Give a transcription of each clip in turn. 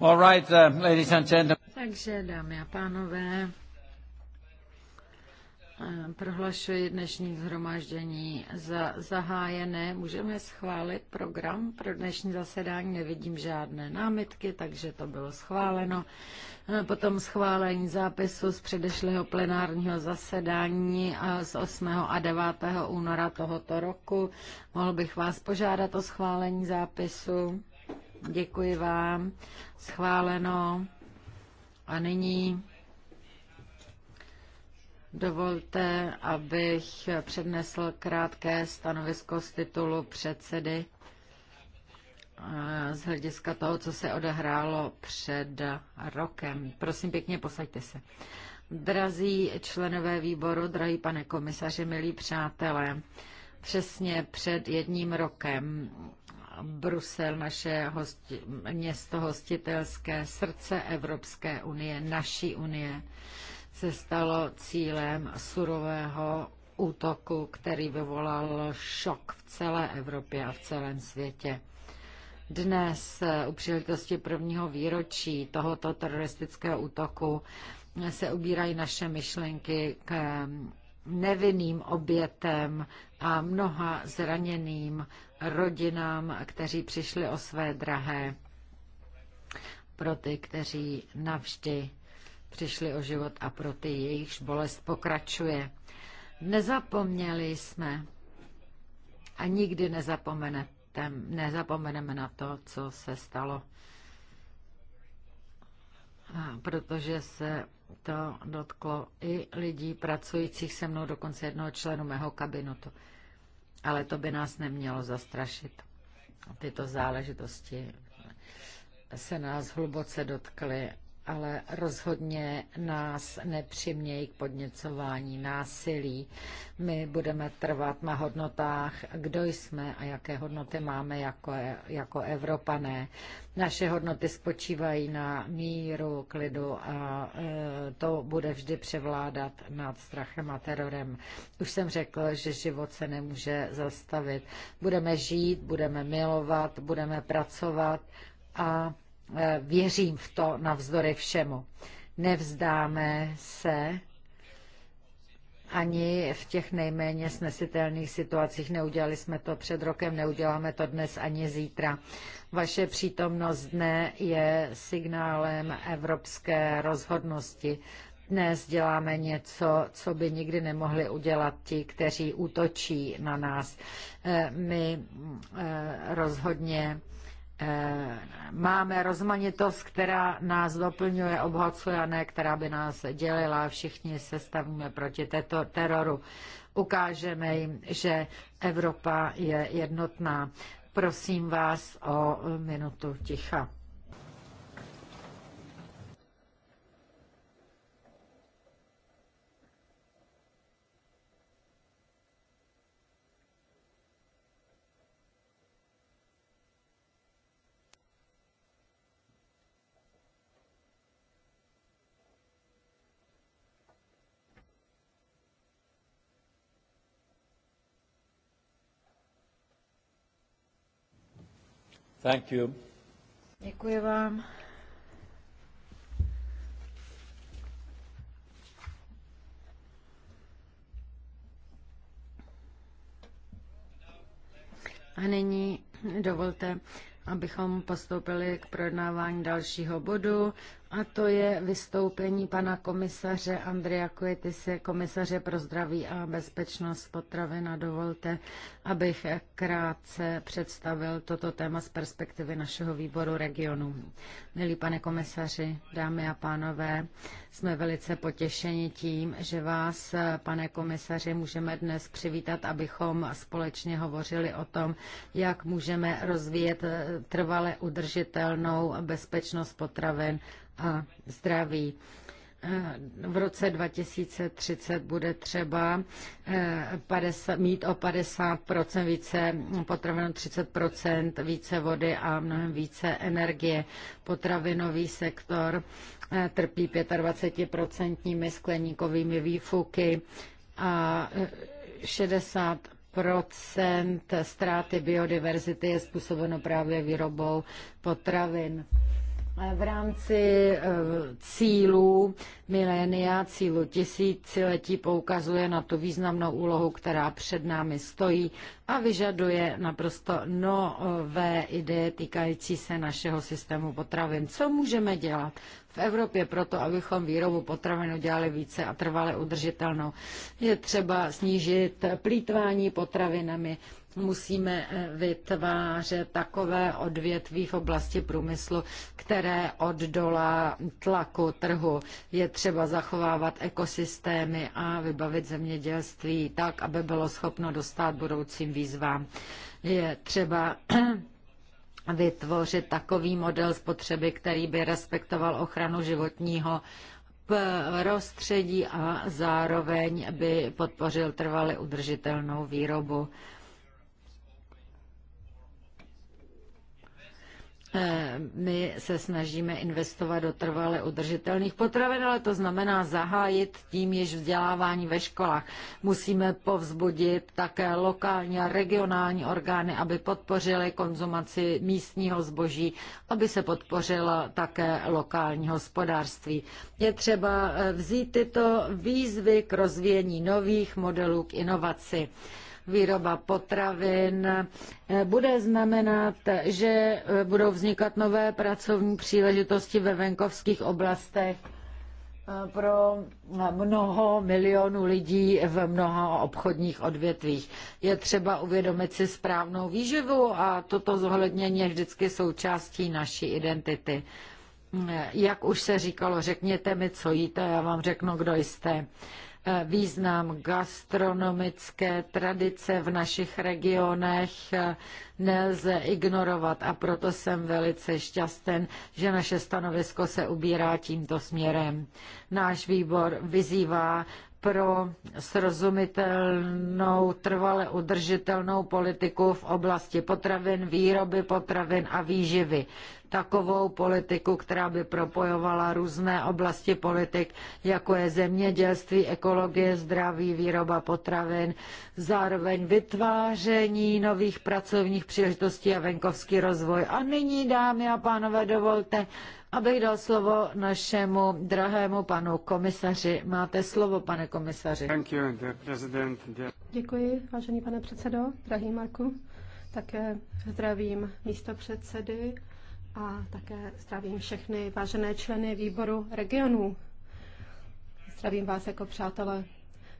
All right, uh, ladies and gentlemen. Takže, dámy a pánové, eh, prohlašuji dnešní zhromáždění za zahájené. Můžeme schválit program pro dnešní zasedání. Nevidím žádné námitky, takže to bylo schváleno. Eh, potom schválení zápisu z předešlého plenárního zasedání eh, z 8. a 9. února tohoto roku. Mohl bych vás požádat o schválení zápisu. Děkuji vám. Schváleno. A nyní dovolte, abych přednesl krátké stanovisko z titulu předsedy eh, z hlediska toho, co se odehrálo před rokem. Prosím pěkně, posaďte se. Drazí členové výboru, drahý pane komisaři, milí přátelé, přesně před jedním rokem Brusel, naše hosti, město hostitelské, srdce Evropské unie, naší unie, se stalo cílem surového útoku, který vyvolal šok v celé Evropě a v celém světě. Dnes, eh, u příležitosti prvního výročí tohoto teroristického útoku, se ubírají naše myšlenky k eh, nevinným obětem a mnoha zraněným rodinám, kteří přišli o své drahé, pro ty, kteří navždy přišli o život a pro ty, jejichž bolest pokračuje. Nezapomněli jsme a nikdy nezapomenete, nezapomeneme na to, co se stalo, protože se to dotklo i lidí pracujících se mnou, dokonce jednoho členu mého kabinetu. Ale to by nás nemělo zastrašit. Tyto záležitosti se nás hluboce dotkly ale rozhodně nás nepřimějí k podněcování násilí. My budeme trvat na hodnotách, kdo jsme a jaké hodnoty máme jako, jako Evropané. Naše hodnoty spočívají na míru, klidu a e, to bude vždy převládat nad strachem a terorem. Už jsem řekl, že život se nemůže zastavit. Budeme žít, budeme milovat, budeme pracovat a Eh, věřím v to navzdory všemu. Nevzdáme se ani v těch nejméně snesitelných situacích. Neudělali jsme to před rokem, neuděláme to dnes ani zítra. Vaše přítomnost dne je signálem evropské rozhodnosti. Dnes děláme něco, co by nikdy nemohli udělat ti, kteří útočí na nás. Eh, my eh, rozhodně Eh, máme rozmanitost, která nás doplňuje, obhacuje a ne, která by nás dělila. Všichni se stavíme proti této teroru. Ukážeme jim, že Evropa je jednotná. Prosím vás o minutu ticha. Thank you. Děkuji vám. A nyní dovolte, abychom postoupili k projednávání dalšího bodu a to je vystoupení pana komisaře Andrea Kuetise, komisaře pro zdraví a bezpečnost potravin. A dovolte, abych krátce představil toto téma z perspektivy našeho výboru regionu. Milí pane komisaři, dámy a pánové, jsme velice potěšeni tím, že vás, pane komisaři, můžeme dnes přivítat, abychom společně hovořili o tom, jak můžeme rozvíjet trvale udržitelnou bezpečnost potravin a zdraví v roce 2030 bude třeba 50, eh, mít o 50% více potravin, 30% více vody a mnohem více energie. Potravinový sektor eh, trpí 25% skleníkovými výfuky a 60 eh, procent ztráty biodiverzity je způsobeno právě výrobou potravin. Eh, v rámci eh, cílů milénia, cílu tisíciletí poukazuje na tu významnou úlohu, která před námi stojí a vyžaduje naprosto nové ideje týkající se našeho systému potravin. Co můžeme dělat v Evropě proto, abychom výrobu potravin udělali více a trvale udržitelnou? Je třeba snížit plítvání potravinami, musíme eh, vytvářet takové odvětví v oblasti průmyslu, které oddolá tlaku trhu. Je třeba zachovávat ekosystémy a vybavit zemědělství tak, aby bylo schopno dostat budoucím výzvám. Je třeba vytvořit takový model spotřeby, který by respektoval ochranu životního prostředí a zároveň by podpořil trvale udržitelnou výrobu. Eh, my se snažíme investovat do trvale udržitelných potravin, ale to znamená zahájit tím již vzdělávání ve školách. Musíme povzbudit také lokální a regionální orgány, aby podpořili konzumaci místního zboží, aby se podpořilo také lokální hospodářství. Je třeba eh, vzít tyto výzvy k rozvíjení nových modelů k inovaci výroba potravin, bude znamenat, že budou vznikat nové pracovní příležitosti ve venkovských oblastech pro mnoho milionů lidí v mnoha obchodních odvětvích. Je třeba uvědomit si správnou výživu a toto zohlednění je vždycky součástí naší identity. Jak už se říkalo, řekněte mi, co jíte, já vám řeknu, kdo jste význam gastronomické tradice v našich regionech nelze ignorovat a proto jsem velice šťasten, že naše stanovisko se ubírá tímto směrem. Náš výbor vyzývá pro srozumitelnou, trvale udržitelnou politiku v oblasti potravin, výroby potravin a výživy. Takovou politiku, která by propojovala různé oblasti politik, jako je zemědělství, ekologie, zdraví, výroba potravin, zároveň vytváření nových pracovních příležitostí a venkovský rozvoj. A nyní, dámy a pánové, dovolte, Abych dal slovo našemu drahému panu komisaři. Máte slovo, pane komisaři. Děkuji, vážený pane předsedo, drahý Marku. Také zdravím místo předsedy a také zdravím všechny vážené členy výboru regionů. Zdravím vás jako přátelé.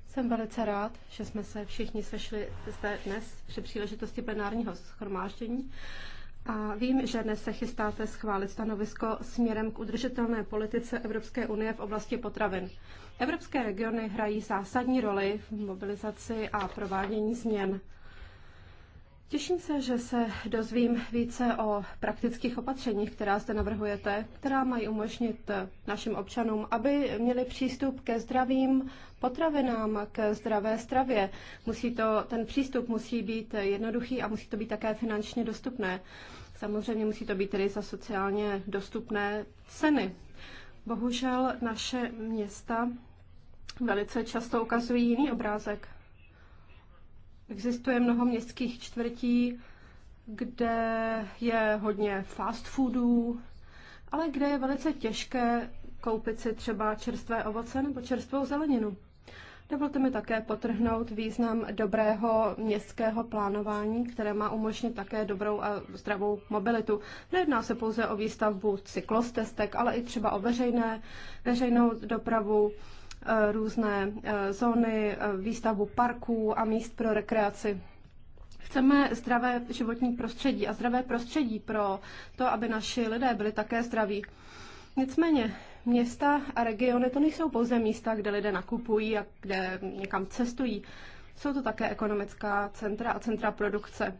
Jsem velice rád, že jsme se všichni sešli zde dnes při příležitosti plenárního schromáždění a vím, že dnes se chystáte schválit stanovisko směrem k udržitelné politice Evropské unie v oblasti potravin. Evropské regiony hrají zásadní roli v mobilizaci a provádění změn. Těším se, že se dozvím více o praktických opatřeních, která zde navrhujete, která mají umožnit našim občanům, aby měli přístup ke zdravým potravinám, k zdravé stravě. Musí to, ten přístup musí být jednoduchý a musí to být také finančně dostupné. Samozřejmě musí to být tedy za sociálně dostupné ceny. Bohužel naše města velice často ukazují jiný obrázek. Existuje mnoho městských čtvrtí, kde je hodně fast foodů, ale kde je velice těžké koupit si třeba čerstvé ovoce nebo čerstvou zeleninu. Dovolte mi také potrhnout význam dobrého městského plánování, které má umožnit také dobrou a zdravou mobilitu. Nejedná se pouze o výstavbu cyklostestek, ale i třeba o veřejné, veřejnou dopravu, různé eh, zóny, eh, výstavbu parků a míst pro rekreaci. Chceme zdravé životní prostředí a zdravé prostředí pro to, aby naši lidé byli také zdraví. Nicméně města a regiony to nejsou pouze místa, kde lidé nakupují a kde někam cestují. Jsou to také ekonomická centra a centra produkce.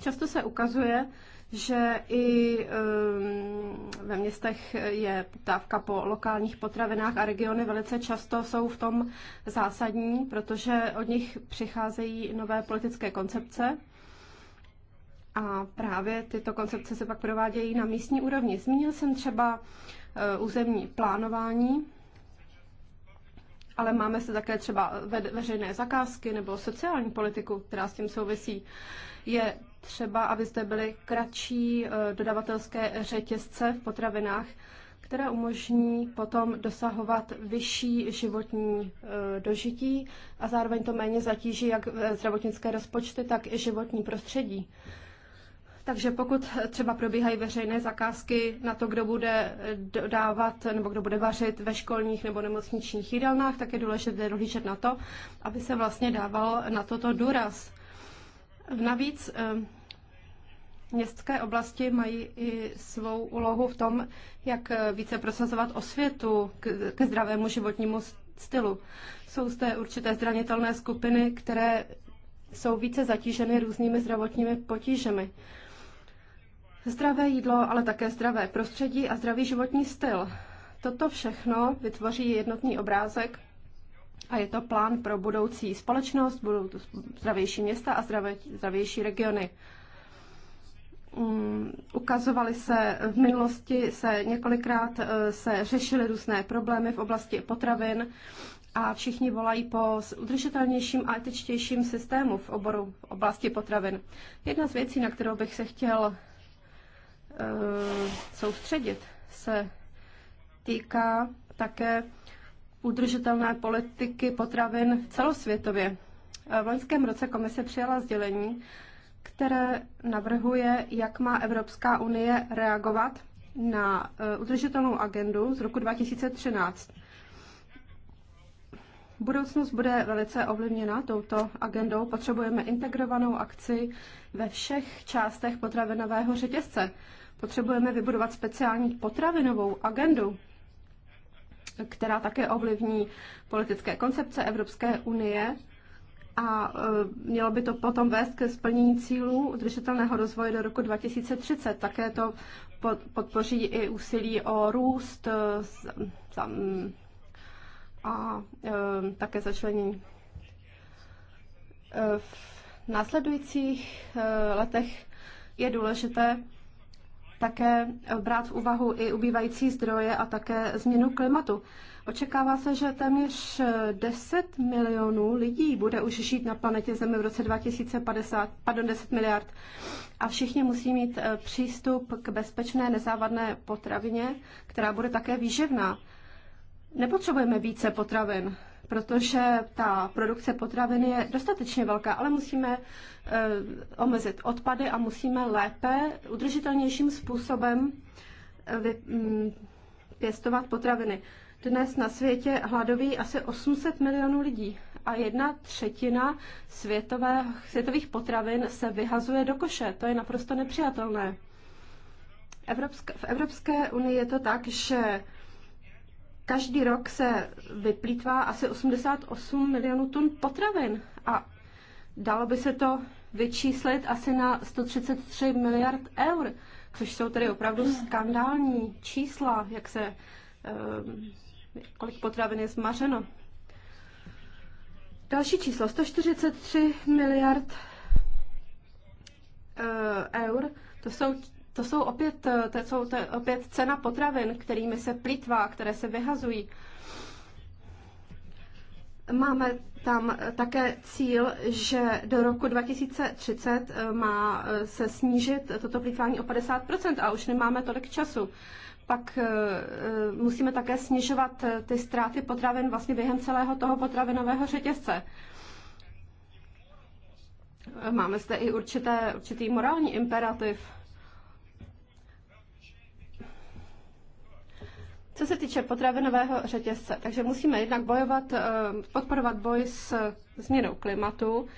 Často se ukazuje, že i ehm, ve městech je poptávka po lokálních potravinách a regiony velice často jsou v tom zásadní, protože od nich přicházejí nové politické koncepce. A právě tyto koncepce se pak provádějí na místní úrovni. Zmínil jsem třeba eh, územní plánování, ale máme se také třeba veřejné zakázky nebo sociální politiku, která s tím souvisí. Je třeba, aby zde byly kratší eh, dodavatelské řetězce v potravinách, které umožní potom dosahovat vyšší životní eh, dožití a zároveň to méně zatíží jak eh, zdravotnické rozpočty, tak i životní prostředí. Takže pokud třeba probíhají veřejné zakázky na to, kdo bude dodávat nebo kdo bude vařit ve školních nebo nemocničních jídelnách, tak je důležité dohlížet na to, aby se vlastně dával na toto důraz. Navíc eh, městské oblasti mají i svou úlohu v tom, jak eh, více prosazovat osvětu ke zdravému životnímu stylu. Jsou zde určité zranitelné skupiny, které jsou více zatíženy různými zdravotními potížemi. Zdravé jídlo, ale také zdravé prostředí a zdravý životní styl. Toto všechno vytvoří jednotný obrázek, a je to plán pro budoucí společnost, budou to zdravější města a zdravě, zdravější regiony. Um, mm, ukazovaly se v minulosti, se několikrát eh, se řešily různé problémy v oblasti potravin a všichni volají po udržitelnějším a etičtějším systému v oboru v oblasti potravin. Jedna z věcí, na kterou bych se chtěl eh, soustředit, se týká také udržitelné politiky potravin celosvětově. V loňském roce komise přijala sdělení, které navrhuje, jak má Evropská unie reagovat na eh, udržitelnou agendu z roku 2013. Budoucnost bude velice ovlivněna touto agendou. Potřebujeme integrovanou akci ve všech částech potravinového řetězce. Potřebujeme vybudovat speciální potravinovou agendu, která také ovlivní politické koncepce Evropské unie a e, mělo by to potom vést ke splnění cílů udržitelného rozvoje do roku 2030. Také to podpoří i úsilí o růst e, a e, také začlenění. V následujících letech je důležité také brát v úvahu i ubývající zdroje a také změnu klimatu. Očekává se, že téměř 10 milionů lidí bude už žít na planetě Zemi v roce 2050, pardon, 10 miliard. A všichni musí mít eh, přístup k bezpečné nezávadné potravině, která bude také výživná. Nepotřebujeme více potravin, protože ta produkce potravin je dostatečně velká, ale musíme Eh, omezit odpady a musíme lépe, udržitelnějším způsobem eh, mm, pěstovat potraviny. Dnes na světě hladoví asi 800 milionů lidí a jedna třetina světové, světových potravin se vyhazuje do koše. To je naprosto nepřijatelné. Evropské, v Evropské unii je to tak, že každý rok se vyplýtvá asi 88 milionů tun potravin a dalo by se to vyčíslit asi na 133 miliard eur, což jsou tedy opravdu skandální čísla, jak se, eh, kolik potravin je zmařeno. Další číslo, 143 miliard eh, eur, to jsou, to jsou opět, eh, to jsou to opět cena potravin, kterými se plítvá, které se vyhazují. Máme tam eh, také cíl, že do roku 2030 eh, má eh, se snížit toto plýtvání o 50% a už nemáme tolik času. Pak musíme také snižovat ty ztráty potravin vlastně během celého toho potravinového řetězce. Máme zde i určité, určitý morální imperativ Co se týče potravinového řetězce, takže musíme jednak bojovat, eh, podporovat boj s změnou klimatu,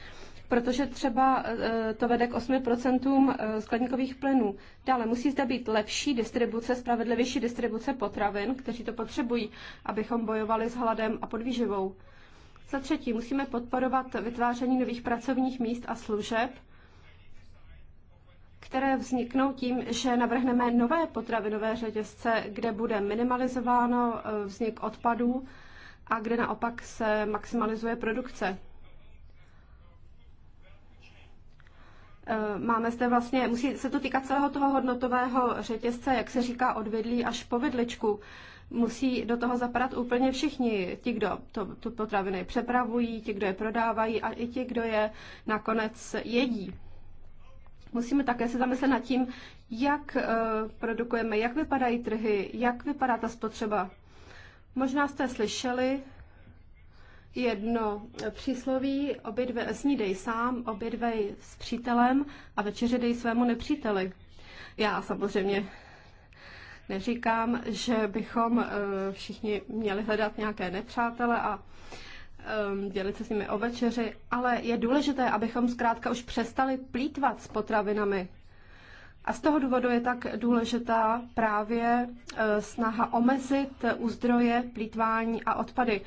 protože třeba eh, to vede k 8% eh, skladníkových plynů. Dále musí zde být lepší distribuce, spravedlivější distribuce potravin, kteří to potřebují, abychom bojovali s hladem a podvýživou. Za třetí, musíme podporovat vytváření nových pracovních míst a služeb, které vzniknou tím, že navrhneme nové potravinové řetězce, kde bude minimalizováno eh, vznik odpadů a kde naopak se maximalizuje produkce. Eh, máme zde vlastně, musí se to týkat celého toho hodnotového řetězce, jak se říká od vidlí až po vidličku. Musí do toho zapadat úplně všichni, ti, kdo to, tu potraviny přepravují, ti, kdo je prodávají a i ti, kdo je nakonec jedí. Musíme také se zamyslet nad tím, jak eh, produkujeme, jak vypadají trhy, jak vypadá ta spotřeba. Možná jste slyšeli jedno přísloví, dvě snídej sám, dvě s přítelem a dej svému nepříteli. Já samozřejmě neříkám, že bychom eh, všichni měli hledat nějaké nepřátele a Um, dělit se s nimi o večeři, ale je důležité, abychom zkrátka už přestali plítvat s potravinami. A z toho důvodu je tak důležitá právě eh, snaha omezit úzdroje, plítvání a odpady.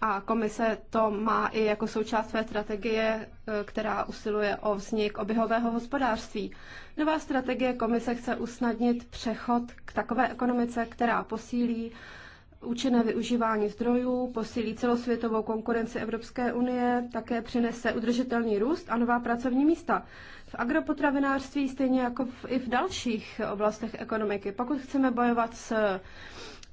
A komise to má i jako součást své strategie, eh, která usiluje o vznik oběhového hospodářství. Nová strategie komise chce usnadnit přechod k takové ekonomice, která posílí uh, účinné využívání zdrojů, posílí celosvětovou konkurenci Evropské unie, také přinese udržitelný růst a nová pracovní místa. V agropotravinářství, stejně jako v, i v dalších oblastech ekonomiky, pokud chceme bojovat s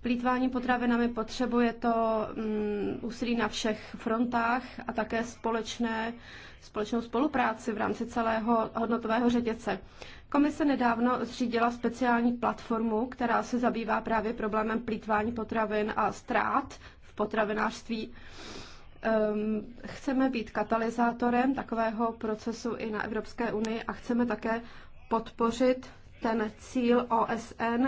plítváním potravinami, potřebuje to um, úsilí na všech frontách a také společné, společnou spolupráci v rámci celého hodnotového řetězce. Komise nedávno zřídila speciální platformu, která se zabývá právě problémem plítvání potravin a ztrát v potravinářství. Um, chceme být katalyzátorem takového procesu i na Evropské unii a chceme také podpořit ten cíl OSN,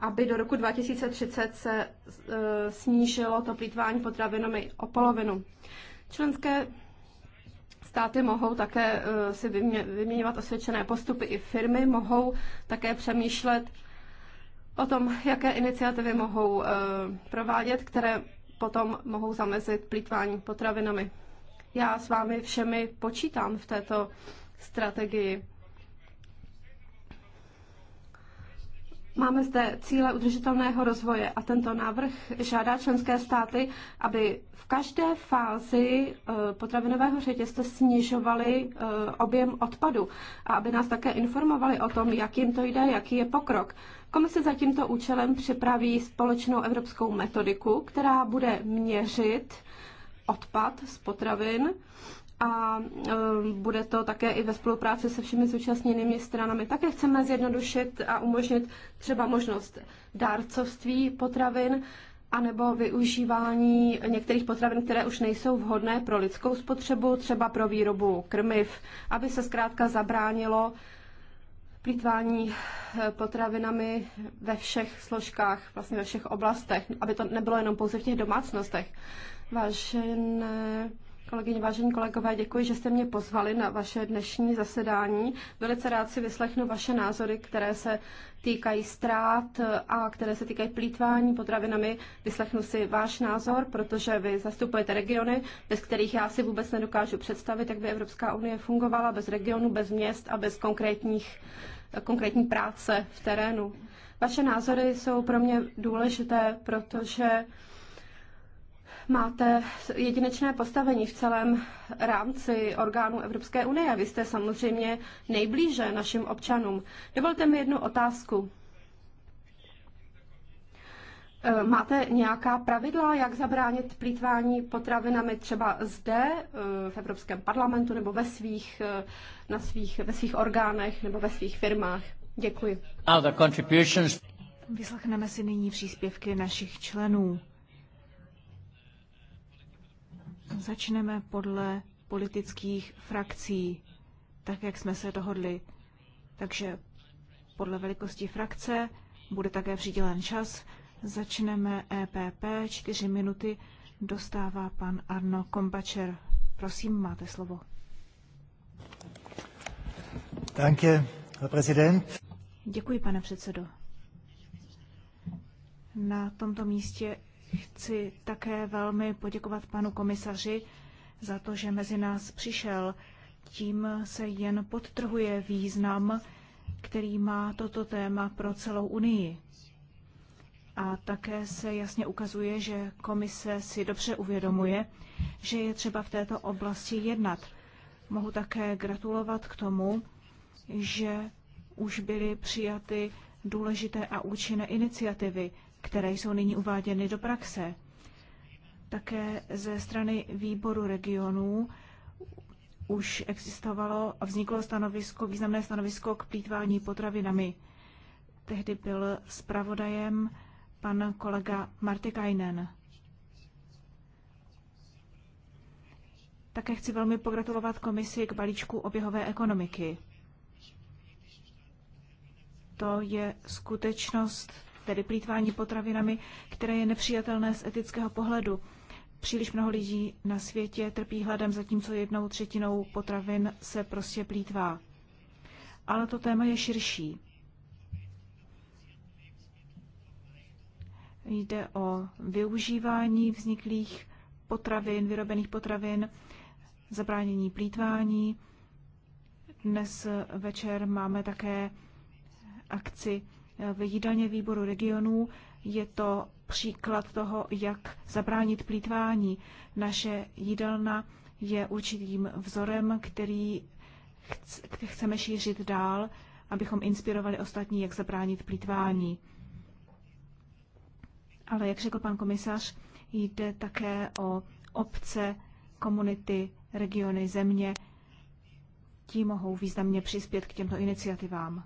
aby do roku 2030 se uh, snížilo to plítvání potravinami o polovinu. Členské Státy mohou také eh, si vyměňovat osvědčené postupy, i firmy mohou také přemýšlet o tom, jaké iniciativy mohou eh, provádět, které potom mohou zamezit plítvání potravinami. Já s vámi všemi počítám v této strategii. Máme zde cíle udržitelného rozvoje a tento návrh žádá členské státy, aby v každé fázi eh, potravinového řetězce snižovali eh, objem odpadu a aby nás také informovali o tom, jak jim to jde, jaký je pokrok. Komise za tímto účelem připraví společnou evropskou metodiku, která bude měřit odpad z potravin a e, bude to také i ve spolupráci se všemi zúčastněnými stranami. Také chceme zjednodušit a umožnit třeba možnost dárcovství potravin anebo využívání některých potravin, které už nejsou vhodné pro lidskou spotřebu, třeba pro výrobu krmiv, aby se zkrátka zabránilo plítvání e, potravinami ve všech složkách, vlastně ve všech oblastech, aby to nebylo jenom pouze v těch domácnostech. Vážené kolegyně, vážení kolegové, děkuji, že jste mě pozvali na vaše dnešní zasedání. Velice rád si vyslechnu vaše názory, které se týkají ztrát a které se týkají plítvání potravinami. Vyslechnu si váš názor, protože vy zastupujete regiony, bez kterých já si vůbec nedokážu představit, jak by Evropská unie fungovala bez regionu, bez měst a bez konkrétních, konkrétní práce v terénu. Vaše názory jsou pro mě důležité, protože máte jedinečné postavení v celém rámci orgánů Evropské unie. Vy jste samozřejmě nejblíže našim občanům. Dovolte mi jednu otázku. E, máte nějaká pravidla, jak zabránit plítvání potravinami třeba zde e, v Evropském parlamentu nebo ve svých, e, na svých, ve svých orgánech nebo ve svých firmách? Děkuji. Vyslechneme si nyní příspěvky našich členů. Začneme podle politických frakcí, tak jak jsme se dohodli. Takže podle velikosti frakce bude také přidělen čas. Začneme EPP, čtyři minuty dostává pan Arno Kombačer. Prosím, máte slovo. Danke, prezident. Děkuji, pane předsedo. Na tomto místě Chci také velmi poděkovat panu komisaři za to, že mezi nás přišel. Tím se jen podtrhuje význam, který má toto téma pro celou Unii. A také se jasně ukazuje, že komise si dobře uvědomuje, že je třeba v této oblasti jednat. Mohu také gratulovat k tomu, že už byly přijaty důležité a účinné iniciativy, které jsou nyní uváděny do praxe. Také ze strany výboru regionů už existovalo a vzniklo stanovisko, významné stanovisko k plítvání potravinami. Tehdy byl zpravodajem pan kolega Martikainen. Také chci velmi pogratulovat komisi k balíčku oběhové ekonomiky. To je skutečnost, tedy plítvání potravinami, které je nepřijatelné z etického pohledu. Příliš mnoho lidí na světě trpí hladem, zatímco jednou třetinou potravin se prostě plítvá. Ale to téma je širší. Jde o využívání vzniklých potravin, vyrobených potravin, zabránění plítvání. Dnes večer máme také akci v jídelně výboru regionů. Je to příklad toho, jak zabránit plítvání. Naše jídelna je určitým vzorem, který chceme šířit dál, abychom inspirovali ostatní, jak zabránit plítvání. Ale jak řekl pan komisař, jde také o obce, komunity, regiony, země. Ti mohou významně přispět k těmto iniciativám.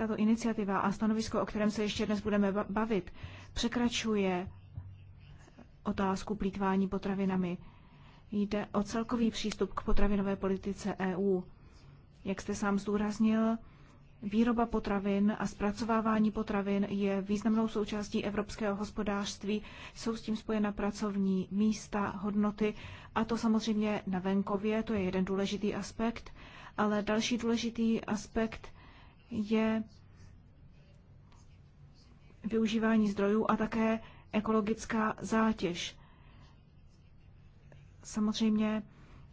Tato iniciativa a stanovisko, o kterém se ještě dnes budeme bavit, překračuje otázku plítvání potravinami. Jde o celkový přístup k potravinové politice EU. Jak jste sám zdůraznil, výroba potravin a zpracovávání potravin je významnou součástí evropského hospodářství, jsou s tím spojena pracovní místa, hodnoty a to samozřejmě na venkově, to je jeden důležitý aspekt, ale další důležitý aspekt je využívání zdrojů a také ekologická zátěž. Samozřejmě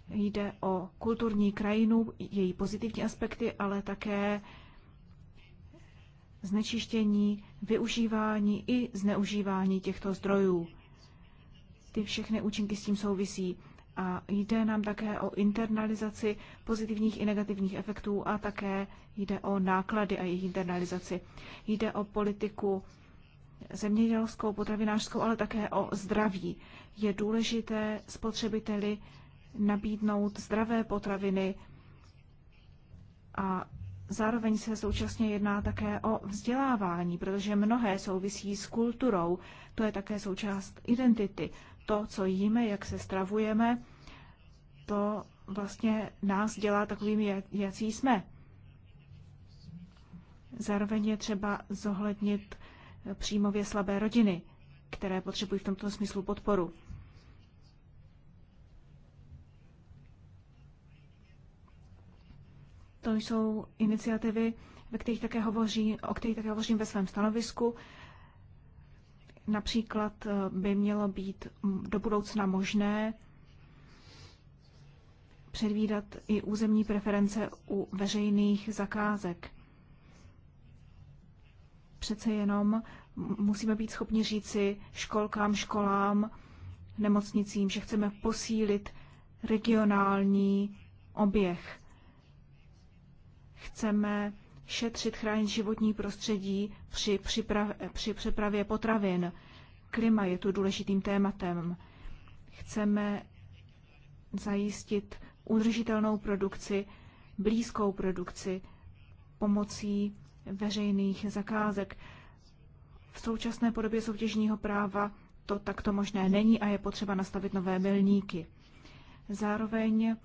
jde o kulturní krajinu, její pozitivní aspekty, ale také znečištění, využívání i zneužívání těchto zdrojů. Ty všechny účinky s tím souvisí. A jde nám také o internalizaci pozitivních i negativních efektů a také jde o náklady a jejich internalizaci. Jde o politiku zemědělskou, potravinářskou, ale také o zdraví. Je důležité spotřebiteli nabídnout zdravé potraviny a zároveň se současně jedná také o vzdělávání, protože mnohé souvisí s kulturou, to je také součást identity to, co jíme, jak se stravujeme, to vlastně nás dělá takovými, jací jsme. Zároveň je třeba zohlednit příjmově slabé rodiny, které potřebují v tomto smyslu podporu. To jsou iniciativy, ve kterých také hovoří, o kterých také hovořím ve svém stanovisku. Například eh, by mělo být do budoucna možné předvídat i územní preference u veřejných zakázek. Přece jenom musíme být schopni říci školkám, školám, nemocnicím, že chceme posílit regionální oběh. Chceme šetřit, chránit životní prostředí při, připrav, při přepravě potravin. Klima je tu důležitým tématem. Chceme zajistit udržitelnou produkci, blízkou produkci pomocí veřejných zakázek. V současné podobě soutěžního práva to takto možné není a je potřeba nastavit nové milníky. Zároveň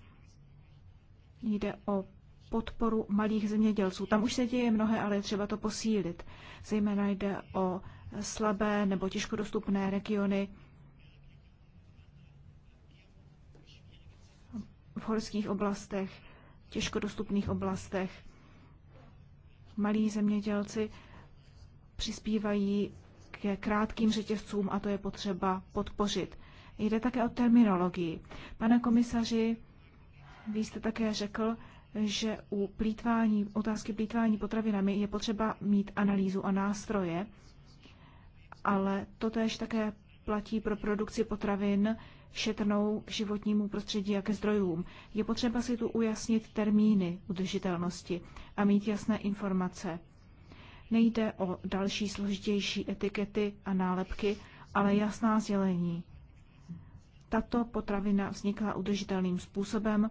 jde o podporu malých zemědělců. Tam už se děje mnohé, ale je třeba to posílit. Zejména jde o slabé nebo těžko dostupné regiony v horských oblastech, těžko dostupných oblastech. Malí zemědělci přispívají ke krátkým řetězcům a to je potřeba podpořit. Jde také o terminologii. Pane komisaři, vy jste také řekl, že u plítvání, otázky plítvání potravinami je potřeba mít analýzu a nástroje, ale to též také platí pro produkci potravin šetrnou k životnímu prostředí a ke zdrojům. Je potřeba si tu ujasnit termíny udržitelnosti a mít jasné informace. Nejde o další složitější etikety a nálepky, ale jasná sdělení. Tato potravina vznikla udržitelným způsobem,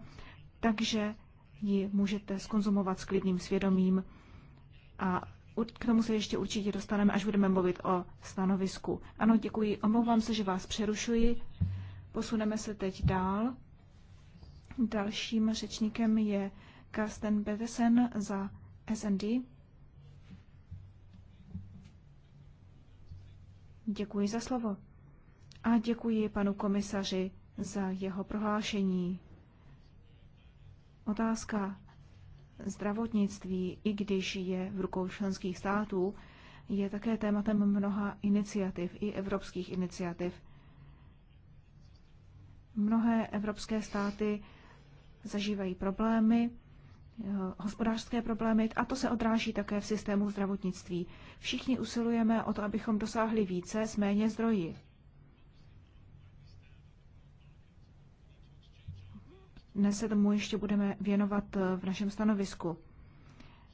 takže ji můžete skonzumovat s klidným svědomím. A k tomu se ještě určitě dostaneme, až budeme mluvit o stanovisku. Ano, děkuji. Omlouvám se, že vás přerušuji. Posuneme se teď dál. Dalším řečníkem je Karsten Bedesen za SND. Děkuji za slovo. A děkuji panu komisaři za jeho prohlášení. Otázka zdravotnictví, i když je v rukou členských států, je také tématem mnoha iniciativ, i evropských iniciativ. Mnohé evropské státy zažívají problémy, eh, hospodářské problémy a to se odráží také v systému zdravotnictví. Všichni usilujeme o to, abychom dosáhli více s méně zdroji. Dnes se tomu ještě budeme věnovat eh, v našem stanovisku.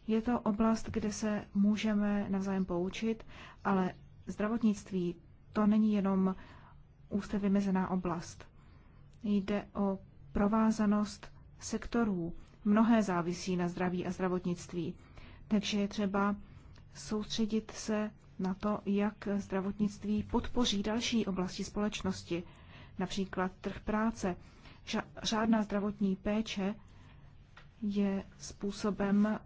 Je to oblast, kde se můžeme navzájem poučit, ale zdravotnictví to není jenom úste vymezená oblast. Jde o provázanost sektorů. Mnohé závisí na zdraví a zdravotnictví. Takže je třeba soustředit se na to, jak zdravotnictví podpoří další oblasti společnosti, například trh práce, Žádná zdravotní péče je způsobem,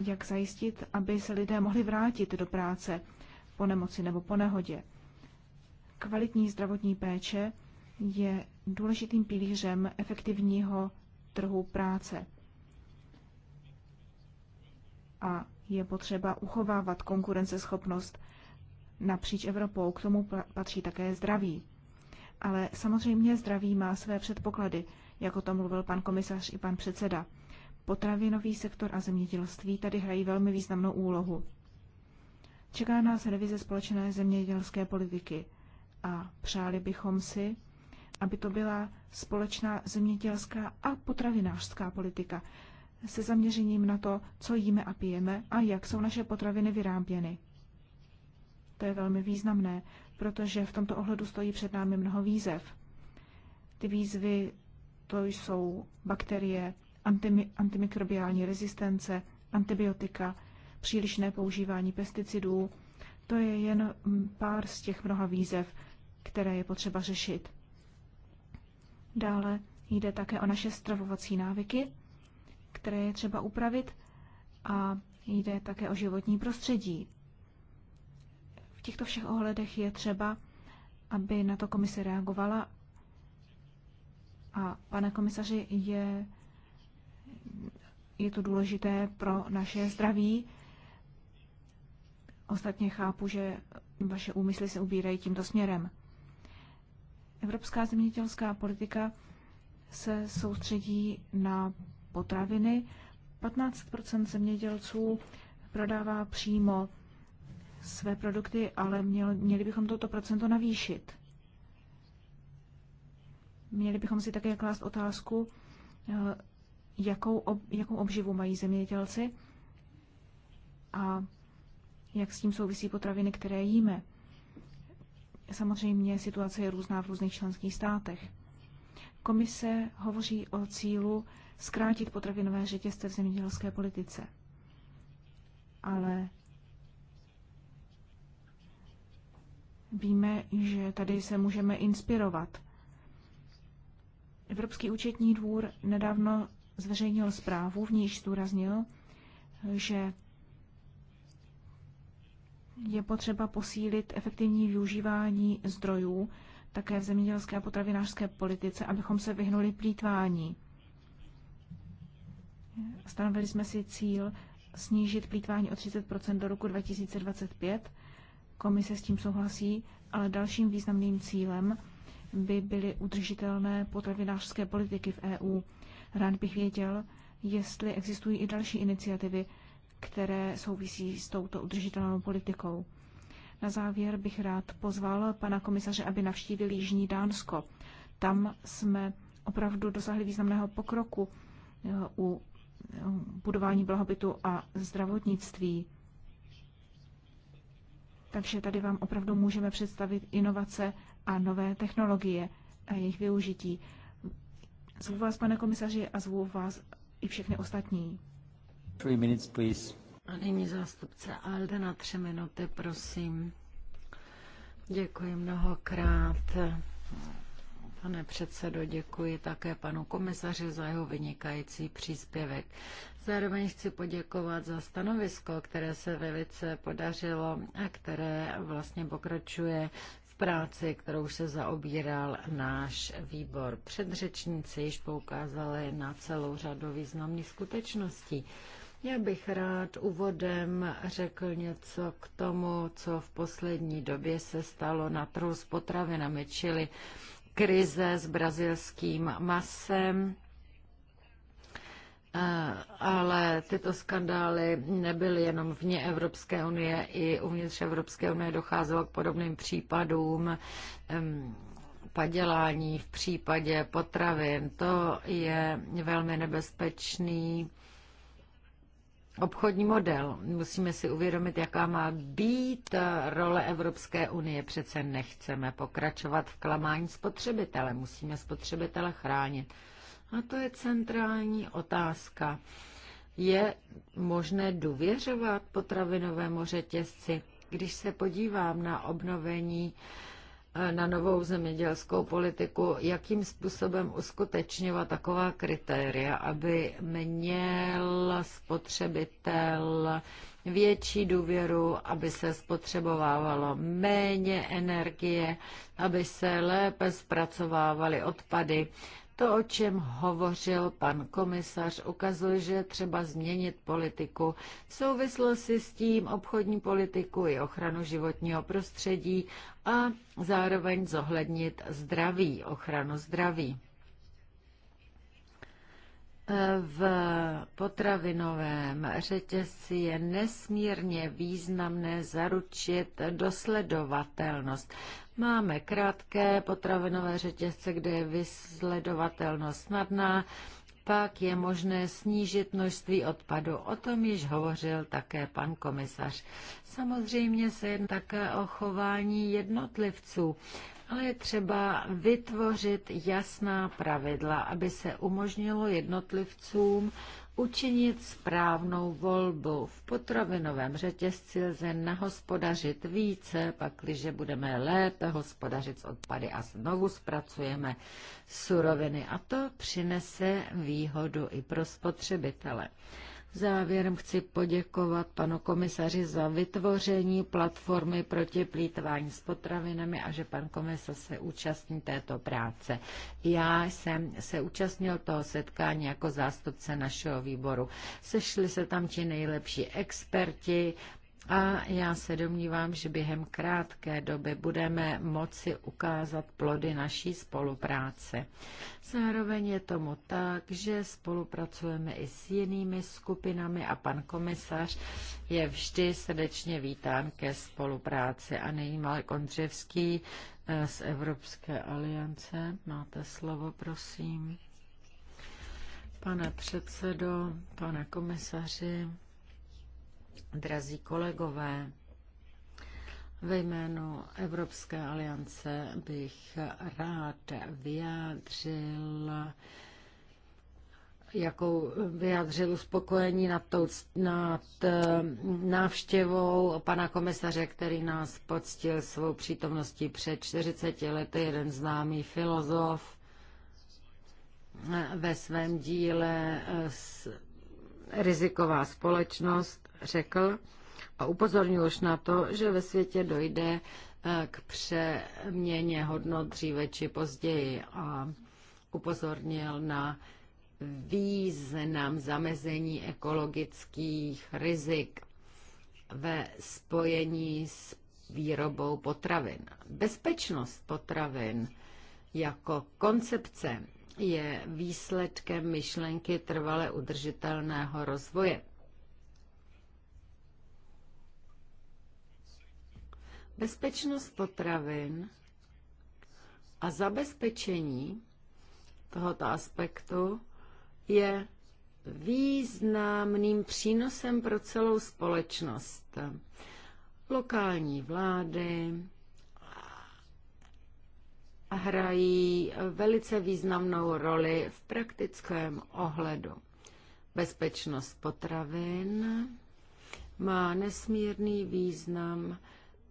jak zajistit, aby se lidé mohli vrátit do práce po nemoci nebo po nehodě. Kvalitní zdravotní péče je důležitým pilířem efektivního trhu práce. A je potřeba uchovávat konkurenceschopnost napříč Evropou. K tomu patří také zdraví. Ale samozřejmě zdraví má své předpoklady, jak o tom mluvil pan komisař i pan předseda. Potravinový sektor a zemědělství tady hrají velmi významnou úlohu. Čeká nás revize společné zemědělské politiky a přáli bychom si, aby to byla společná zemědělská a potravinářská politika se zaměřením na to, co jíme a pijeme a jak jsou naše potraviny vyráběny. To je velmi významné, protože v tomto ohledu stojí před námi mnoho výzev. Ty výzvy to jsou bakterie, antimi, antimikrobiální rezistence, antibiotika, přílišné používání pesticidů. To je jen pár z těch mnoha výzev, které je potřeba řešit. Dále jde také o naše stravovací návyky, které je třeba upravit a jde také o životní prostředí, těchto všech ohledech je třeba, aby na to komise reagovala. A pane komisaři, je, je to důležité pro naše zdraví. Ostatně chápu, že vaše úmysly se ubírají tímto směrem. Evropská zemědělská politika se soustředí na potraviny. 15 zemědělců prodává přímo své produkty, ale měl, měli bychom toto procento navýšit. Měli bychom si také klást otázku, eh, jakou, ob, jakou obživu mají zemědělci a jak s tím souvisí potraviny, které jíme. Samozřejmě situace je různá v různých členských státech. Komise hovoří o cílu zkrátit potravinové řetězce v zemědělské politice. Ale Víme, že tady se můžeme inspirovat. Evropský účetní dvůr nedávno zveřejnil zprávu, v níž zdůraznil, že je potřeba posílit efektivní využívání zdrojů také v zemědělské a potravinářské politice, abychom se vyhnuli plítvání. Stanovili jsme si cíl snížit plítvání o 30 do roku 2025 Komise s tím souhlasí, ale dalším významným cílem by byly udržitelné potravinářské politiky v EU. Rád bych věděl, jestli existují i další iniciativy, které souvisí s touto udržitelnou politikou. Na závěr bych rád pozval pana komisaře, aby navštívil Jižní Dánsko. Tam jsme opravdu dosáhli významného pokroku eh, u eh, budování blahobytu a zdravotnictví. Takže tady vám opravdu můžeme představit inovace a nové technologie a jejich využití. Zvu vás, pane komisaři, a zvu vás i všechny ostatní. Three minutes, please. A nyní zástupce Alde na tři minuty, prosím. Děkuji mnohokrát. Pane předsedo, děkuji také panu komisaři za jeho vynikající příspěvek. Zároveň chci poděkovat za stanovisko, které se velice podařilo a které vlastně pokračuje v práci, kterou se zaobíral náš výbor. Předřečníci již poukázali na celou řadu významných skutečností. Já bych rád úvodem řekl něco k tomu, co v poslední době se stalo na trhu s potravinami, čili krize s brazilským masem, ale tyto skandály nebyly jenom vně Evropské unie, i uvnitř Evropské unie docházelo k podobným případům padělání v případě potravin. To je velmi nebezpečný obchodní model. Musíme si uvědomit, jaká má být role Evropské unie. Přece nechceme pokračovat v klamání spotřebitele. Musíme spotřebitele chránit. A to je centrální otázka. Je možné důvěřovat potravinovému řetězci? Když se podívám na obnovení eh, na novou zemědělskou politiku, jakým způsobem uskutečňovat taková kritéria, aby měl spotřebitel větší důvěru, aby se spotřebovávalo méně energie, aby se lépe zpracovávaly odpady, to, o čem hovořil pan komisař, ukazuje, že třeba změnit politiku v souvislosti s tím obchodní politiku i ochranu životního prostředí a zároveň zohlednit zdraví, ochranu zdraví. V potravinovém řetězci je nesmírně významné zaručit dosledovatelnost. Máme krátké potravinové řetězce, kde je vysledovatelnost snadná, pak je možné snížit množství odpadu. O tom již hovořil také pan komisař. Samozřejmě se jedná také o chování jednotlivců, ale je třeba vytvořit jasná pravidla, aby se umožnilo jednotlivcům učinit správnou volbu. V potravinovém řetězci lze nahospodařit více, pakliže budeme lépe hospodařit s odpady a znovu zpracujeme suroviny. A to přinese výhodu i pro spotřebitele. Závěrem chci poděkovat panu komisaři za vytvoření platformy proti plítvání s potravinami a že pan komisař se účastní této práce. Já jsem se účastnil toho setkání jako zástupce našeho výboru. Sešli se tam ti nejlepší experti a já se domnívám, že během krátké doby budeme moci ukázat plody naší spolupráce. Zároveň je tomu tak, že spolupracujeme i s jinými skupinami a pan komisař je vždy srdečně vítán ke spolupráci. A nyní Malek Ondřevský eh, z Evropské aliance. Máte slovo, prosím. Pane předsedo, pane komisaři, Drazí kolegové, ve jménu Evropské aliance bych rád vyjádřil jakou vyjádřil uspokojení nad, tou, nad eh, návštěvou pana komisaře, který nás poctil svou přítomností před 40 lety, jeden známý filozof eh, ve svém díle eh, Riziková společnost řekl a upozornil už na to, že ve světě dojde eh, k přeměně hodnot dříve či později a upozornil na význam zamezení ekologických rizik ve spojení s výrobou potravin. Bezpečnost potravin jako koncepce je výsledkem myšlenky trvale udržitelného rozvoje. Bezpečnost potravin a zabezpečení tohoto aspektu je významným přínosem pro celou společnost. Lokální vlády hrají velice významnou roli v praktickém ohledu. Bezpečnost potravin má nesmírný význam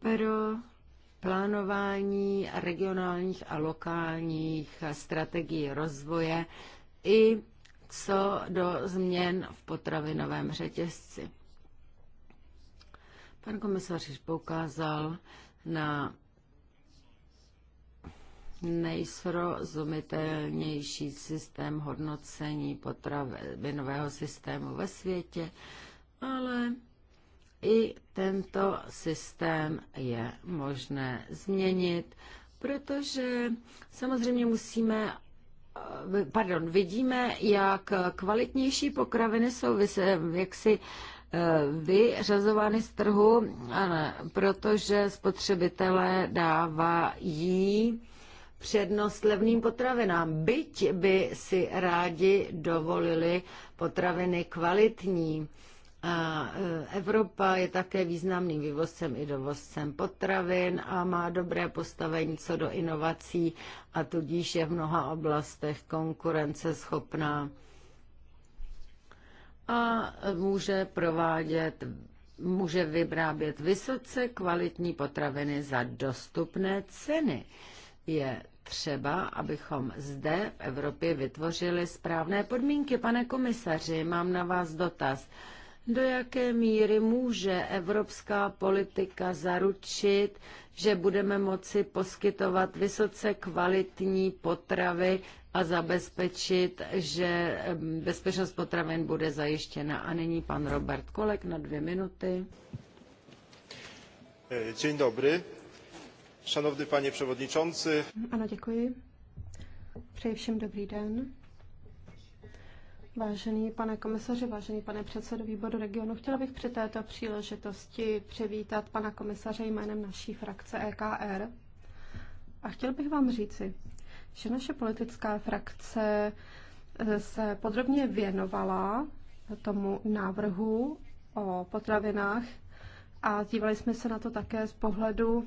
pro plánování regionálních a lokálních strategií rozvoje i co do změn v potravinovém řetězci. Pan komisař poukázal na nejsrozumitelnější systém hodnocení potravinového systému ve světě, ale i tento systém je možné změnit, protože samozřejmě musíme eh, pardon, vidíme, jak kvalitnější pokraviny jsou jaksi eh, vyřazovány z trhu, protože spotřebitelé dávají přednost levným potravinám. Byť by si rádi dovolili potraviny kvalitní, a e, Evropa je také významným vývozcem i dovozcem potravin a má dobré postavení co do inovací a tudíž je v mnoha oblastech konkurenceschopná a může provádět může vybrábět vysoce kvalitní potraviny za dostupné ceny. Je třeba, abychom zde v Evropě vytvořili správné podmínky. Pane komisaři, mám na vás dotaz do jaké míry může evropská politika zaručit, že budeme moci poskytovat vysoce kvalitní potravy a zabezpečit, že bezpečnost potravin bude zajištěna. A nyní pan Robert Kolek na dvě minuty. E, dzień dobry. Szanowny panie przewodniczący. Ano, děkuji. Přeji všem dobrý den. Vážený pane komisaři, vážený pane předsedo výboru regionu, chtěla bych při této příležitosti přivítat pana komisaře jménem naší frakce EKR. A chtěl bych vám říci, že naše politická frakce eh, se podrobně věnovala tomu návrhu o potravinách a dívali jsme se na to také z pohledu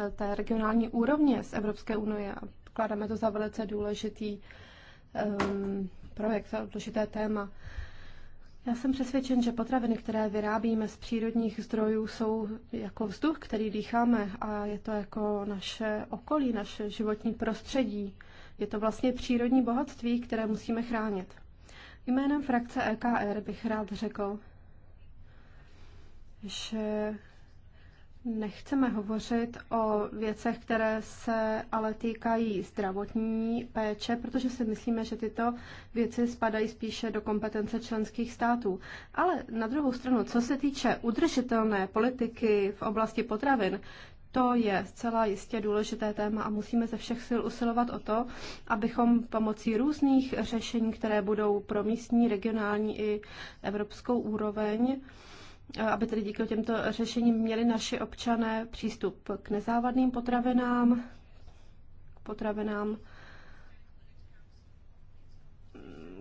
eh, té regionální úrovně z Evropské unie a to za velice důležitý um, projekt, za důležité téma. Já jsem přesvědčen, že potraviny, které vyrábíme z přírodních zdrojů, jsou jako vzduch, který dýcháme a je to jako naše okolí, naše životní prostředí. Je to vlastně přírodní bohatství, které musíme chránit. Jménem frakce EKR bych rád řekl, že Nechceme hovořit o věcech, které se ale týkají zdravotní péče, protože si myslíme, že tyto věci spadají spíše do kompetence členských států. Ale na druhou stranu, co se týče udržitelné politiky v oblasti potravin, to je zcela jistě důležité téma a musíme ze všech sil usilovat o to, abychom pomocí různých řešení, které budou pro místní, regionální i evropskou úroveň, Eh, aby tedy díky těmto řešením měli naši občané přístup k nezávadným potravinám, k potravinám,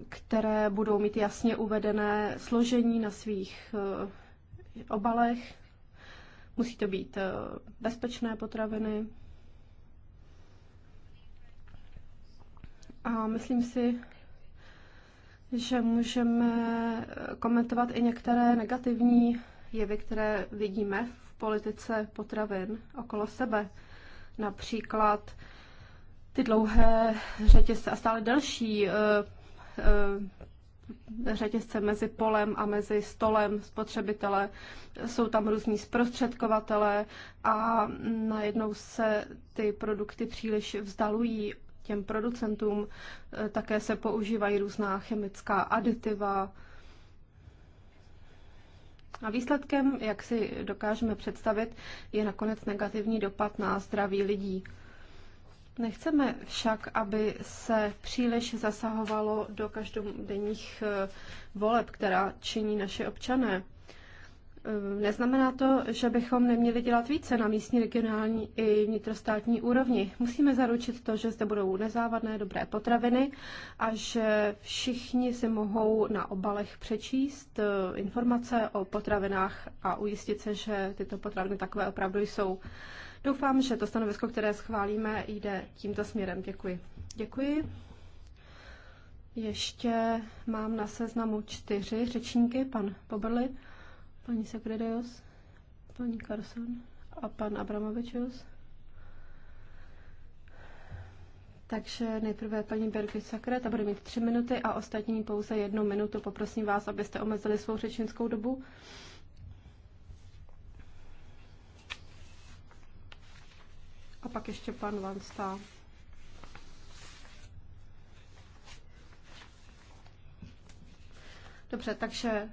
které budou mít jasně uvedené složení na svých eh, obalech. Musí to být eh, bezpečné potraviny. A myslím si, že můžeme komentovat i některé negativní jevy, které vidíme v politice potravin okolo sebe. Například ty dlouhé řetězce a stále delší eh, eh, řetězce mezi polem a mezi stolem spotřebitele. Jsou tam různí zprostředkovatele a najednou se ty produkty příliš vzdalují těm producentům. Eh, také se používají různá chemická aditiva. A výsledkem, jak si dokážeme představit, je nakonec negativní dopad na zdraví lidí. Nechceme však, aby se příliš zasahovalo do každodenních eh, voleb, která činí naše občané. Ehm, neznamená to, že bychom neměli dělat více na místní, regionální i vnitrostátní úrovni. Musíme zaručit to, že zde budou nezávadné dobré potraviny a že všichni si mohou na obalech přečíst eh, informace o potravinách a ujistit se, že tyto potraviny takové opravdu jsou. Doufám, že to stanovisko, které schválíme, jde tímto směrem. Děkuji. Děkuji. Ještě mám na seznamu čtyři řečníky, pan Pobrly paní Sakredajos, paní Carson a pan Abramavičius. Takže nejprve paní Berky Sakre, ta bude mít tři minuty a ostatní pouze jednu minutu. Poprosím vás, abyste omezili svou řečnickou dobu. A pak ještě pan Vansta. Dobře, takže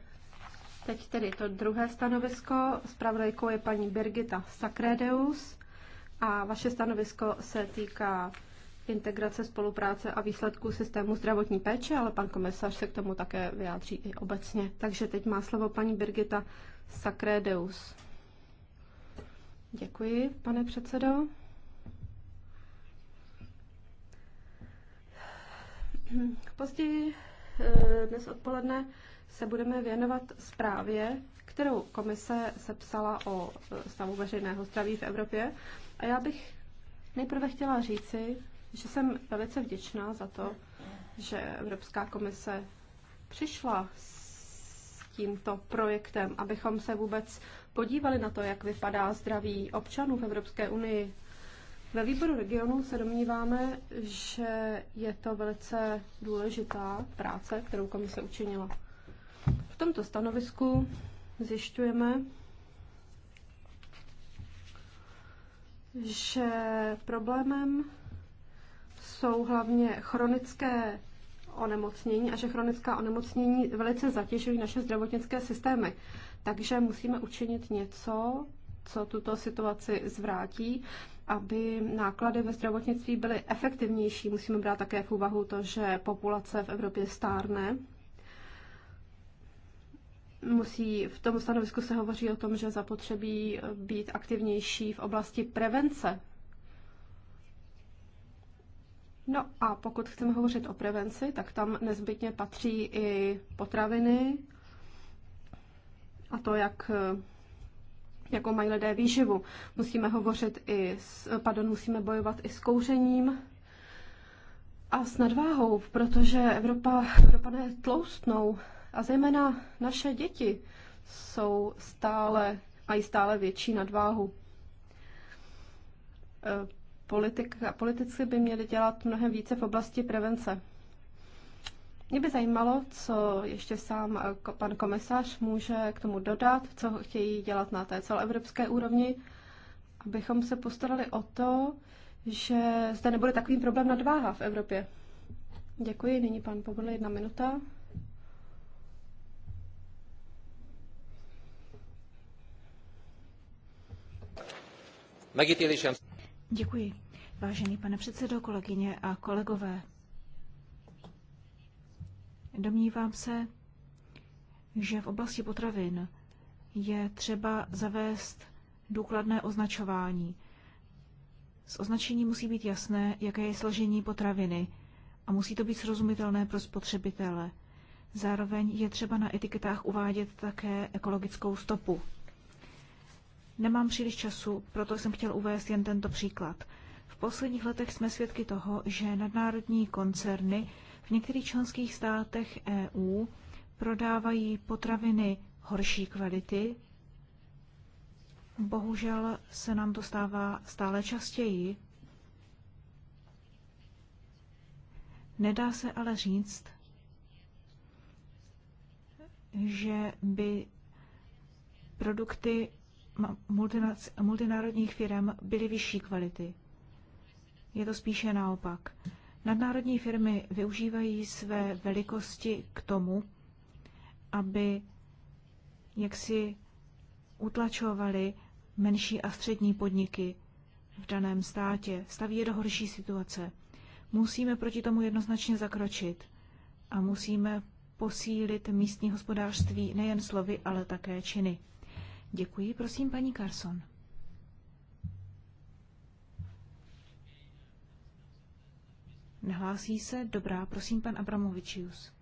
Teď tedy to druhé stanovisko. Spravodajkou je paní Birgita Sakredeus a vaše stanovisko se týká integrace, spolupráce a výsledků systému zdravotní péče, ale pan komisař se k tomu také vyjádří i obecně. Takže teď má slovo paní Birgita Sakredeus. Děkuji, pane předsedo. Později eh, dnes odpoledne se budeme věnovat zprávě, kterou komise sepsala o e, stavu veřejného zdraví v Evropě. A já bych nejprve chtěla říci, že jsem velice vděčná za to, že Evropská komise přišla s tímto projektem, abychom se vůbec podívali na to, jak vypadá zdraví občanů v Evropské unii. Ve výboru regionu se domníváme, že je to velice důležitá práce, kterou komise učinila tomto stanovisku zjišťujeme, že problémem jsou hlavně chronické onemocnění a že chronická onemocnění velice zatěžují naše zdravotnické systémy. Takže musíme učinit něco, co tuto situaci zvrátí, aby náklady ve zdravotnictví byly efektivnější. Musíme brát také v úvahu to, že populace v Evropě stárne musí, v tom stanovisku se hovoří o tom, že zapotřebí eh, být aktivnější v oblasti prevence. No a pokud chceme hovořit o prevenci, tak tam nezbytně patří i potraviny a to, jak eh, jakou mají lidé výživu. Musíme hovořit i, s, pardon, musíme bojovat i s kouřením a s nadváhou, protože Evropa, Evropané tloustnou a zejména naše děti jsou stále, mají stále větší nadváhu. E, politik, politici by měli dělat mnohem více v oblasti prevence. Mě by zajímalo, co ještě sám e, pan komisař může k tomu dodat, co chtějí dělat na té celoevropské úrovni, abychom se postarali o to, že zde nebude takový problém nadváha v Evropě. Děkuji, nyní pan Pobodl, jedna minuta. Děkuji. Vážený pane předsedo, kolegyně a kolegové, domnívám se, že v oblasti potravin je třeba zavést důkladné označování. Z označení musí být jasné, jaké je složení potraviny a musí to být srozumitelné pro spotřebitele. Zároveň je třeba na etiketách uvádět také ekologickou stopu. Nemám příliš času, proto jsem chtěl uvést jen tento příklad. V posledních letech jsme svědky toho, že nadnárodní koncerny v některých členských státech EU prodávají potraviny horší kvality. Bohužel se nám to stává stále častěji. Nedá se ale říct, že by produkty multinárodních firm byly vyšší kvality. Je to spíše naopak. Nadnárodní firmy využívají své velikosti k tomu, aby jaksi utlačovali menší a střední podniky v daném státě, staví je do horší situace. Musíme proti tomu jednoznačně zakročit a musíme posílit místní hospodářství nejen slovy, ale také činy. Děkuji. Prosím, paní Carson. Nehlásí se? Dobrá, prosím, pan Abramovičius.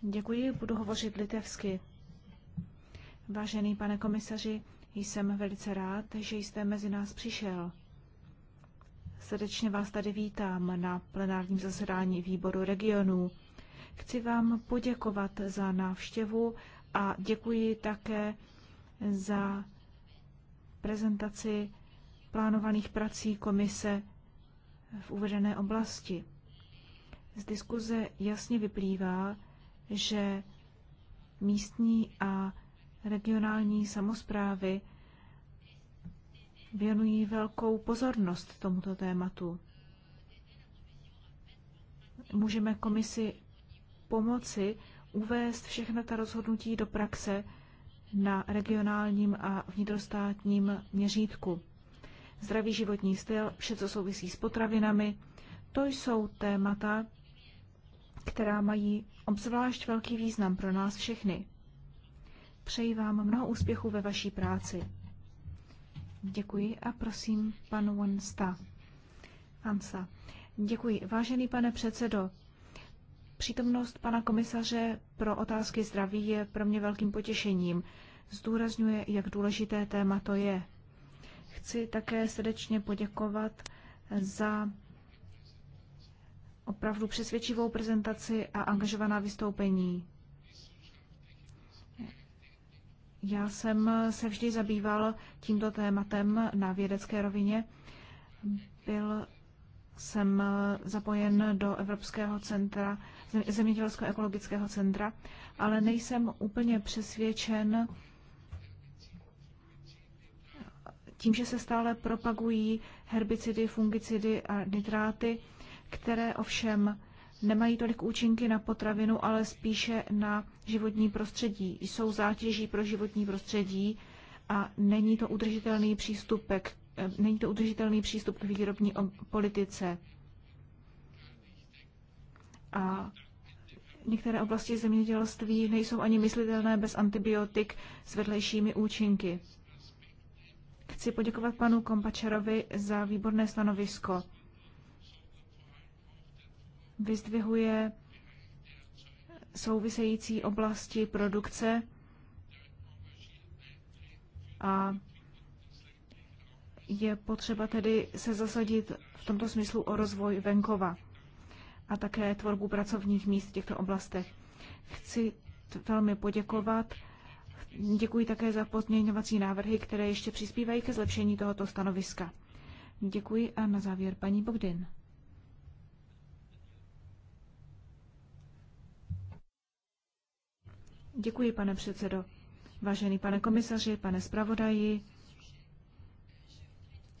Děkuji, budu hovořit litevsky. Vážený pane komisaři, jsem velice rád, že jste mezi nás přišel. Srdečně vás tady vítám na plenárním zasedání výboru regionů. Chci vám poděkovat za návštěvu a děkuji také za prezentaci plánovaných prací komise v uvedené oblasti. Z diskuze jasně vyplývá, že místní a regionální samozprávy věnují velkou pozornost tomuto tématu. Můžeme komisi pomoci uvést všechna ta rozhodnutí do praxe na regionálním a vnitrostátním měřítku. Zdravý životní styl, vše, co souvisí s potravinami, to jsou témata, která mají obzvlášť velký význam pro nás všechny. Přeji vám mnoho úspěchů ve vaší práci. Děkuji a prosím panu Wansta. Ansa. Děkuji. Vážený pane předsedo, Přítomnost pana komisaře pro otázky zdraví je pro mě velkým potěšením. Zdůrazňuje, jak důležité téma to je. Chci také srdečně poděkovat za opravdu přesvědčivou prezentaci a angažovaná vystoupení. Já jsem se vždy zabýval tímto tématem na vědecké rovině. Byl jsem zapojen do Evropského centra zemědělsko-ekologického centra, ale nejsem úplně přesvědčen tím, že se stále propagují herbicidy, fungicidy a nitráty, které ovšem nemají tolik účinky na potravinu, ale spíše na životní prostředí. Jsou zátěží pro životní prostředí a není to udržitelný přístup k, není to udržitelný přístup k výrobní politice. A některé oblasti zemědělství nejsou ani myslitelné bez antibiotik s vedlejšími účinky. Chci poděkovat panu Kompačerovi za výborné stanovisko. Vyzdvihuje související oblasti produkce a je potřeba tedy se zasadit v tomto smyslu o rozvoj venkova a také tvorbu pracovních míst v těchto oblastech. Chci velmi poděkovat. Děkuji také za pozměňovací návrhy, které ještě přispívají ke zlepšení tohoto stanoviska. Děkuji a na závěr paní Bogdin. Děkuji, pane předsedo. Vážený pane komisaři, pane zpravodaji,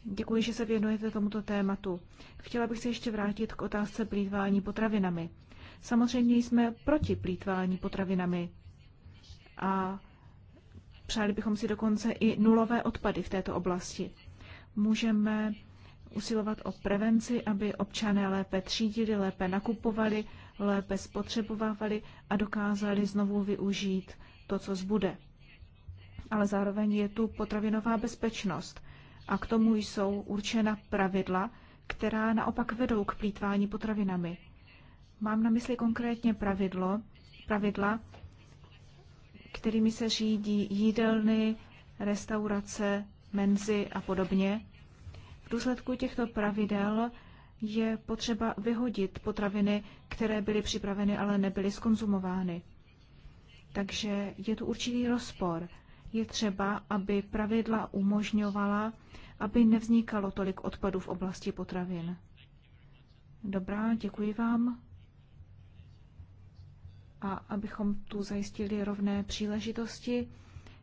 Děkuji, že se věnujete tomuto tématu. Chtěla bych se ještě vrátit k otázce plýtvání potravinami. Samozřejmě jsme proti plýtvání potravinami a přáli bychom si dokonce i nulové odpady v této oblasti. Můžeme usilovat o prevenci, aby občané lépe třídili, lépe nakupovali, lépe spotřebovávali a dokázali znovu využít to, co zbude. Ale zároveň je tu potravinová bezpečnost – a k tomu jsou určena pravidla, která naopak vedou k plítvání potravinami. Mám na mysli konkrétně pravidlo, pravidla, kterými se řídí jídelny, restaurace, menzy a podobně. V důsledku těchto pravidel je potřeba vyhodit potraviny, které byly připraveny, ale nebyly skonzumovány. Takže je tu určitý rozpor je třeba, aby pravidla umožňovala, aby nevznikalo tolik odpadů v oblasti potravin. Dobrá, děkuji vám. A abychom tu zajistili rovné příležitosti,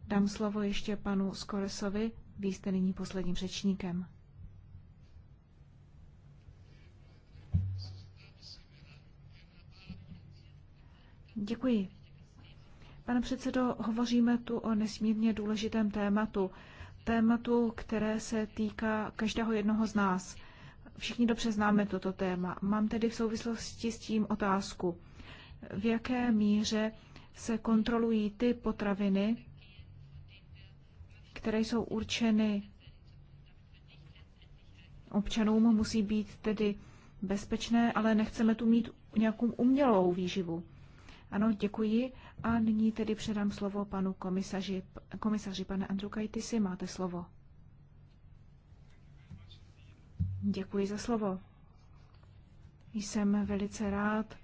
dám slovo ještě panu Skoresovi, vy jste nyní posledním řečníkem. Děkuji. Pane předsedo, hovoříme tu o nesmírně důležitém tématu. Tématu, které se týká každého jednoho z nás. Všichni dobře známe toto téma. Mám tedy v souvislosti s tím otázku. V jaké míře se kontrolují ty potraviny, které jsou určeny občanům, musí být tedy bezpečné, ale nechceme tu mít nějakou umělou výživu. Ano, děkuji. A nyní tedy předám slovo panu komisaři, komisaři pane Andru Kajtisi, máte slovo. Děkuji za slovo. Jsem velice rád,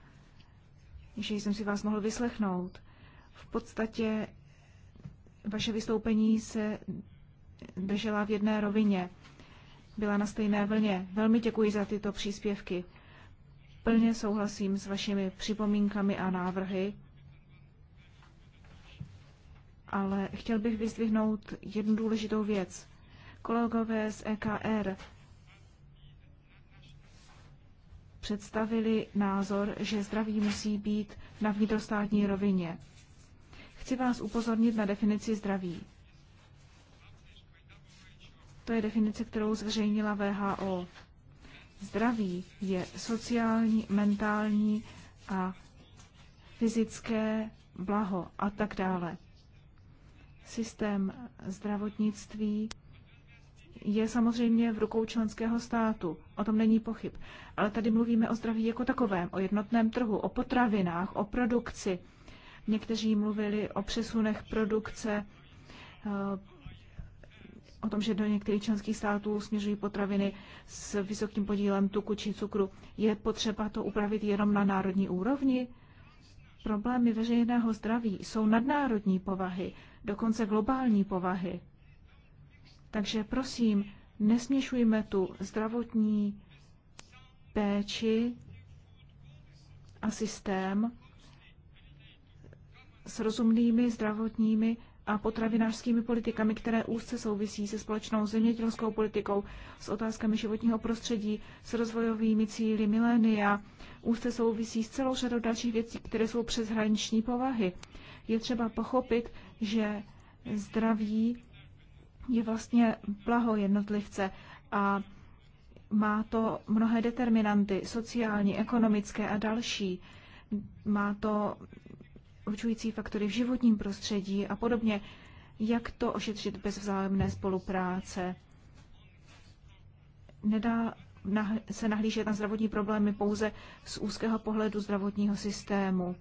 že jsem si vás mohl vyslechnout. V podstatě vaše vystoupení se držela v jedné rovině. Byla na stejné vlně. Velmi děkuji za tyto příspěvky. Plně souhlasím s vašimi připomínkami a návrhy ale chtěl bych vyzdvihnout jednu důležitou věc. Kolegové z EKR představili názor, že zdraví musí být na vnitrostátní rovině. Chci vás upozornit na definici zdraví. To je definice, kterou zveřejnila VHO. Zdraví je sociální, mentální a fyzické blaho a tak dále systém zdravotnictví je samozřejmě v rukou členského státu. O tom není pochyb. Ale tady mluvíme o zdraví jako takovém, o jednotném trhu, o potravinách, o produkci. Někteří mluvili o přesunech produkce, eh, o tom, že do některých členských států směřují potraviny s vysokým podílem tuku či cukru. Je potřeba to upravit jenom na národní úrovni? Problémy veřejného zdraví jsou nadnárodní povahy dokonce globální povahy. Takže prosím, nesměšujme tu zdravotní péči a systém s rozumnými zdravotními a potravinářskými politikami, které úzce souvisí se společnou zemědělskou politikou, s otázkami životního prostředí, s rozvojovými cíly milénia, úzce souvisí s celou řadou dalších věcí, které jsou přeshraniční povahy. Je třeba pochopit, že zdraví je vlastně blaho jednotlivce a má to mnohé determinanty, sociální, ekonomické a další. Má to určující faktory v životním prostředí a podobně. Jak to ošetřit bez vzájemné spolupráce? Nedá se nahlížet na zdravotní problémy pouze z úzkého pohledu zdravotního systému.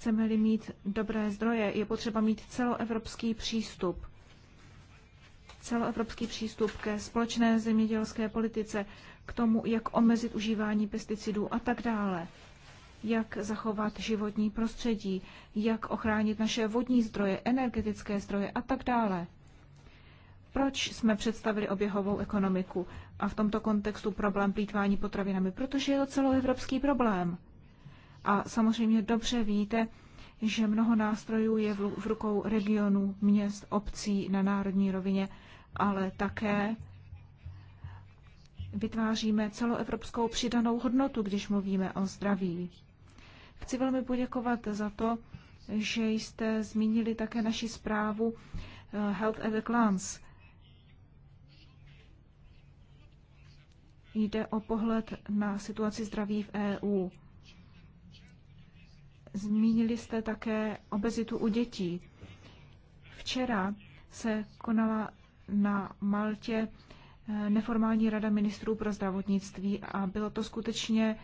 Chceme-li mít dobré zdroje, je potřeba mít celoevropský přístup. Celoevropský přístup ke společné zemědělské politice, k tomu, jak omezit užívání pesticidů a tak dále. Jak zachovat životní prostředí, jak ochránit naše vodní zdroje, energetické zdroje a tak dále. Proč jsme představili oběhovou ekonomiku a v tomto kontextu problém plítvání potravinami? Protože je to celoevropský problém. A samozřejmě dobře víte, že mnoho nástrojů je v rukou regionů, měst, obcí na národní rovině, ale také vytváříme celoevropskou přidanou hodnotu, když mluvíme o zdraví. Chci velmi poděkovat za to, že jste zmínili také naši zprávu eh, Health at a Glance. Jde o pohled na situaci zdraví v EU. Zmínili jste také obezitu u dětí. Včera se konala na Maltě eh, neformální rada ministrů pro zdravotnictví a bylo to skutečně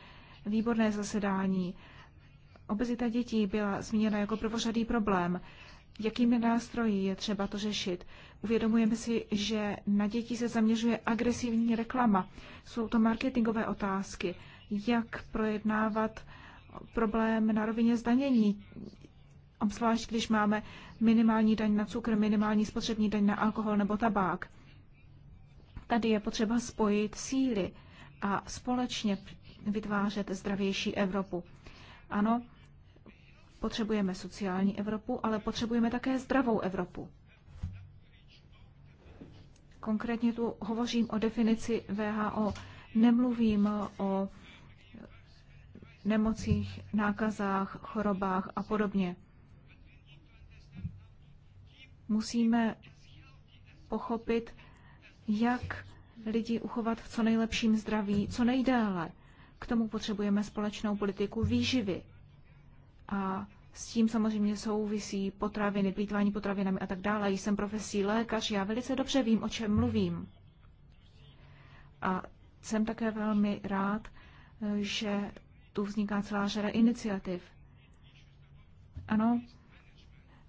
výborné zasedání. Obezita dětí byla zmíněna jako prvořadý problém. Jakými nástroji je třeba to řešit? Uvědomujeme si, že na děti se zaměřuje agresivní reklama. Jsou to marketingové otázky. Jak projednávat problém na rovině zdanění, obzvlášť když máme minimální daň na cukr, minimální spotřební daň na alkohol nebo tabák. Tady je potřeba spojit síly a společně vytvářet zdravější Evropu. Ano, potřebujeme sociální Evropu, ale potřebujeme také zdravou Evropu. Konkrétně tu hovořím o definici VHO. Nemluvím o nemocích, nákazách, chorobách a podobně. Musíme pochopit, jak lidi uchovat v co nejlepším zdraví, co nejdéle. K tomu potřebujeme společnou politiku výživy. A s tím samozřejmě souvisí potraviny, plýtvání potravinami a tak dále. Jsem profesí lékař, já velice dobře vím, o čem mluvím. A jsem také velmi rád, že tu vzniká celá řada iniciativ. Ano,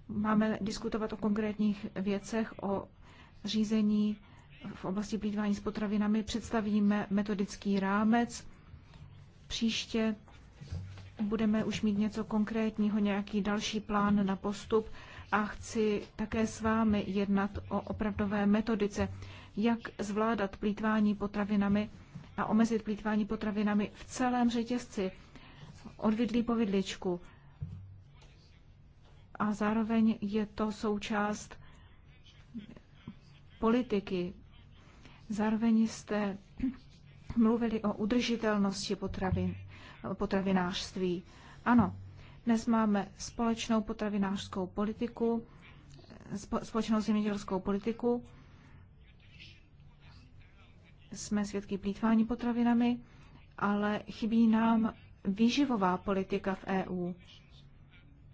máme diskutovat o konkrétních věcech, o řízení v oblasti plýtvání s potravinami. Představíme metodický rámec. Příště budeme už mít něco konkrétního, nějaký další plán na postup a chci také s vámi jednat o opravdové metodice, jak zvládat plýtvání potravinami a omezit plítvání potravinami v celém řetězci, vidlí po vidličku. A zároveň je to součást politiky. Zároveň jste mluvili o udržitelnosti potravin, potravinářství. Ano, dnes máme společnou potravinářskou politiku, společnou zemědělskou politiku jsme svědky plítvání potravinami, ale chybí nám výživová politika v EU.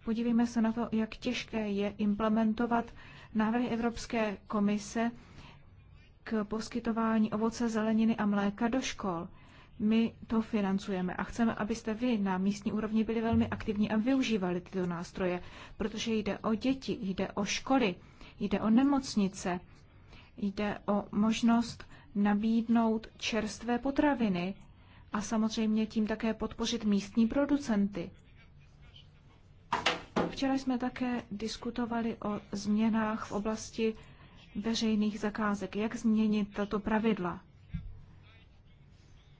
Podívejme se na to, jak těžké je implementovat návrhy Evropské komise k poskytování ovoce, zeleniny a mléka do škol. My to financujeme a chceme, abyste vy na místní úrovni byli velmi aktivní a využívali tyto nástroje, protože jde o děti, jde o školy, jde o nemocnice, jde o možnost nabídnout čerstvé potraviny a samozřejmě tím také podpořit místní producenty. Včera jsme také diskutovali o změnách v oblasti veřejných zakázek. Jak změnit tato pravidla,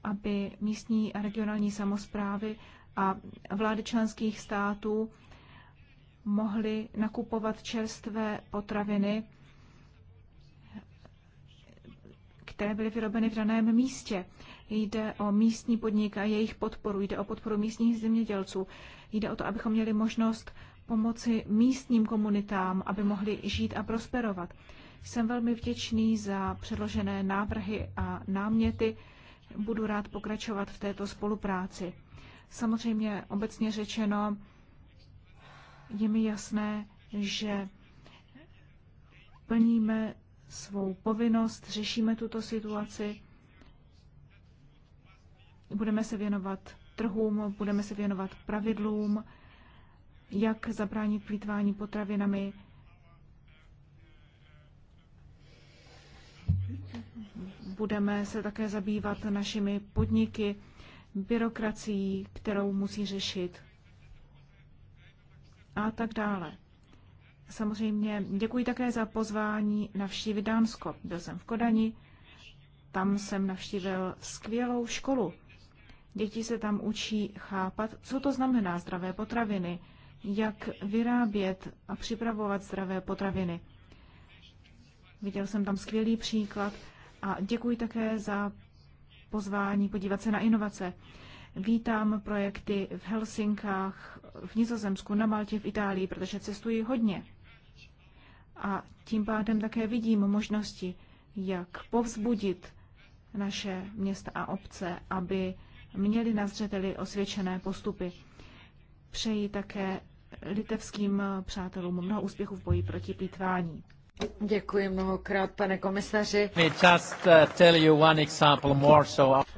aby místní a regionální samozprávy a vlády členských států mohly nakupovat čerstvé potraviny které byly vyrobeny v daném místě. Jde o místní podnik a jejich podporu, jde o podporu místních zemědělců, jde o to, abychom měli možnost pomoci místním komunitám, aby mohli žít a prosperovat. Jsem velmi vděčný za předložené návrhy a náměty. Budu rád pokračovat v této spolupráci. Samozřejmě obecně řečeno, je mi jasné, že plníme svou povinnost, řešíme tuto situaci, budeme se věnovat trhům, budeme se věnovat pravidlům, jak zabránit plítvání potravinami. Budeme se také zabývat našimi podniky, byrokracií, kterou musí řešit a tak dále. Samozřejmě děkuji také za pozvání navštívit Dánsko. Byl jsem v Kodani, tam jsem navštívil skvělou školu. Děti se tam učí chápat, co to znamená zdravé potraviny, jak vyrábět a připravovat zdravé potraviny. Viděl jsem tam skvělý příklad a děkuji také za pozvání podívat se na inovace. Vítám projekty v Helsinkách, v Nizozemsku, na Maltě, v Itálii, protože cestuji hodně. A tím pádem také vidím možnosti, jak povzbudit naše města a obce, aby měli na zřeteli osvědčené postupy. Přeji také litevským přátelům mnoho úspěchů v boji proti plítvání. Děkuji mnohokrát, pane komisaři. Uh,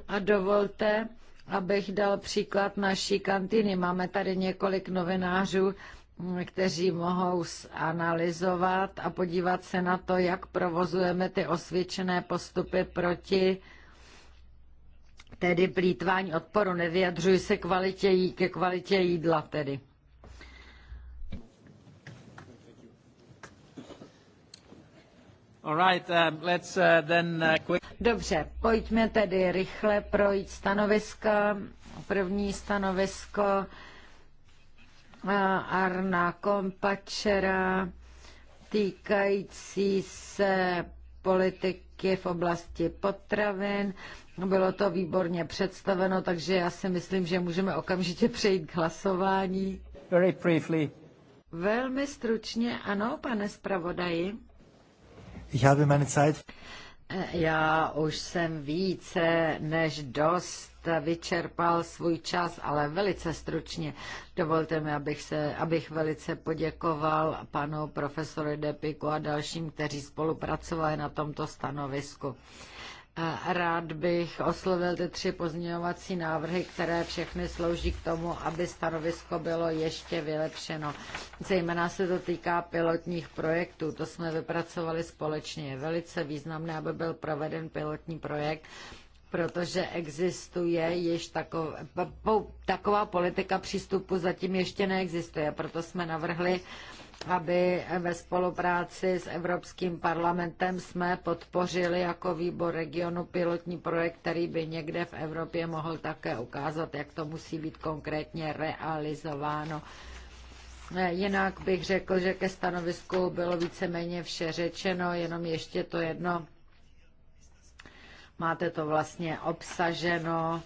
a dovolte, abych dal příklad naší kantiny. Máme tady několik novinářů, kteří mohou zanalizovat a podívat se na to, jak provozujeme ty osvědčené postupy proti tedy plítvání odporu. Nevyjadřuji se kvalitě, ke kvalitě jídla tedy. Um, uh, uh, Dobře, pojďme tedy rychle projít stanoviska. První stanovisko Arna Kompačera týkající se politiky v oblasti potravin. Bylo to výborně představeno, takže já si myslím, že můžeme okamžitě přejít k hlasování. Very briefly. Velmi stručně, ano, pane zpravodaji. Ich habe meine Zeit. Já už jsem více než dost vyčerpal svůj čas, ale velice stručně. Dovolte mi, abych, se, abych velice poděkoval panu profesoru Depiku a dalším, kteří spolupracovali na tomto stanovisku. Rád bych oslovil ty tři pozměňovací návrhy, které všechny slouží k tomu, aby stanovisko bylo ještě vylepšeno. Zejména se to týká pilotních projektů. To jsme vypracovali společně. Je velice významné, aby byl proveden pilotní projekt, protože existuje již po, taková politika přístupu zatím ještě neexistuje. Proto jsme navrhli, aby ve spolupráci s Evropským parlamentem jsme podpořili jako výbor regionu pilotní projekt, který by někde v Evropě mohl také ukázat, jak to musí být konkrétně realizováno. Jinak bych řekl, že ke stanovisku bylo víceméně vše řečeno, jenom ještě to jedno Máte to vlastně obsaženo,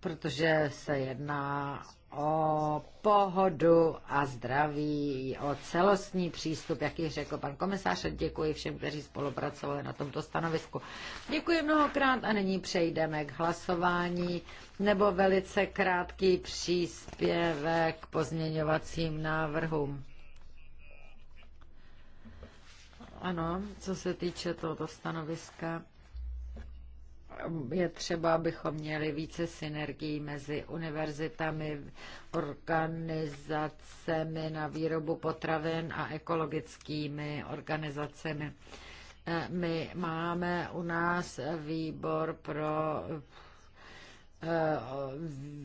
protože se jedná o pohodu a zdraví, o celostní přístup, jak již řekl pan komisář. Děkuji všem, kteří spolupracovali na tomto stanovisku. Děkuji mnohokrát a nyní přejdeme k hlasování nebo velice krátký příspěvek k pozměňovacím návrhům. Ano, co se týče tohoto stanoviska, je třeba, abychom měli více synergií mezi univerzitami, organizacemi na výrobu potravin a ekologickými organizacemi. My máme u nás výbor pro Eh,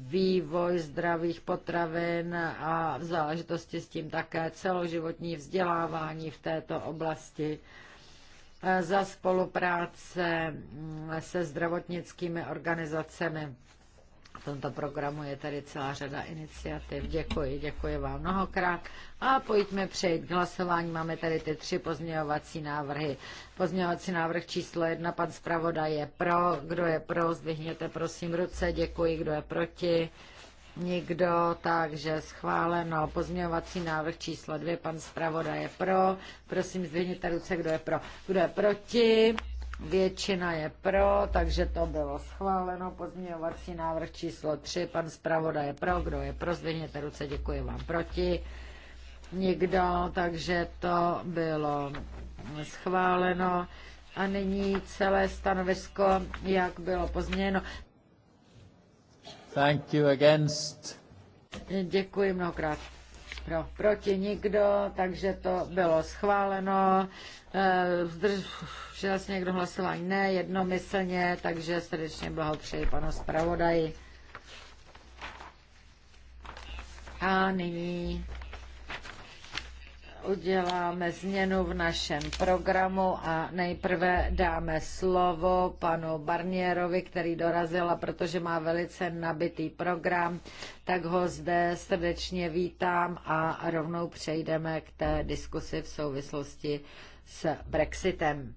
vývoj zdravých potravin a v záležitosti s tím také celoživotní vzdělávání v této oblasti eh, za spolupráce mm, se zdravotnickými organizacemi v tomto programu je tady celá řada iniciativ. Děkuji, děkuji vám mnohokrát. A pojďme přejít k hlasování. Máme tady ty tři pozměňovací návrhy. Pozměňovací návrh číslo jedna, pan zpravodaj je pro. Kdo je pro, zdvihněte prosím ruce. Děkuji, kdo je proti. Nikdo, takže schváleno. Pozměňovací návrh číslo dvě, pan zpravodaj je pro. Prosím, zdvihněte ruce, kdo je pro. Kdo je proti? Většina je pro, takže to bylo schváleno. Pozměňovací návrh číslo 3. Pan zpravoda je pro. Kdo je pro, zvedněte ruce. Děkuji vám proti. Nikdo, takže to bylo schváleno. A nyní celé stanovisko, jak bylo pozměněno. Thank you against. Děkuji mnohokrát pro, proti nikdo, takže to bylo schváleno. Eh, zdržel se někdo hlasování? Ne, jednomyslně, takže srdečně blahopřeji panu zpravodaji. A nyní uděláme změnu v našem programu a nejprve dáme slovo panu Barnierovi, který dorazil, a protože má velice nabitý program, tak ho zde srdečně vítám a rovnou přejdeme k té diskusi v souvislosti s Brexitem.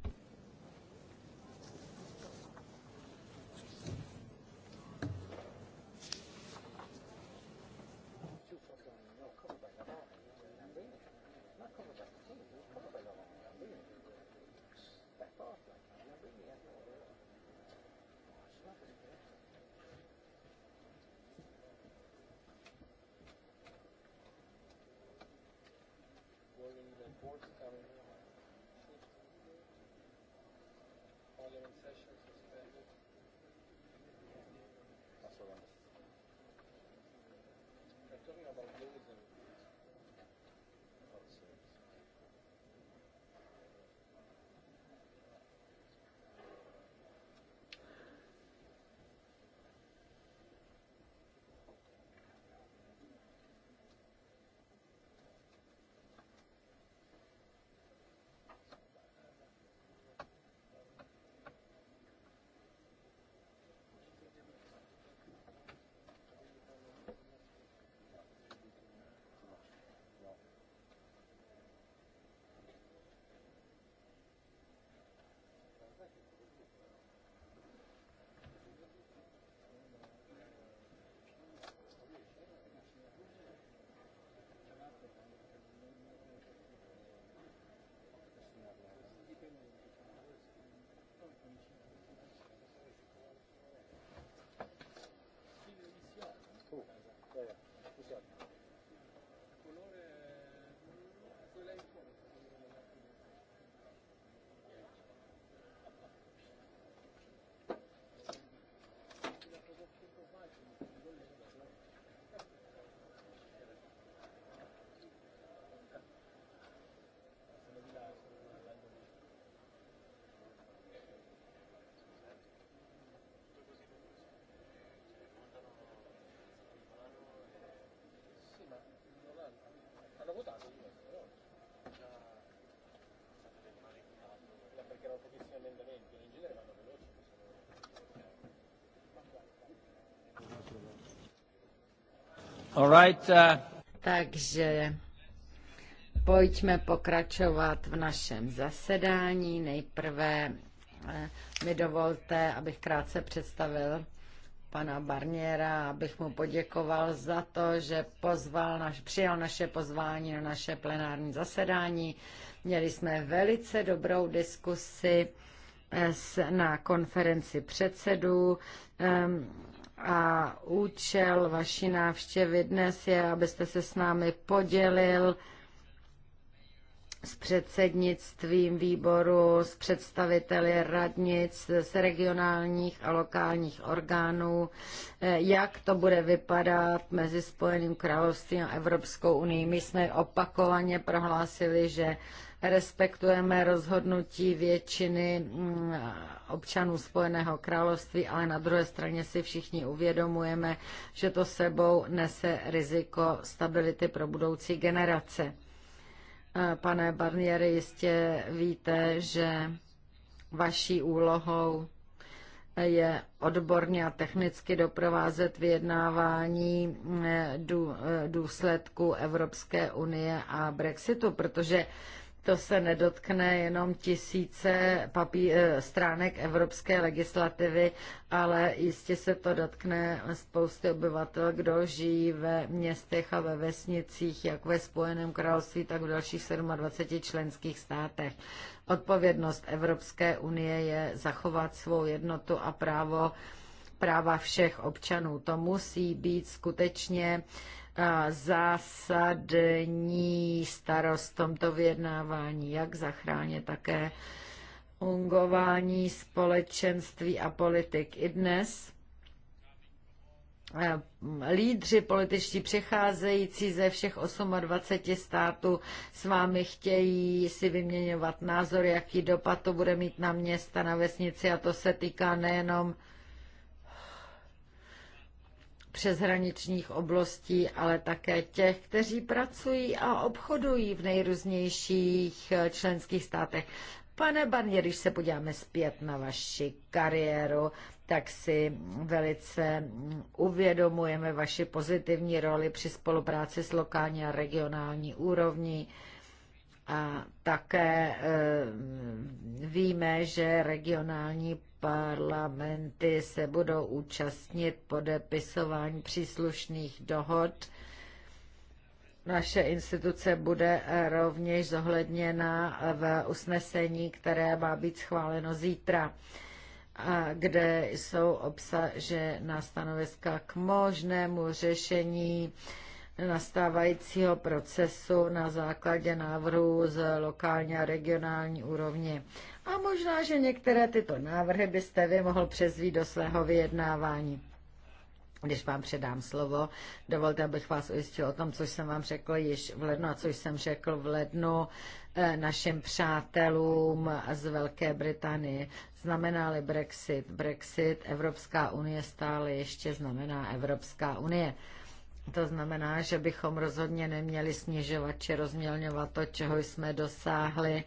All right, uh... Takže pojďme pokračovat v našem zasedání. Nejprve eh, mi dovolte, abych krátce představil pana Barniera, abych mu poděkoval za to, že pozval naš, přijal naše pozvání na naše plenární zasedání. Měli jsme velice dobrou diskusi eh, na konferenci předsedů. Ehm, a účel vaší návštěvy dnes je, abyste se s námi podělil s předsednictvím výboru, s představiteli radnic, z regionálních a lokálních orgánů, jak to bude vypadat mezi Spojeným královstvím a Evropskou unii. My jsme opakovaně prohlásili, že respektujeme rozhodnutí většiny mm, občanů Spojeného království, ale na druhé straně si všichni uvědomujeme, že to sebou nese riziko stability pro budoucí generace. Pane Barnieri, jistě víte, že vaší úlohou je odborně a technicky doprovázet vyjednávání mm, e, důsledku Evropské unie a Brexitu, protože to se nedotkne jenom tisíce papí- eh, stránek evropské legislativy, ale jistě se to dotkne spousty obyvatel, kdo žijí ve městech a ve vesnicích, jak ve Spojeném království, tak v dalších 27 členských státech. Odpovědnost Evropské unie je zachovat svou jednotu a právo práva všech občanů. To musí být skutečně uh, zásadní starost v tomto vyjednávání, jak zachránit také fungování společenství a politik i dnes. Eh, lídři političtí přecházející ze všech 28 států s vámi chtějí si vyměňovat názor, jaký dopad to bude mít na města, na vesnici a to se týká nejenom přeshraničních oblastí, ale také těch, kteří pracují a obchodují v nejrůznějších eh, členských státech. Pane Barnier, když se podíváme zpět na vaši kariéru, tak si velice mm, uvědomujeme vaši pozitivní roli při spolupráci s lokální a regionální úrovní a také eh, víme, že regionální parlamenty se budou účastnit podepisování příslušných dohod. Naše instituce bude rovněž zohledněna v usnesení, které má být schváleno zítra, kde jsou obsažena stanoviska k možnému řešení nastávajícího procesu na základě návrhů z lokální a regionální úrovně. A možná, že některé tyto návrhy byste vy mohl přezvít do svého vyjednávání. Když vám předám slovo, dovolte, abych vás ujistil o tom, co jsem vám řekl již v lednu a co jsem řekl v lednu eh, našim přátelům z Velké Británie. Znamená-li Brexit, Brexit, Evropská unie stále ještě znamená Evropská unie. To znamená, že bychom rozhodně neměli snižovat či rozmělňovat to, čeho jsme dosáhli,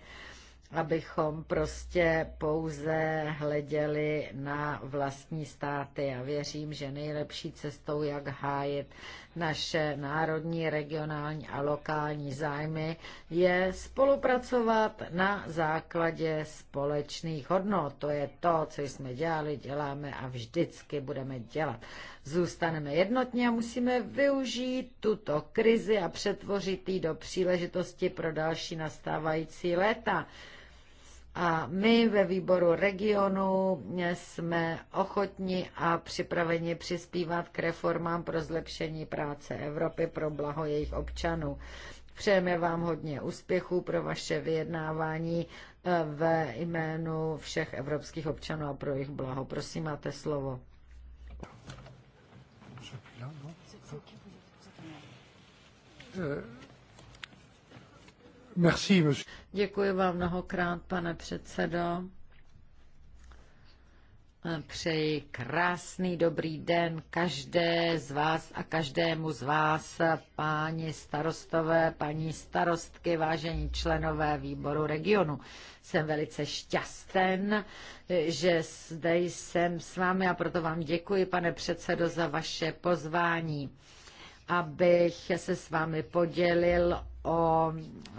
abychom prostě pouze hleděli na vlastní státy. A věřím, že nejlepší cestou, jak hájit naše národní, regionální a lokální zájmy, je spolupracovat na základě společných hodnot. To je to, co jsme dělali, děláme a vždycky budeme dělat. Zůstaneme jednotně a musíme využít tuto krizi a přetvořit ji do příležitosti pro další nastávající léta. A my ve výboru regionu jsme ochotni a připraveni přispívat k reformám pro zlepšení práce Evropy pro blaho jejich občanů. Přejeme vám hodně úspěchů pro vaše vyjednávání eh, ve jménu všech evropských občanů a pro jejich blaho. Prosím, máte slovo. Uh Merci, monsieur. Děkuji vám mnohokrát, pane předsedo. Přeji krásný dobrý den každé z vás a každému z vás, páni starostové, paní starostky, vážení členové výboru regionu. Jsem velice šťasten, že zde jsem s vámi a proto vám děkuji, pane předsedo, za vaše pozvání abych se s vámi podělil o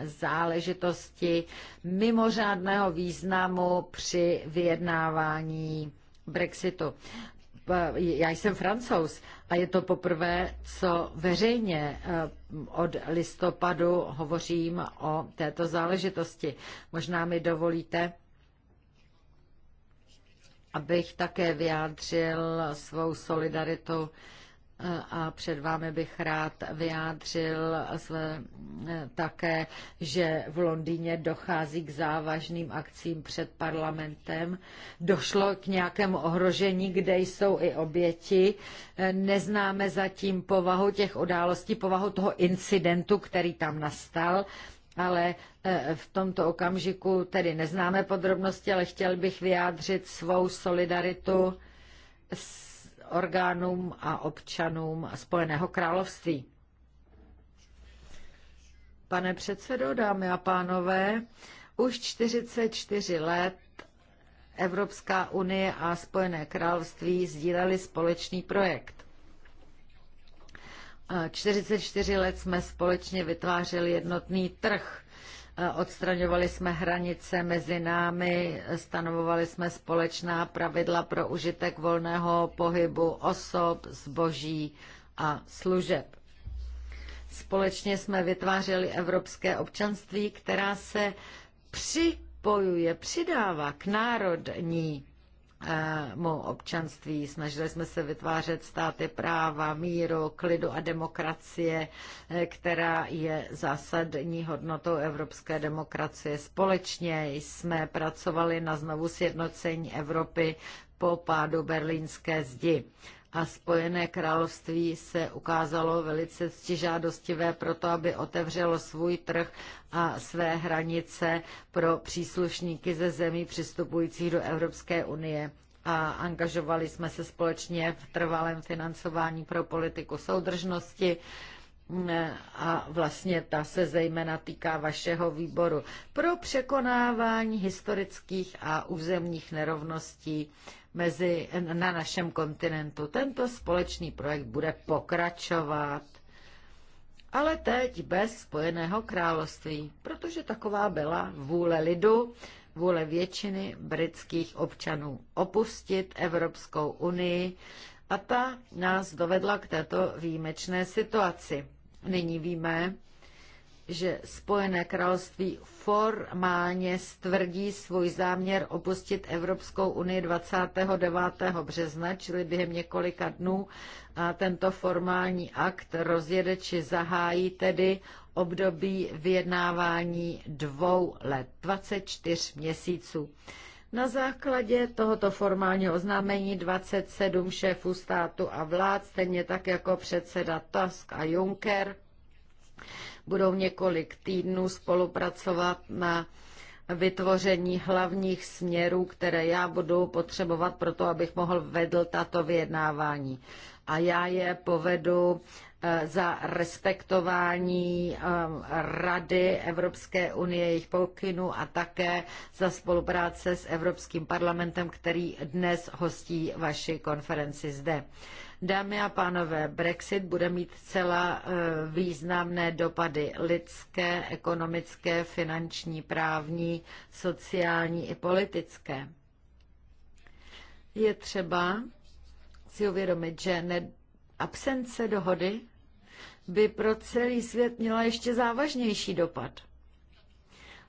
záležitosti mimořádného významu při vyjednávání Brexitu. Já jsem francouz a je to poprvé, co veřejně eh, od listopadu hovořím o této záležitosti. Možná mi dovolíte, abych také vyjádřil svou solidaritu a před vámi bych rád vyjádřil své, eh, také, že v Londýně dochází k závažným akcím před parlamentem. Došlo k nějakému ohrožení, kde jsou i oběti. Eh, neznáme zatím povahu těch událostí, povahu toho incidentu, který tam nastal ale eh, v tomto okamžiku tedy neznáme podrobnosti, ale chtěl bych vyjádřit svou solidaritu s orgánům a občanům Spojeného království. Pane předsedo, dámy a pánové, už 44 let Evropská unie a Spojené království sdíleli společný projekt. 44 let jsme společně vytvářeli jednotný trh Eh, odstraňovali jsme hranice mezi námi, stanovovali jsme společná pravidla pro užitek volného pohybu osob, zboží a služeb. Společně jsme vytvářeli evropské občanství, která se připojuje, přidává k národní Eh, mu občanství. Snažili jsme se vytvářet státy práva, míru, klidu a demokracie, eh, která je zásadní hodnotou evropské demokracie. Společně jsme pracovali na znovu sjednocení Evropy po pádu berlínské zdi a Spojené království se ukázalo velice pro to, aby otevřelo svůj trh a své hranice pro příslušníky ze zemí přistupujících do Evropské unie a angažovali jsme se společně v trvalém financování pro politiku soudržnosti mm, a vlastně ta se zejména týká vašeho výboru pro překonávání historických a územních nerovností mezi, na našem kontinentu. Tento společný projekt bude pokračovat, ale teď bez Spojeného království, protože taková byla vůle lidu, vůle většiny britských občanů opustit Evropskou unii a ta nás dovedla k této výjimečné situaci. Nyní víme, že Spojené království formálně stvrdí svůj záměr opustit Evropskou unii 29. března, čili během několika dnů. A tento formální akt rozjede či zahájí tedy období vyjednávání dvou let, 24 měsíců. Na základě tohoto formálního oznámení 27 šéfů státu a vlád, stejně tak jako předseda Tusk a Juncker, budou několik týdnů spolupracovat na vytvoření hlavních směrů, které já budu potřebovat pro to, abych mohl vedl tato vyjednávání. A já je povedu eh, za respektování eh, Rady Evropské unie, jejich pokynů a také za spolupráce s Evropským parlamentem, který dnes hostí vaši konferenci zde. Dámy a pánové, Brexit bude mít celá eh, významné dopady lidské, ekonomické, finanční, právní, sociální i politické. Je třeba si uvědomit, že ne, absence dohody by pro celý svět měla ještě závažnější dopad.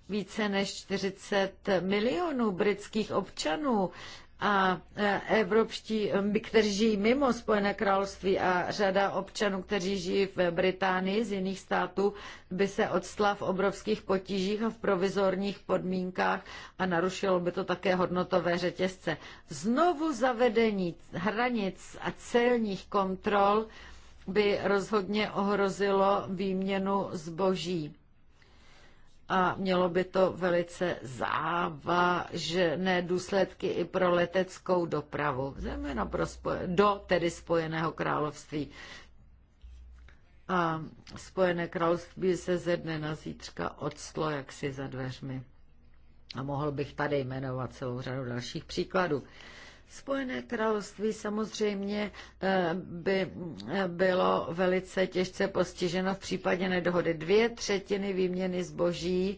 Více než 40 milionů britských občanů a e, evropští, e, kteří žijí mimo Spojené království a řada občanů, kteří žijí v Británii z jiných států, by se odstla v obrovských potížích a v provizorních podmínkách a narušilo by to také hodnotové řetězce. Znovu zavedení hranic a celních kontrol by rozhodně ohrozilo výměnu zboží a mělo by to velice závažné důsledky i pro leteckou dopravu, zejména pro spoje, do tedy Spojeného království. A Spojené království se ze dne na zítřka odstlo jaksi za dveřmi. A mohl bych tady jmenovat celou řadu dalších příkladů. Spojené království samozřejmě eh, by eh, bylo velice těžce postiženo v případě nedohody. Dvě třetiny výměny zboží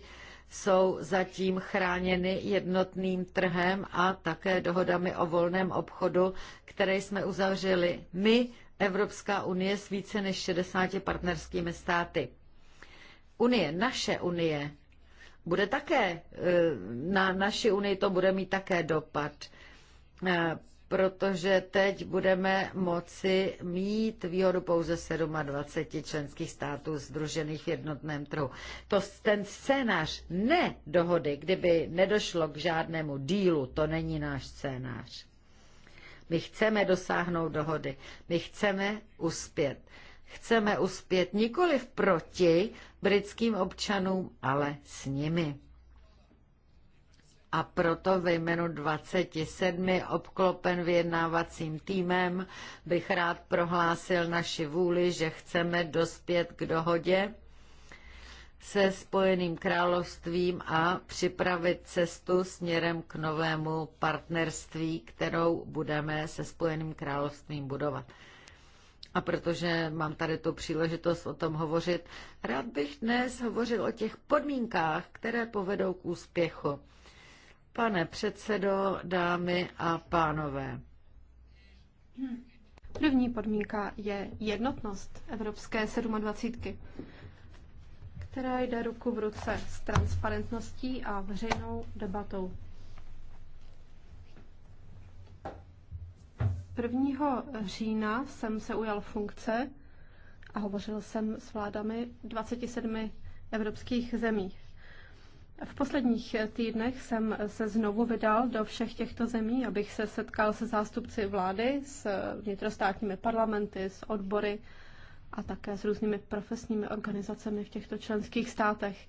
jsou zatím chráněny jednotným trhem a také dohodami o volném obchodu, které jsme uzavřeli my, Evropská unie, s více než 60 partnerskými státy. Unie, naše unie, bude také, eh, na naši unii to bude mít také dopad. Eh, protože teď budeme moci mít výhodu pouze 27 členských států združených v jednotném trhu. To ten scénář ne dohody, kdyby nedošlo k žádnému dílu, to není náš scénář. My chceme dosáhnout dohody, my chceme uspět. Chceme uspět nikoli proti britským občanům, ale s nimi a proto ve jménu 27 obklopen vyjednávacím týmem bych rád prohlásil naši vůli, že chceme dospět k dohodě se Spojeným královstvím a připravit cestu směrem k novému partnerství, kterou budeme se Spojeným královstvím budovat. A protože mám tady tu příležitost o tom hovořit, rád bych dnes hovořil o těch podmínkách, které povedou k úspěchu. Pane předsedo, dámy a pánové. První podmínka je jednotnost Evropské 27, která jde ruku v ruce s transparentností a veřejnou debatou. 1. října jsem se ujal funkce a hovořil jsem s vládami 27 evropských zemích. V posledních týdnech jsem se znovu vydal do všech těchto zemí, abych se setkal se zástupci vlády, s vnitrostátními parlamenty, s odbory a také s různými profesními organizacemi v těchto členských státech.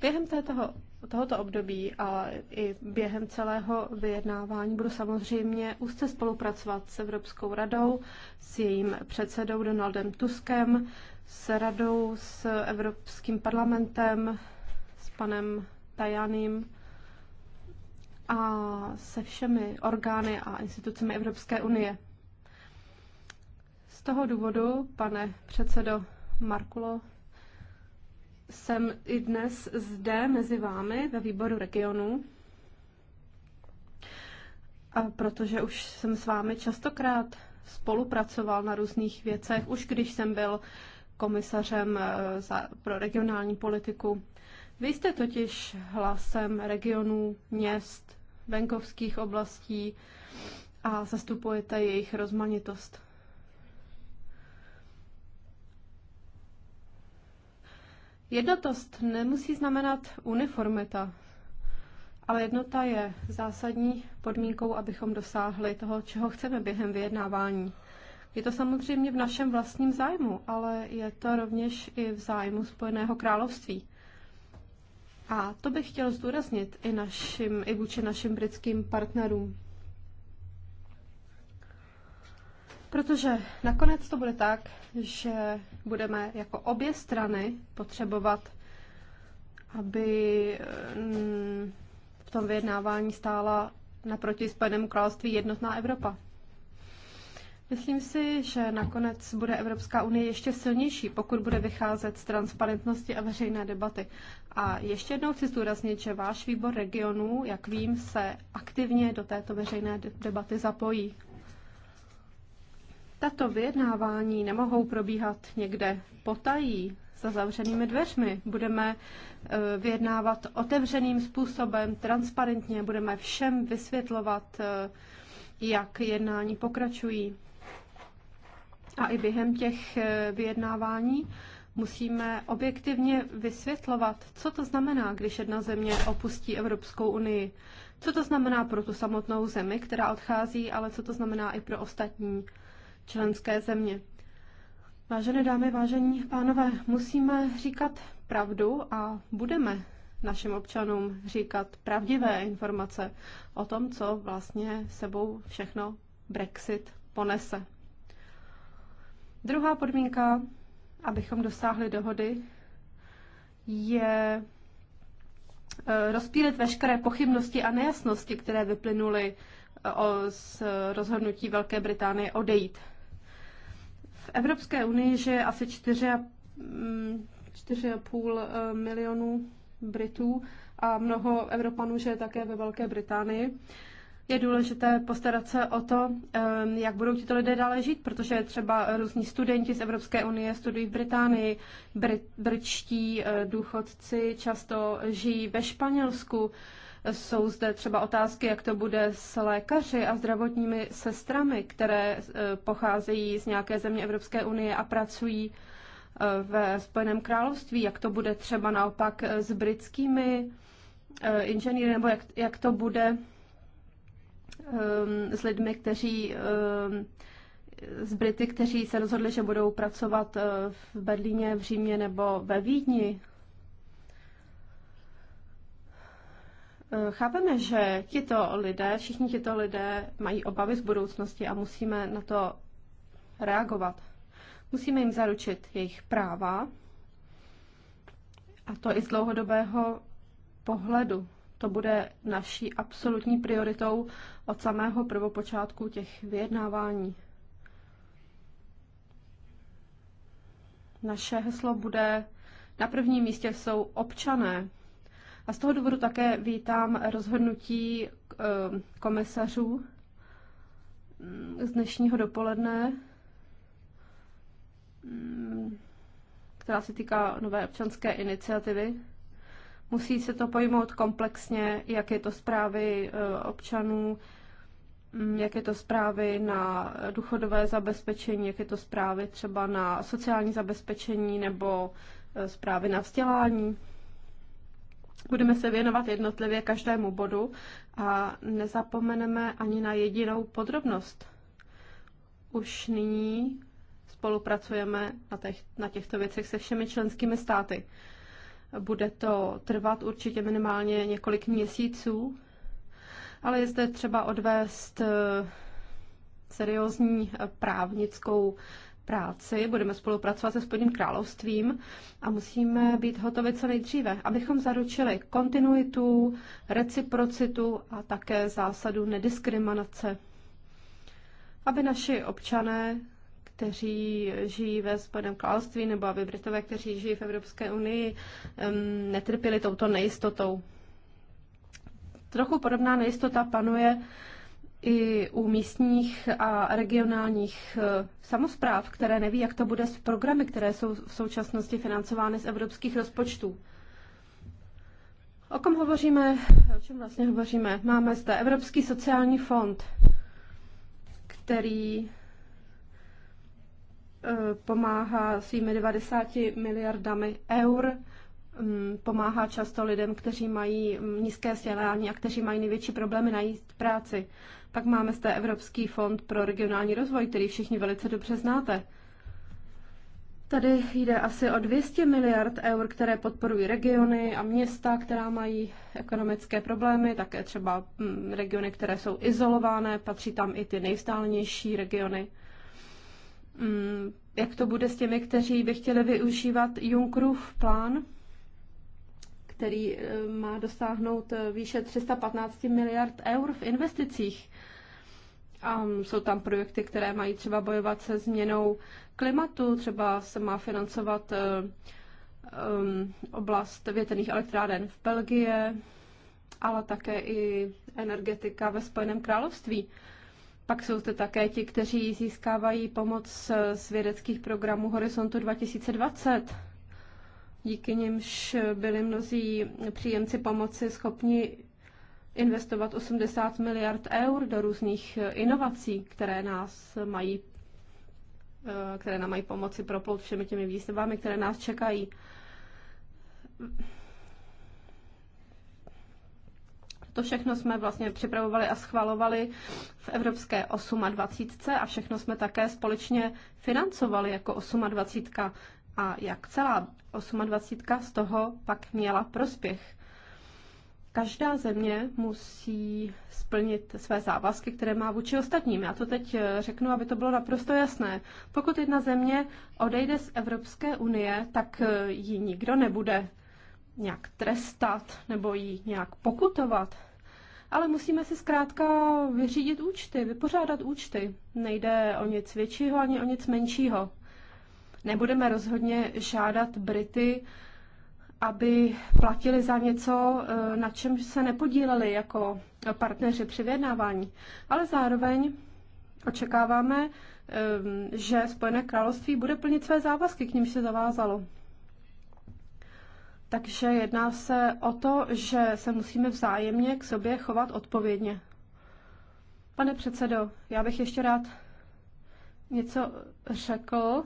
Během této, tohoto období a i během celého vyjednávání budu samozřejmě úzce spolupracovat s Evropskou radou, s jejím předsedou Donaldem Tuskem, s radou, s Evropským parlamentem, panem Tajaným a se všemi orgány a institucemi Evropské unie. Z toho důvodu, pane předsedo Markulo, jsem i dnes zde mezi vámi ve výboru regionu, a protože už jsem s vámi častokrát spolupracoval na různých věcech, už když jsem byl komisařem eh, za, pro regionální politiku vy jste totiž hlasem regionů, měst, venkovských oblastí a zastupujete jejich rozmanitost. Jednotost nemusí znamenat uniformita, ale jednota je zásadní podmínkou, abychom dosáhli toho, čeho chceme během vyjednávání. Je to samozřejmě v našem vlastním zájmu, ale je to rovněž i v zájmu Spojeného království. A to bych chtěl zdůraznit i, našim, i vůči našim britským partnerům. Protože nakonec to bude tak, že budeme jako obě strany potřebovat, aby mm, v tom vyjednávání stála naproti Spojenému království jednotná Evropa. Myslím si, že nakonec bude Evropská unie ještě silnější, pokud bude vycházet z transparentnosti a veřejné debaty. A ještě jednou chci zdůraznit, že váš výbor regionů, jak vím, se aktivně do této veřejné debaty zapojí. Tato vyjednávání nemohou probíhat někde potají, za zavřenými dveřmi. Budeme e, vyjednávat otevřeným způsobem, transparentně, budeme všem vysvětlovat, e, jak jednání pokračují a i během těch eh, vyjednávání musíme objektivně vysvětlovat, co to znamená, když jedna země opustí Evropskou unii. Co to znamená pro tu samotnou zemi, která odchází, ale co to znamená i pro ostatní členské země. Vážené dámy, vážení pánové, musíme říkat pravdu a budeme našim občanům říkat pravdivé informace o tom, co vlastně sebou všechno Brexit ponese. Druhá podmínka, abychom dosáhli dohody, je eh, rozpílit veškeré pochybnosti a nejasnosti, které vyplynuly eh, z rozhodnutí Velké Británie odejít. V Evropské unii je asi 4,5 mm, eh, milionů Britů a mnoho Evropanů je také ve Velké Británii je důležité postarat se o to, jak budou tito lidé dále žít, protože třeba různí studenti z Evropské unie studují v Británii, br- brčtí eh, důchodci často žijí ve Španělsku. Jsou zde třeba otázky, jak to bude s lékaři a zdravotními sestrami, které eh, pocházejí z nějaké země Evropské unie a pracují eh, ve Spojeném království, jak to bude třeba naopak s britskými inženýry, nebo jak, jak to bude Ehm, s lidmi, kteří z ehm, Brity, kteří se rozhodli, že budou pracovat eh, v Berlíně, v Římě nebo ve Vídni. Eh, chápeme, že tito lidé, všichni tito lidé mají obavy z budoucnosti a musíme na to reagovat. Musíme jim zaručit jejich práva, a to i z dlouhodobého pohledu. To bude naší absolutní prioritou od samého prvopočátku těch vyjednávání. Naše heslo bude na prvním místě jsou občané. A z toho důvodu také vítám rozhodnutí ehm, komisařů mm, z dnešního dopoledne, mm, která se týká nové občanské iniciativy. Musí se to pojmout komplexně, jak je to zprávy eh, občanů, mm, jak je to zprávy na důchodové zabezpečení, jak je to zprávy třeba na sociální zabezpečení nebo eh, zprávy na vzdělání. Budeme se věnovat jednotlivě každému bodu a nezapomeneme ani na jedinou podrobnost. Už nyní spolupracujeme na, těch, na těchto věcech se všemi členskými státy. Bude to trvat určitě minimálně několik měsíců, ale je zde třeba odvést eh, seriózní eh, právnickou práci, budeme spolupracovat se Spodním královstvím a musíme být hotovi co nejdříve, abychom zaručili kontinuitu, reciprocitu a také zásadu nediskriminace. Aby naši občané kteří žijí ve Spojeném království, nebo aby Britové, kteří žijí v Evropské unii, netrpěli touto nejistotou. Trochu podobná nejistota panuje i u místních a regionálních eh, samozpráv, které neví, jak to bude s programy, které jsou v současnosti financovány z evropských rozpočtů. O kom hovoříme? O čem vlastně hovoříme? Máme zde Evropský sociální fond, který Eh, pomáhá svými 90 miliardami eur, mm, pomáhá často lidem, kteří mají nízké vzdělání a kteří mají největší problémy najít práci. Pak máme zde Evropský fond pro regionální rozvoj, který všichni velice dobře znáte. Tady jde asi o 200 miliard eur, které podporují regiony a města, která mají ekonomické problémy, také třeba mm, regiony, které jsou izolované, patří tam i ty nejvzdálenější regiony. Mm, jak to bude s těmi, kteří by chtěli využívat Junkrův plán, který eh, má dosáhnout eh, výše 315 miliard eur v investicích. A mm, jsou tam projekty, které mají třeba bojovat se změnou klimatu, třeba se má financovat um, oblast větrných elektráren v Belgie, ale také i energetika ve Spojeném království. Pak jsou to také ti, kteří získávají pomoc z vědeckých programů Horizontu 2020. Díky nimž byli mnozí příjemci pomoci schopni investovat 80 miliard eur do různých inovací, které nás mají eh, které nám mají pomoci proplout všemi těmi výstavami, které nás čekají. To všechno jsme vlastně připravovali a schvalovali v Evropské 28 a všechno jsme také společně financovali jako 28 a jak celá 28 z toho pak měla prospěch. Každá země musí splnit své závazky, které má vůči ostatním. Já to teď eh, řeknu, aby to bylo naprosto jasné. Pokud jedna země odejde z Evropské unie, tak eh, ji nikdo nebude nějak trestat nebo ji nějak pokutovat ale musíme si zkrátka vyřídit účty, vypořádat účty. Nejde o nic většího ani o nic menšího. Nebudeme rozhodně žádat Brity, aby platili za něco, eh, na čem se nepodíleli jako partneři při vyjednávání. Ale zároveň očekáváme, eh, že Spojené království bude plnit své závazky, k nímž se zavázalo. Takže jedná se o to, že se musíme vzájemně k sobě chovat odpovědně. Pane předsedo, já bych ještě rád něco řekl,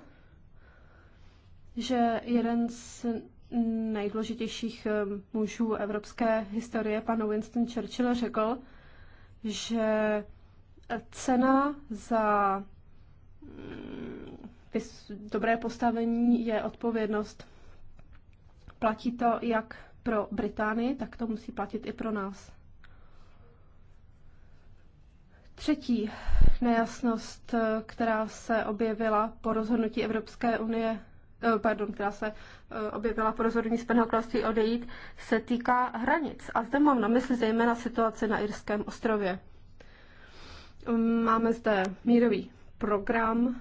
že jeden z nejdůležitějších eh, mužů evropské historie, pan Winston Churchill, řekl, že cena za mm, dobré postavení je odpovědnost platí to jak pro Británii, tak to musí platit i pro nás. Třetí nejasnost, která se objevila po rozhodnutí Evropské unie, eh, pardon, která se eh, objevila po rozhodnutí Spojeného království odejít, se týká hranic. A zde mám na mysli zejména situaci na Irském ostrově. Máme zde mírový program,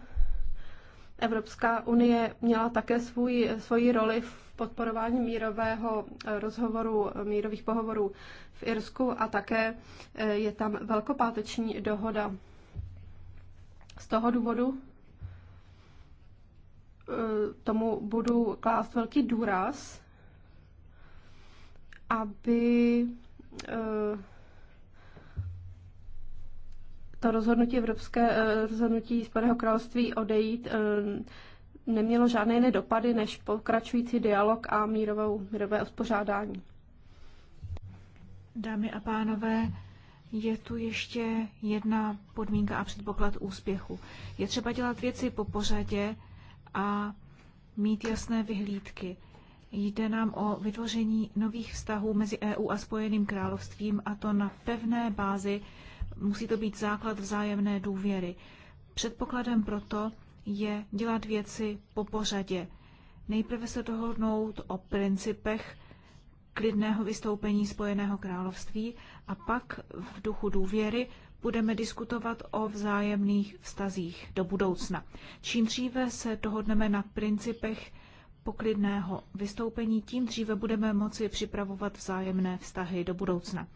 Evropská unie měla také svůj, svoji roli v podporování mírového eh, rozhovoru, eh, mírových pohovorů v Irsku a také eh, je tam velkopáteční dohoda. Z toho důvodu tomu budu klást velký důraz, aby to rozhodnutí Evropské eh, rozhodnutí Spojeného království odejít eh, nemělo žádné jiné dopady než pokračující dialog a mírovou, mírové uspořádání. Dámy a pánové, je tu ještě jedna podmínka a předpoklad úspěchu. Je třeba dělat věci po pořadě a mít jasné vyhlídky. Jde nám o vytvoření nových vztahů mezi EU a Spojeným královstvím a to na pevné bázi musí to být základ vzájemné důvěry. Předpokladem proto je dělat věci po pořadě. Nejprve se dohodnout o principech klidného vystoupení Spojeného království a pak v duchu důvěry budeme diskutovat o vzájemných vztazích do budoucna. Čím dříve se dohodneme na principech poklidného vystoupení, tím dříve budeme moci připravovat vzájemné vztahy do budoucna.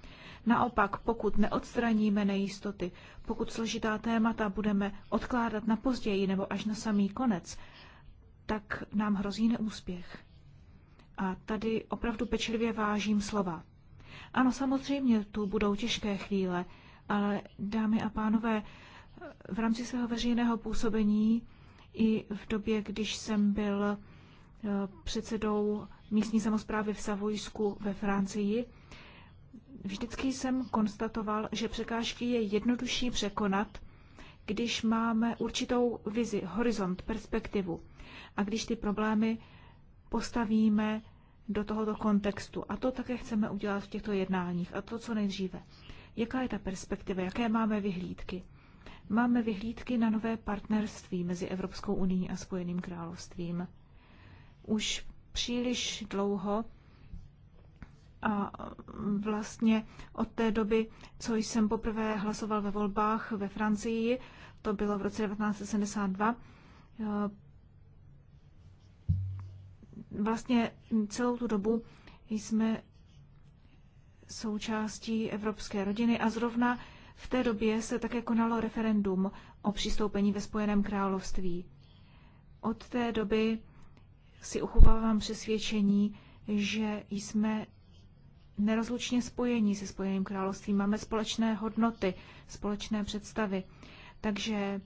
Naopak, pokud neodstraníme nejistoty, pokud složitá témata budeme odkládat na později nebo až na samý konec, tak nám hrozí neúspěch. A tady opravdu pečlivě vážím slova. Ano, samozřejmě tu budou těžké chvíle, ale dámy a pánové, v rámci svého veřejného působení i v době, když jsem byl eh, předsedou místní samozprávy v Savojsku ve Francii, Vždycky jsem konstatoval, že překážky je jednodušší překonat, když máme určitou vizi, horizont, perspektivu a když ty problémy postavíme do tohoto kontextu. A to také chceme udělat v těchto jednáních. A to co nejdříve. Jaká je ta perspektiva? Jaké máme vyhlídky? Máme vyhlídky na nové partnerství mezi Evropskou unii a Spojeným královstvím. Už příliš dlouho a vlastně od té doby, co jsem poprvé hlasoval ve volbách ve Francii, to bylo v roce 1972, eh, vlastně celou tu dobu jsme součástí evropské rodiny a zrovna v té době se také konalo referendum o přistoupení ve Spojeném království. Od té doby si uchovávám přesvědčení, že jsme nerozlučně spojení se Spojeným královstvím. Máme společné hodnoty, společné představy. Takže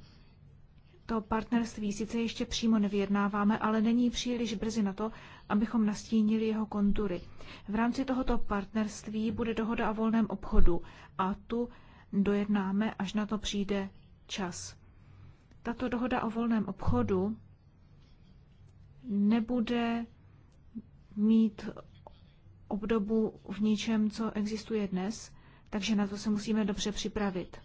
to partnerství sice ještě přímo nevyjednáváme, ale není příliš brzy na to, abychom nastínili jeho kontury. V rámci tohoto partnerství bude dohoda o volném obchodu a tu dojednáme, až na to přijde čas. Tato dohoda o volném obchodu nebude mít obdobu v ničem, co existuje dnes, takže na to se musíme dobře připravit.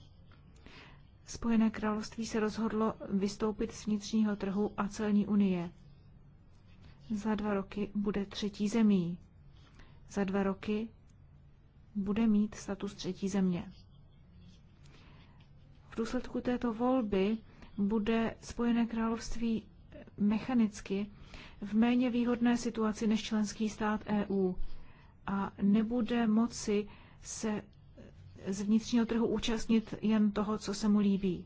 Spojené království se rozhodlo vystoupit z vnitřního trhu a celní unie. Za dva roky bude třetí zemí. Za dva roky bude mít status třetí země. V důsledku této volby bude Spojené království mechanicky v méně výhodné situaci než členský stát EU a nebude moci se z vnitřního trhu účastnit jen toho, co se mu líbí.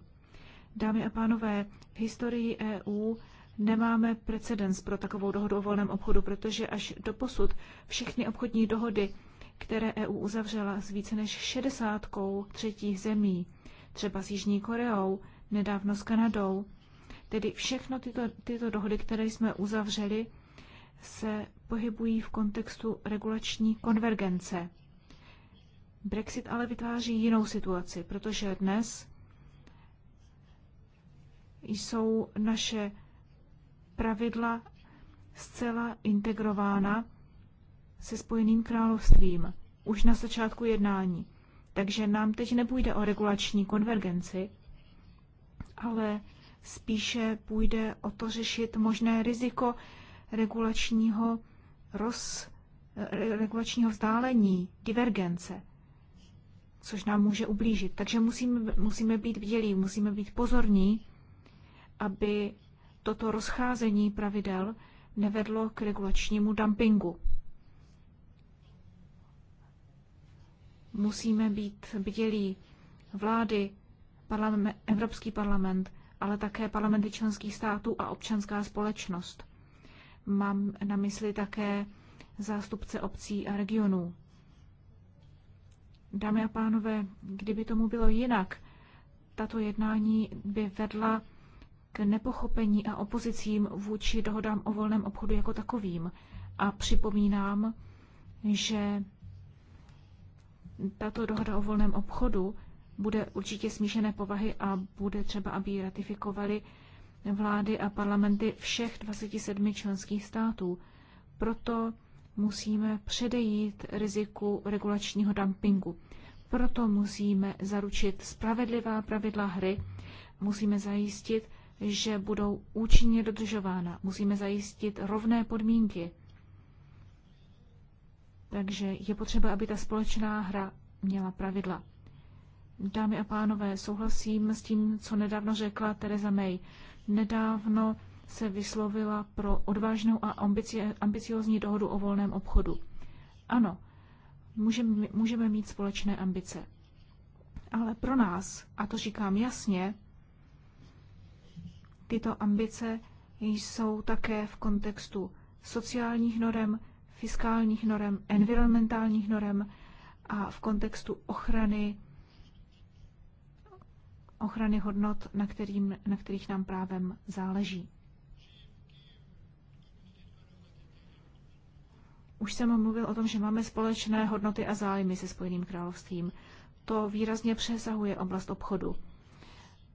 Dámy a pánové, v historii EU nemáme precedens pro takovou dohodu o volném obchodu, protože až do posud všechny obchodní dohody, které EU uzavřela s více než šedesátkou třetích zemí, třeba s Jižní Koreou, nedávno s Kanadou, tedy všechno tyto, tyto dohody, které jsme uzavřeli, se pohybují v kontextu regulační konvergence. Brexit ale vytváří jinou situaci, protože dnes jsou naše pravidla zcela integrována se Spojeným královstvím už na začátku jednání. Takže nám teď nepůjde o regulační konvergenci, ale spíše půjde o to řešit možné riziko regulačního roz, eh, regulačního vzdálení, divergence, což nám může ublížit. Takže musíme, musíme být vdělí, musíme být pozorní, aby toto rozcházení pravidel nevedlo k regulačnímu dumpingu. Musíme být bdělí vlády, parlament, Evropský parlament, ale také parlamenty členských států a občanská společnost. Mám na mysli také zástupce obcí a regionů. Dámy a pánové, kdyby tomu bylo jinak, tato jednání by vedla k nepochopení a opozicím vůči dohodám o volném obchodu jako takovým. A připomínám, že tato dohoda o volném obchodu bude určitě smíšené povahy a bude třeba, aby ji ratifikovali vlády a parlamenty všech 27 členských států. Proto musíme předejít riziku regulačního dumpingu. Proto musíme zaručit spravedlivá pravidla hry, musíme zajistit, že budou účinně dodržována, musíme zajistit rovné podmínky. Takže je potřeba, aby ta společná hra měla pravidla. Dámy a pánové, souhlasím s tím, co nedávno řekla Teresa May nedávno se vyslovila pro odvážnou a ambiciozní dohodu o volném obchodu. Ano, můžeme, můžeme mít společné ambice. Ale pro nás, a to říkám jasně, tyto ambice jsou také v kontextu sociálních norem, fiskálních norem, environmentálních norem a v kontextu ochrany ochrany hodnot, na, kterým, na kterých nám právem záleží. Už jsem mluvil o tom, že máme společné hodnoty a zájmy se Spojeným královstvím. To výrazně přesahuje oblast obchodu.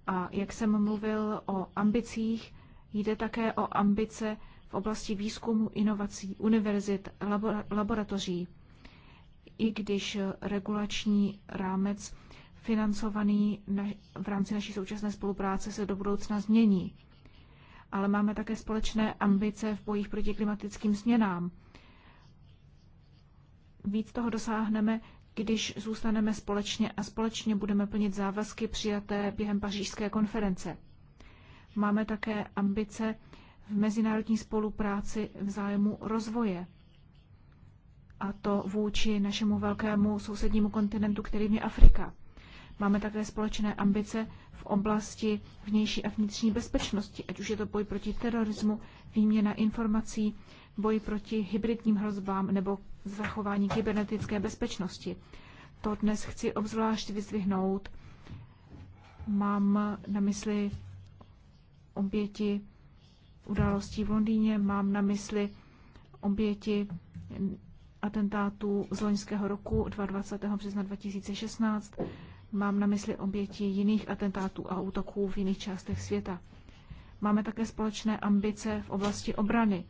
A jak jsem mluvil o ambicích, jde také o ambice v oblasti výzkumu, inovací, univerzit, laboratoří. I když regulační rámec financovaný na, v rámci naší současné spolupráce se do budoucna změní. Ale máme také společné ambice v bojích proti klimatickým změnám. Víc toho dosáhneme, když zůstaneme společně a společně budeme plnit závazky přijaté během pařížské konference. Máme také ambice v mezinárodní spolupráci v zájmu rozvoje. A to vůči našemu velkému sousednímu kontinentu, kterým je Afrika. Máme také společné ambice v oblasti vnější a vnitřní bezpečnosti, ať už je to boj proti terorismu, výměna informací, boj proti hybridním hrozbám nebo zachování kybernetické bezpečnosti. To dnes chci obzvlášť vyzvihnout. Mám na mysli oběti událostí v Londýně, mám na mysli oběti atentátů z loňského roku 22. března 2016 Mám na mysli oběti jiných atentátů a útoků v jiných částech světa. Máme také společné ambice v oblasti obrany.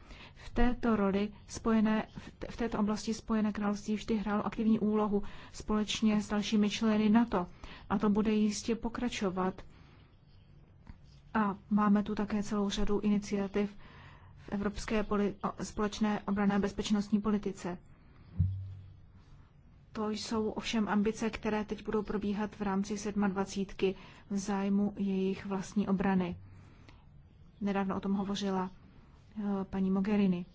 V této roli spojené, v této oblasti Spojené království vždy hrálo aktivní úlohu společně s dalšími členy NATO. A to bude jistě pokračovat. A máme tu také celou řadu iniciativ v evropské společné obrané bezpečnostní politice. To jsou ovšem ambice, které teď budou probíhat v rámci 27. v zájmu jejich vlastní obrany. Nedávno o tom hovořila eh, paní Mogherini.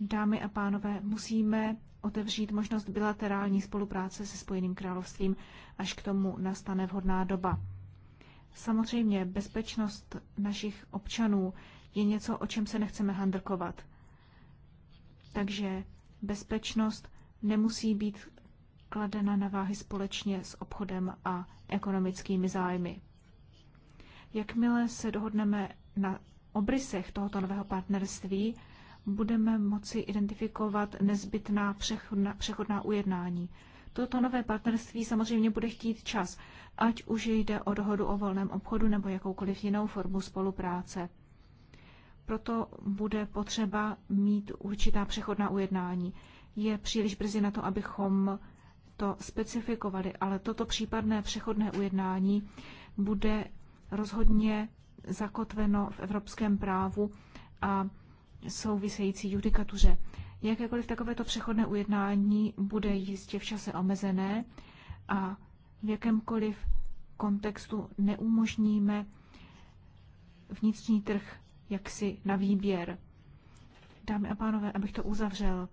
Dámy a pánové, musíme otevřít možnost bilaterální spolupráce se Spojeným královstvím, až k tomu nastane vhodná doba. Samozřejmě bezpečnost našich občanů je něco, o čem se nechceme handrkovat. Takže bezpečnost nemusí být kladena na váhy společně s obchodem a ekonomickými zájmy. Jakmile se dohodneme na obrysech tohoto nového partnerství, budeme moci identifikovat nezbytná přechodná, přechodná ujednání. Toto nové partnerství samozřejmě bude chtít čas, ať už jde o dohodu o volném obchodu nebo jakoukoliv jinou formu spolupráce. Proto bude potřeba mít určitá přechodná ujednání. Je příliš brzy na to, abychom to specifikovali, ale toto případné přechodné ujednání bude rozhodně zakotveno v evropském právu a související judikatuře. Jakékoliv takovéto přechodné ujednání bude jistě v čase omezené a v jakémkoliv kontextu neumožníme vnitřní trh jaksi na výběr. Dámy a pánové, abych to uzavřel,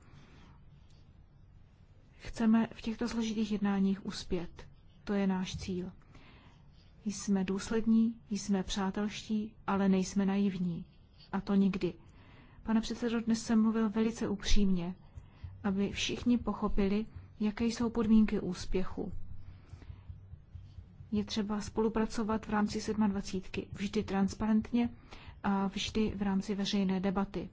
Chceme v těchto složitých jednáních uspět. To je náš cíl. Jsme důslední, jsme přátelští, ale nejsme naivní. A to nikdy. Pane předsedo, dnes jsem mluvil velice upřímně, aby všichni pochopili, jaké jsou podmínky úspěchu. Je třeba spolupracovat v rámci 27. vždy transparentně a vždy v rámci veřejné debaty.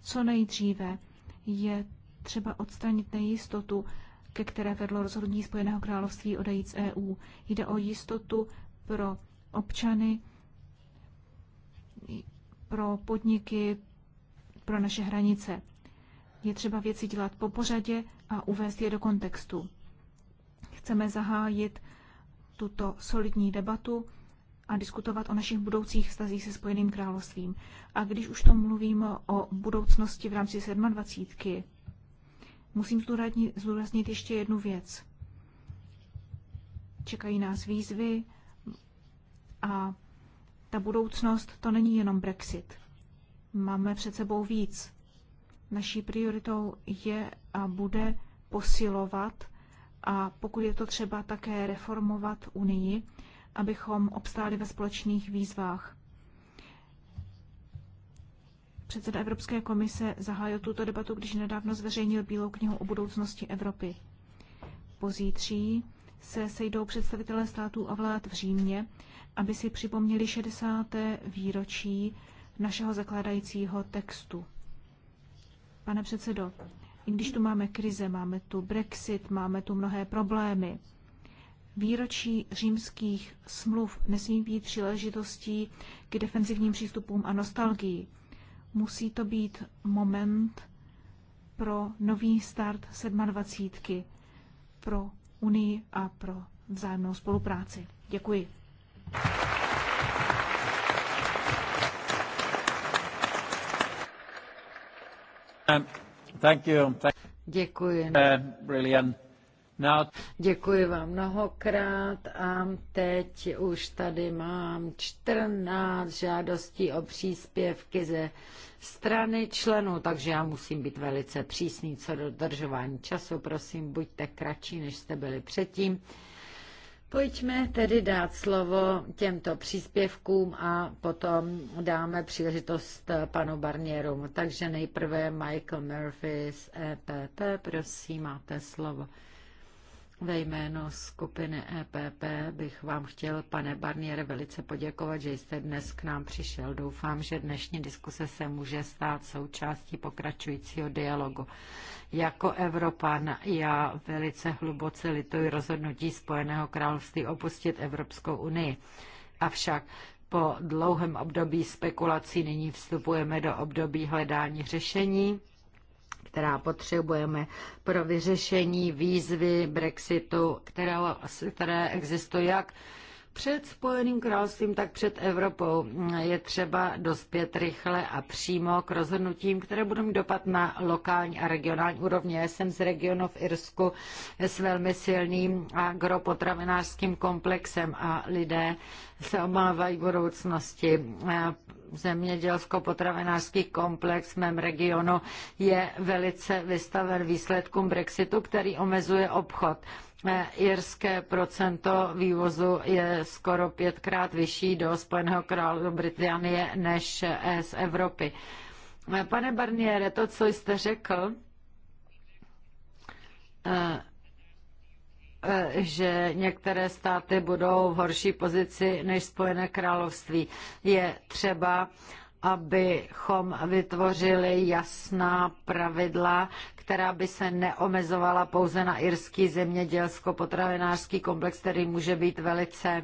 Co nejdříve je třeba odstranit nejistotu, ke které vedlo rozhodnutí Spojeného království odejít z EU. Jde o jistotu pro občany, pro podniky, pro naše hranice. Je třeba věci dělat po pořadě a uvést je do kontextu. Chceme zahájit tuto solidní debatu a diskutovat o našich budoucích vztazích se Spojeným královstvím. A když už to mluvím o budoucnosti v rámci 27 Musím zdůraznit ještě jednu věc. Čekají nás výzvy a ta budoucnost to není jenom Brexit. Máme před sebou víc. Naší prioritou je a bude posilovat a pokud je to třeba také reformovat Unii, abychom obstáli ve společných výzvách. Předseda Evropské komise zahájil tuto debatu, když nedávno zveřejnil Bílou knihu o budoucnosti Evropy. Pozítří se sejdou představitelé států a vlád v Římě, aby si připomněli 60. výročí našeho zakládajícího textu. Pane předsedo, i když tu máme krize, máme tu Brexit, máme tu mnohé problémy, výročí římských smluv nesmí být příležitostí k defenzivním přístupům a nostalgii musí to být moment pro nový start 27. pro Unii a pro vzájemnou spolupráci. Děkuji. Um, thank you. Thank Děkuji. Uh, brilliant. Děkuji vám mnohokrát a teď už tady mám 14 žádostí o příspěvky ze strany členů, takže já musím být velice přísný co do dodržování času. Prosím, buďte kratší, než jste byli předtím. Pojďme tedy dát slovo těmto příspěvkům a potom dáme příležitost panu Barnieru. Takže nejprve Michael Murphy z EPP, prosím, máte slovo. Ve jméno skupiny EPP bych vám chtěl, pane Barniere, velice poděkovat, že jste dnes k nám přišel. Doufám, že dnešní diskuse se může stát součástí pokračujícího dialogu. Jako Evropan já velice hluboce lituji rozhodnutí Spojeného království opustit Evropskou unii. Avšak po dlouhém období spekulací nyní vstupujeme do období hledání řešení která potřebujeme pro vyřešení výzvy Brexitu, která, které existuje jak před Spojeným královstvím, tak před Evropou. Je třeba dospět rychle a přímo k rozhodnutím, které budou mít dopad na lokální a regionální úrovně. Já jsem z regionu v Irsku s velmi silným agropotravinářským komplexem a lidé se obávají budoucnosti zemědělsko-potravinářský komplex v mém regionu je velice vystaven výsledkům Brexitu, který omezuje obchod. Eh, irské procento vývozu je skoro pětkrát vyšší do Spojeného království Británie než eh, z Evropy. Eh, pane Barniere, to, co jste řekl, Eh, že některé státy budou v horší pozici než Spojené království. Je třeba, abychom vytvořili jasná pravidla, která by se neomezovala pouze na irský zemědělsko-potravinářský komplex, který může být velice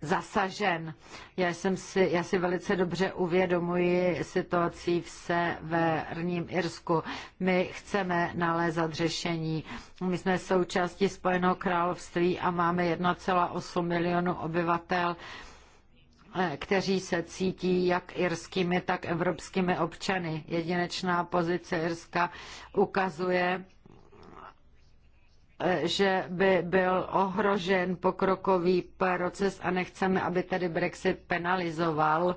zasažen. Já, jsem si, já si velice dobře uvědomuji situací v severním Irsku. My chceme nalézat řešení. My jsme součástí Spojeného království a máme 1,8 milionu obyvatel eh, kteří se cítí jak irskými, tak evropskými občany. Jedinečná pozice Irska ukazuje, že by byl ohrožen pokrokový proces a nechceme, aby tedy Brexit penalizoval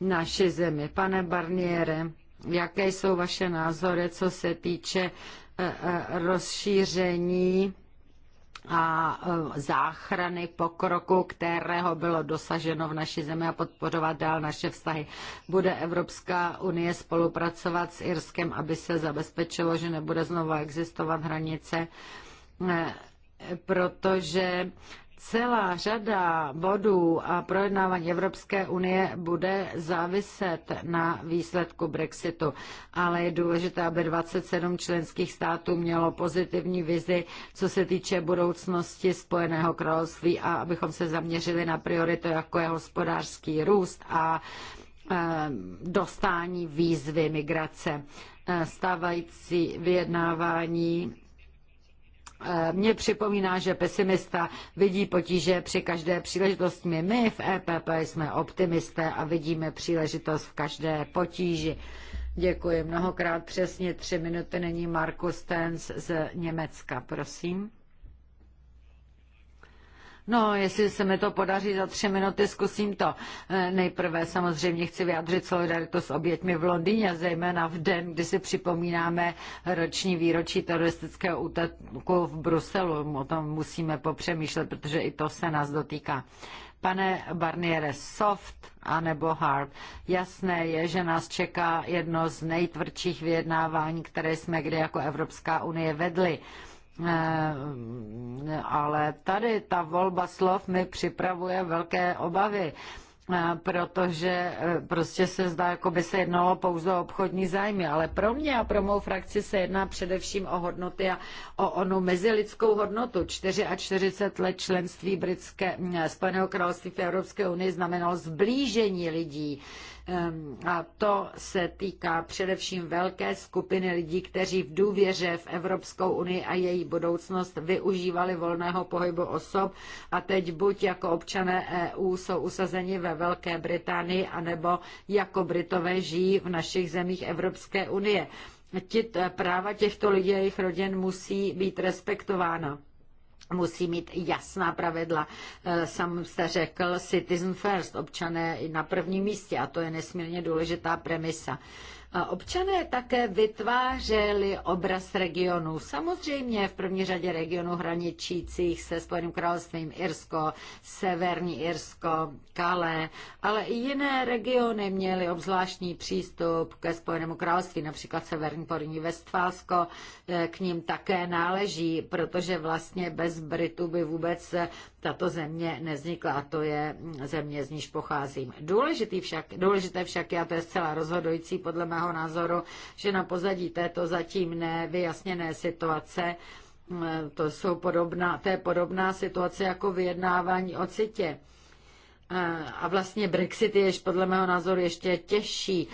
naši zemi. Pane Barniere, jaké jsou vaše názory, co se týče eh, eh, rozšíření a eh, záchrany pokroku, kterého bylo dosaženo v naší zemi a podporovat dál naše vztahy. Bude Evropská unie spolupracovat s Irskem, aby se zabezpečilo, že nebude znovu existovat hranice protože celá řada bodů a projednávání Evropské unie bude záviset na výsledku Brexitu, ale je důležité, aby 27 členských států mělo pozitivní vizi, co se týče budoucnosti Spojeného království a abychom se zaměřili na prioritu, jako je hospodářský růst a eh, dostání výzvy migrace. Eh, stávající vyjednávání Eh, mě připomíná, že pesimista vidí potíže při každé příležitosti. My v EPP jsme optimisté a vidíme příležitost v každé potíži. Děkuji mnohokrát. Přesně tři minuty není Markus Stenz z Německa. Prosím. No, jestli se mi to podaří za tři minuty, zkusím to. Eh, nejprve samozřejmě chci vyjádřit solidaritu s oběťmi v Londýně, zejména v den, kdy si připomínáme roční výročí teroristického útoku v Bruselu. O tom musíme popřemýšlet, protože i to se nás dotýká pane Barniere, soft anebo hard. Jasné je, že nás čeká jedno z nejtvrdších vyjednávání, které jsme kdy jako Evropská unie vedli Eh, ale tady ta volba slov mi připravuje velké obavy eh, protože eh, prostě se zdá, jako by se jednalo pouze o obchodní zájmy, ale pro mě a pro mou frakci se jedná především o hodnoty a o onu mezilidskou hodnotu. 44 let členství Britské, Spojeného království v Evropské unii znamenalo zblížení lidí, Ehm, a to se týká především velké skupiny lidí, kteří v důvěře v Evropskou unii a její budoucnost využívali volného pohybu osob a teď buď jako občané EU jsou usazeni ve Velké Británii, anebo jako Britové žijí v našich zemích Evropské unie. Tito, práva těchto lidí a jejich rodin musí být respektována musí mít jasná pravidla. Eh, Sam jste řekl citizen first, občané na prvním místě a to je nesmírně důležitá premisa. A občané také vytvářeli obraz regionu. Samozřejmě v první řadě regionu hraničících se Spojeným královstvím Irsko, Severní Irsko, Kale, ale i jiné regiony měly obzvláštní přístup ke Spojenému království, například Severní Porní Vestfálsko, eh, k ním také náleží, protože vlastně bez Britu by vůbec tato země nevznikla a to je země, z níž pocházím. Důležitý však, důležité však je, a to je zcela rozhodující podle mého názoru, že na pozadí této zatím nevyjasněné situace eh, to, jsou podobná, to je podobná situace jako vyjednávání o citě a vlastně Brexit je podle mého názoru ještě těžší,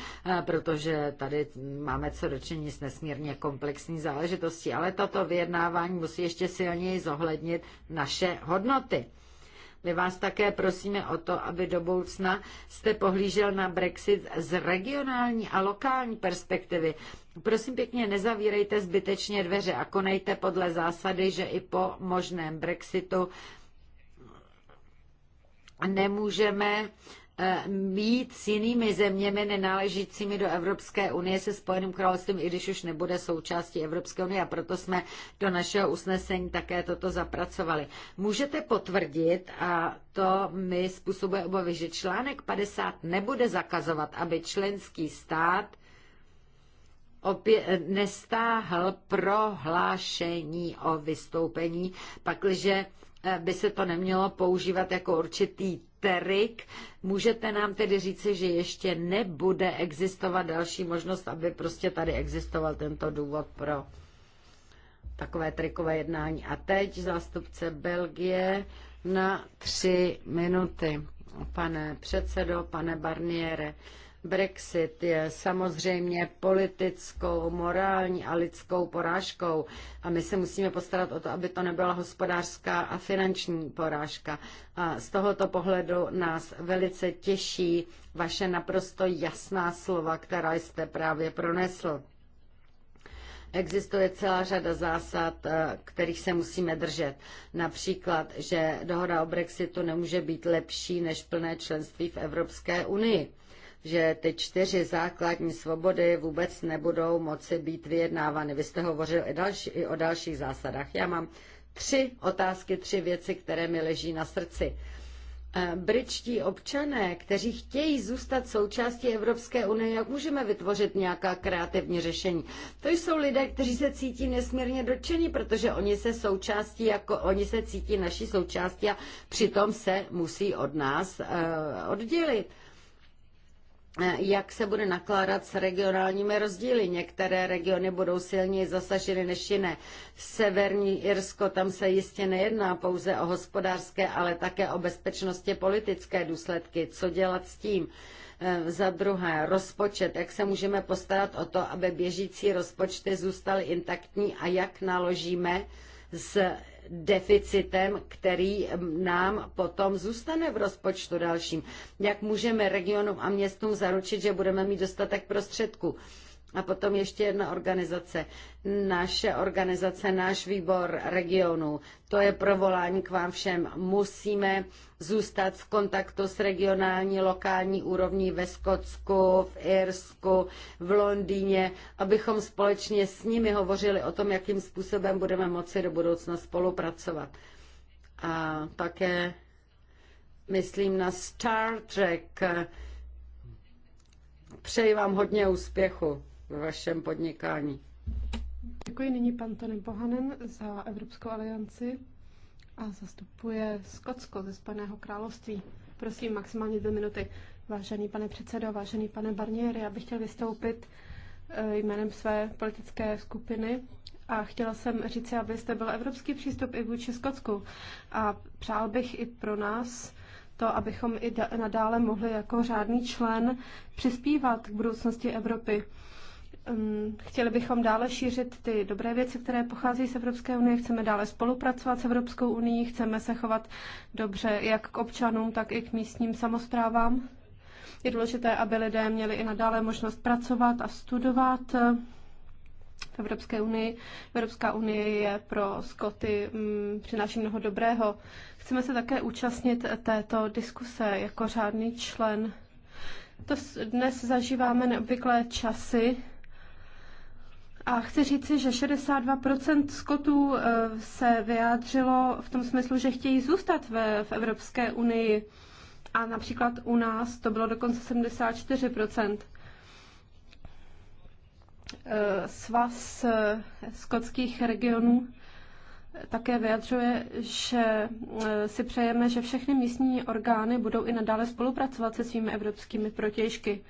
protože tady máme co dočení s nesmírně komplexní záležitostí, ale tato vyjednávání musí ještě silněji zohlednit naše hodnoty. My vás také prosíme o to, aby do budoucna jste pohlížel na Brexit z regionální a lokální perspektivy. Prosím pěkně, nezavírejte zbytečně dveře a konejte podle zásady, že i po možném Brexitu nemůžeme eh, mít s jinými zeměmi nenáležícími do Evropské unie se Spojeným královstvím, i když už nebude součástí Evropské unie a proto jsme do našeho usnesení také toto zapracovali. Můžete potvrdit, a to mi způsobuje obavy, že článek 50 nebude zakazovat, aby členský stát opět nestáhl prohlášení o vystoupení, pakliže by se to nemělo používat jako určitý terik. Můžete nám tedy říci, že ještě nebude existovat další možnost, aby prostě tady existoval tento důvod pro takové trikové jednání. A teď zástupce Belgie na tři minuty. Pane předsedo, pane Barniere, Brexit je samozřejmě politickou, morální a lidskou porážkou a my se musíme postarat o to, aby to nebyla hospodářská a finanční porážka. A z tohoto pohledu nás velice těší vaše naprosto jasná slova, která jste právě pronesl. Existuje celá řada zásad, eh, kterých se musíme držet. Například, že dohoda o Brexitu nemůže být lepší než plné členství v Evropské unii že ty čtyři základní svobody vůbec nebudou moci být vyjednávány. Vy jste hovořil i, další, i o dalších zásadách. Já mám tři otázky, tři věci, které mi leží na srdci. Eh, britští občané, kteří chtějí zůstat součástí Evropské unie, jak můžeme vytvořit nějaká kreativní řešení? To jsou lidé, kteří se cítí nesmírně dotčeni, protože oni se součástí, jako oni se cítí naší součástí a přitom se musí od nás uh, oddělit. Eh, jak se bude nakládat s regionálními rozdíly. Některé regiony budou silněji zasaženy než jiné. Severní Irsko, tam se jistě nejedná pouze o hospodářské, ale také o bezpečnosti politické důsledky. Co dělat s tím? Eh, za druhé, rozpočet. Jak se můžeme postarat o to, aby běžící rozpočty zůstaly intaktní a jak naložíme s deficitem, který nám potom zůstane v rozpočtu dalším. Jak můžeme regionům a městům zaručit, že budeme mít dostatek prostředků? A potom ještě jedna organizace. Naše organizace, náš výbor regionů. To je provolání k vám všem. Musíme zůstat v kontaktu s regionální, lokální úrovní ve Skotsku, v Irsku, v Londýně, abychom společně s nimi hovořili o tom, jakým způsobem budeme moci do budoucna spolupracovat. A také myslím na Star Trek. Přeji vám hodně úspěchu ve vašem podnikání. Děkuji nyní pan Tony Bohanen za Evropskou alianci a zastupuje Skotsko ze Spojeného království. Prosím, maximálně dvě minuty. Vážený pane předsedo, vážený pane Barnier, já bych chtěl vystoupit eh, jménem své politické skupiny a chtěla jsem říct, abyste byl evropský přístup i vůči Skotsku. A přál bych i pro nás to, abychom i nadále mohli jako řádný člen přispívat k budoucnosti Evropy um, chtěli bychom dále šířit ty dobré věci, které pochází z Evropské unie, chceme dále spolupracovat s Evropskou unii, chceme se chovat dobře jak k občanům, tak i k místním samozprávám. Je důležité, aby lidé měli i nadále možnost pracovat a studovat eh, v Evropské unii. Evropská unie je pro Skoty, mm, přináší mnoho dobrého. Chceme se také účastnit této diskuse jako řádný člen. To dnes zažíváme neobvyklé časy, a chci říci, že 62% Skotů eh, se vyjádřilo v tom smyslu, že chtějí zůstat ve, v Evropské unii. A například u nás to bylo dokonce 74%. Eh, Svaz eh, skotských regionů také vyjadřuje, že si přejeme, že všechny místní orgány budou i nadále spolupracovat se svými evropskými protěžky.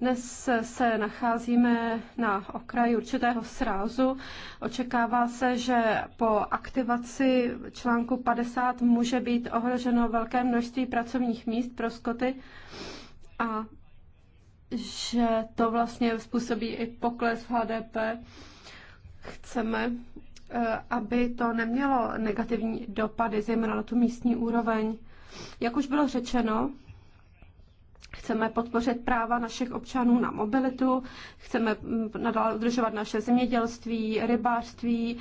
Dnes se nacházíme na okraji určitého srázu. Očekává se, že po aktivaci článku 50 může být ohroženo velké množství pracovních míst pro Skoty a že to vlastně způsobí i pokles v HDP. Chceme, eh, aby to nemělo negativní dopady, zejména na tu místní úroveň. Jak už bylo řečeno, Chceme podpořit práva našich občanů na mobilitu, chceme mm, nadále udržovat naše zemědělství, rybářství,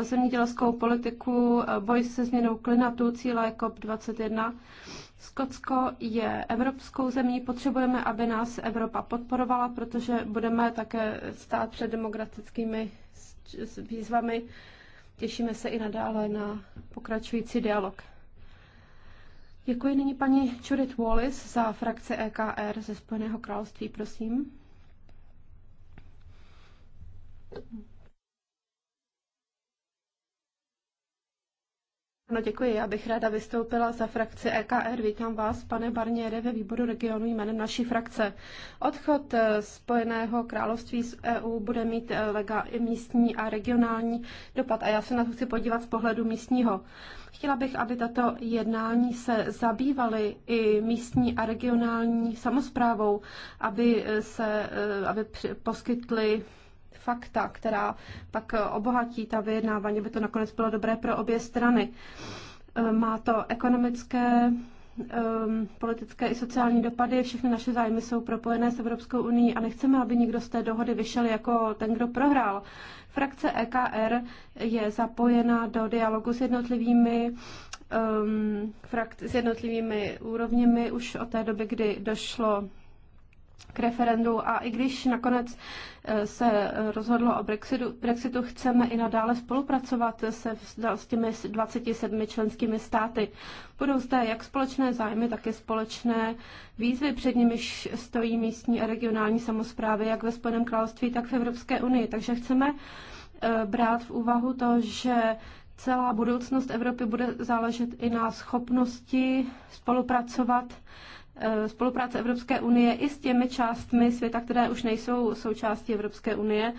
zemědělskou politiku, eh, boj se změnou klimatu, cíle COP21. Skotsko je evropskou zemí, potřebujeme, aby nás Evropa podporovala, protože budeme také stát před demokratickými výzvami. Těšíme se i nadále na pokračující dialog. Děkuji nyní paní Judith Wallis za frakce EKR ze Spojeného království, prosím. No děkuji, já bych ráda vystoupila za frakci EKR. Vítám vás, pane Barniere, ve výboru regionu jménem naší frakce. Odchod eh, Spojeného království z EU bude mít eh, lega, místní a regionální dopad a já se na to chci podívat z pohledu místního. Chtěla bych, aby tato jednání se zabývaly i místní a regionální samozprávou, aby eh, se aby poskytly fakta, která pak eh, obohatí ta vyjednávání, by to nakonec bylo dobré pro obě strany. Eh, má to ekonomické, ehm, politické i sociální dopady. Všechny naše zájmy jsou propojené s Evropskou unii a nechceme, aby nikdo z té dohody vyšel jako ten, kdo prohrál. Frakce EKR je zapojena do dialogu s jednotlivými um, s jednotlivými úrovněmi už od té doby, kdy došlo k referendu a i když nakonec eh, se rozhodlo o Brexitu, Brexitu chceme i nadále spolupracovat se s těmi 27 členskými státy. Budou zde jak společné zájmy, tak i společné výzvy, před nimiž stojí místní a regionální samozprávy, jak ve Spojeném království, tak v Evropské unii. Takže chceme eh, brát v úvahu to, že celá budoucnost Evropy bude záležet i na schopnosti spolupracovat Eh, spolupráce Evropské unie i s těmi částmi světa, které už nejsou součástí Evropské unie.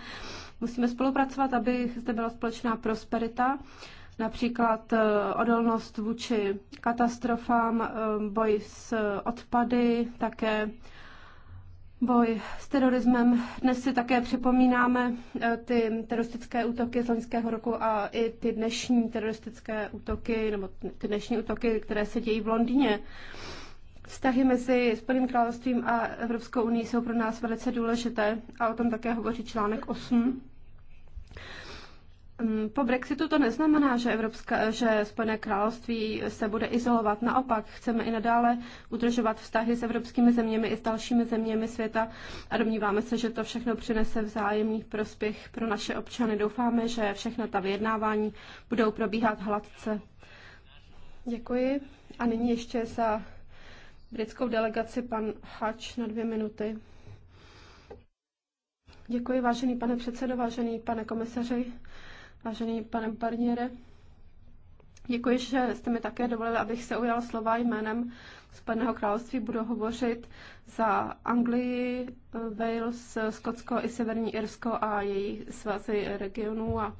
Musíme spolupracovat, aby zde byla společná prosperita, například eh, odolnost vůči katastrofám, eh, boj s odpady, také boj s terorismem. Dnes si také připomínáme ty teroristické útoky z loňského roku a i ty dnešní teroristické útoky, nebo ty dnešní útoky, které se dějí v Londýně. Vztahy mezi Spojeným královstvím a Evropskou unii jsou pro nás velice důležité a o tom také hovoří článek 8. Mm, po Brexitu to neznamená, že, Evropská, že Spojené království se bude izolovat. Naopak, chceme i nadále udržovat vztahy s evropskými zeměmi i s dalšími zeměmi světa a domníváme se, že to všechno přinese vzájemný prospěch pro naše občany. Doufáme, že všechna ta vyjednávání budou probíhat hladce. Děkuji. A nyní ještě za britskou delegaci pan Hač na dvě minuty. Děkuji, vážený pane předsedo, vážený pane komisaři, vážený pane Barniere. Děkuji, že jste mi také dovolili, abych se ujal slova jménem Spojeného království. Budu hovořit za Anglii, Wales, Skotsko i Severní Irsko a její svazy regionů a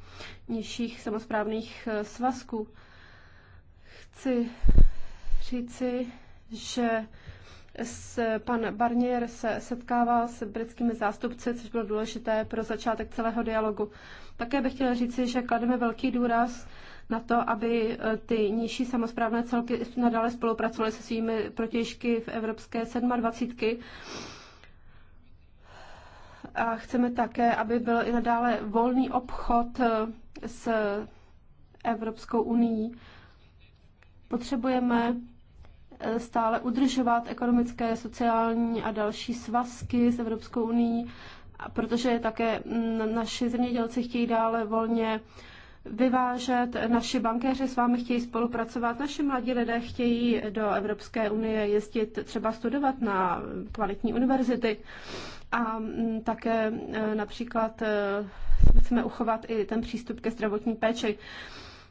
nižších samozprávných svazků. Chci říci, že s, pan Barnier se setkával s britskými zástupci, což bylo důležité pro začátek celého dialogu. Také bych chtěla říci, že klademe velký důraz na to, aby e, ty nižší samozprávné celky nadále spolupracovaly se svými protěžky v Evropské 27. A chceme také, aby byl i nadále volný obchod e, s Evropskou unii. Potřebujeme stále udržovat ekonomické, sociální a další svazky s Evropskou unii, protože také mm, naši zemědělci chtějí dále volně vyvážet, naši bankéři s vámi chtějí spolupracovat, naši mladí lidé chtějí do Evropské unie jezdit třeba studovat na kvalitní univerzity a mm, také e, například e, chceme uchovat i ten přístup ke zdravotní péči.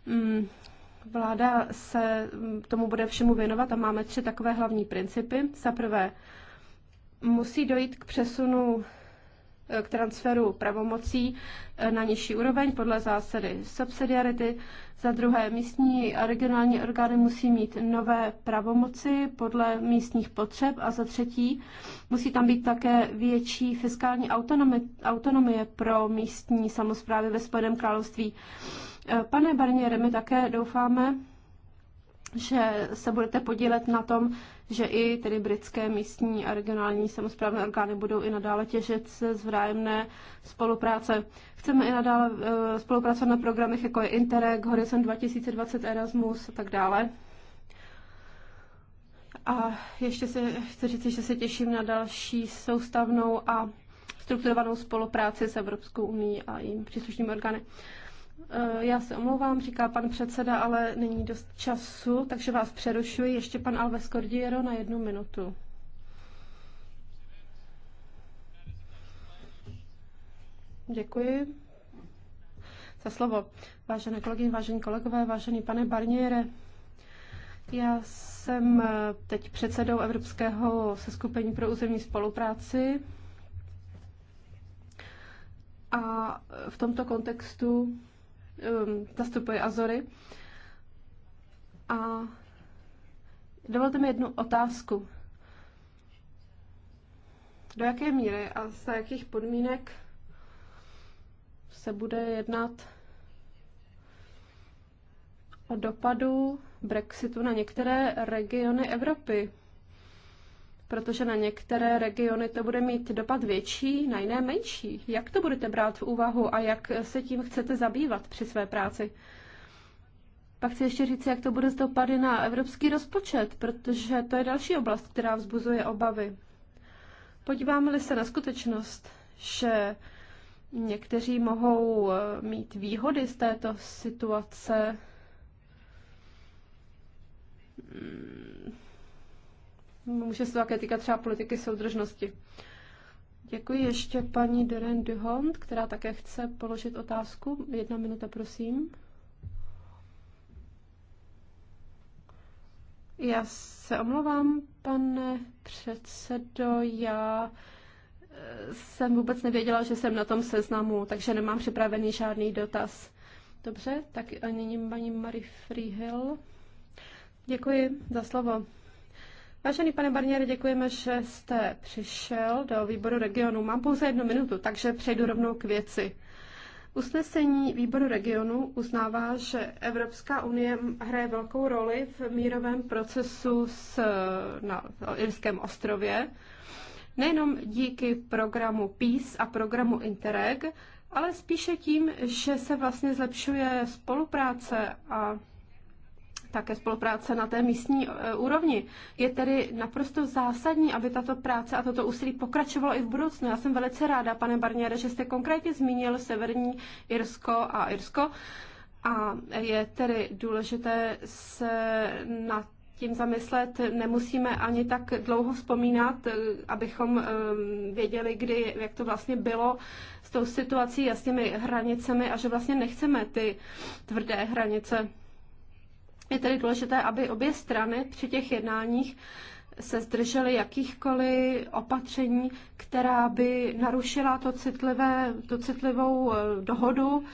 Mm, Vláda se tomu bude všemu věnovat a máme tři takové hlavní principy. Za prvé, musí dojít k přesunu eh, k transferu pravomocí eh, na nižší úroveň podle zásady subsidiarity. Za druhé, místní a regionální orgány musí mít nové pravomoci podle místních potřeb. A za třetí, musí tam být také větší fiskální autonomie, pro místní samozprávy ve Spojeném království. Eh, pane Barniere, my také doufáme, že se budete podílet na tom, že i tedy britské místní a regionální samozprávné orgány budou i nadále těžit se z vzájemné spolupráce. Chceme i nadále eh, spolupracovat na programech, jako je Interreg, Horizon 2020, Erasmus a tak dále. A ještě se chci říct, že se těším na další soustavnou a strukturovanou spolupráci s Evropskou unii a jejím příslušnými orgány. Eh, já se omlouvám, říká pan předseda, ale není dost času, takže vás přerušuji. Ještě pan Alves Cordiero na jednu minutu. Děkuji za slovo. Vážené kolegyně, vážení kolegové, vážený pane Barniere, já jsem eh, teď předsedou Evropského seskupení pro územní spolupráci a v tomto kontextu um, zastupuje Azory. A dovolte mi jednu otázku. Do jaké míry a za jakých podmínek se bude jednat o dopadu Brexitu na některé regiony Evropy? protože na některé regiony to bude mít dopad větší, na jiné menší. Jak to budete brát v úvahu a jak se tím chcete zabývat při své práci? Pak chci ještě říct, jak to bude s dopady na evropský rozpočet, protože to je další oblast, která vzbuzuje obavy. Podíváme-li se na skutečnost, že někteří mohou eh, mít výhody z této situace, Může se to také týkat třeba politiky soudržnosti. Děkuji ještě paní Doreen Duhond, která také chce položit otázku. Jedna minuta, prosím. Já se omlouvám, pane předsedo, já eh, jsem vůbec nevěděla, že jsem na tom seznamu, takže nemám připravený žádný dotaz. Dobře, tak a nyní paní Marie Freehill. Děkuji za slovo. Vážený pane Barnier, děkujeme, že jste přišel do výboru regionu. Mám pouze jednu minutu, takže přejdu rovnou k věci. Usnesení výboru regionu uznává, že Evropská unie hraje velkou roli v mírovém procesu s, na Irském ostrově, nejenom díky programu Peace a programu Interreg, ale spíše tím, že se vlastně zlepšuje spolupráce a také spolupráce na té místní e, úrovni. Je tedy naprosto zásadní, aby tato práce a toto úsilí pokračovalo i v budoucnu. Já jsem velice ráda, pane Barniere, že jste konkrétně zmínil Severní Irsko a Irsko. A je tedy důležité se na tím zamyslet. Nemusíme ani tak dlouho vzpomínat, e, abychom e, věděli, kdy, jak to vlastně bylo s tou situací a s těmi hranicemi a že vlastně nechceme ty tvrdé hranice. Je tedy důležité, aby obě strany při těch jednáních se zdržely jakýchkoliv opatření, která by narušila to citlivé, to citlivou eh, dohodu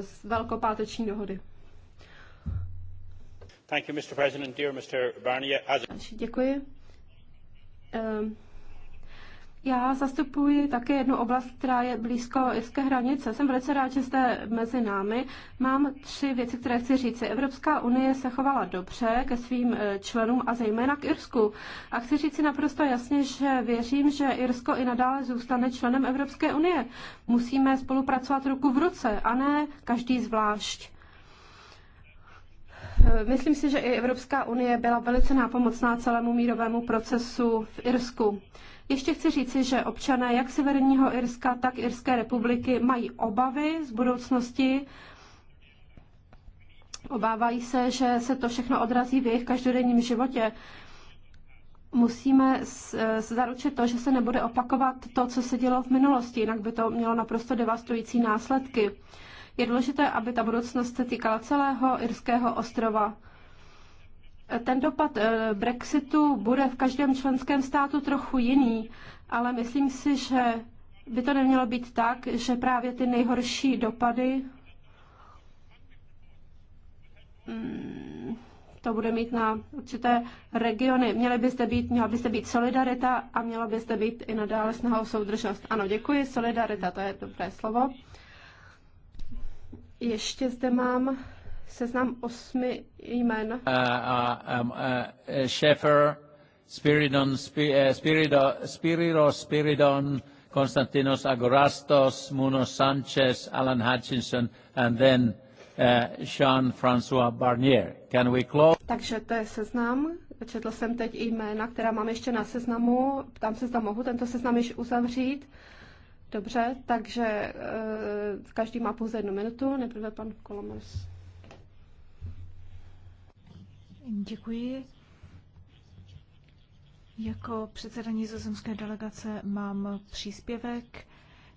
z eh, velkopáteční dohody. Thank you, Mr. President. Dear Mr. Barnier, as... Děkuji. Um, já zastupuji také jednu oblast, která je blízko irské hranice. Jsem velice rád, že jste mezi námi. Mám tři věci, které chci říct. Evropská unie se chovala dobře ke svým eh, členům a zejména k Irsku. A chci říct si naprosto jasně, že věřím, že Irsko i nadále zůstane členem Evropské unie. Musíme spolupracovat ruku v ruce a ne každý zvlášť. Eh, myslím si, že i Evropská unie byla velice nápomocná celému mírovému procesu v Irsku. Ještě chci říci, že občané jak Severního Irska, tak Irské republiky mají obavy z budoucnosti. Obávají se, že se to všechno odrazí v jejich každodenním životě. Musíme eh, zaručit to, že se nebude opakovat to, co se dělo v minulosti, jinak by to mělo naprosto devastující následky. Je důležité, aby ta budoucnost se týkala celého irského ostrova. Ten dopad eh, Brexitu bude v každém členském státu trochu jiný, ale myslím si, že by to nemělo být tak, že právě ty nejhorší dopady mm, to bude mít na určité regiony. Měly byste být, měla byste být solidarita a měla byste být i nadále snaha o soudržnost. Ano, děkuji, solidarita, to je dobré slovo. Ještě zde mám seznam osmi jmen. Uh, uh, um, uh, uh Schaefer, Spiridon, uh, Spirido, Spiridon, Spirido, Spiridon Konstantinos Agorastos, Muno Sanchez, Alan Hutchinson, and then uh, Jean-François Barnier. Can we close? Takže to je seznam. Četl jsem teď jména, která mám ještě na seznamu. Tam se zda mohu tento seznam již uzavřít. Dobře, takže uh, každý má pouze jednu minutu. Nejprve pan Kolomos. Děkuji. Jako předseda nizozemské delegace mám příspěvek,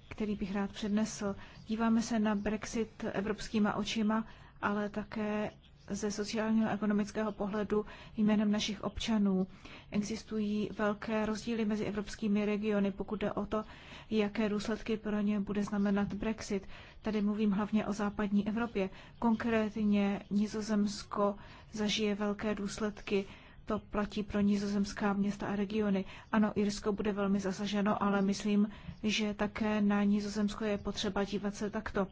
který bych rád přednesl. Díváme se na Brexit evropskýma očima, ale také ze sociálního a ekonomického pohledu jménem našich občanů. Existují velké rozdíly mezi evropskými regiony, pokud jde o to, jaké důsledky pro ně bude znamenat Brexit. Tady mluvím hlavně o západní Evropě, konkrétně Nizozemsko, zažije velké důsledky. To platí pro nizozemská města a regiony. Ano, Irsko bude velmi zasaženo, ale myslím, že také na Nizozemsko je potřeba dívat se takto.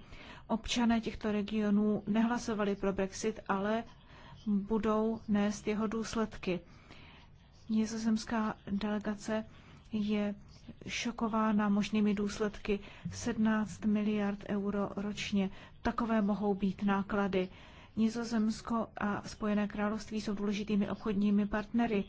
Občané těchto regionů nehlasovali pro Brexit, ale budou nést jeho důsledky. Nizozemská delegace je šokována možnými důsledky 17 miliard euro ročně. Takové mohou být náklady. Nizozemsko a Spojené království jsou důležitými obchodními partnery.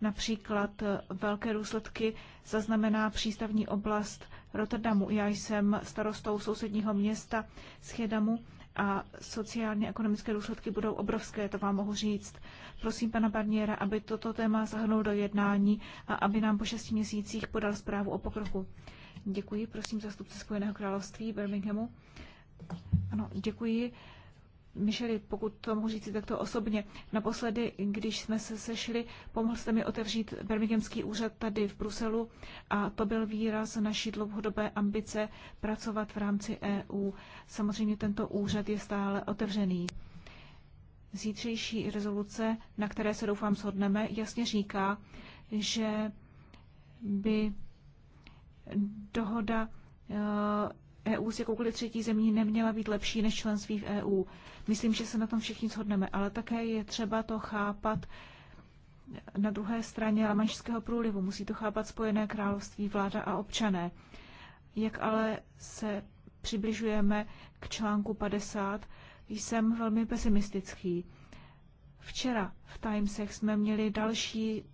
Například eh, velké důsledky zaznamená přístavní oblast Rotterdamu. Já jsem starostou sousedního města Schedamu a sociálně ekonomické důsledky budou obrovské, to vám mohu říct. Prosím pana Barniera, aby toto téma zahrnul do jednání a aby nám po šesti měsících podal zprávu o pokroku. Děkuji, prosím, zastupce Spojeného království Birminghamu. Ano, děkuji. Myšeli, pokud to mohu říct takto osobně, naposledy, když jsme se sešli, pomohl jste mi otevřít Birminghamský úřad tady v Bruselu a to byl výraz naší dlouhodobé ambice pracovat v rámci EU. Samozřejmě tento úřad je stále otevřený. Zítřejší rezoluce, na které se doufám shodneme, jasně říká, že by dohoda eh, EU s jakoukoliv třetí zemí neměla být lepší než členství v EU. Myslím, že se na tom všichni shodneme, ale také je třeba to chápat na druhé straně Lamanšského průlivu. Musí to chápat Spojené království, vláda a občané. Jak ale se přibližujeme k článku 50, jsem velmi pesimistický. Včera v Timesech jsme měli další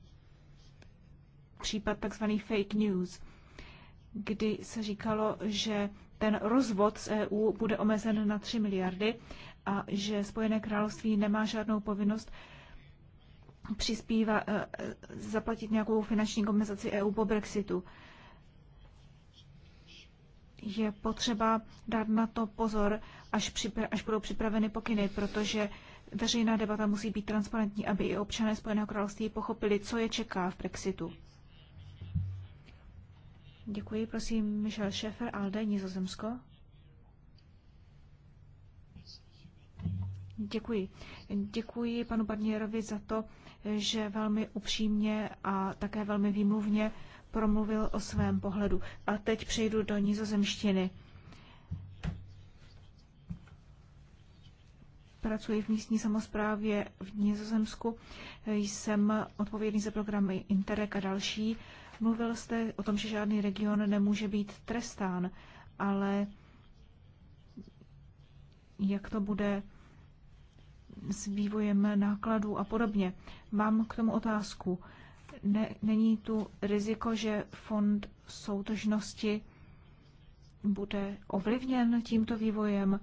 případ tzv. fake news, kdy se říkalo, že ten rozvod z EU bude omezen na 3 miliardy a že Spojené království nemá žádnou povinnost přispívat e, zaplatit nějakou finanční kompenzaci EU po Brexitu. Je potřeba dát na to pozor, až, připra- až budou připraveny pokyny, protože veřejná debata musí být transparentní, aby i občané Spojeného království pochopili, co je čeká v Brexitu. Děkuji, prosím, Michel Šefer, Alde, Nizozemsko. Děkuji. Děkuji panu Barnierovi za to, že velmi upřímně a také velmi výmluvně promluvil o svém pohledu. A teď přejdu do nizozemštiny. Pracuji v místní samozprávě v Nizozemsku. Jsem odpovědný za programy Interreg a další Mluvil jste o tom, že žádný region nemůže být trestán, ale jak to bude s vývojem nákladů a podobně. Mám k tomu otázku. Ne, není tu riziko, že fond soutožnosti bude ovlivněn tímto vývojem?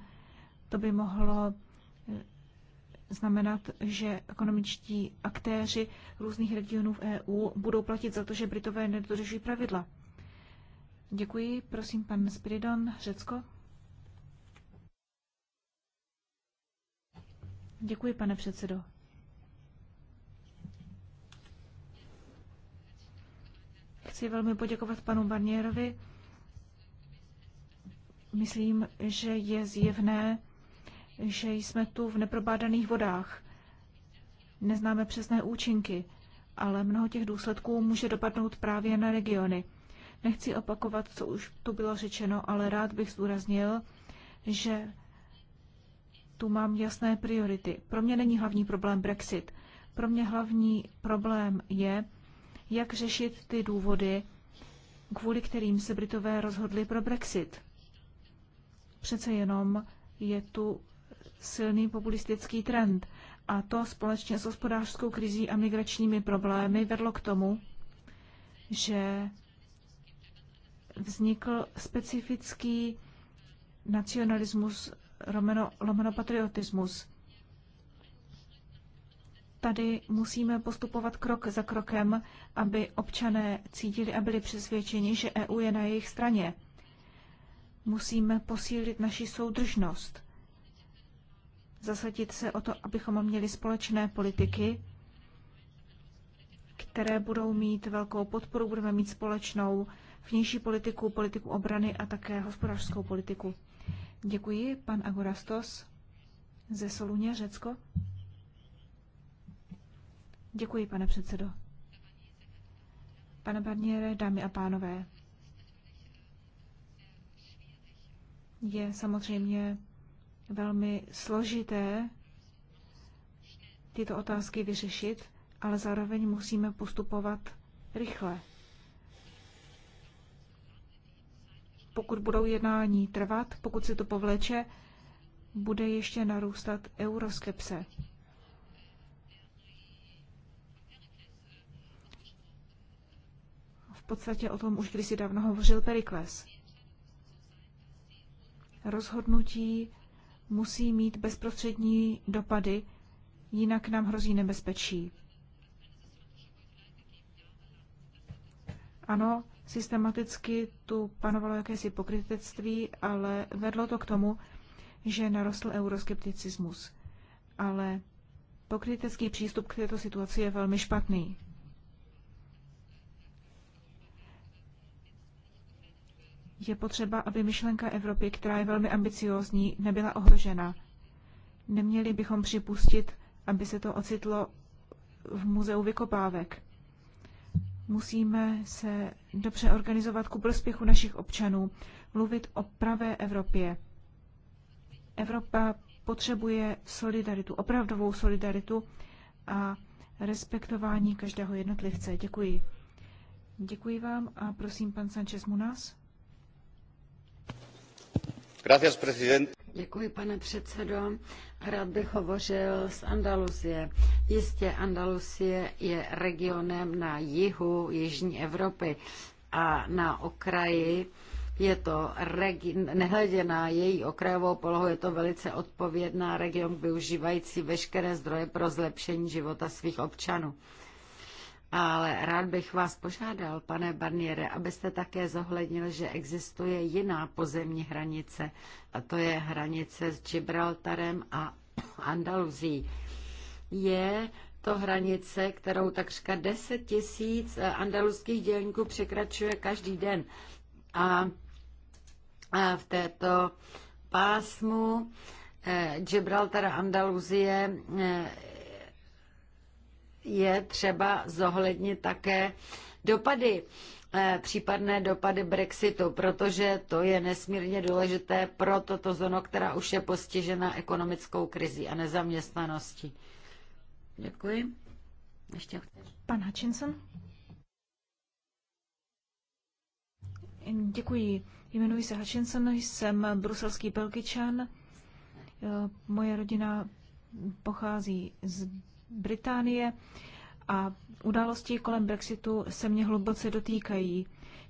To by mohlo znamenat, že ekonomičtí aktéři různých regionů v EU budou platit za to, že Britové nedodržují pravidla. Děkuji. Prosím, pan Spiridon, Řecko. Děkuji, pane předsedo. Chci velmi poděkovat panu Barnierovi. Myslím, že je zjevné, že jsme tu v neprobádaných vodách. Neznáme přesné účinky, ale mnoho těch důsledků může dopadnout právě na regiony. Nechci opakovat, co už tu bylo řečeno, ale rád bych zdůraznil, že tu mám jasné priority. Pro mě není hlavní problém Brexit. Pro mě hlavní problém je, jak řešit ty důvody, kvůli kterým se Britové rozhodli pro Brexit. Přece jenom je tu silný populistický trend. A to společně s hospodářskou krizí a migračními problémy vedlo k tomu, že vznikl specifický nacionalismus, romano patriotismus. Tady musíme postupovat krok za krokem, aby občané cítili a byli přesvědčeni, že EU je na jejich straně. Musíme posílit naši soudržnost zasadit se o to, abychom měli společné politiky, které budou mít velkou podporu, budeme mít společnou vnější politiku, politiku obrany a také hospodářskou politiku. Děkuji, pan Agorastos ze Soluně, Řecko. Děkuji, pane předsedo. Pane Barniere, dámy a pánové, je samozřejmě velmi složité tyto otázky vyřešit, ale zároveň musíme postupovat rychle. Pokud budou jednání trvat, pokud si to povleče, bude ještě narůstat euroskepse. V podstatě o tom už kdysi dávno hovořil Perikles. Rozhodnutí musí mít bezprostřední dopady, jinak nám hrozí nebezpečí. Ano, systematicky tu panovalo jakési pokrytectví, ale vedlo to k tomu, že narostl euroskepticismus. Ale pokrytecký přístup k této situaci je velmi špatný. je potřeba, aby myšlenka Evropy, která je velmi ambiciózní, nebyla ohrožena. Neměli bychom připustit, aby se to ocitlo v muzeu vykopávek. Musíme se dobře organizovat ku prospěchu našich občanů, mluvit o pravé Evropě. Evropa potřebuje solidaritu, opravdovou solidaritu a respektování každého jednotlivce. Děkuji. Děkuji vám a prosím pan Sanchez Munas. Děkuji, pane předsedající Rád bych hovořil z andalusie. Jistě Andaluzie je regionem na jihu Jižní Evropy a na okraji je to region, nehledě na její okrajovou polohu, je to velice odpovědná region, využívající veškeré zdroje pro zlepšení života svých občanů. Ale rád bych vás požádal, pane Barniere, abyste také zohlednil, že existuje jiná pozemní hranice, a to je hranice s Gibraltarem a Andaluzí. Je to hranice, kterou takřka 10 tisíc eh, andaluzských dělníků překračuje každý den. A, a v této pásmu eh, Gibraltar Andaluzie eh, je třeba zohlednit také dopady eh, případné dopady Brexitu, protože to je nesmírně důležité pro toto zóno, která už je postižena ekonomickou krizí a nezaměstnaností. Děkuji. Ještě Pan Hutchinson. Děkuji. Jmenuji se Hutchinson, jsem bruselský belgičan. Eh, moje rodina pochází z Británie a události kolem Brexitu se mě hluboce dotýkají.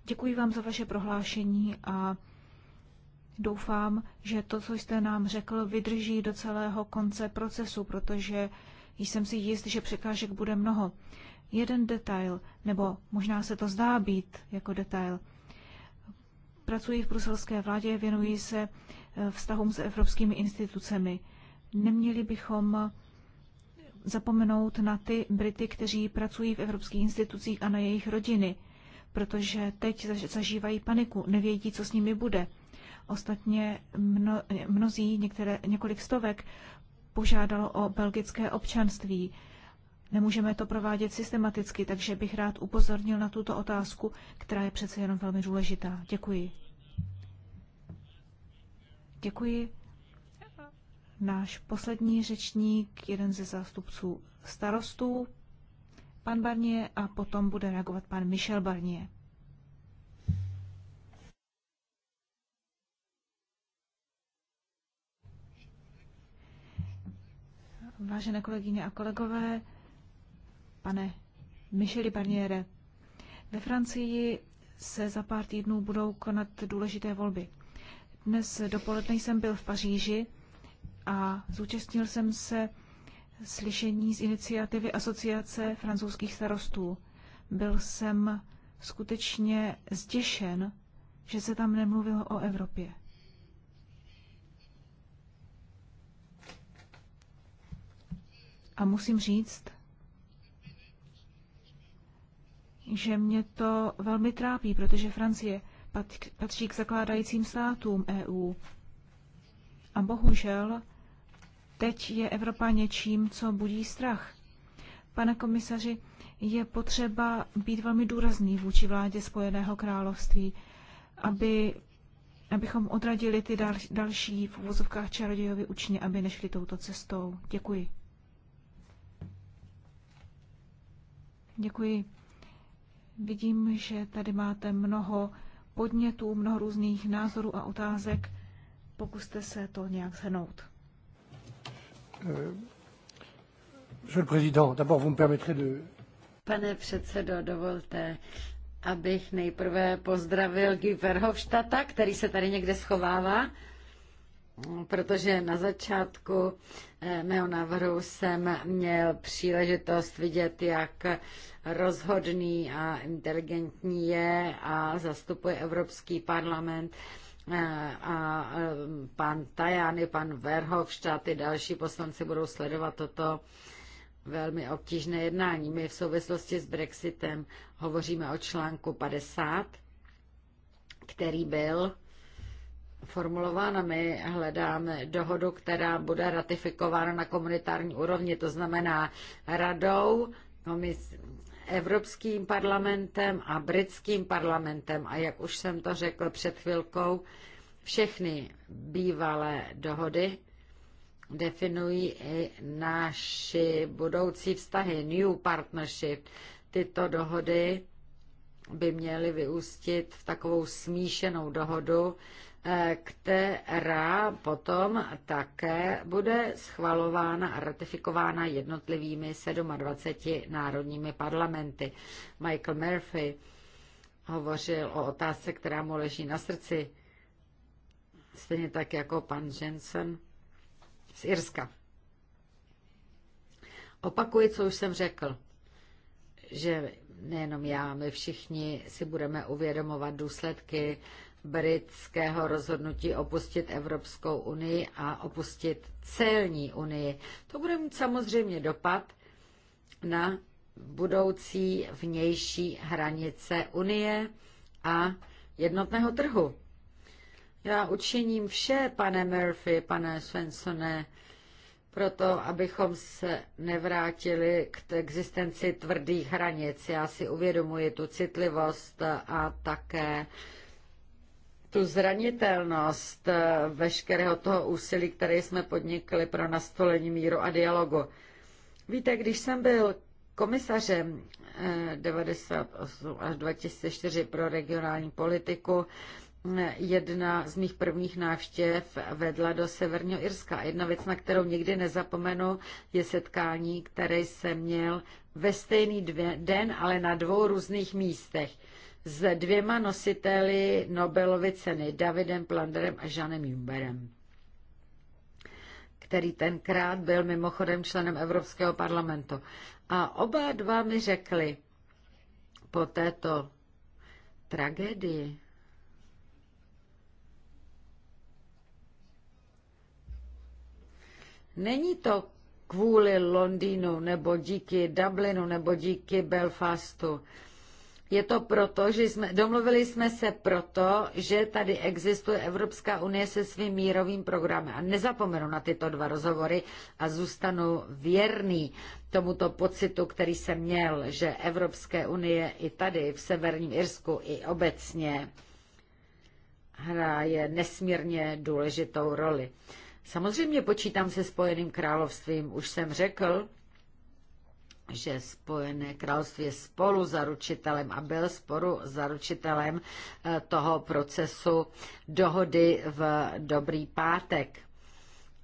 Děkuji vám za vaše prohlášení a doufám, že to, co jste nám řekl, vydrží do celého konce procesu, protože jsem si jist, že překážek bude mnoho. Jeden detail, nebo možná se to zdá být jako detail. Pracuji v bruselské vládě, věnuji se eh, vztahům s evropskými institucemi. Neměli bychom zapomenout na ty Brity, kteří pracují v evropských institucích a na jejich rodiny, protože teď zažívají paniku, nevědí, co s nimi bude. Ostatně mno, mnozí, některé, několik stovek, požádalo o belgické občanství. Nemůžeme to provádět systematicky, takže bych rád upozornil na tuto otázku, která je přece jenom velmi důležitá. Děkuji. Děkuji náš poslední řečník, jeden ze zástupců starostů, pan Barnier a potom bude reagovat pan Michel Barnier. Vážené kolegyně a kolegové, pane Micheli Barniere, ve Francii se za pár týdnů budou konat důležité volby. Dnes dopoledne jsem byl v Paříži a zúčastnil jsem se slyšení z iniciativy Asociace francouzských starostů. Byl jsem skutečně zděšen, že se tam nemluvilo o Evropě. A musím říct, že mě to velmi trápí, protože Francie patří k zakládajícím státům EU. A bohužel Teď je Evropa něčím, co budí strach. Pane komisaři, je potřeba být velmi důrazný vůči vládě Spojeného království, aby, abychom odradili ty dal, další v uvozovkách čarodějovi učně, aby nešli touto cestou. Děkuji. Děkuji. Vidím, že tady máte mnoho podnětů, mnoho různých názorů a otázek. Pokuste se to nějak shrnout. Euh, Monsieur le Président, d'abord vous me permettrez de... Pane předsedo, dovolte, abych nejprve pozdravil Guy Verhofstadta, který se tady někde schovává, protože na začátku eh, mého návrhu jsem měl příležitost vidět, jak rozhodný a inteligentní je a zastupuje Evropský parlament a pan Tajany, pan Verhofstadt i další poslanci budou sledovat toto velmi obtížné jednání. My v souvislosti s Brexitem hovoříme o článku 50, který byl formulován a My hledáme dohodu, která bude ratifikována na komunitární úrovni, to znamená radou, komis, Evropským parlamentem a britským parlamentem. A jak už jsem to řekl před chvilkou, všechny bývalé dohody definují i naši budoucí vztahy, new partnership. Tyto dohody by měly vyústit v takovou smíšenou dohodu, která potom také bude schvalována a ratifikována jednotlivými 27 národními parlamenty. Michael Murphy hovořil o otázce, která mu leží na srdci, stejně tak jako pan Jensen z Irska. Opakuji, co už jsem řekl, že nejenom já, my všichni si budeme uvědomovat důsledky britského rozhodnutí opustit Evropskou unii a opustit celní unii. To bude mít samozřejmě dopad na budoucí vnější hranice Unie a jednotného trhu. Já učiním vše, pane Murphy, pane Svensone, proto, abychom se nevrátili k existenci tvrdých hranic. Já si uvědomuji tu citlivost a také tu zranitelnost eh, veškerého toho úsilí, které jsme podnikli pro nastolení míru a dialogu. Víte, když jsem byl komisařem 98 eh, až 2004 pro regionální politiku, eh, jedna z mých prvních návštěv vedla do Severního Irska. Jedna věc, na kterou nikdy nezapomenu, je setkání, které jsem měl ve stejný dvě, den, ale na dvou různých místech s dvěma nositeli Nobelovy ceny, Davidem Planderem a Žanem Jumberem který tenkrát byl mimochodem členem Evropského parlamentu. A oba dva mi řekli po této tragédii, není to kvůli Londýnu nebo díky Dublinu nebo díky Belfastu. Je to proto, že jsme, domluvili jsme se proto, že tady existuje Evropská unie se svým mírovým programem. A nezapomenu na tyto dva rozhovory a zůstanu věrný tomuto pocitu, který jsem měl, že Evropské unie i tady v Severním Irsku i obecně hraje nesmírně důležitou roli. Samozřejmě počítám se Spojeným královstvím, už jsem řekl, že Spojené království je spolu zaručitelem a byl sporu zaručitelem eh, toho procesu dohody v dobrý pátek.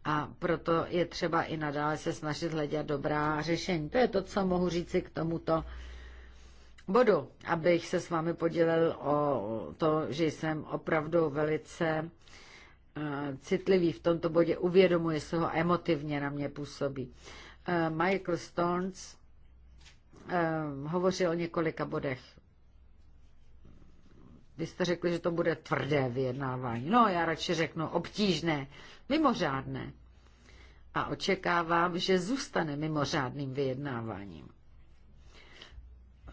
A proto je třeba i nadále se snažit hledat dobrá řešení. To je to, co mohu říci k tomuto bodu, abych se s vámi podělil o to, že jsem opravdu velice eh, citlivý v tomto bodě, uvědomuji se ho, emotivně na mě působí. Eh, Michael Stones Eh, hovořil o několika bodech. Vy jste řekli, že to bude tvrdé vyjednávání. No, já radši řeknu obtížné, mimořádné. A očekávám, že zůstane mimořádným vyjednáváním.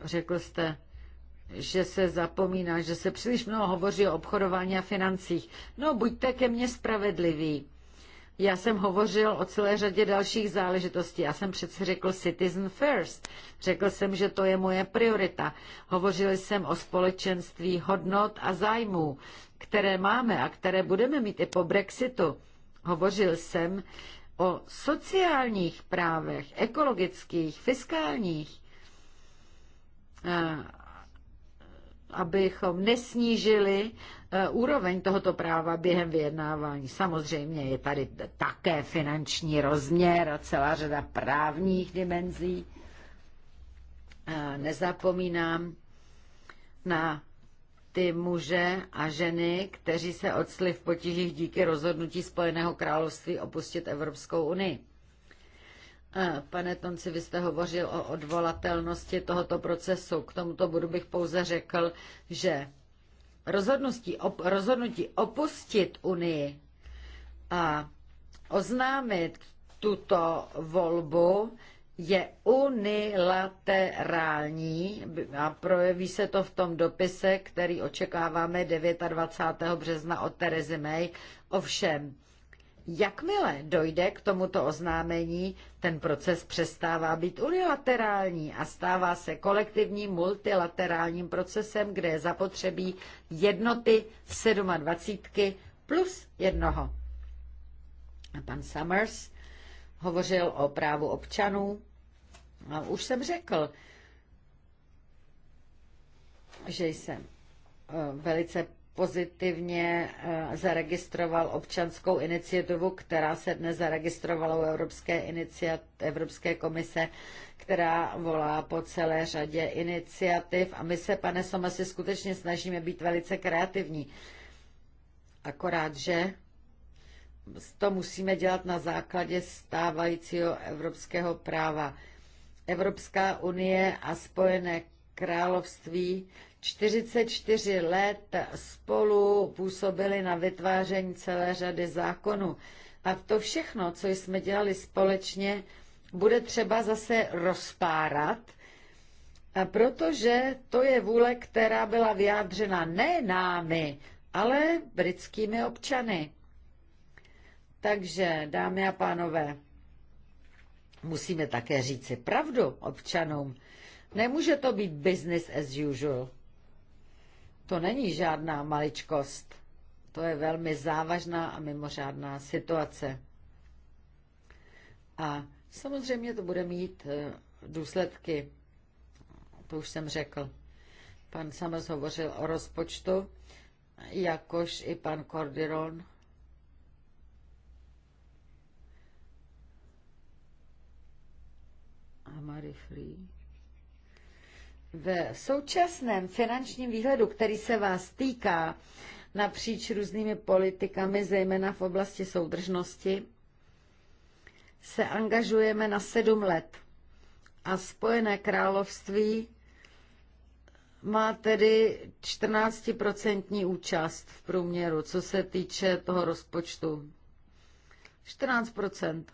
Řekl jste, že se zapomíná, že se příliš mnoho hovoří o obchodování a financích. No, buďte ke mně spravedliví. Já jsem hovořil o celé řadě dalších záležitostí. Já jsem přece řekl citizen first. Řekl jsem, že to je moje priorita. Hovořil jsem o společenství hodnot a zájmů, které máme a které budeme mít i po Brexitu. Hovořil jsem o sociálních právech, ekologických, fiskálních, eh, abychom nesnížili E, úroveň tohoto práva během vyjednávání. Samozřejmě je tady také finanční rozměr a celá řada právních dimenzí. E, nezapomínám na ty muže a ženy, kteří se odstli v potížích díky rozhodnutí Spojeného království opustit Evropskou unii. E, pane Tonci, vy jste hovořil o odvolatelnosti tohoto procesu. K tomuto budu bych pouze řekl, že rozhodnutí, op, rozhodnutí opustit Unii a oznámit tuto volbu je unilaterální a projeví se to v tom dopise, který očekáváme 29. března od Terezy May. Ovšem, Jakmile dojde k tomuto oznámení, ten proces přestává být unilaterální a stává se kolektivním multilaterálním procesem, kde je zapotřebí jednoty 27 plus jednoho. A pan Summers hovořil o právu občanů. A už jsem řekl, že jsem eh, velice pozitivně eh, zaregistroval občanskou iniciativu, která se dnes zaregistrovala u Evropské, iniciat, Evropské komise, která volá po celé řadě iniciativ. A my se, pane Somasi, skutečně snažíme být velice kreativní. Akorát, že to musíme dělat na základě stávajícího evropského práva. Evropská unie a Spojené království 44 let spolu působili na vytváření celé řady zákonů. A to všechno, co jsme dělali společně, bude třeba zase rozpárat, a protože to je vůle, která byla vyjádřena ne námi, ale britskými občany. Takže, dámy a pánové, musíme také říci pravdu občanům. Nemůže to být business as usual. To není žádná maličkost. To je velmi závažná a mimořádná situace. A samozřejmě to bude mít e, důsledky. To už jsem řekl. Pan Samers hovořil o rozpočtu, jakož i pan Cordiron. A Marie Free. V současném finančním výhledu, který se vás týká napříč různými politikami, zejména v oblasti soudržnosti, se angažujeme na sedm let. A Spojené království má tedy 14% účast v průměru, co se týče toho rozpočtu. 14%.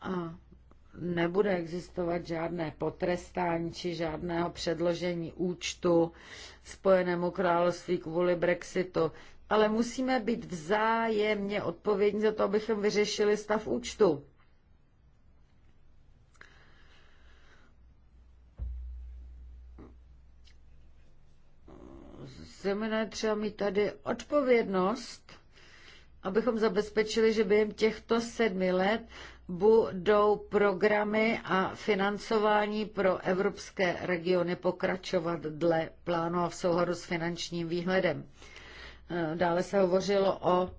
A nebude existovat žádné potrestání či žádného předložení účtu Spojenému království kvůli Brexitu, ale musíme být vzájemně odpovědní za to, abychom vyřešili stav účtu. Zeměné třeba mít tady odpovědnost, abychom zabezpečili, že během těchto sedmi let budou programy a financování pro evropské regiony pokračovat dle plánu a v souhodu s finančním výhledem. Eh, dále se hovořilo o,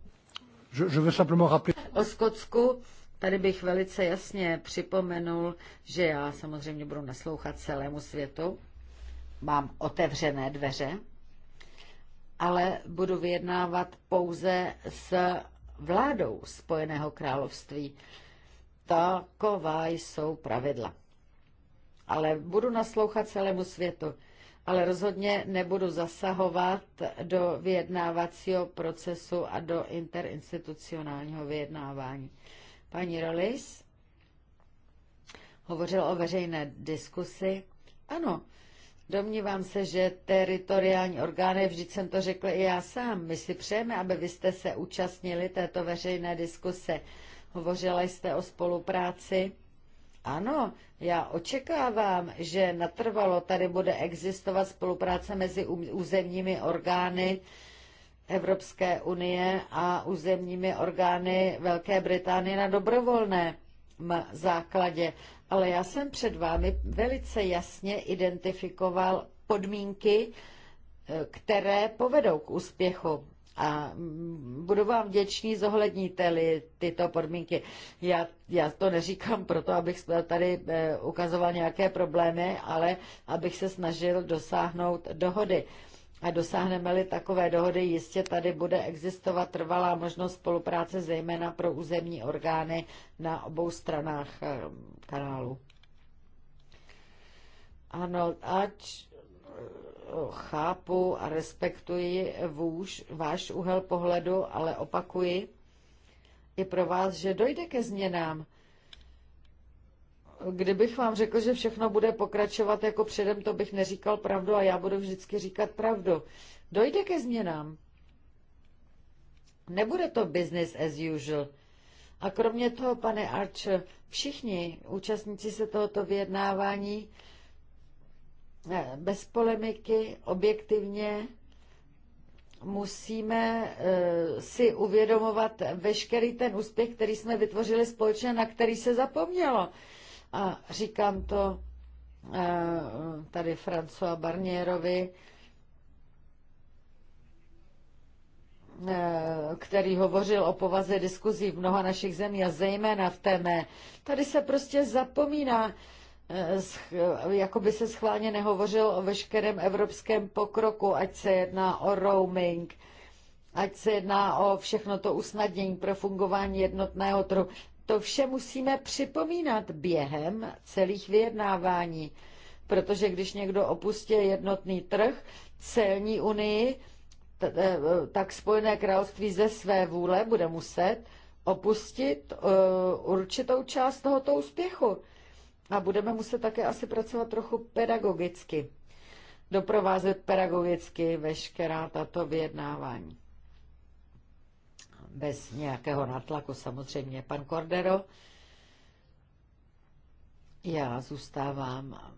o Skotsku. Tady bych velice jasně připomenul, že já samozřejmě budu naslouchat celému světu. Mám otevřené dveře, ale budu vyjednávat pouze s vládou Spojeného království taková jsou pravidla. Ale budu naslouchat celému světu, ale rozhodně nebudu zasahovat do vyjednávacího procesu a do interinstitucionálního vyjednávání. Paní Rolis hovořil o veřejné diskusi. Ano, Domnívám se, že teritoriální orgány, vždyť jsem to řekl i já sám, my si přejeme, aby vy jste se účastnili této veřejné diskuse, Hovořila jste o spolupráci. Ano, já očekávám, že natrvalo tady bude existovat spolupráce mezi územními orgány Evropské unie a územními orgány Velké Británie na dobrovolné základě. Ale já jsem před vámi velice jasně identifikoval podmínky, eh, které povedou k úspěchu. A budu vám vděčný, zohledníte-li tyto podmínky. Já, já to neříkám proto, abych tady eh, ukazoval nějaké problémy, ale abych se snažil dosáhnout dohody. A dosáhneme-li takové dohody, jistě tady bude existovat trvalá možnost spolupráce, zejména pro územní orgány na obou stranách eh, kanálu. Ano, ač chápu a respektuji vůž, váš úhel pohledu, ale opakuji i pro vás, že dojde ke změnám. Kdybych vám řekl, že všechno bude pokračovat jako předem, to bych neříkal pravdu a já budu vždycky říkat pravdu. Dojde ke změnám. Nebude to business as usual. A kromě toho, pane Arch, všichni účastníci se tohoto vyjednávání bez polemiky, objektivně musíme e, si uvědomovat veškerý ten úspěch, který jsme vytvořili společně, na který se zapomnělo. A říkám to e, tady François Barnierovi, e, který hovořil o povaze diskuzí v mnoha našich zemí a zejména v té mé. Tady se prostě zapomíná, Eh, eh, jako by se schválně nehovořil o veškerém evropském pokroku, ať se jedná o roaming, ať se jedná o všechno to usnadnění pro fungování jednotného trhu. To vše musíme připomínat během celých vyjednávání, protože když někdo opustí jednotný trh, celní unii, eh, tak Spojené království ze své vůle bude muset opustit určitou část tohoto úspěchu. A budeme muset také asi pracovat trochu pedagogicky, doprovázet pedagogicky veškerá tato vyjednávání. Bez nějakého natlaku samozřejmě. Pan Cordero, já zůstávám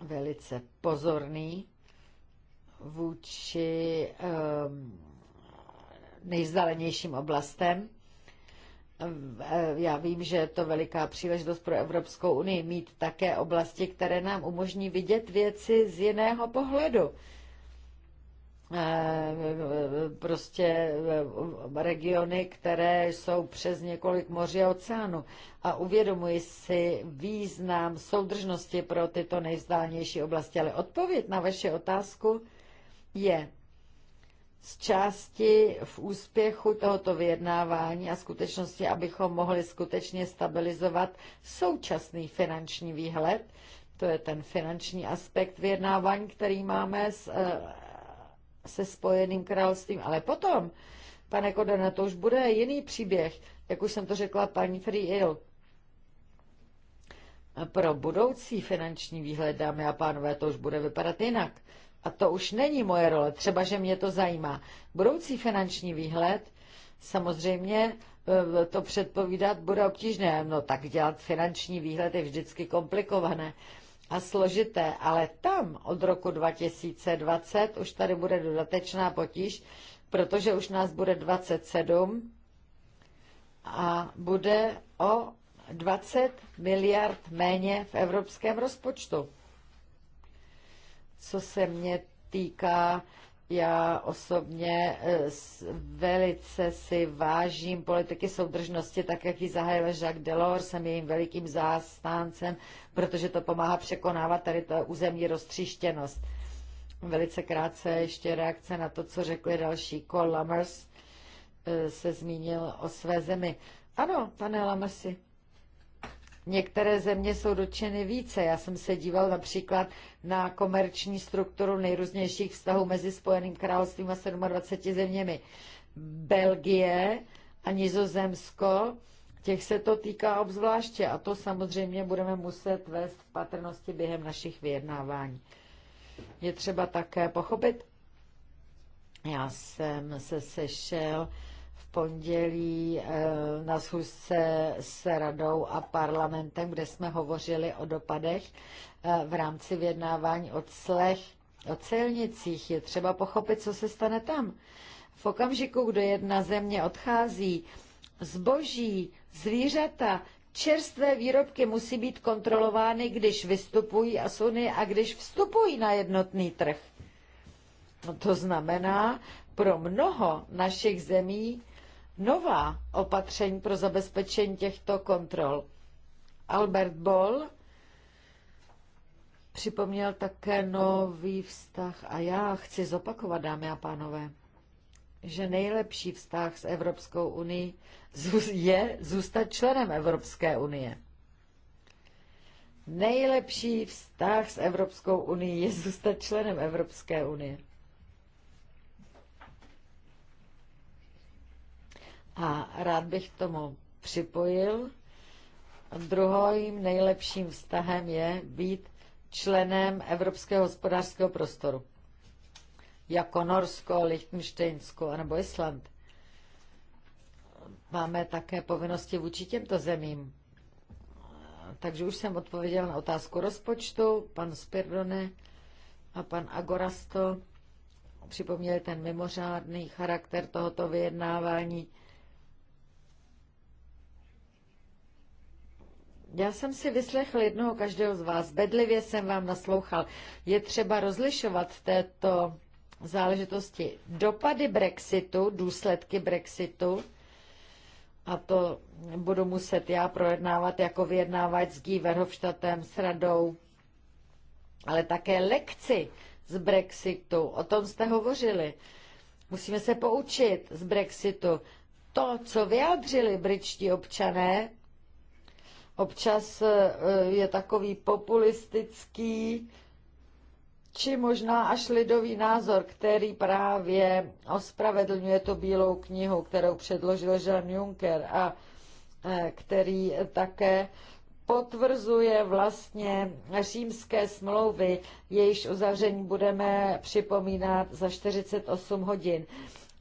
velice pozorný vůči um, oblastem Eh, já vím, že je to veliká příležitost pro Evropskou unii mít také oblasti, které nám umožní vidět věci z jiného pohledu. Eh, prostě eh, regiony, které jsou přes několik moří a oceánu. A uvědomuji si význam soudržnosti pro tyto nejzdálnější oblasti. Ale odpověď na vaši otázku je, z části v úspěchu tohoto vyjednávání a skutečnosti, abychom mohli skutečně stabilizovat současný finanční výhled. To je ten finanční aspekt vyjednávání, který máme s, eh, se Spojeným královstvím. Ale potom, pane Kodana, to už bude jiný příběh, jak už jsem to řekla paní Free Ill. Pro budoucí finanční výhled, dámy a pánové, to už bude vypadat jinak a to už není moje role, třeba, že mě to zajímá. Budoucí finanční výhled, samozřejmě eh, to předpovídat bude obtížné. No tak dělat finanční výhled je vždycky komplikované a složité, ale tam od roku 2020 už tady bude dodatečná potíž, protože už nás bude 27 a bude o 20 miliard méně v evropském rozpočtu. Co se mě týká, já osobně eh, velice si vážím politiky soudržnosti, tak jak ji zahájil Jacques Delors, jsem jejím velikým zástáncem, protože to pomáhá překonávat tady ta územní roztříštěnost. Velice krátce ještě reakce na to, co řekli další. Cole Lammers eh, se zmínil o své zemi. Ano, pane Lammersi, Některé země jsou dotčeny více. Já jsem se díval například na komerční strukturu nejrůznějších vztahů mezi Spojeným královstvím a 27 zeměmi. Belgie a Nizozemsko, těch se to týká obzvláště a to samozřejmě budeme muset vést v patrnosti během našich vyjednávání. Je třeba také pochopit, já jsem se sešel pondělí eh, na schůzce s radou a parlamentem, kde jsme hovořili o dopadech eh, v rámci vyjednávání o clech, o celnicích. Je třeba pochopit, co se stane tam. V okamžiku, kdy jedna země odchází, zboží, zvířata, čerstvé výrobky musí být kontrolovány, když vystupují a suny a když vstupují na jednotný trh. No to znamená, pro mnoho našich zemí nová opatření pro zabezpečení těchto kontrol. Albert Boll připomněl také nový vztah a já chci zopakovat, dámy a pánové, že nejlepší vztah s Evropskou unii je zůstat členem Evropské unie. Nejlepší vztah s Evropskou unii je zůstat členem Evropské unie. A rád bych k tomu připojil. Druhým nejlepším vztahem je být členem Evropského hospodářského prostoru. Jako Norsko, Lichtensteinsko nebo Island. Máme také povinnosti vůči těmto zemím. Takže už jsem odpověděl na otázku rozpočtu. Pan Spirdone a pan Agorasto připomněli ten mimořádný charakter tohoto vyjednávání Já jsem si vyslechl jednoho každého z vás, bedlivě jsem vám naslouchal. Je třeba rozlišovat v této záležitosti dopady Brexitu, důsledky Brexitu, a to budu muset já projednávat jako vyjednávat s Guy Verhofstadtem, s radou, ale také lekci z Brexitu. O tom jste hovořili. Musíme se poučit z Brexitu. To, co vyjádřili britští občané, občas e, je takový populistický, či možná až lidový názor, který právě ospravedlňuje to bílou knihu, kterou předložil Jean Juncker a e, který také potvrzuje vlastně římské smlouvy, jejíž uzavření budeme připomínat za 48 hodin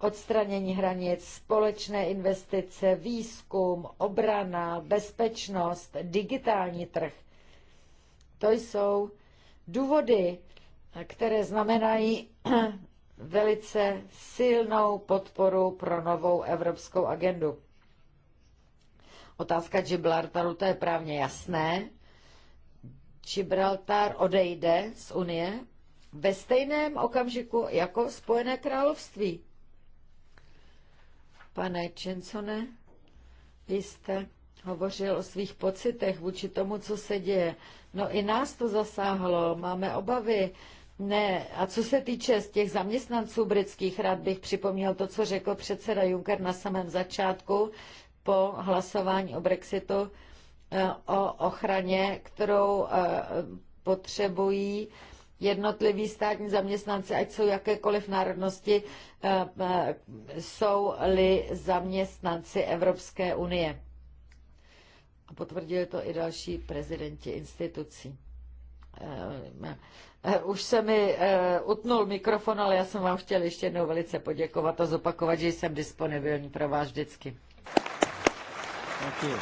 odstranění hranic, společné investice, výzkum, obrana, bezpečnost, digitální trh. To jsou důvody, které znamenají velice silnou podporu pro novou evropskou agendu. Otázka Gibraltaru, to je právně jasné. Gibraltar odejde z Unie ve stejném okamžiku jako Spojené království. Pane čencone, vy jste hovořil o svých pocitech vůči tomu, co se děje. No i nás to zasáhlo, máme obavy. Ne, a co se týče z těch zaměstnanců britských, rád bych připomněl to, co řekl předseda Juncker na samém začátku po hlasování o Brexitu eh, o ochraně, kterou eh, potřebují jednotliví státní zaměstnanci, ať jsou jakékoliv národnosti, eh, eh, jsou-li zaměstnanci Evropské unie. A potvrdili to i další prezidenti institucí. Eh, už se mi utnul mikrofon, ale já jsem vám chtěl ještě jednou velice poděkovat a zopakovat, že jsem disponibilní pro vás vždycky. you.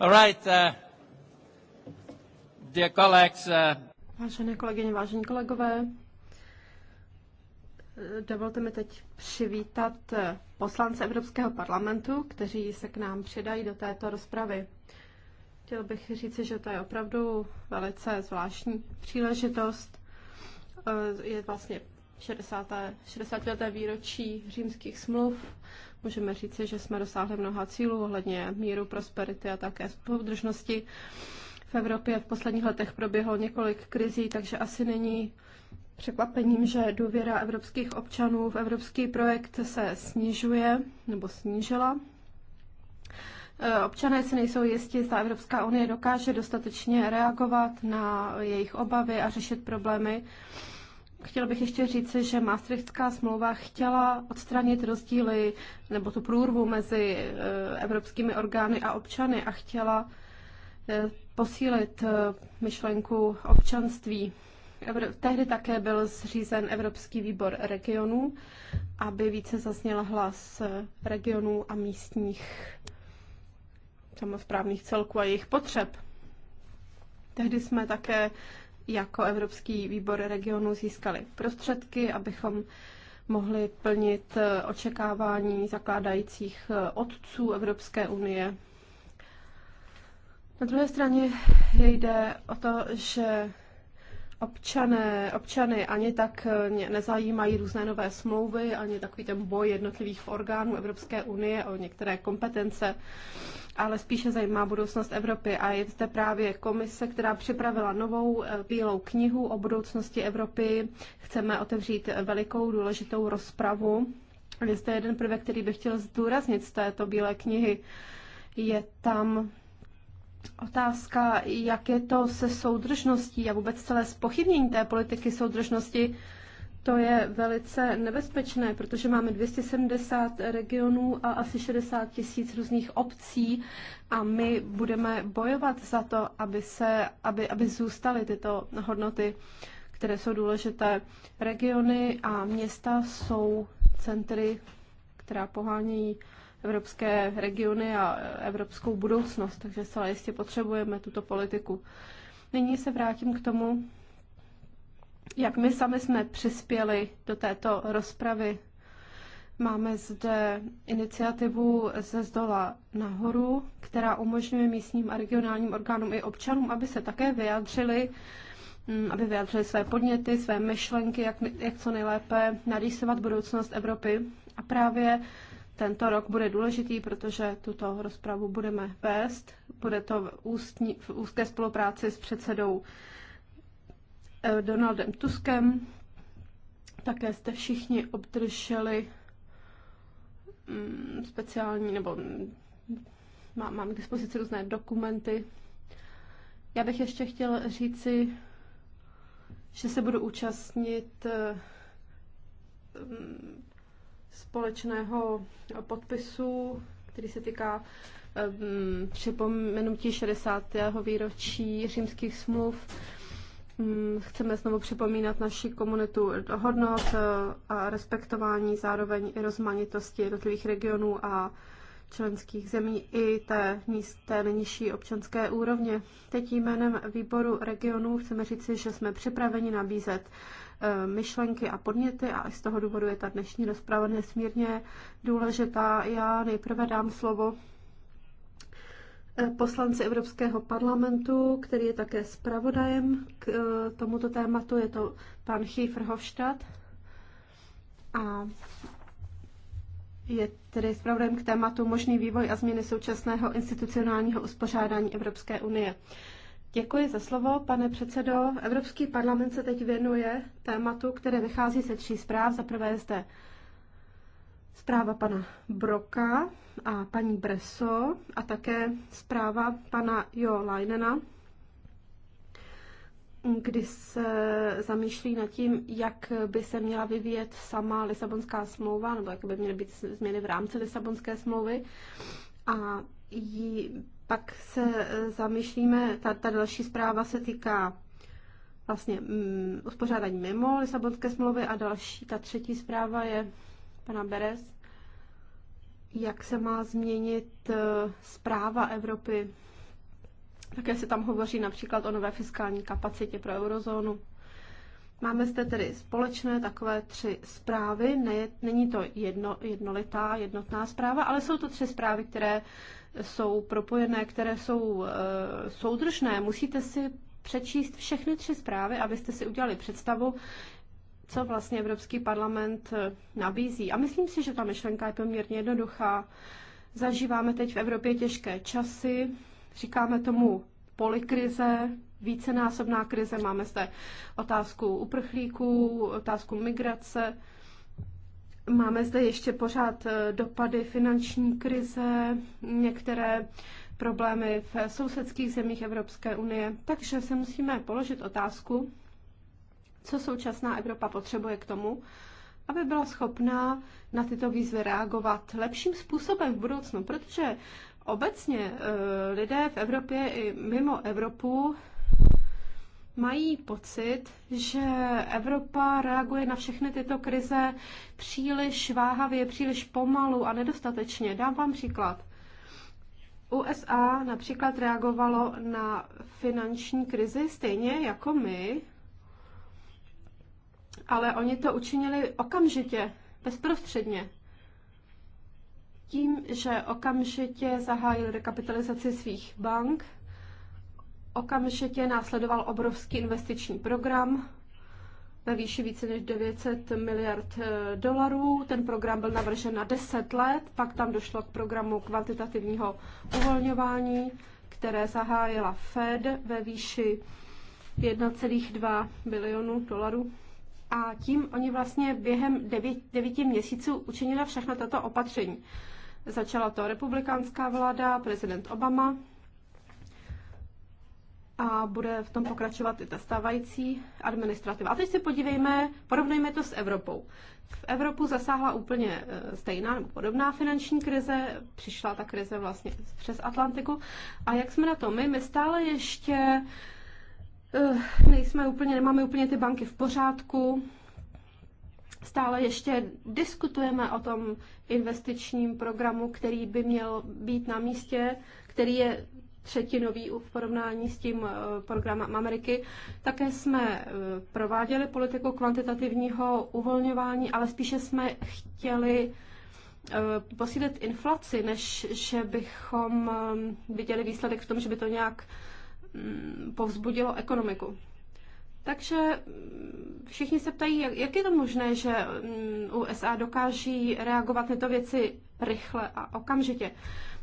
All right, uh, dear colleagues, uh... Vážené kolegyně, vážení kolegové, dovolte mi teď přivítat poslance Evropského parlamentu, kteří se k nám přidají do této rozpravy. Chtěl bych říci, že to je opravdu velice zvláštní příležitost. Eh, je vlastně 60. 60. výročí římských smluv Můžeme říci, že jsme dosáhli mnoha cílů ohledně míru, prosperity a také spoludržnosti. V Evropě v posledních letech proběhlo několik krizí, takže asi není překvapením, že důvěra evropských občanů v evropský projekt se snižuje nebo snížila. E, občané si nejsou jistí, zda Evropská unie dokáže dostatečně reagovat na jejich obavy a řešit problémy, Chtěla bych ještě říct, že Maastrichtská smlouva chtěla odstranit rozdíly nebo tu průrvu mezi eh, evropskými orgány a občany a chtěla eh, posílit eh, myšlenku občanství. Tehdy také byl zřízen Evropský výbor regionů, aby více zazněl hlas regionů a místních samozprávných celků a jejich potřeb. Tehdy jsme také jako Evropský výbor regionu získali prostředky, abychom mohli plnit eh, očekávání zakládajících eh, otců Evropské unie. Na druhé straně jde o to, že občané, občany ani tak eh, nezajímají různé nové smlouvy, ani takový ten boj jednotlivých orgánů Evropské unie o některé kompetence ale spíše zajímá budoucnost Evropy. A je zde právě komise, která připravila novou eh, bílou knihu o budoucnosti Evropy. Chceme otevřít velikou důležitou rozpravu. Je zde jeden prvek, který bych chtěl zdůraznit z této bílé knihy. Je tam otázka, jak je to se soudržností a vůbec celé spochybnění té politiky soudržnosti, to je velice nebezpečné, protože máme 270 regionů a asi 60 tisíc různých obcí a my budeme bojovat za to, aby, se, aby, aby zůstaly tyto hodnoty, které jsou důležité. Regiony a města jsou centry, která pohánějí evropské regiony a evropskou budoucnost, takže zcela jistě potřebujeme tuto politiku. Nyní se vrátím k tomu, jak my sami jsme přispěli do této rozpravy. Máme zde iniciativu ze zdola nahoru, která umožňuje místním a regionálním orgánům i občanům, aby se také vyjádřili, mm, aby vyjádřili své podněty, své myšlenky, jak, jak co nejlépe narýsovat budoucnost Evropy. A právě tento rok bude důležitý, protože tuto rozpravu budeme vést. Bude to v, ústní, v úzké spolupráci s předsedou Eh, Donaldem Tuskem. Také jste všichni obdrželi mm, speciální, nebo mm, mám, mám k dispozici různé dokumenty. Já bych ještě chtěl říci, že se budu účastnit eh, mm, společného podpisu, který se týká eh, připomenutí 60. výročí římských smluv. Mm, chceme znovu připomínat naši komunitu hodnot eh, a respektování zároveň i rozmanitosti jednotlivých regionů a členských zemí i té, té nejnižší občanské úrovně. Teď jménem výboru regionů chceme říci, že jsme připraveni nabízet eh, myšlenky a podněty a z toho důvodu je ta dnešní rozprava nesmírně důležitá. Já nejprve dám slovo Eh, poslanci Evropského parlamentu, který je také zpravodajem k eh, tomuto tématu, je to pan Schiefer Hofstadt. A je tedy zpravodajem k tématu možný vývoj a změny současného institucionálního uspořádání Evropské unie. Děkuji za slovo, pane předsedo. Evropský parlament se teď věnuje tématu, které vychází ze tří zpráv. Za prvé zde Zpráva pana Broka a paní Breso a také zpráva pana Jo Leinena, kdy se zamýšlí nad tím, jak by se měla vyvíjet sama Lisabonská smlouva, nebo jak by měly být změny v rámci Lisabonské smlouvy. A jí, pak se zamýšlíme, ta, ta další zpráva se týká vlastně mm, uspořádání mimo Lisabonské smlouvy a další, ta třetí zpráva je pana Beres, jak se má změnit eh, zpráva Evropy. Také se tam hovoří například o nové fiskální kapacitě pro eurozónu. Máme zde tedy společné takové tři zprávy. Ne, není to jedno, jednolitá, jednotná zpráva, ale jsou to tři zprávy, které jsou propojené, které jsou e, soudržné. Musíte si přečíst všechny tři zprávy, abyste si udělali představu, co vlastně Evropský parlament eh, nabízí. A myslím si, že ta myšlenka je poměrně jednoduchá. Zažíváme teď v Evropě těžké časy, říkáme tomu polikrize, vícenásobná krize, máme zde otázku uprchlíků, otázku migrace, máme zde ještě pořád eh, dopady finanční krize, některé problémy v sousedských zemích Evropské unie. Takže se musíme položit otázku, co současná Evropa potřebuje k tomu, aby byla schopná na tyto výzvy reagovat lepším způsobem v budoucnu, protože obecně eh, lidé v Evropě i mimo Evropu mají pocit, že Evropa reaguje na všechny tyto krize příliš váhavě, příliš pomalu a nedostatečně. Dám vám příklad. USA například reagovalo na finanční krizi stejně jako my ale oni to učinili okamžitě, bezprostředně. Tím, že okamžitě zahájili rekapitalizaci svých bank, okamžitě následoval obrovský investiční program ve výši více než 900 miliard eh, dolarů. Ten program byl navržen na 10 let, pak tam došlo k programu kvantitativního uvolňování, které zahájila Fed ve výši 1,2 bilionu dolarů a tím oni vlastně během devět, devíti měsíců učinili všechno tato opatření. Začala to republikánská vláda, prezident Obama a bude v tom pokračovat i ta stávající administrativa. A teď se podívejme, porovnejme to s Evropou. V Evropu zasáhla úplně e, stejná nebo podobná finanční krize, přišla ta krize vlastně přes Atlantiku. A jak jsme na to my? My stále ještě uh, Eh, nejsme úplně, nemáme úplně ty banky v pořádku. Stále ještě diskutujeme o tom investičním programu, který by měl být na místě, který je třetinový v porovnání s tím eh, programem Ameriky. Také jsme eh, prováděli politiku kvantitativního uvolňování, ale spíše jsme chtěli posílit inflaci, než že bychom viděli výsledek v tom, že by to nějak Mm, povzbudilo ekonomiku. Takže mm, všichni se ptají, jak, jak je to možné, že mm, USA dokáží reagovat na to věci rychle a okamžitě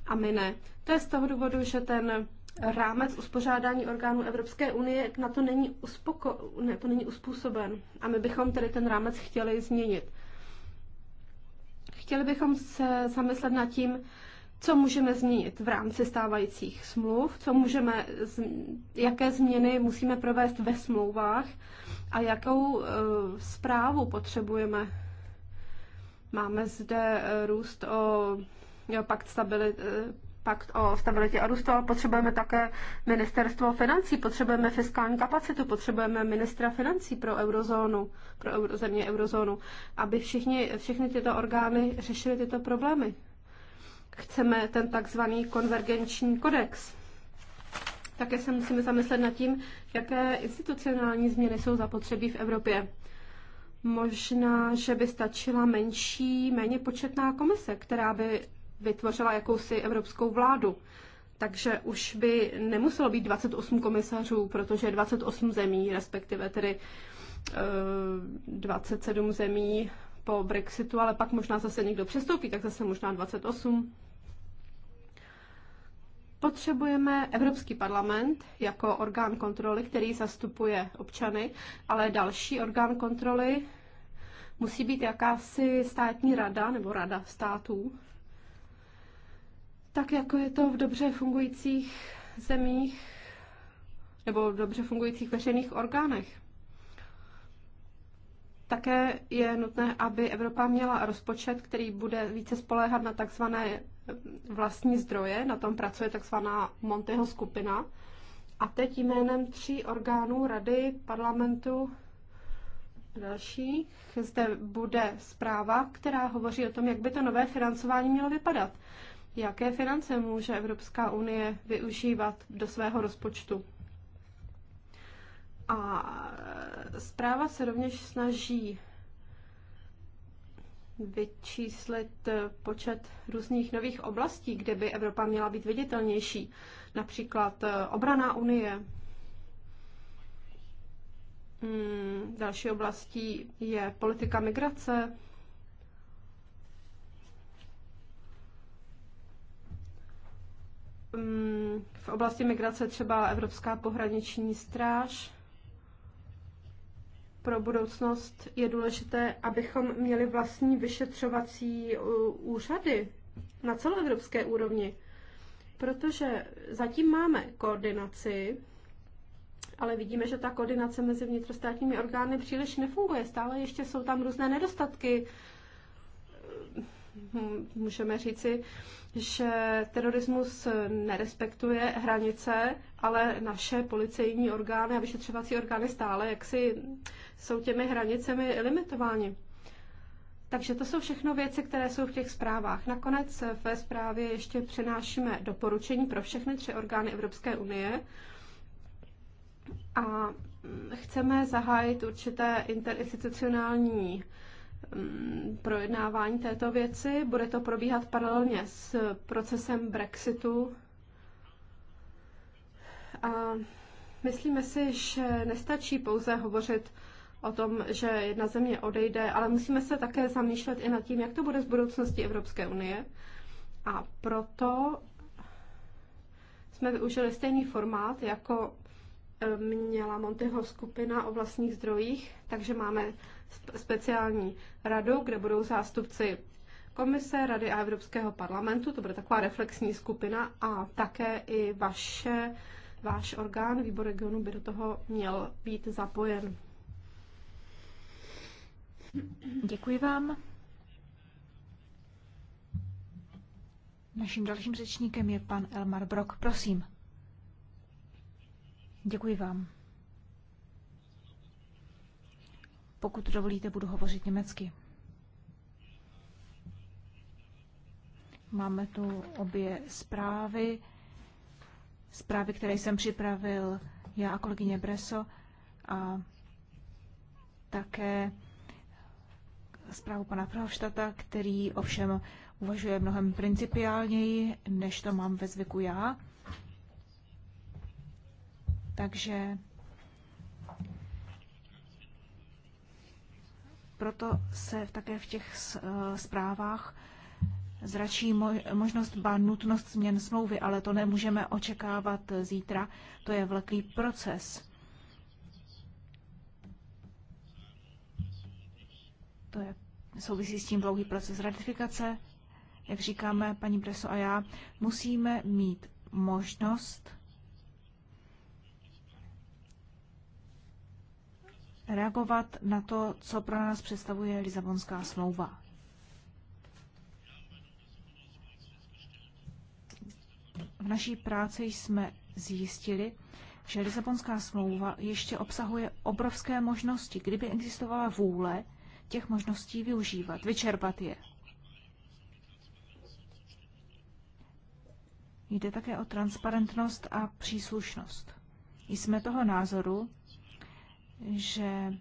a my ne. To je z toho důvodu, že ten rámec uspořádání orgánů Evropské unie na to není, uspoko, ne, to není uspůsoben. A my bychom tedy ten rámec chtěli změnit. Chtěli bychom se zamyslet nad tím, co můžeme změnit v rámci stávajících smluv, co můžeme, jaké změny musíme provést ve smlouvách a jakou eh, zprávu potřebujeme. Máme zde eh, růst o jo, pakt stability, eh, pakt o stabilitě a růstu, ale potřebujeme také ministerstvo financí, potřebujeme fiskální kapacitu, potřebujeme ministra financí pro eurozónu, pro euro, země eurozónu, aby všichni, všechny tyto orgány řešily tyto problémy chceme ten takzvaný konvergenční kodex. Také se musíme zamyslet nad tím, jaké institucionální změny jsou zapotřebí v Evropě. Možná, že by stačila menší, méně početná komise, která by vytvořila jakousi evropskou vládu. Takže už by nemuselo být 28 komisařů, protože 28 zemí, respektive tedy 27 eh, zemí po Brexitu, ale pak možná zase někdo přestoupí, tak zase možná 28. Potřebujeme Evropský parlament jako orgán kontroly, který zastupuje občany, ale další orgán kontroly musí být jakási státní rada nebo rada států, tak jako je to v dobře fungujících zemích nebo v dobře fungujících veřejných orgánech. Také je nutné, aby Evropa měla rozpočet, který bude více spoléhat na takzvané vlastní zdroje, na tom pracuje takzvaná Monteho skupina. A teď jménem tří orgánů Rady parlamentu dalších zde bude zpráva, která hovoří o tom, jak by to nové financování mělo vypadat. Jaké finance může Evropská unie využívat do svého rozpočtu? A e, zpráva se rovněž snaží vyčíslit eh, počet různých nových oblastí, kde by Evropa měla být viditelnější, například eh, obraná unie. Hmm, další oblastí je politika migrace. Hmm, v oblasti migrace třeba Evropská pohraniční stráž pro budoucnost je důležité, abychom měli vlastní vyšetřovací uh, úřady na celoevropské úrovni, protože zatím máme koordinaci, ale vidíme, že ta koordinace mezi vnitrostátními orgány příliš nefunguje. Stále ještě jsou tam různé nedostatky. Můžeme říci, že terorismus nerespektuje hranice, ale naše policejní orgány a vyšetřovací orgány stále jaksi jsou těmi hranicemi limitováni. Takže to jsou všechno věci, které jsou v těch zprávách. Nakonec ve zprávě ještě přinášíme doporučení pro všechny tři orgány Evropské unie a chceme zahájit určité interinstitucionální mm, projednávání této věci. Bude to probíhat paralelně s procesem Brexitu a myslíme si, že nestačí pouze hovořit o tom, že jedna země odejde, ale musíme se také zamýšlet i nad tím, jak to bude z budoucnosti Evropské unie. A proto jsme využili stejný formát, jako e, měla Montyho skupina o vlastních zdrojích, takže máme speciální radu, kde budou zástupci komise, rady a Evropského parlamentu, to bude taková reflexní skupina a také i vaše váš orgán, výbor regionu, by do toho měl být zapojen. Děkuji vám. Naším dalším řečníkem je pan Elmar Brok. Prosím. Děkuji vám. Pokud dovolíte, budu hovořit německy. Máme tu obě zprávy zprávy, které jsem připravil já a kolegyně Breso a také zprávu pana Frohoštata, který ovšem uvažuje mnohem principiálněji, než to mám ve zvyku já. Takže proto se také v těch eh, zprávách zračí možnost ba nutnost změn smlouvy, ale to nemůžeme očekávat zítra. To je velký proces. To je souvisí s tím dlouhý proces ratifikace. Jak říkáme, paní Preso a já, musíme mít možnost reagovat na to, co pro nás představuje Lisabonská smlouva. v naší práci jsme zjistili, že Lisabonská smlouva ještě obsahuje obrovské možnosti. Kdyby existovala vůle těch možností využívat, vyčerpat je. Jde také o transparentnost a příslušnost. Jsme toho názoru, že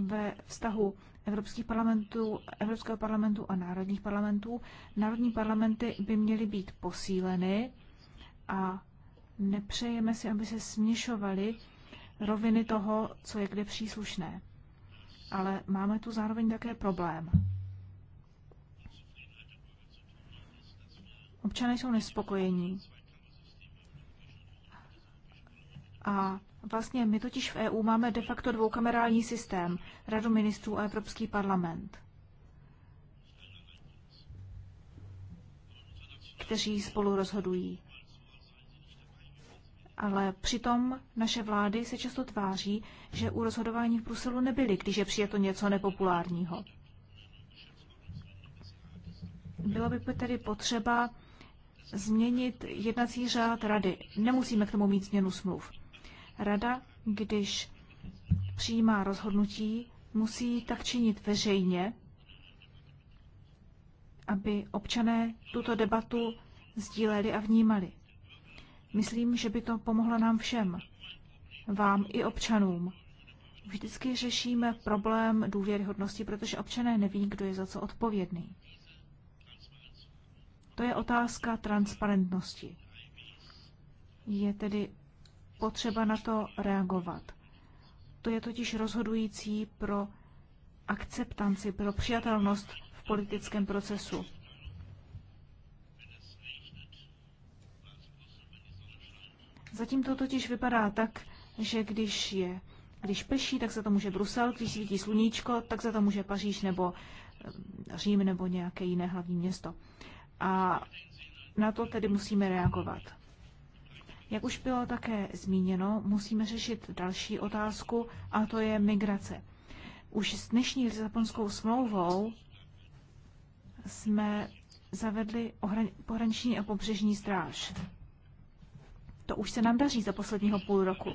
ve vztahu Evropských parlamentů, Evropského parlamentu a národních parlamentů. Národní parlamenty by měly být posíleny a nepřejeme si, aby se směšovaly roviny toho, co je kde příslušné. Ale máme tu zároveň také problém. Občané jsou nespokojení. A Vlastně my totiž v EU máme de facto dvoukamerální systém, Radu ministrů a Evropský parlament, kteří spolu rozhodují. Ale přitom naše vlády se často tváří, že u rozhodování v Bruselu nebyly, když je přijeto něco nepopulárního. Bylo by tedy potřeba změnit jednací řád rady. Nemusíme k tomu mít změnu smluv. Rada, když přijímá rozhodnutí, musí tak činit veřejně, aby občané tuto debatu sdíleli a vnímali. Myslím, že by to pomohlo nám všem, vám i občanům. Vždycky řešíme problém důvěryhodnosti, protože občané neví, kdo je za co odpovědný. To je otázka transparentnosti. Je tedy potřeba na to reagovat. To je totiž rozhodující pro akceptanci, pro přijatelnost v politickém procesu. Zatím to totiž vypadá tak, že když je když peší, tak za to může Brusel, když svítí sluníčko, tak za to může Paříž nebo eh, Řím nebo nějaké jiné hlavní město. A na to tedy musíme reagovat. Jak už bylo také zmíněno, musíme řešit další otázku, a to je migrace. Už s dnešní Lisabonskou smlouvou jsme zavedli pohraniční a pobřežní stráž. To už se nám daří za posledního půl roku.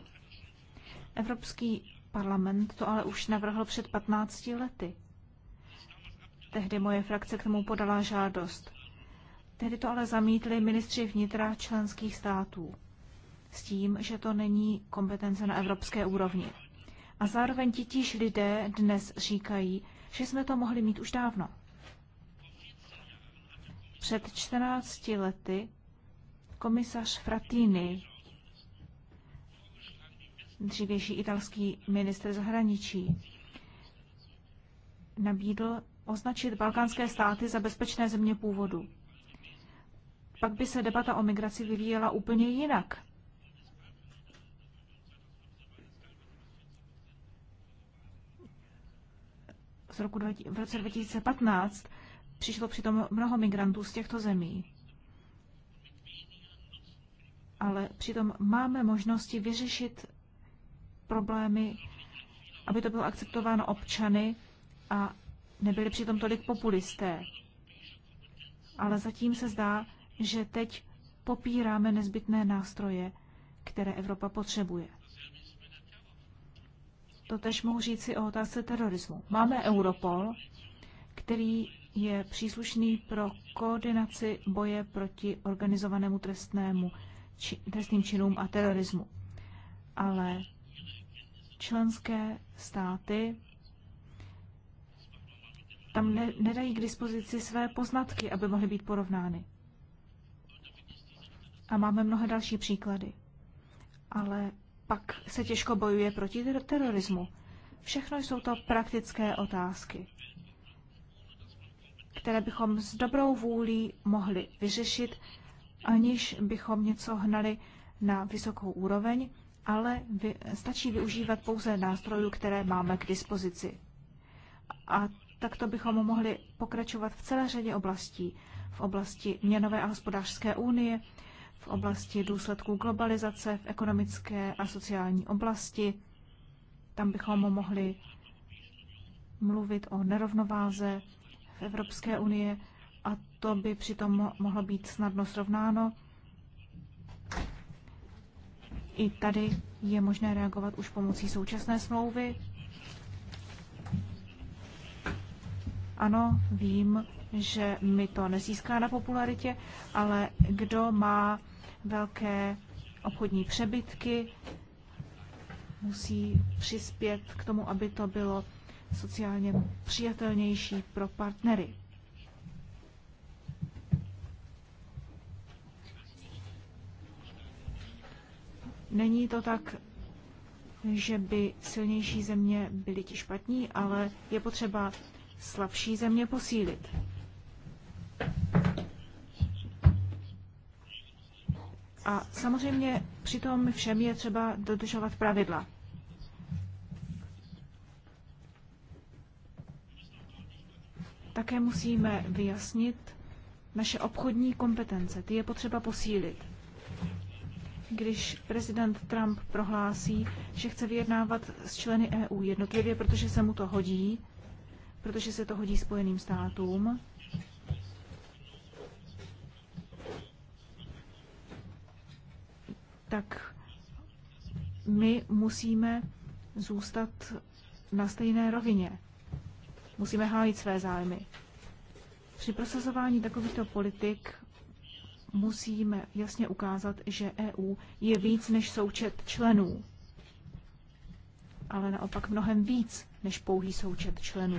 Evropský parlament to ale už navrhl před 15 lety. Tehdy moje frakce k tomu podala žádost. Tehdy to ale zamítli ministři vnitra členských států s tím, že to není kompetence na evropské úrovni. A zároveň titíž lidé dnes říkají, že jsme to mohli mít už dávno. Před 14 lety komisař Fratini, dřívější italský ministr zahraničí, nabídl označit balkánské státy za bezpečné země původu. Pak by se debata o migraci vyvíjela úplně jinak. roku, v roce 2015 přišlo přitom mnoho migrantů z těchto zemí. Ale přitom máme možnosti vyřešit problémy, aby to bylo akceptováno občany a nebyli přitom tolik populisté. Ale zatím se zdá, že teď popíráme nezbytné nástroje, které Evropa potřebuje. To tež mohu říci o otázce terorismu. Máme Europol, který je příslušný pro koordinaci boje proti organizovanému trestnému či, trestným činům a terorismu. Ale členské státy tam ne, nedají k dispozici své poznatky, aby mohly být porovnány. A máme mnohé další příklady. Ale pak se těžko bojuje proti ter terorismu. Všechno jsou to praktické otázky, které bychom s dobrou vůlí mohli vyřešit, aniž bychom něco hnali na vysokou úroveň, ale vy, stačí využívat pouze nástrojů, které máme k dispozici. A takto bychom mohli pokračovat v celé řadě oblastí. V oblasti měnové a hospodářské unie, oblasti důsledků globalizace, v ekonomické a sociální oblasti. Tam bychom mohli mluvit o nerovnováze v Evropské unii a to by přitom mohlo být snadno srovnáno. I tady je možné reagovat už pomocí současné smlouvy. Ano, vím, že mi to nezíská na popularitě, ale kdo má velké obchodní přebytky, musí přispět k tomu, aby to bylo sociálně přijatelnější pro partnery. Není to tak, že by silnější země byly ti špatní, ale je potřeba slabší země posílit. A samozřejmě při tom všem je třeba dodržovat pravidla. Také musíme vyjasnit naše obchodní kompetence. Ty je potřeba posílit. Když prezident Trump prohlásí, že chce vyjednávat s členy EU jednotlivě, protože se mu to hodí, protože se to hodí Spojeným státům, tak my musíme zůstat na stejné rovině. Musíme hájit své zájmy. Při prosazování takovýchto politik musíme jasně ukázat, že EU je víc než součet členů, ale naopak mnohem víc než pouhý součet členů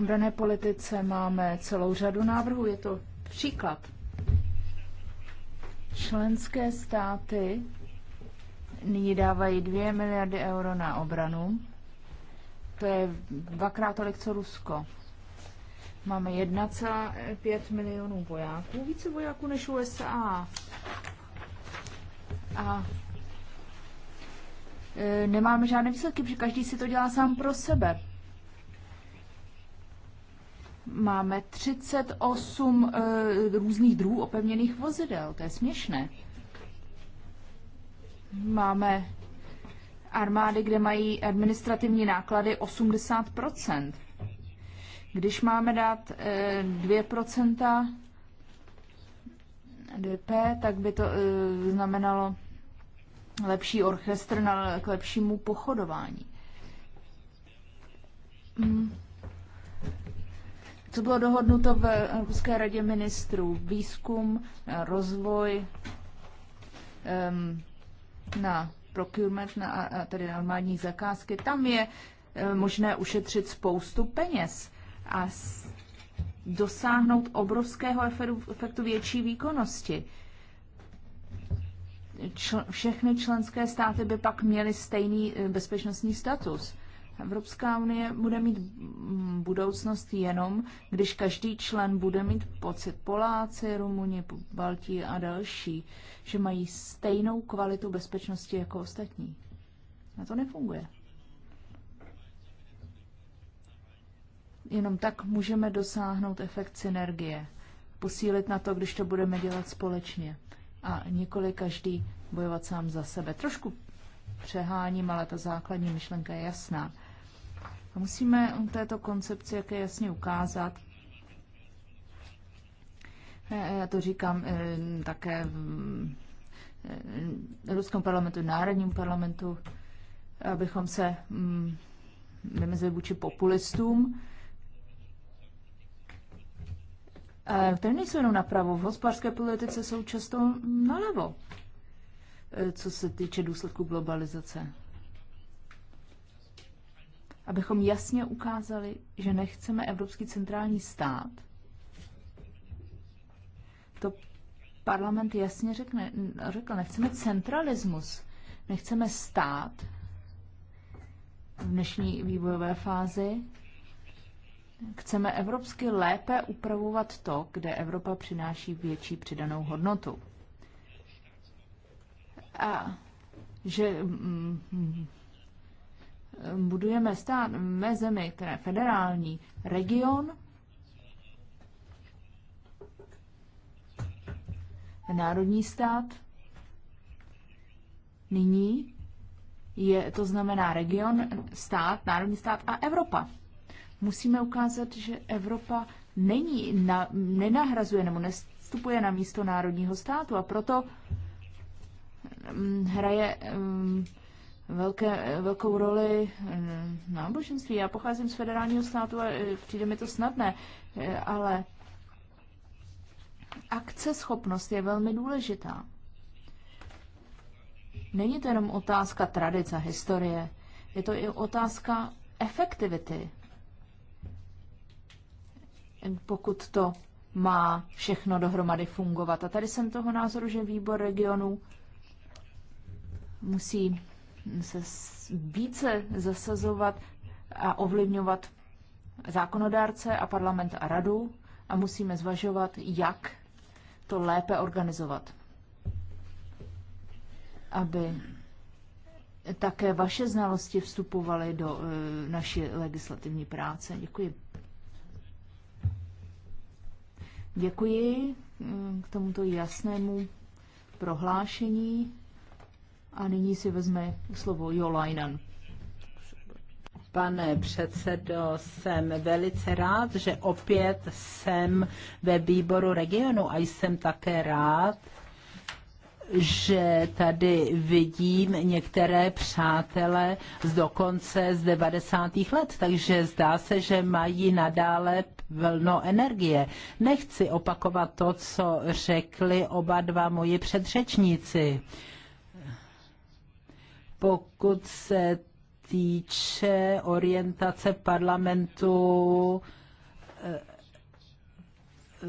dané politice máme celou řadu návrhů. Je to příklad. Členské státy nyní dávají 2 miliardy euro na obranu. To je dvakrát tolik, co Rusko. Máme 1,5 milionů vojáků, více vojáků než USA. A e, nemáme žádné výsledky, protože každý si to dělá sám pro sebe. Máme 38 eh, různých druhů opevněných vozidel, to je směšné. Máme armády, kde mají administrativní náklady 80 Když máme dát 2 eh, DP, tak by to eh, znamenalo lepší orchestr na, k lepšímu pochodování. Mm co bylo dohodnuto v Evropské eh, radě ministrů. Výzkum, eh, rozvoj na procurement, na, tedy normální zakázky, tam je eh, možné ušetřit spoustu peněz a dosáhnout obrovského efektu větší výkonnosti. Čl- všechny členské státy by pak měly stejný bezpečnostní status. Evropská unie bude mít budoucnost jenom, když každý člen bude mít pocit Poláci, Rumuni, Baltí a další, že mají stejnou kvalitu bezpečnosti jako ostatní. A to nefunguje. Jenom tak můžeme dosáhnout efekt synergie. Posílit na to, když to budeme dělat společně. A nikoli každý bojovat sám za sebe. Trošku přeháním, ale ta základní myšlenka je jasná. A musíme této koncepci jaké jasně ukázat. Eh, já to říkám eh, také v eh, Ruském parlamentu, v Národním parlamentu, abychom se mm, vymezili vůči populistům, které nejsou jenom napravo. V hospodářské politice jsou často nalevo, co se týče důsledků globalizace abychom jasně ukázali, že nechceme Evropský centrální stát. To parlament jasně řekne, řekl, nechceme centralismus, nechceme stát v dnešní vývojové fázi. Chceme evropsky lépe upravovat to, kde Evropa přináší větší přidanou hodnotu. A že mm, budujeme stát v mé zemi, které je federální region, národní stát, nyní je, to znamená region, stát, národní stát a Evropa. Musíme ukázat, že Evropa není, na, nenahrazuje nebo nestupuje na místo národního státu a proto mm, hraje mm, velké, velkou roli eh, náboženství. Já pocházím z federálního státu a eh, přijde mi to snadné, eh, ale akceschopnost je velmi důležitá. Není to jenom otázka tradice, historie, je to i otázka efektivity. Pokud to má všechno dohromady fungovat. A tady jsem toho názoru, že výbor regionu musí se více zasazovat a ovlivňovat zákonodárce a parlament a radu a musíme zvažovat, jak to lépe organizovat, aby také vaše znalosti vstupovaly do uh, naší legislativní práce. Děkuji. Děkuji e, k tomuto jasnému prohlášení. A nyní si vezme slovo Jolajnan. Pane předsedo, jsem velice rád, že opět jsem ve výboru regionu a jsem také rád, že tady vidím některé přátele z dokonce z 90. let, takže zdá se, že mají nadále plno energie. Nechci opakovat to, co řekli oba dva moji předřečníci. Uh, pokud se týče orientace parlamentu eh, eh,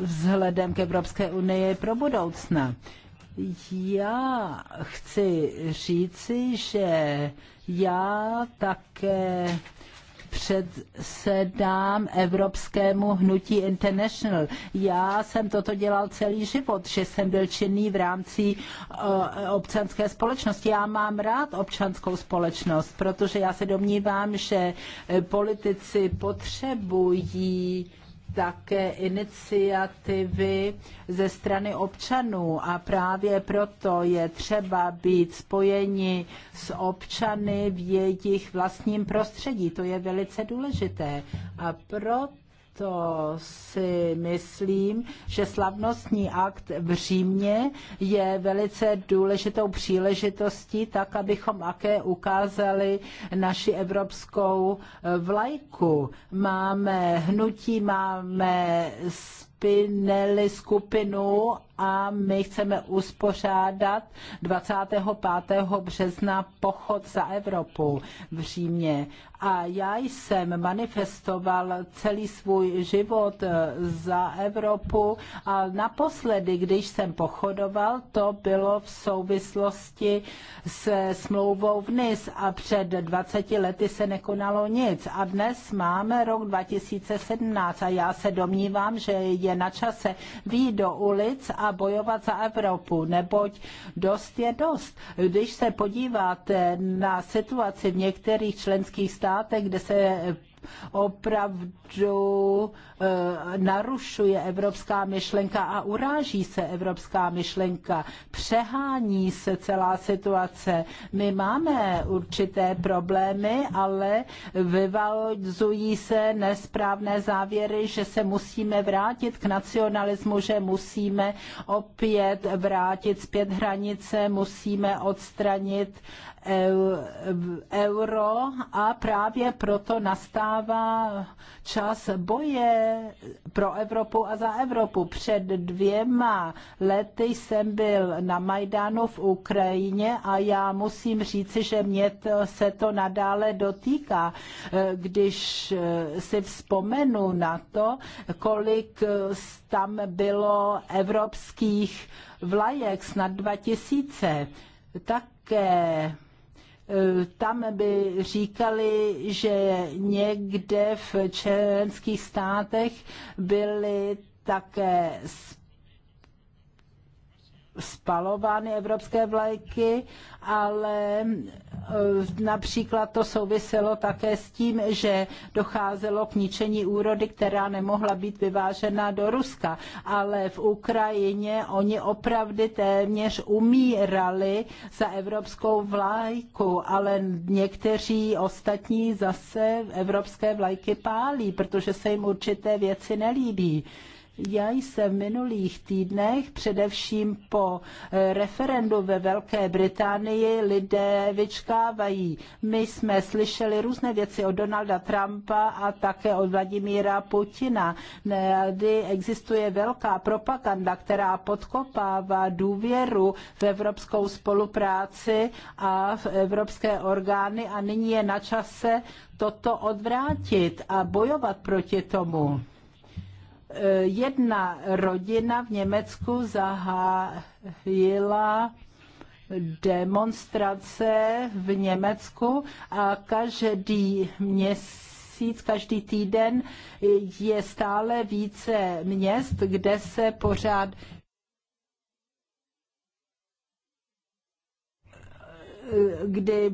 vzhledem k Evropské unii pro budoucna. Já chci říci, že já také předsedám Evropskému hnutí International. Já jsem toto dělal celý život, že jsem byl činný v rámci eh, občanské společnosti. Já mám rád občanskou společnost, protože já se domnívám, že eh, politici potřebují také iniciativy ze strany občanů a právě proto je třeba být spojeni s občany v jejich vlastním prostředí. To je velice důležité. A proto to si myslím, že slavnostní akt v Římě je velice důležitou příležitostí, tak abychom také ukázali naši evropskou eh, vlajku. Máme hnutí, máme spinely skupinu a my chceme uspořádat 25. března pochod za Evropu v Římě. A já jsem manifestoval celý svůj život eh, za Evropu a naposledy, když jsem pochodoval, to bylo v souvislosti se smlouvou v NIS a před 20 lety se nekonalo nic. A dnes máme rok 2017 a já se domnívám, že je na čase výjít do ulic a a bojovat za Evropu, neboť dost je dost. Když se podíváte na situaci v některých členských státech, kde se opravdu eh, narušuje evropská myšlenka a uráží se evropská myšlenka. Přehání se celá situace. My máme určité problémy, ale vyvalzují se nesprávné závěry, že se musíme vrátit k nacionalismu, že musíme opět vrátit zpět hranice, musíme odstranit euro a právě proto nastává čas boje pro Evropu a za Evropu. Před dvěma lety jsem byl na Majdanu v Ukrajině a já musím říci, že mě to, se to nadále dotýká, e, když e, si vzpomenu na to, kolik tam bylo evropských vlajek, snad 2000. Také Eh, tam by říkali, že někde v členských státech byly také spalovány evropské vlajky, ale e, například to souviselo také s tím, že docházelo k ničení úrody, která nemohla být vyvážena do Ruska. Ale v Ukrajině oni opravdu téměř umírali za evropskou vlajku, ale někteří ostatní zase evropské vlajky pálí, protože se jim určité věci nelíbí. Já jsem v minulých týdnech, především po eh, referendu ve Velké Británii, lidé vyčkávají. My jsme slyšeli různé věci od Donalda Trumpa a také od Vladimíra Putina. Tady existuje velká propaganda, která podkopává důvěru v evropskou spolupráci a v evropské orgány a nyní je na čase toto odvrátit a bojovat proti tomu. Eh, jedna rodina v Německu zahájila demonstrace v Německu a každý měsíc, každý týden je stále více měst, kde se pořád eh, kdy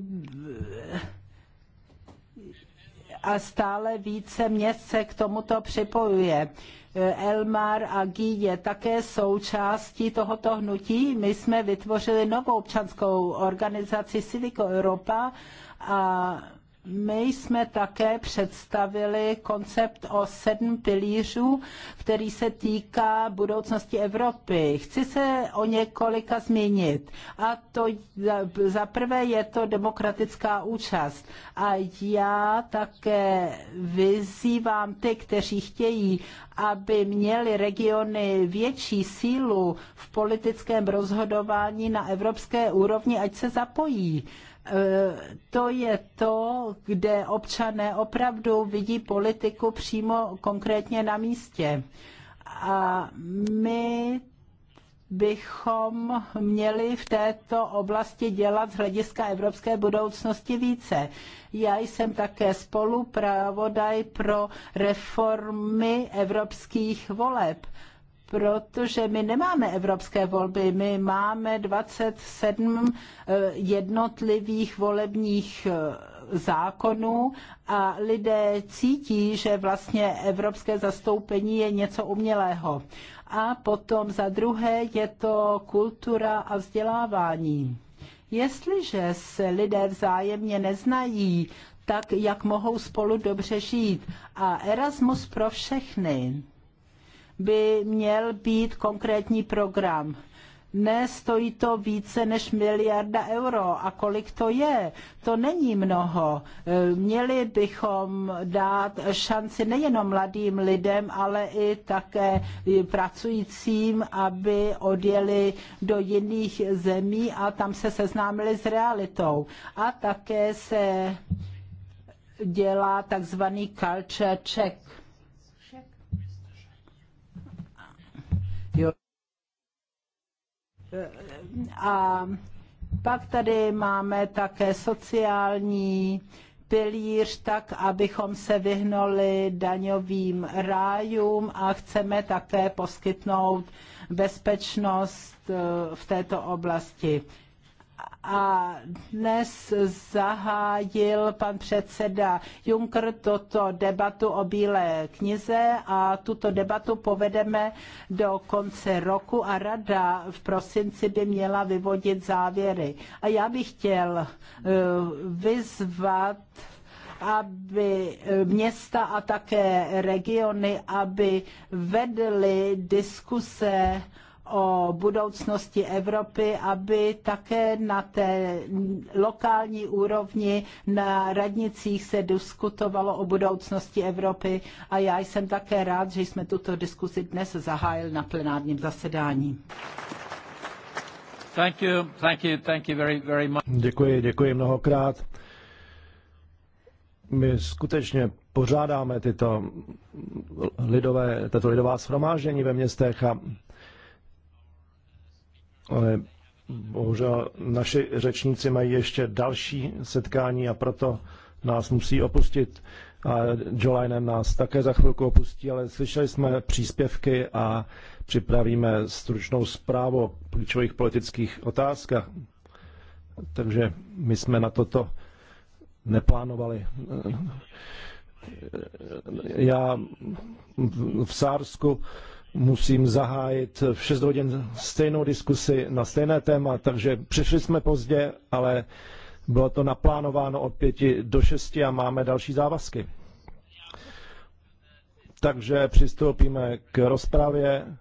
eh, a stále více měst se k tomuto připojuje. Elmar a Guy je také součástí tohoto hnutí. My jsme vytvořili novou občanskou organizaci Civico Europa a my jsme také představili koncept o sedm pilířů, který se týká budoucnosti Evropy. Chci se o několika zmínit. A to za prvé je to demokratická účast. A já také vyzývám ty, kteří chtějí, aby měly regiony větší sílu v politickém rozhodování na evropské úrovni, ať se zapojí to je to, kde občané opravdu vidí politiku přímo konkrétně na místě. A my bychom měli v této oblasti dělat z hlediska evropské budoucnosti více. Já jsem také spolupravodaj pro reformy evropských voleb protože my nemáme evropské volby, my máme 27 eh, jednotlivých volebních eh, zákonů a lidé cítí, že vlastně evropské zastoupení je něco umělého. A potom za druhé je to kultura a vzdělávání. Jestliže se lidé vzájemně neznají, tak jak mohou spolu dobře žít. A Erasmus pro všechny by měl být konkrétní program. Ne stojí to více než miliarda euro. A kolik to je? To není mnoho. E, měli bychom dát šanci nejenom mladým lidem, ale i také pracujícím, aby odjeli do jiných zemí a tam se seznámili s realitou. A také se dělá takzvaný culture check A pak tady máme také sociální pilíř tak, abychom se vyhnuli daňovým rájům a chceme také poskytnout bezpečnost eh, v této oblasti a dnes zahájil pan předseda Juncker toto debatu o Bílé knize a tuto debatu povedeme do konce roku a rada v prosinci by měla vyvodit závěry. A já bych chtěl eh, vyzvat aby eh, města a také regiony, aby vedly diskuse o budoucnosti Evropy, aby také na té lokální úrovni na radnicích se diskutovalo o budoucnosti Evropy a já jsem také rád, že jsme tuto diskuzi dnes zahájili na plenárním zasedání. Thank you, thank you, thank you very, very much. Děkuji, děkuji mnohokrát. My skutečně pořádáme tyto lidové, tato lidová shromáždění ve městech a ale bohužel naši řečníci mají ještě další setkání a proto nás musí opustit. A Jolainen nás také za chvilku opustí, ale slyšeli jsme příspěvky a připravíme stručnou zprávu o klíčových politických otázkách. Takže my jsme na toto neplánovali. Já v Sársku musím zahájit v 6 hodin stejnou diskusi na stejné téma, takže přišli jsme pozdě, ale bylo to naplánováno od 5 do 6 a máme další závazky. Takže přistoupíme k rozpravě.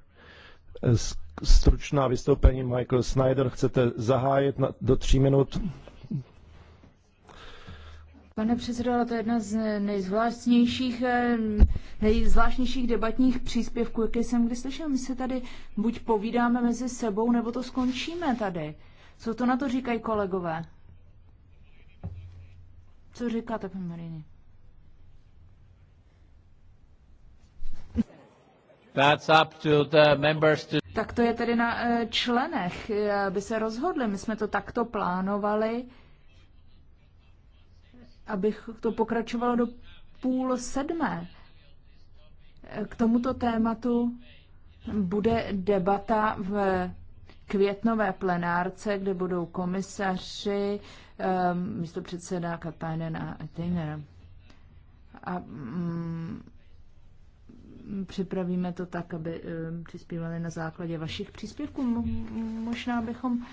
Stručná vystoupení Michael Snyder chcete zahájit do tří minut. Pane předsedo, to je jedna z nejzvláštnějších, eh, nejzvláštnějších debatních příspěvků, jaké jsem kdy slyšel. My se tady buď povídáme mezi sebou, nebo to skončíme tady. Co to na to říkají kolegové? Co říkáte, paní Marini? That's up to the members to... Tak to je tedy na eh, členech, eh, aby se rozhodli. My jsme to takto plánovali abych to pokračovalo do půl sedmé. K tomuto tématu bude debata v květnové plenárce, kde budou komisaři, ehm, místo předseda Katajnen a Ettinger. A mm, připravíme to tak, aby ehm, přispívali na základě vašich příspěvků. Možná bychom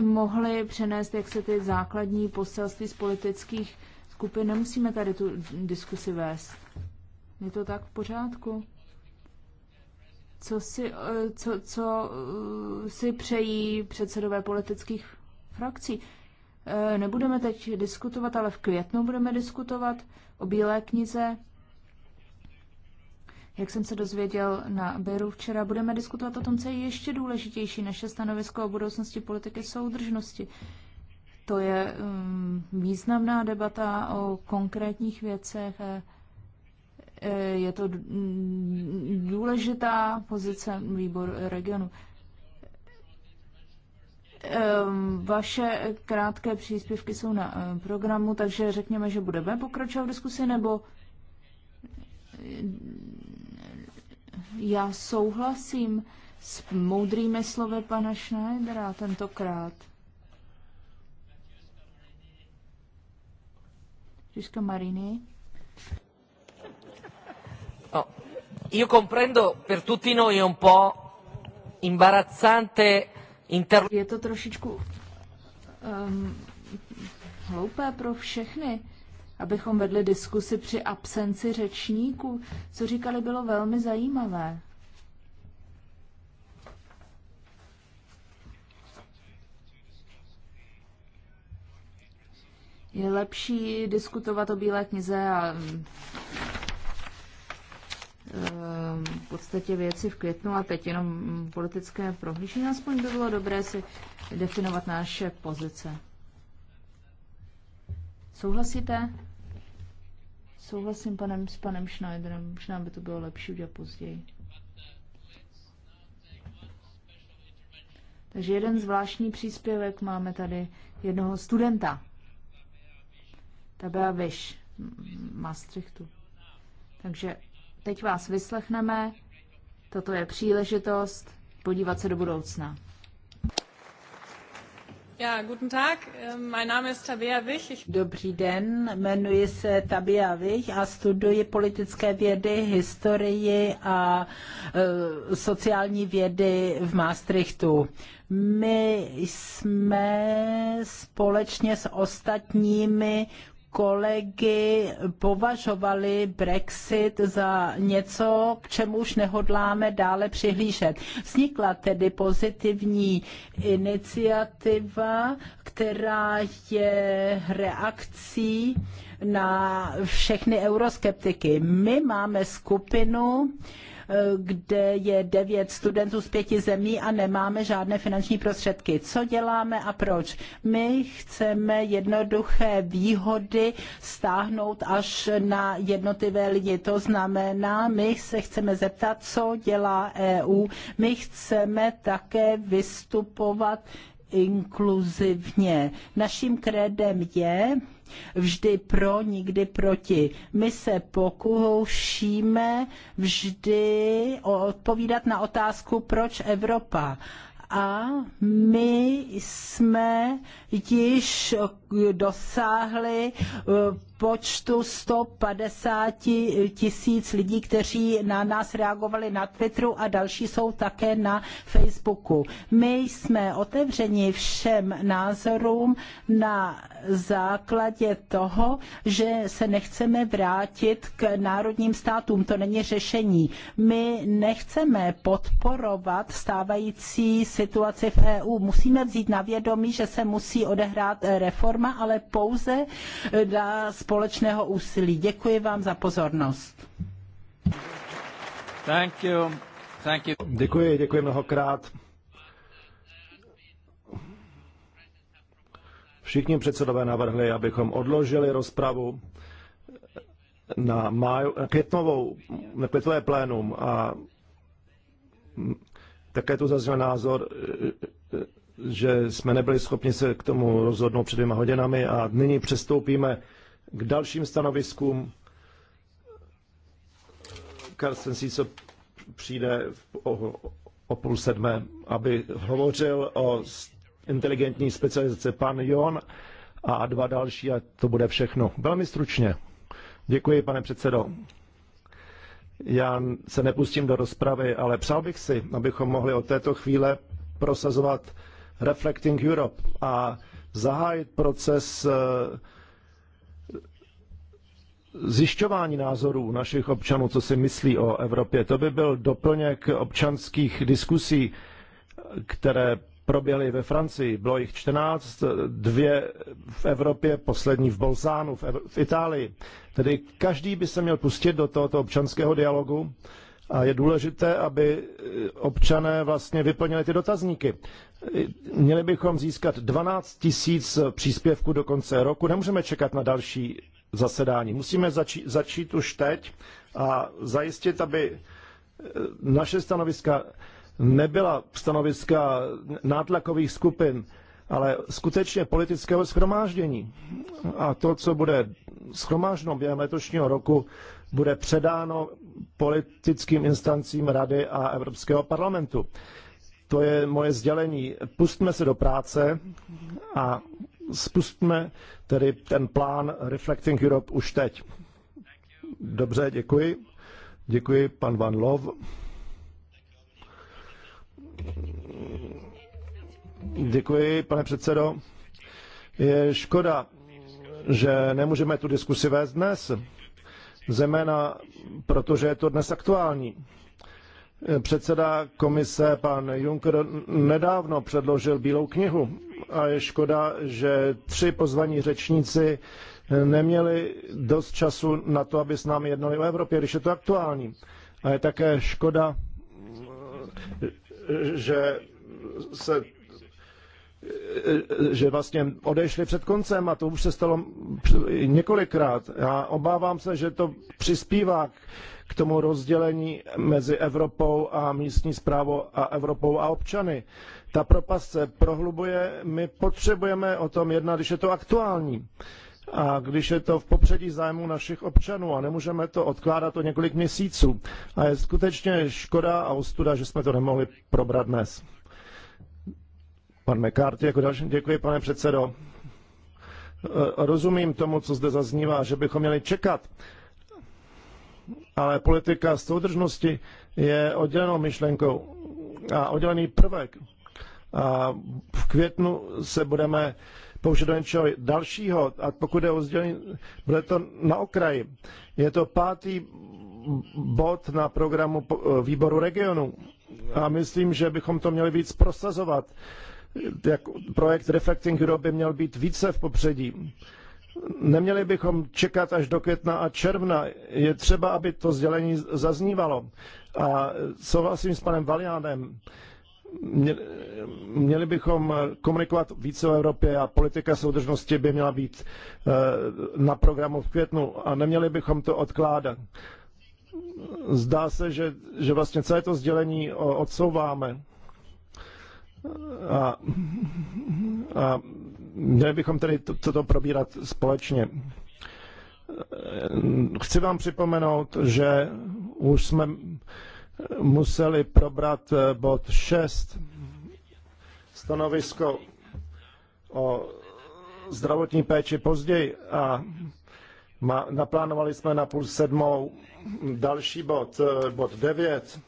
mohli přenést jak se ty základní poselství z politických skupin. Nemusíme tady tu diskusi vést. Je to tak v pořádku? Co si, eh, co, co eh, si přejí předsedové politických frakcí? Eh, nebudeme teď diskutovat, ale v květnu budeme diskutovat o Bílé knize jak jsem se dozvěděl na Beru včera, budeme diskutovat o tom, co je ještě důležitější naše stanovisko o budoucnosti politiky soudržnosti. To je um, významná debata o konkrétních věcech. E, je to mm, důležitá pozice výboru e, regionu. E, vaše krátké příspěvky jsou na programu, takže řekněme, že budeme pokračovat v diskusi, nebo já souhlasím s moudrými slovy pana Schneidera tentokrát. Žižka Marini. No, Io comprendo per tutti noi un po' imbarazzante inter... Je to trošičku um, hloupé pro všechny abychom vedli diskusy při absenci řečníků. Co říkali, bylo velmi zajímavé. Je lepší diskutovat o Bílé knize a mm, ehm, v podstatě věci v květnu a teď jenom politické prohlížení. Aspoň by bylo dobré si definovat naše pozice. Souhlasíte? Souhlasím panem, s panem Schneiderem. Možná by to bylo lepší udělat později. Takže jeden zvláštní příspěvek máme tady jednoho studenta. Tabea Vyš, Maastrichtu. Takže teď vás vyslechneme. Toto je příležitost podívat se do budoucna. Ja, guten Tag. Ähm, mein Name ist Tabea Wich. Dobrý den, jmenuji se Tabea Wich a studuji politické vědy, historii a e, sociální vědy v Maastrichtu. My jsme společně s ostatními kolegy považovali Brexit za něco, k čemu už nehodláme dále přihlížet. Vznikla tedy pozitivní iniciativa, která je reakcí na všechny euroskeptiky. My máme skupinu, kde je devět studentů z pěti zemí a nemáme žádné finanční prostředky. Co děláme a proč? My chceme jednoduché výhody stáhnout až na jednotlivé lidi. To znamená, my se chceme zeptat, co dělá EU. My chceme také vystupovat inkluzivně. Naším krédem je vždy pro, nikdy proti. My se pokoušíme vždy odpovídat na otázku, proč Evropa. A my jsme již eh, dosáhly eh, počtu 150 tisíc lidí, kteří na nás reagovali na Twitteru a další jsou také na Facebooku. My jsme otevřeni všem názorům na základě toho, že se nechceme vrátit k národním státům. To není řešení. My nechceme podporovat stávající situaci v EU. Musíme vzít na vědomí, že se musí odehrát eh, reforma, ale pouze eh, dá společného úsilí. Děkuji vám za pozornost. Thank you. Thank you. Děkuji, děkuji mnohokrát. Všichni předsedové navrhli, abychom odložili rozpravu na, máju, na, eh, květnovou, na květové plénum a také tu zazněl názor, že jsme nebyli schopni se k tomu rozhodnout před dvěma hodinami a nyní přestoupíme k dalším stanoviskům. Karsten Siso přijde o, o půl sedmé, aby hovořil o inteligentní specializace pan Jon a dva další a to bude všechno. Velmi stručně. Děkuji, pane předsedo. Já se nepustím do rozpravy, ale přál bych si, abychom mohli od této chvíle prosazovat Reflecting Europe a zahájit proces eh, zjišťování názorů našich občanů, co si myslí o Evropě. To by byl doplněk občanských diskusí, které proběhly ve Francii. Bylo jich 14, dvě v Evropě, poslední v Bolzánu, v, v Itálii. Tedy každý by se měl pustit do tohoto občanského dialogu a je důležité, aby e, občané vlastně vyplnili ty dotazníky. E, měli bychom získat 12 tisíc příspěvků do konce roku. Nemůžeme čekat na další zasedání. Musíme začít, začít už teď a zajistit, aby e, naše stanoviska nebyla stanoviska nátlakových skupin, ale skutečně politického schromáždění. A to, co bude schromážděno během letošního roku, bude předáno politickým instancím Rady a Evropského parlamentu. To je moje sdělení. Pustme se do práce a spustme tedy ten plán Reflecting Europe už teď. Dobře, děkuji. Děkuji, pan Van Lov. Děkuji, pane předsedo. Je škoda, že nemůžeme tu diskusi vést dnes zejména protože je to dnes aktuální. Předseda komise pan Juncker nedávno předložil Bílou knihu a je škoda, že tři pozvaní řečníci neměli dost času na to, aby s námi jednali o Evropě, když je to aktuální. A je také škoda, že se že vlastně odešli před koncem a to už se stalo několikrát. Já obávám se, že to přispívá k tomu rozdělení mezi Evropou a místní zprávou a Evropou a občany. Ta propast se prohlubuje, my potřebujeme o tom jednat, když je to aktuální. A když je to v popředí zájmu našich občanů a nemůžeme to odkládat o několik měsíců. A je skutečně škoda a ostuda, že jsme to nemohli probrat dnes. Pan McCarthy jako další. Děkuji, pane předsedo. E, rozumím tomu, co zde zaznívá, že bychom měli čekat, ale politika soudržnosti je oddělenou myšlenkou a oddělený prvek. A v květnu se budeme použít do něčeho dalšího a pokud je o sdělení, bude to na okraji. Je to pátý bod na programu výboru regionu a myslím, že bychom to měli víc prosazovat jak projekt Reflecting Europe by měl být více v popředí. Neměli bychom čekat až do května a června. Je třeba, aby to sdělení zaznívalo. A souhlasím s panem Valiánem. Měli bychom komunikovat více o Evropě a politika soudržnosti by měla být eh, na programu v květnu a neměli bychom to odkládat. Zdá se, že, že vlastně celé to sdělení odsouváme. A, a měli bychom tedy toto probírat společně. Chci vám připomenout, že už jsme museli probrat bod 6, stanovisko o zdravotní péči později a naplánovali jsme na půl sedmou další bod, eh, bod 9,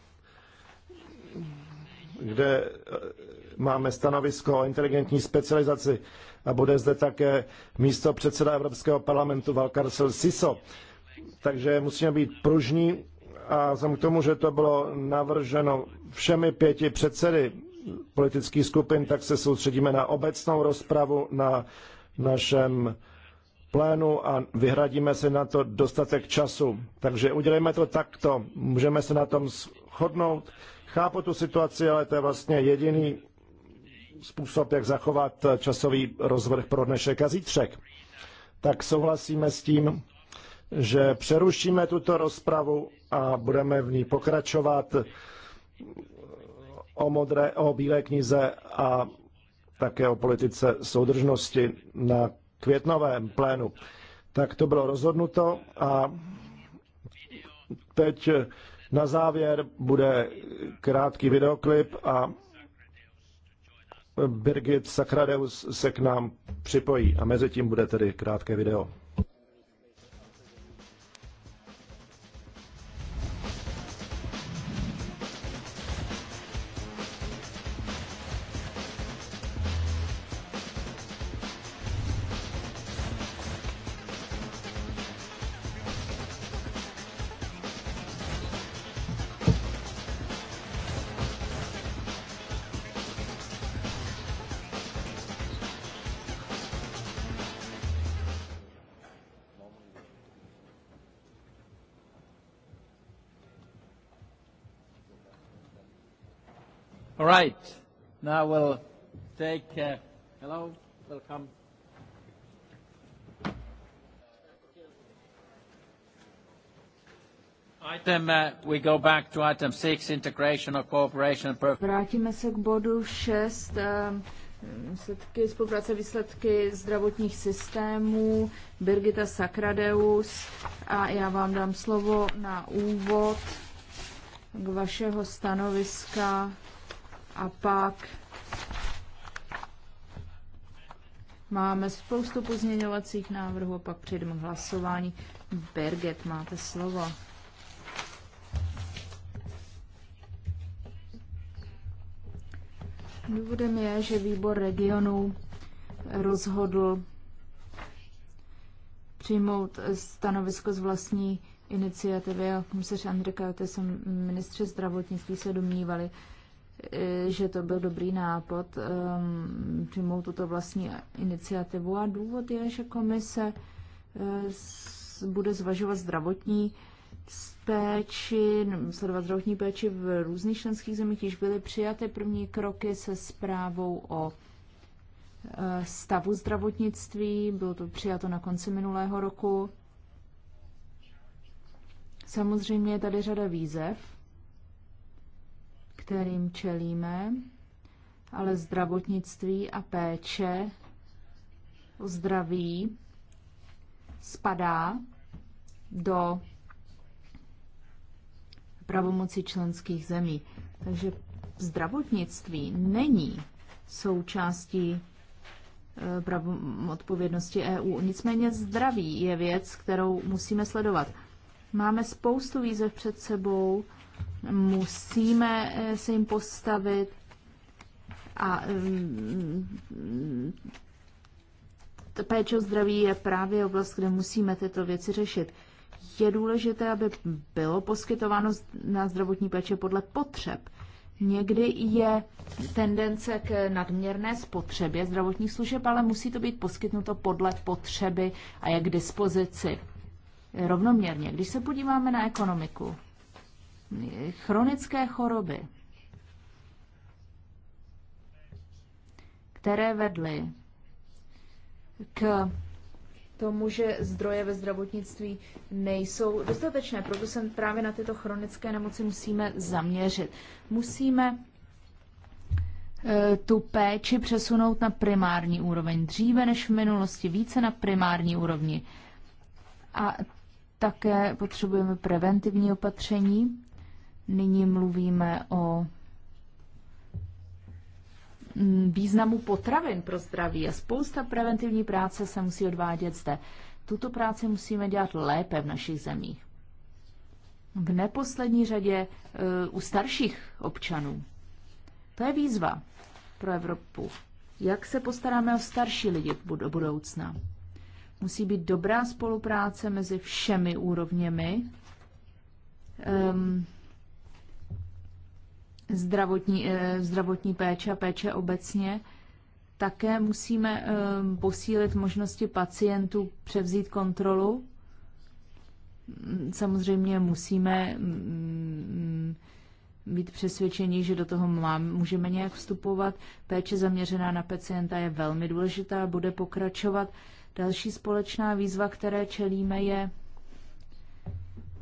kde máme stanovisko o inteligentní specializaci a bude zde také místo předseda Evropského parlamentu Valkarsel Siso. Takže musíme být pružní a vzhledem k tomu, že to bylo navrženo všemi pěti předsedy politických skupin, tak se soustředíme na obecnou rozpravu na našem plénu a vyhradíme si na to dostatek času. Takže udělejme to takto, můžeme se na tom shodnout. Chápu tu situaci, ale to je vlastně jediný způsob, jak zachovat časový rozvrh pro dnešek a zítřek, tak souhlasíme s tím, že přerušíme tuto rozpravu a budeme v ní pokračovat o, modré, o bílé knize a také o politice soudržnosti na květnovém plénu. Tak to bylo rozhodnuto a teď na závěr bude krátký videoklip a Birgit Sakradeus se k nám připojí a mezi tím bude tedy krátké video. All right. Now we'll take. Uh, hello, welcome. Item, uh, we go back to item six, integration of cooperation and performance. Vrátíme se k bodu šest, um, výsledky, spolupráce výsledky zdravotních systémů, Birgita Sakradeus a já vám dám slovo na úvod k vašeho stanoviska a pak máme spoustu pozměňovacích návrhů a pak přejdeme k hlasování. Berget, máte slovo. Důvodem je, že výbor regionů rozhodl přijmout stanovisko z vlastní iniciativy a musíš Andrika jsem ministře zdravotnictví, se domnívali, Eh, že to byl dobrý nápad um, přijmout tuto vlastní iniciativu a důvod je, že komise uh, bude zvažovat zdravotní péči, sledovat zdravotní péči v různých členských zemích, již byly přijaty první kroky se zprávou o uh, stavu zdravotnictví, bylo to přijato na konci minulého roku. Samozřejmě je tady řada výzev, kterým čelíme, ale zdravotnictví a péče o zdraví spadá do pravomoci členských zemí. Takže zdravotnictví není součástí e, odpovědnosti EU. Nicméně zdraví je věc, kterou musíme sledovat. Máme spoustu výzev před sebou, musíme eh, se jim postavit a mm, péče o zdraví je právě oblast, kde musíme tyto věci řešit. Je důležité, aby bylo poskytováno na zdravotní péče podle potřeb. Někdy je tendence k nadměrné spotřebě zdravotních služeb, ale musí to být poskytnuto podle potřeby a je k dispozici rovnoměrně. Když se podíváme na ekonomiku, chronické choroby, které vedly k tomu, že zdroje ve zdravotnictví nejsou dostatečné. Proto se právě na tyto chronické nemoci musíme zaměřit. Musíme eh, tu péči přesunout na primární úroveň. Dříve než v minulosti, více na primární úrovni. A také potřebujeme preventivní opatření, Nyní mluvíme o významu potravin pro zdraví a spousta preventivní práce se musí odvádět zde. Tuto práci musíme dělat lépe v našich zemích. V neposlední řadě e, u starších občanů. To je výzva pro Evropu. Jak se postaráme o starší lidi do budoucna? Musí být dobrá spolupráce mezi všemi úrovněmi. Um, zdravotní, eh, zdravotní péče a péče obecně. Také musíme ehm, posílit možnosti pacientů převzít kontrolu. Samozřejmě musíme mm, být přesvědčení, že do toho mám, můžeme nějak vstupovat. Péče zaměřená na pacienta je velmi důležitá, bude pokračovat. Další společná výzva, které čelíme, je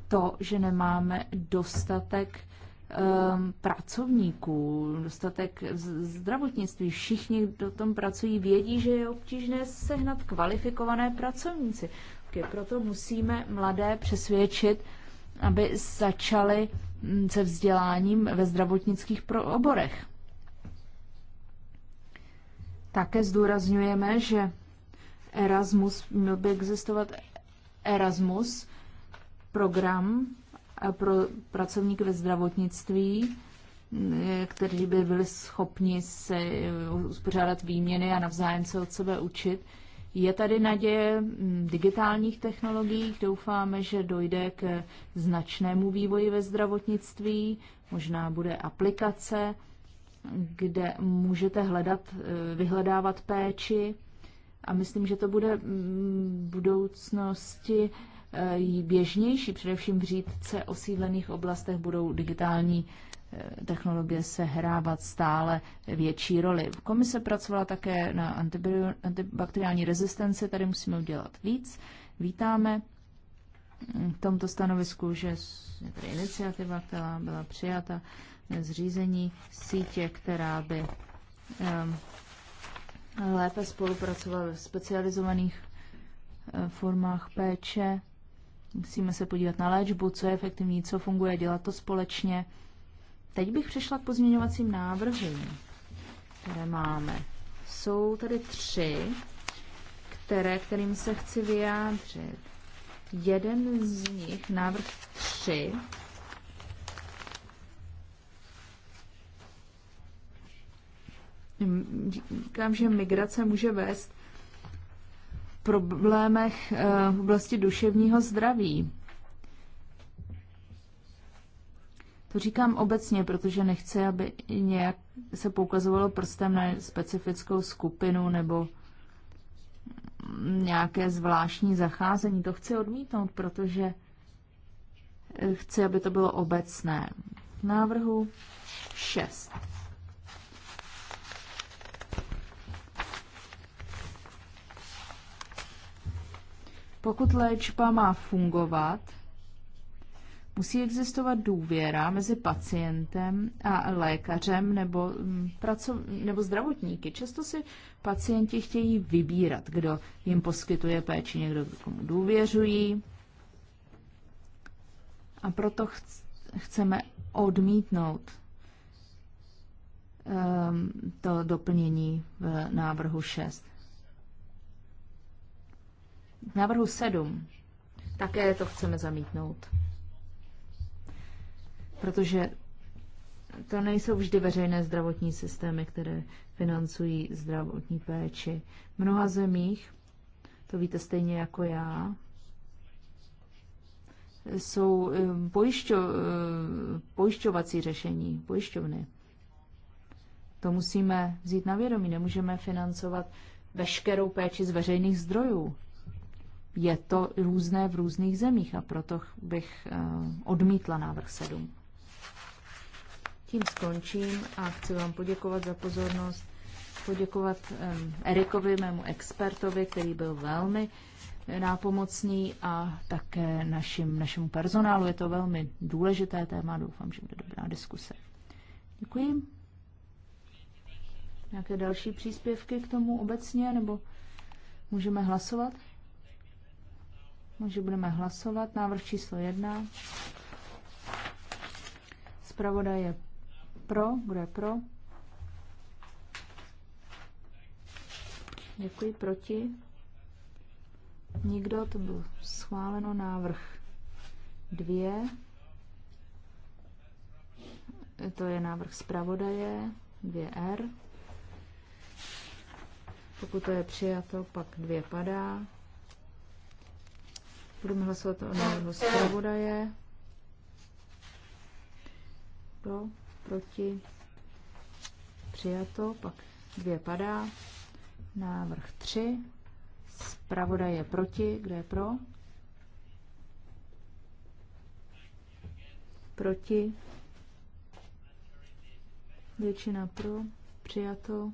to, že nemáme dostatek Ehm, pracovníků, dostatek zdravotnictví. Všichni, kdo tom pracují, vědí, že je obtížné sehnat kvalifikované pracovníci. Proto musíme mladé přesvědčit, aby začali hm, se vzděláním ve zdravotnických oborech. Také zdůrazňujeme, že Erasmus měl by existovat Erasmus program pro pracovník ve zdravotnictví, eh, kteří by byli schopni se eh, uspořádat výměny a navzájem se od sebe učit. Je tady naděje mm, digitálních technologií, doufáme, že dojde k značnému vývoji ve zdravotnictví, možná bude aplikace, kde můžete hledat, eh, vyhledávat péči a myslím, že to bude mm, v budoucnosti Eh, běžnější, především v řídce osídlených oblastech budou digitální eh, technologie sehrávat stále větší roli. Komise pracovala také na antibakteriální rezistenci, tady musíme udělat víc. Vítáme hm, v tomto stanovisku, že je tady iniciativa, která byla přijata, zřízení sítě, která by ehm, lépe spolupracovala v specializovaných eh, formách péče Musíme se podívat na léčbu, co je efektivní, co funguje, dělat to společně. Teď bych přešla k pozměňovacím návrhům, které máme. Jsou tady tři, které, kterým se chci vyjádřit. Jeden z nich, návrh tři, říkám, že migrace může vést problémech eh, v oblasti duševního zdraví. To říkám obecně, protože nechci, aby nějak se poukazovalo prstem na specifickou skupinu nebo nějaké zvláštní zacházení. To chci odmítnout, protože eh, chci, aby to bylo obecné. Návrhu 6. Pokud léčba má fungovat, musí existovat důvěra mezi pacientem a lékařem nebo, mm, praco- nebo zdravotníky. Často si pacienti chtějí vybírat, kdo jim poskytuje péči, někdo komu důvěřují. A proto chc- chceme odmítnout um, to doplnění v návrhu 6. V návrhu 7 také to chceme zamítnout. Protože to nejsou vždy veřejné zdravotní systémy, které financují zdravotní péči. V mnoha zemích, to víte stejně jako já, jsou eh, pojišťo, eh, pojišťovací řešení, pojišťovny. To musíme vzít na vědomí. Nemůžeme financovat veškerou péči z veřejných zdrojů je to různé v různých zemích a proto bych eh, odmítla návrh 7. Tím skončím a chci vám poděkovat za pozornost, poděkovat Erikovi, mému expertovi, který byl velmi nápomocný a také našim, našemu personálu. Je to velmi důležité téma, doufám, že bude dobrá diskuse. Děkuji. Nějaké další příspěvky k tomu obecně, nebo můžeme hlasovat? Takže budeme hlasovat. Návrh číslo jedna. Zpravodaj je pro. Kdo je pro? Děkuji. Proti? Nikdo. To bylo schváleno. Návrh dvě. To je návrh zpravodaje 2R. Pokud to je přijato, pak dvě padá. Budeme hlasovat o návrhu zpravodaje. Pro, proti, přijato, pak dvě padá. Návrh tři, Zpravodaj je proti, kde je pro? Proti. Většina pro, přijato.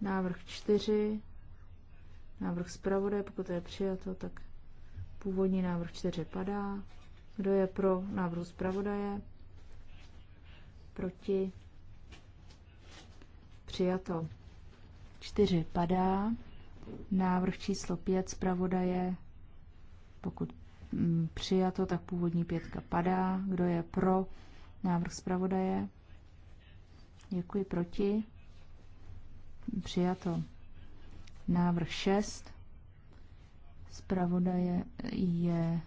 Návrh čtyři. Návrh zpravodaje, pokud je přijato, tak původní návrh 4 padá. Kdo je pro návrh zpravodaje? Proti? Přijato. 4 padá. Návrh číslo 5 zpravodaje, pokud mm, přijato, tak původní pětka padá. Kdo je pro návrh zpravodaje? Děkuji proti. Přijato. Návrh 6 zpravodaje je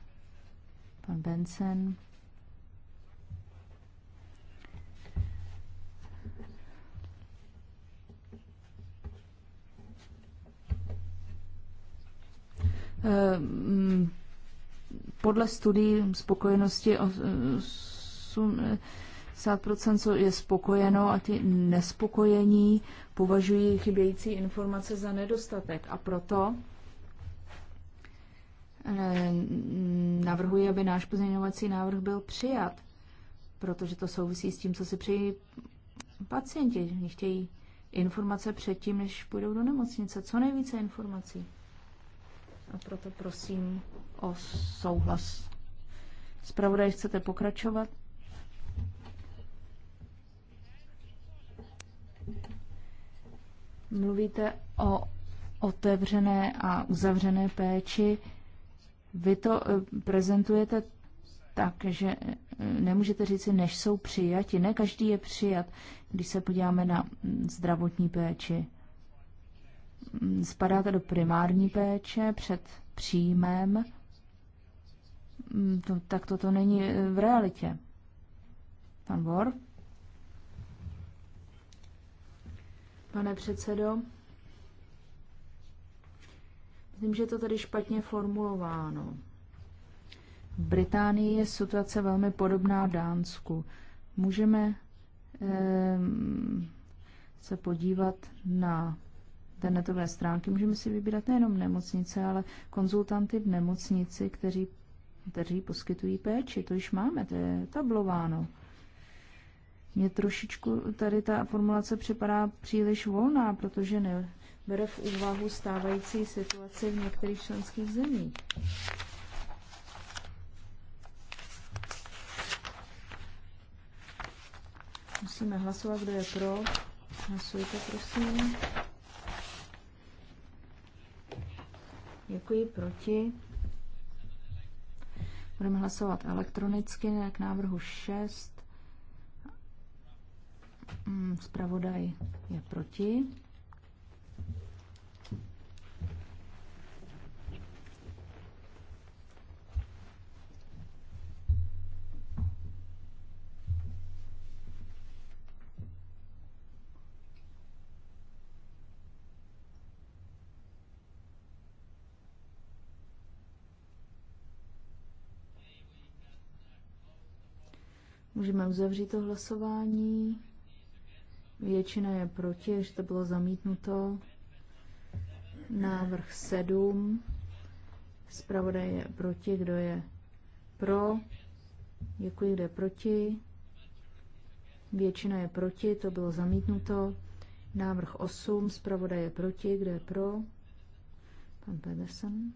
pan Benson. Ehm, mm, podle studií spokojenosti 50% co je spokojeno a ti nespokojení považují chybějící informace za nedostatek a proto eh, navrhuji, aby náš pozměňovací návrh byl přijat, protože to souvisí s tím, co si přejí pacienti. Oni chtějí informace předtím, než půjdou do nemocnice, co nejvíce informací. A proto prosím o souhlas. Spravodaj, chcete pokračovat? Mluvíte o otevřené a uzavřené péči. Vy to eh, prezentujete tak, že eh, nemůžete říci, než jsou přijati. Ne každý je přijat, když se podíváme na mm, zdravotní péči. Mm, Spadáte do primární péče před příjmem. Mm, to, tak toto není eh, v realitě. Pan Bor? pane předsedo. Myslím, že je to tady špatně formulováno. V Británii je situace velmi podobná Dánsku. Můžeme eh, se podívat na internetové stránky, můžeme si vybírat nejenom nemocnice, ale konzultanty v nemocnici, kteří, kteří poskytují péči. To již máme, to je tablováno. Mně trošičku tady ta formulace připadá příliš volná, protože nebere v úvahu stávající situaci v některých členských zemích. Musíme hlasovat, kdo je pro. Hlasujte, prosím. Děkuji, proti. Budeme hlasovat elektronicky k návrhu 6. Spravodaj mm, je proti. Můžeme uzavřít to hlasování. Většina je proti, že to bylo zamítnuto. Návrh 7. Zpravodaj je proti, kdo je pro. Děkuji, kdo je proti. Většina je proti, to bylo zamítnuto. Návrh 8, zpravodaj je proti, kdo je pro. Pan Pedersen.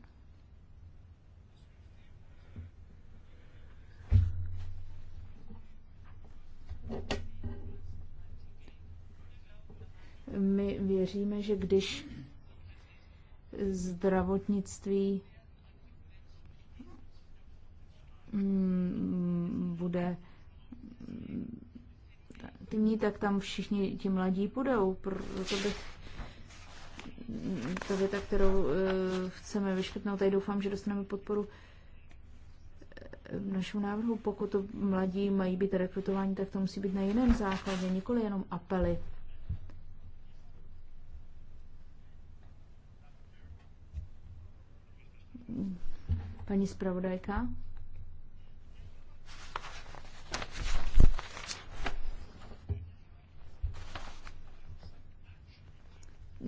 Thank you. My věříme, že když zdravotnictví mm, bude aktivní, tak tam všichni ti mladí půjdou. Proto bych to věta, kterou uh, chceme vyškrtnout, tady doufám, že dostaneme podporu v eh, našem návrhu. Pokud to mladí mají být rekrutováni, tak to musí být na jiném základě, nikoli jenom apely. Paní zpravodajka.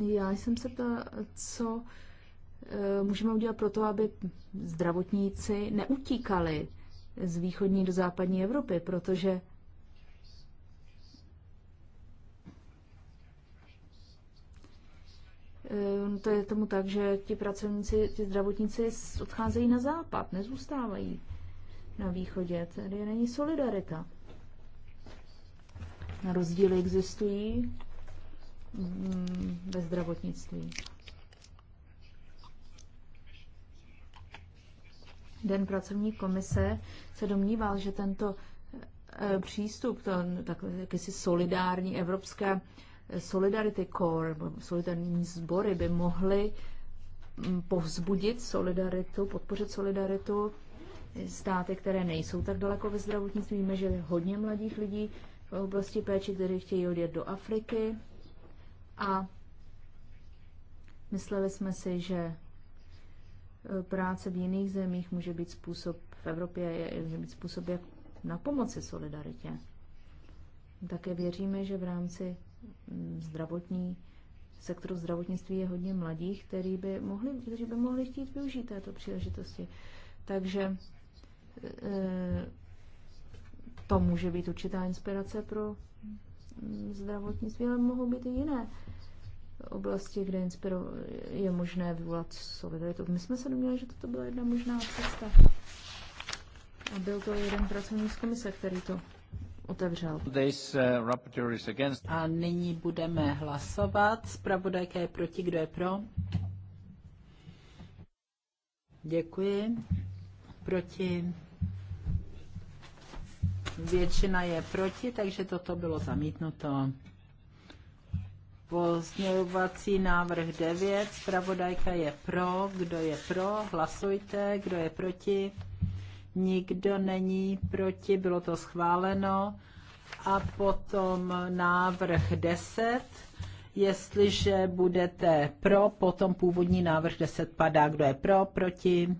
Já jsem se ptala, co e, můžeme udělat pro to, aby zdravotníci neutíkali z východní do západní Evropy, protože Ehm, to je tomu tak, že ti pracovníci, ti zdravotníci odcházejí na západ, nezůstávají na východě. Tady není solidarita. Na rozdíly existují mm, ve zdravotnictví. Den pracovní komise se domníval, že tento eh, přístup, to tak, jakýsi solidární evropské Solidarity Corps, solidarní sbory by mohly mm, povzbudit solidaritu, podpořit solidaritu státy, které nejsou tak daleko ve zdravotnictví. Víme, že je hodně mladých lidí v oblasti péče, kteří chtějí odjet do Afriky a mysleli jsme si, že e, práce v jiných zemích může být způsob, v Evropě je, může být způsob, jak na pomoci solidaritě. Také věříme, že v rámci zdravotní, sektoru zdravotnictví je hodně mladých, který by mohli, kteří by mohli chtít využít této příležitosti. Takže eh, to může být určitá inspirace pro mm, zdravotnictví, ale mohou být i jiné oblasti, kde inspiro je možné vyvolat solidaritu. My jsme se domněli, že toto byla jedna možná cesta. A byl to jeden pracovník z komise, který to otevřel. This, uh, is against. A nyní budeme hlasovat. Zpravodajka je proti, kdo je pro? Děkuji. Proti. Většina je proti, takže toto bylo zamítnuto. Pozměňovací návrh 9. Zpravodajka je pro. Kdo je pro? Hlasujte. Kdo je proti? nikdo není proti, bylo to schváleno. A potom návrh 10, jestliže budete pro, potom původní návrh 10 padá, kdo je pro, proti.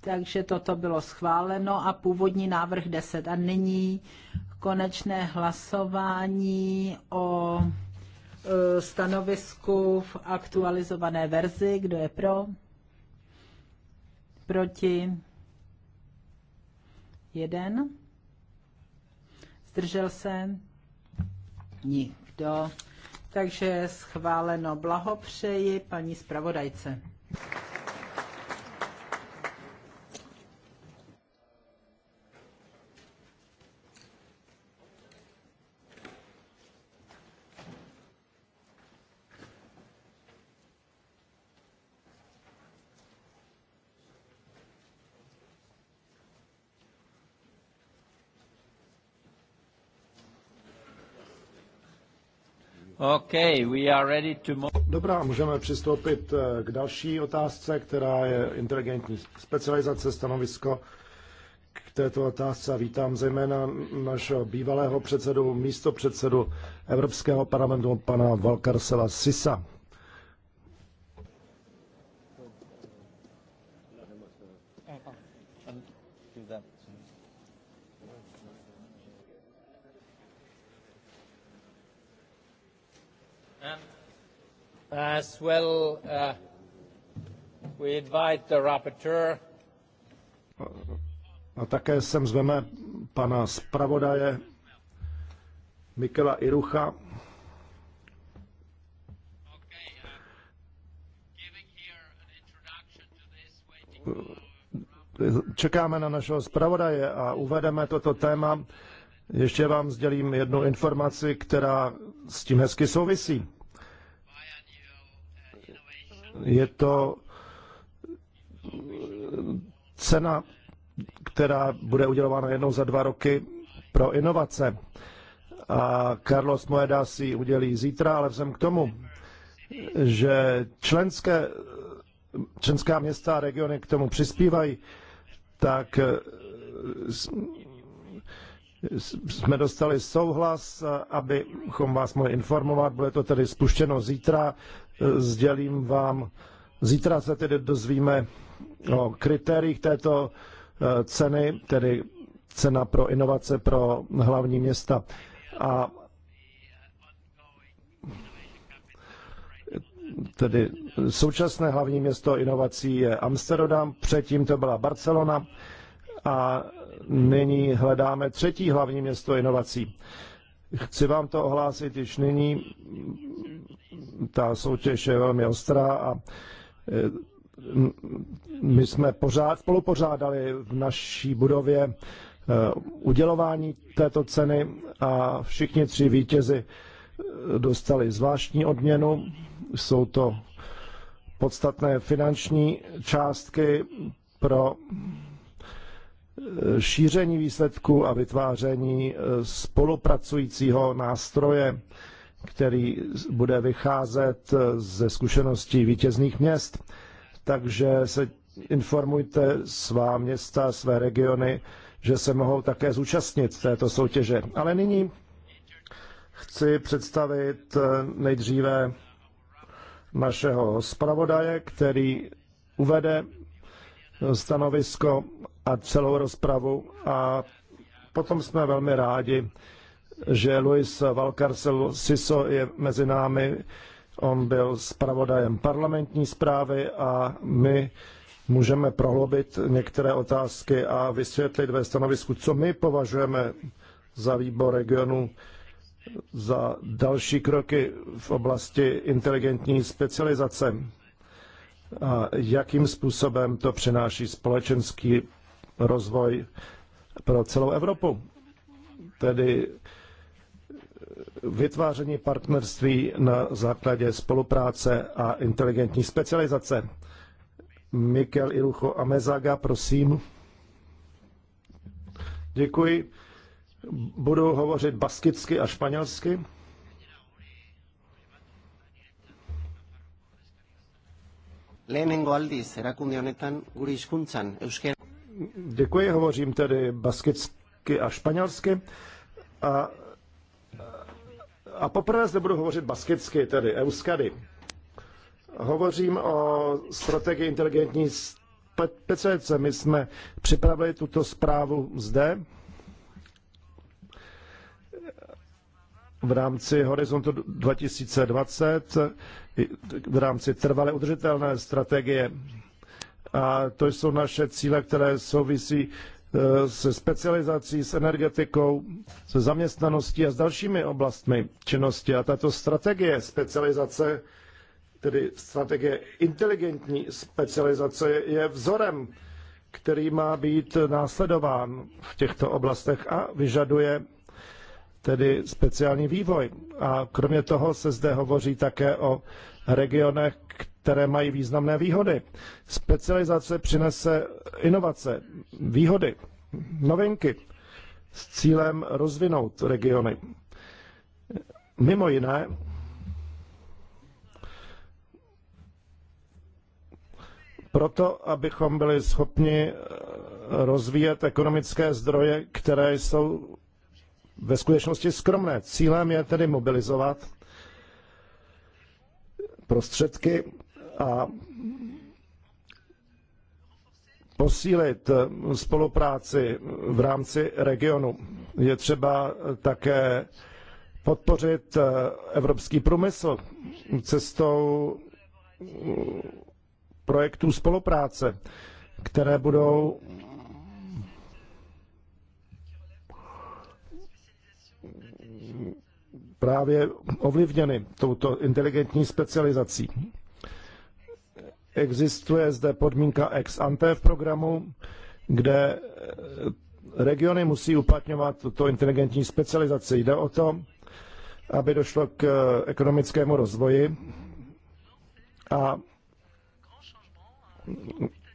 Takže toto bylo schváleno a původní návrh 10. A nyní konečné hlasování o e, stanovisku v aktualizované verzi. Kdo je pro? proti, jeden, zdržel se, nikdo. Takže schváleno blahopřeji paní zpravodajce. Okay, we are ready to move. Dobrá, můžeme přistoupit eh, k další otázce, která je inteligentní specializace, stanovisko k této otázce. Vítám zejména našeho bývalého předsedu, místo předsedu Evropského parlamentu, pana Valkarsela Sisa. well, uh, we invite the rapporteur. A také sem zveme pana zpravodaje Mikela Irucha. Čekáme na našeho zpravodaje a uvedeme toto téma. Ještě vám sdělím jednu informaci, která s tím hezky souvisí. Je to cena, která bude udělována jednou za dva roky pro inovace. A Carlos Moeda si ji udělí zítra, ale vzhledem k tomu, že členské, členská města a regiony k tomu přispívají, tak jsme dostali souhlas, abychom vás mohli informovat. Bude to tedy spuštěno zítra sdělím vám. Zítra se tedy dozvíme o kritériích této eh, ceny, tedy cena pro inovace pro hlavní města. A tedy současné hlavní město inovací je Amsterdam, předtím to byla Barcelona a nyní hledáme třetí hlavní město inovací. Chci vám to ohlásit již nyní. Ta soutěž je velmi ostrá a e, my jsme pořád spolupořádali v naší budově e, udělování této ceny a všichni tři vítězi e, dostali zvláštní odměnu. Jsou to podstatné finanční částky pro šíření výsledků a vytváření e, spolupracujícího nástroje, který bude vycházet e, ze zkušeností vítězných měst. Takže se informujte svá města, své regiony, že se mohou také zúčastnit této soutěže. Ale nyní chci představit e, nejdříve našeho zpravodaje, který uvede stanovisko a celou rozpravu a potom jsme velmi rádi, že Luis Valcarcel Siso je mezi námi. On byl zpravodajem parlamentní zprávy a my můžeme prohlobit některé otázky a vysvětlit ve stanovisku, co my považujeme za výbor regionu, za další kroky v oblasti inteligentní specializace a jakým způsobem to přináší společenský rozvoj pro celou Evropu. Tedy vytváření partnerství na základě spolupráce a inteligentní specializace. Mikel Irucho Amezaga, prosím. Děkuji. Budu hovořit baskicky a španělsky. Lehenengo aldiz, erakunde honetan guri hizkuntzan euskera Děkuji, hovořím tedy baskicky a španělsky. A, a poprvé zde budu hovořit baskicky, tedy euskady. Hovořím o strategii inteligentní PCC. My jsme připravili tuto zprávu zde v rámci Horizontu 2020, v rámci trvale udržitelné strategie a to jsou naše cíle, které souvisí e, se specializací, s energetikou, se zaměstnaností a s dalšími oblastmi činnosti. A tato strategie specializace, tedy strategie inteligentní specializace, je vzorem, který má být následován v těchto oblastech a vyžaduje tedy speciální vývoj. A kromě toho se zde hovoří také o regionech, které mají významné výhody. Specializace přinese inovace, výhody, novinky s cílem rozvinout regiony. Mimo jiné, proto, abychom byli schopni eh, rozvíjet ekonomické zdroje, které jsou ve skutečnosti skromné. Cílem je tedy mobilizovat prostředky a posílit spolupráci v rámci regionu. Je třeba také podpořit evropský průmysl cestou projektů spolupráce, které budou právě ovlivněny touto inteligentní specializací. Existuje zde podmínka ex ante v programu, kde eh, regiony musí uplatňovat tuto inteligentní specializaci. Jde o to, aby došlo k eh, ekonomickému rozvoji a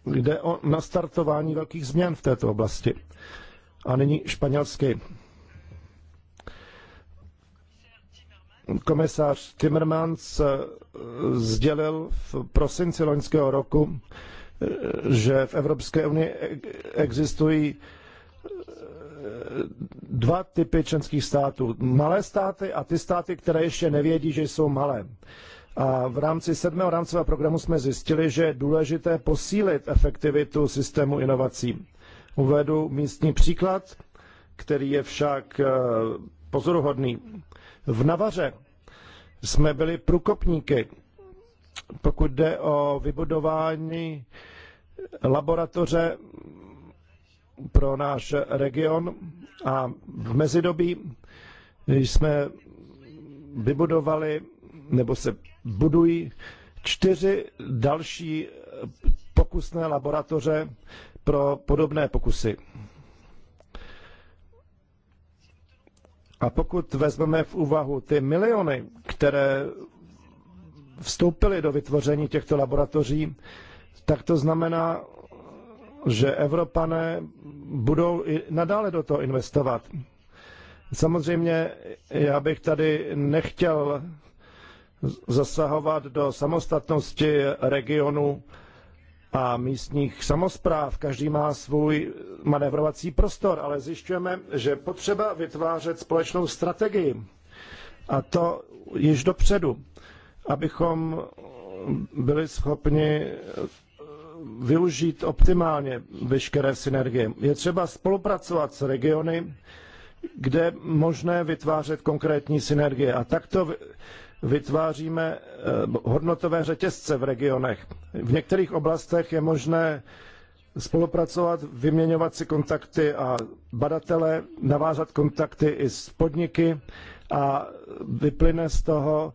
jde o nastartování velkých změn v této oblasti. A nyní španělsky. komisař Timmermans eh, sdělil v prosinci loňského roku, eh, že v Evropské unii existují eh, dva typy členských států. Malé státy a ty státy, které ještě nevědí, že jsou malé. A v rámci sedmého rámcového programu jsme zjistili, že je důležité posílit efektivitu systému inovací. Uvedu místní příklad, který je však pozoruhodný. V Navaře jsme byli průkopníky, pokud jde o vybudování laboratoře pro náš region a v mezidobí jsme vybudovali nebo se budují čtyři další pokusné laboratoře pro podobné pokusy. A pokud vezmeme v úvahu ty miliony, které vstoupily do vytvoření těchto laboratoří, tak to znamená, že Evropané budou i nadále do toho investovat. Samozřejmě já bych tady nechtěl zasahovat do samostatnosti regionu a místních samozpráv. Každý má svůj manevrovací prostor, ale zjišťujeme, že potřeba vytvářet společnou strategii. A to již dopředu, abychom byli schopni eh, využít optimálně veškeré synergie. Je třeba spolupracovat s regiony, kde možné vytvářet konkrétní synergie. A takto vytváříme eh, hodnotové řetězce v regionech. V některých oblastech je možné spolupracovat, vyměňovat si kontakty a badatele, navázat kontakty i s podniky a vyplyne z toho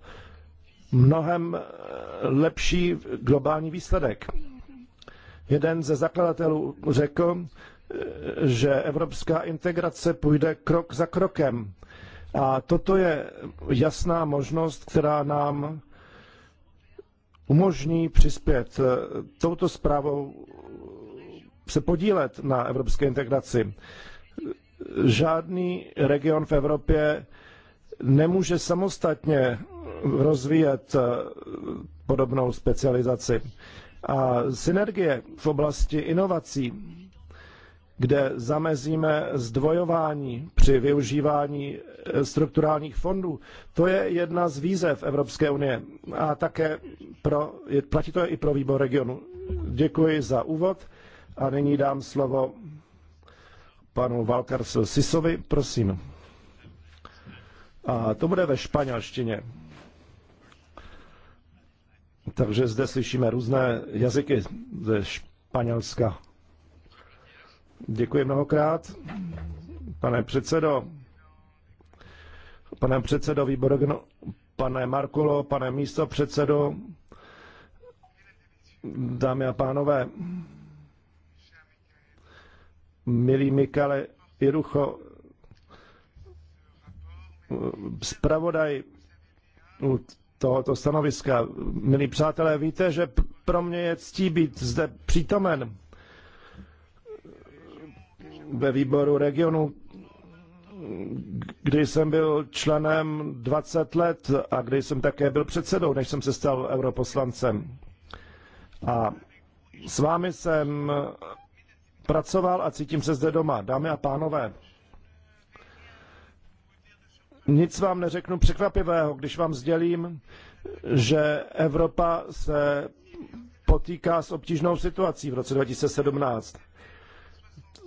mnohem eh, lepší globální výsledek. Jeden ze zakladatelů řekl, eh, že evropská integrace půjde krok za krokem a toto je jasná možnost, která nám umožní přispět eh, touto zprávou se podílet na evropské integraci. Žádný region v Evropě nemůže samostatně rozvíjet eh, podobnou specializaci. A synergie v oblasti inovací kde zamezíme zdvojování při využívání eh, strukturálních fondů. To je jedna z výzev Evropské unie a také pro, platí to i pro výbor regionu. Děkuji za úvod a nyní dám slovo panu Valkarsu Sisovi, prosím. A to bude ve španělštině. Takže zde slyšíme různé jazyky ze Španělska. Děkuji mnohokrát. Pane předsedo, pane předsedo výboru, pane Markulo, pane místo předsedo, dámy a pánové, milý Mikale Jirucho, zpravodaj u tohoto stanoviska. Milí přátelé, víte, že pro mě je ctí být zde přítomen ve výboru regionu, kdy jsem byl členem 20 let a kdy jsem také byl předsedou, než jsem se stal europoslancem. A s vámi jsem pracoval a cítím se zde doma. Dámy a pánové, nic vám neřeknu překvapivého, když vám sdělím, že Evropa se potýká s obtížnou situací v roce 2017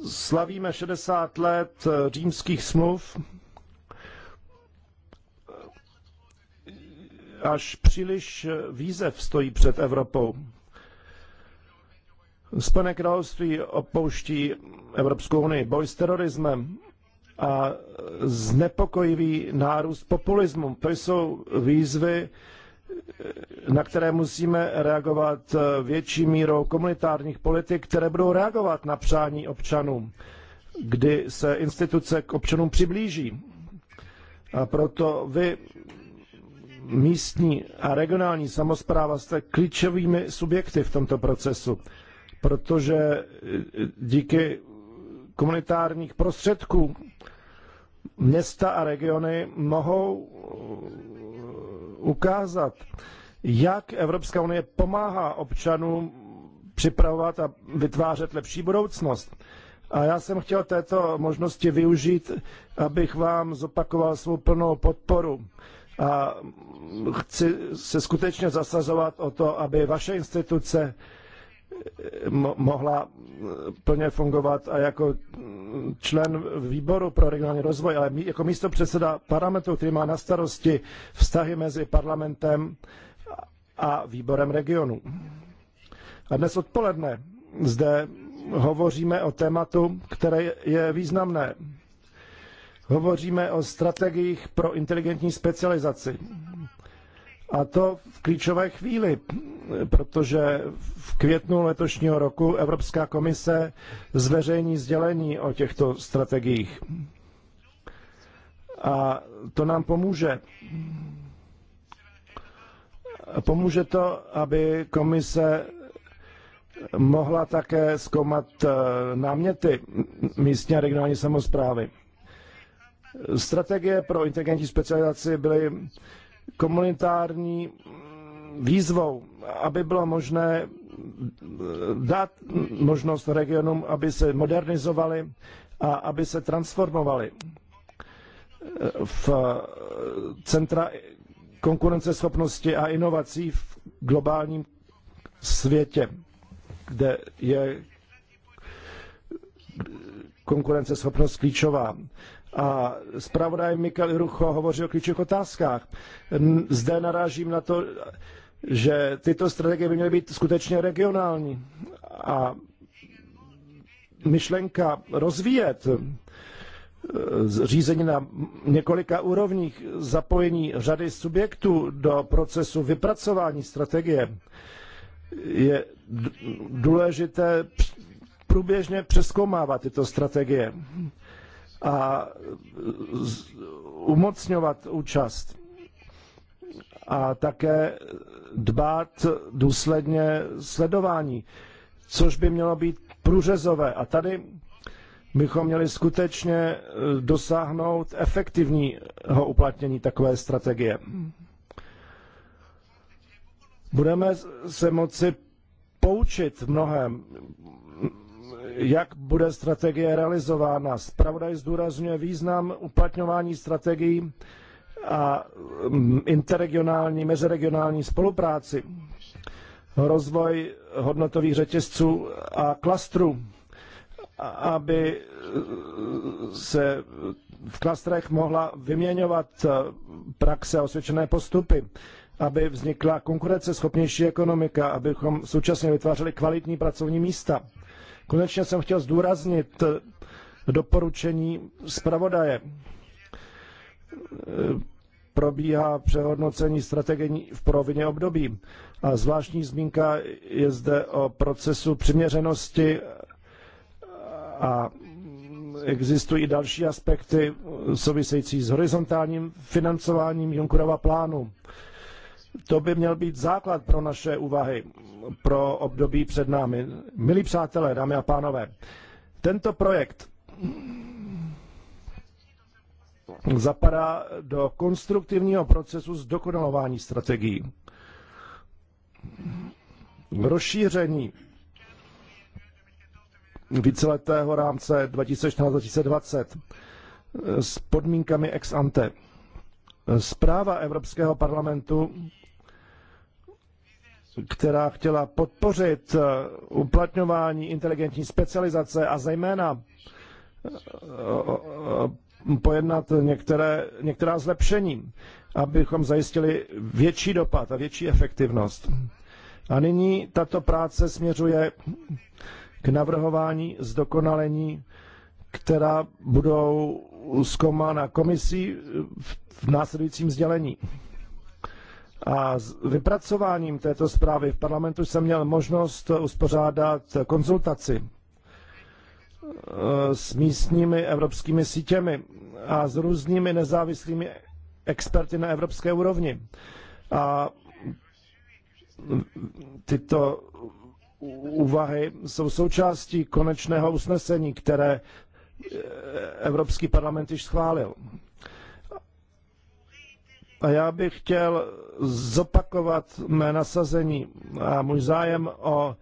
slavíme 60 let eh, římských smluv, až příliš eh, výzev stojí před Evropou. Spojené království opouští Evropskou unii, boj s terorismem a znepokojivý nárůst populismu. To jsou výzvy, na které musíme reagovat eh, větší mírou komunitárních politik, které budou reagovat na přání občanů, kdy se instituce k občanům přiblíží. A proto vy, místní a regionální samozpráva, jste klíčovými subjekty v tomto procesu, protože eh, díky komunitárních prostředků města a regiony mohou ukázat, jak Evropská unie pomáhá občanům připravovat a vytvářet lepší budoucnost. A já jsem chtěl této možnosti využít, abych vám zopakoval svou plnou podporu. A chci se skutečně zasazovat o to, aby vaše instituce mo- mohla plně fungovat a jako člen výboru pro regionální rozvoj, ale jako místo předseda parlamentu, který má na starosti vztahy mezi parlamentem a výborem regionu. A dnes odpoledne zde hovoříme o tématu, které je významné. Hovoříme o strategiích pro inteligentní specializaci. A to v klíčové chvíli, protože v květnu letošního roku Evropská komise zveřejní sdělení o těchto strategiích. A to nám pomůže. Pomůže to, aby komise mohla také zkoumat eh, náměty místní a regionální samozprávy. Strategie pro inteligentní specializaci byly komunitární výzvou, aby bylo možné dát možnost regionům, aby se modernizovali a aby se transformovali v centra konkurenceschopnosti a inovací v globálním světě, kde je konkurenceschopnost klíčová a zpravodaj Mikael Rucho hovoří o klíčových otázkách. Zde narážím na to, že tyto strategie by měly být skutečně regionální a myšlenka rozvíjet e, řízení na několika úrovních, zapojení řady subjektů do procesu vypracování strategie je důležité průběžně přeskoumávat tyto strategie a umocňovat účast a také dbát důsledně sledování, což by mělo být průřezové. A tady bychom měli skutečně e, dosáhnout efektivního uplatnění takové strategie. Budeme se moci poučit mnohem jak bude strategie realizována. Spravodaj zdůrazňuje význam uplatňování strategií a mm, interregionální, meziregionální spolupráci, rozvoj hodnotových řetězců a klastrů, aby e, se v klastrech mohla vyměňovat e, praxe a osvědčené postupy, aby vznikla konkurenceschopnější ekonomika, abychom současně vytvářeli kvalitní pracovní místa Konečně jsem chtěl zdůraznit doporučení zpravodaje. Probíhá přehodnocení strategií v polovině období a zvláštní zmínka je zde o procesu přiměřenosti a existují další aspekty související s horizontálním financováním Junkerova plánu. To by měl být základ pro naše úvahy pro období před námi. Milí přátelé, dámy a pánové, tento projekt zapadá do konstruktivního procesu zdokonalování strategií. Rozšíření víceletého rámce 2014-2020 s podmínkami ex ante. Zpráva Evropského parlamentu která chtěla podpořit eh, uplatňování inteligentní specializace a zejména eh, eh, pojednat některé, některá zlepšení, abychom zajistili větší dopad a větší efektivnost. A nyní tato práce směřuje k navrhování zdokonalení, která budou zkoumána komisí v následujícím sdělení. A s vypracováním této zprávy v parlamentu jsem měl možnost uspořádat konzultaci eh, s místními evropskými sítěmi a s různými nezávislými experty na evropské úrovni. A tyto úvahy jsou součástí konečného usnesení, které eh, Evropský parlament již schválil. A já bych chtěl zopakovat mé nasazení a můj zájem o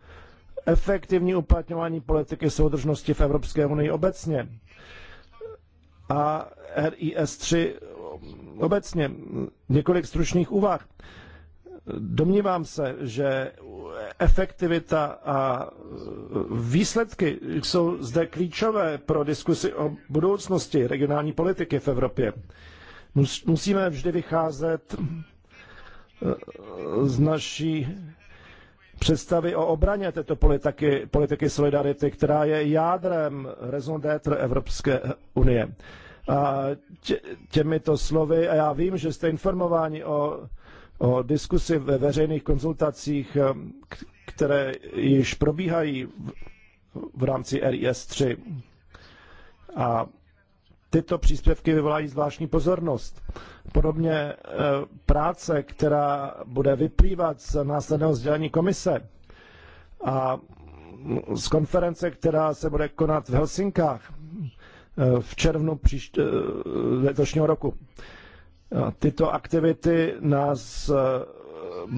efektivní uplatňování politiky soudržnosti v Evropské unii obecně a RIS 3 obecně. Několik stručných úvah. Domnívám se, že efektivita a výsledky jsou zde klíčové pro diskusi o budoucnosti regionální politiky v Evropě. Musíme vždy vycházet eh, z naší představy o obraně této politiky, politiky solidarity, která je jádrem raison d'être Evropské unie. A tě, těmito slovy, a já vím, že jste informováni o, o diskusi ve veřejných konzultacích, eh, které již probíhají v, v rámci RIS 3. A tyto příspěvky vyvolají zvláštní pozornost. Podobně e, práce, která bude vyplývat z následného sdělení komise a z konference, která se bude konat v Helsinkách e, v červnu příště, e, letošního roku. Tyto aktivity nás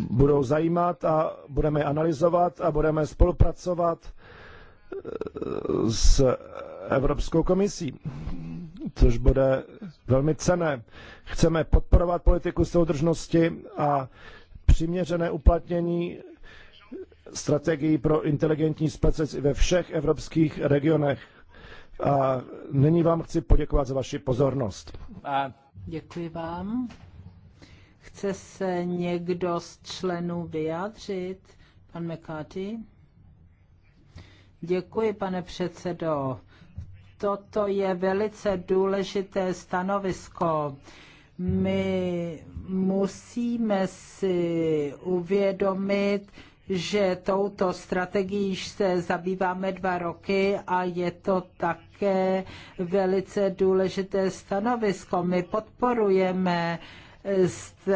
budou zajímat a budeme analyzovat a budeme spolupracovat s Evropskou komisí což bude velmi cené. Chceme podporovat politiku soudržnosti a přiměřené uplatnění strategií pro inteligentní specializaci ve všech evropských regionech. A nyní vám chci poděkovat za vaši pozornost. Děkuji vám. Chce se někdo z členů vyjádřit? Pan McCarthy? Děkuji, pane předsedo. Toto je velice důležité stanovisko. My musíme si uvědomit, že touto strategií se zabýváme dva roky a je to také velice důležité stanovisko. My podporujeme uh,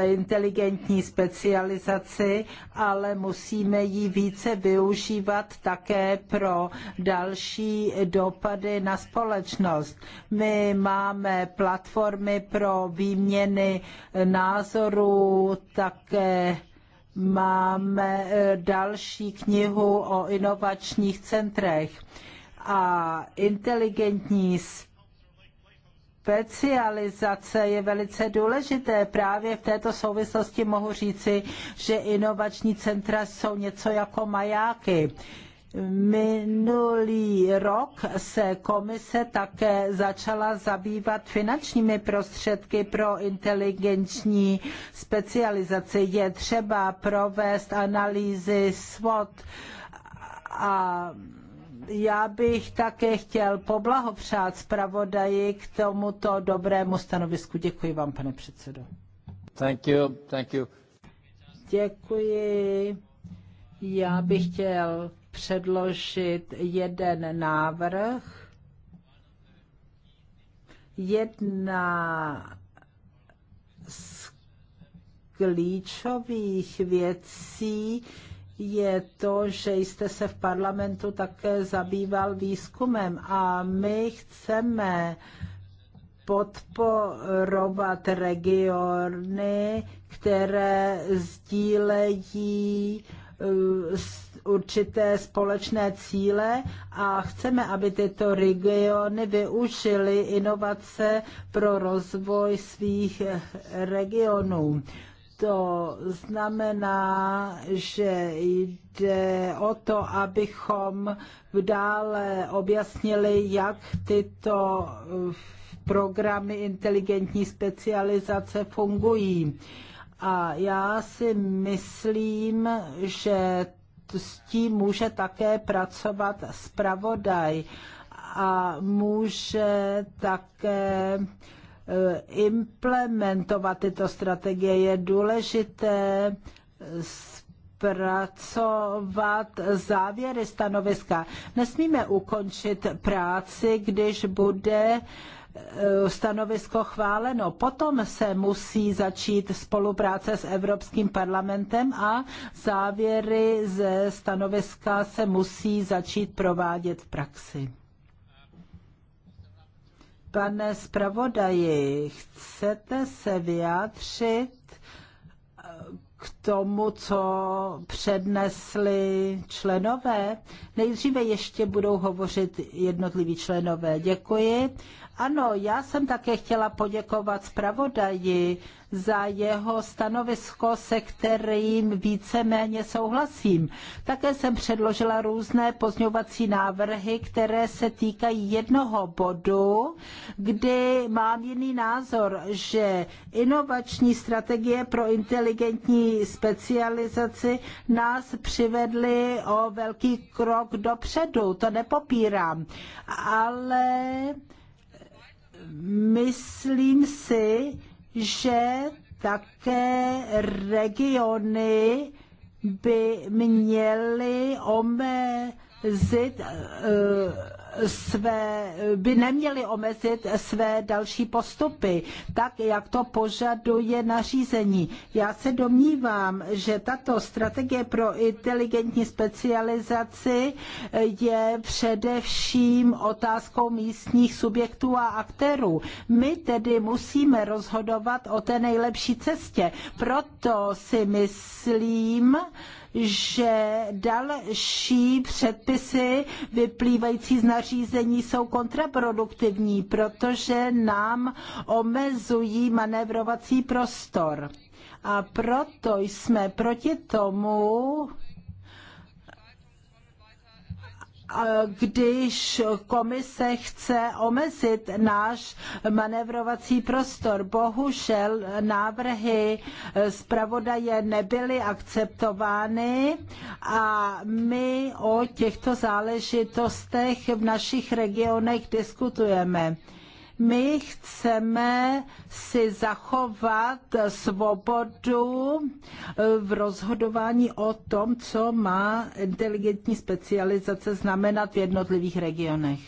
inteligentní specializaci, ale musíme ji více využívat také pro další dopady na společnost. My máme platformy pro výměny názorů, také máme eh, další knihu o inovačních centrech a inteligentní specializace specializace je velice důležité. Právě v této souvislosti mohu říci, že inovační centra jsou něco jako majáky. Minulý rok se komise také začala zabývat finančními prostředky pro inteligentní specializaci. Je třeba provést analýzy SWOT a já bych také chtěl poblahopřát zpravodaji k tomuto dobrému stanovisku. Děkuji vám, pane předsedo. Thank you, thank you. Děkuji. Já bych chtěl předložit jeden návrh. Jedna z klíčových věcí, je to, že jste se v parlamentu také zabýval výzkumem a my chceme podporovat regiony, které sdílejí eh, určité společné cíle a chceme, aby tyto regiony využily inovace pro rozvoj svých regionů to znamená, že jde o to, abychom dále objasnili, jak tyto eh, programy inteligentní specializace fungují. A já si myslím, že s tím může také pracovat zpravodaj a může také Eh, implementovat tyto strategie. Je důležité zpracovat závěry stanoviska. Nesmíme ukončit práci, když bude eh, stanovisko chváleno. Potom se musí začít spolupráce s Evropským parlamentem a závěry ze stanoviska se musí začít provádět v praxi. Pane zpravodaji, chcete se vyjádřit eh, k tomu, co přednesli členové? Nejdříve ještě budou hovořit jednotliví členové. Děkuji. Ano, já jsem také chtěla poděkovat zpravodaji za jeho stanovisko, se kterým víceméně souhlasím. Také jsem předložila různé pozňovací návrhy, které se týkají jednoho bodu, kdy mám jiný názor, že inovační strategie pro inteligentní specializaci nás přivedly o velký krok dopředu, to nepopírám. Ale Myslím si, že také regiony by měly omezit uh, své, by neměli omezit své další postupy, tak jak to požaduje nařízení. Já se domnívám, že tato strategie pro inteligentní specializaci je především otázkou místních subjektů a aktérů. My tedy musíme rozhodovat o té nejlepší cestě. Proto si myslím, že další předpisy vyplývající z nařízení jsou kontraproduktivní, protože nám omezují manévrovací prostor. A proto jsme proti tomu, když komise chce omezit náš manevrovací prostor. Bohužel návrhy zpravodaje nebyly akceptovány a my o těchto záležitostech v našich regionech diskutujeme. My chceme si zachovat svobodu eh, v rozhodování o tom, co má inteligentní specializace znamenat v jednotlivých regionech.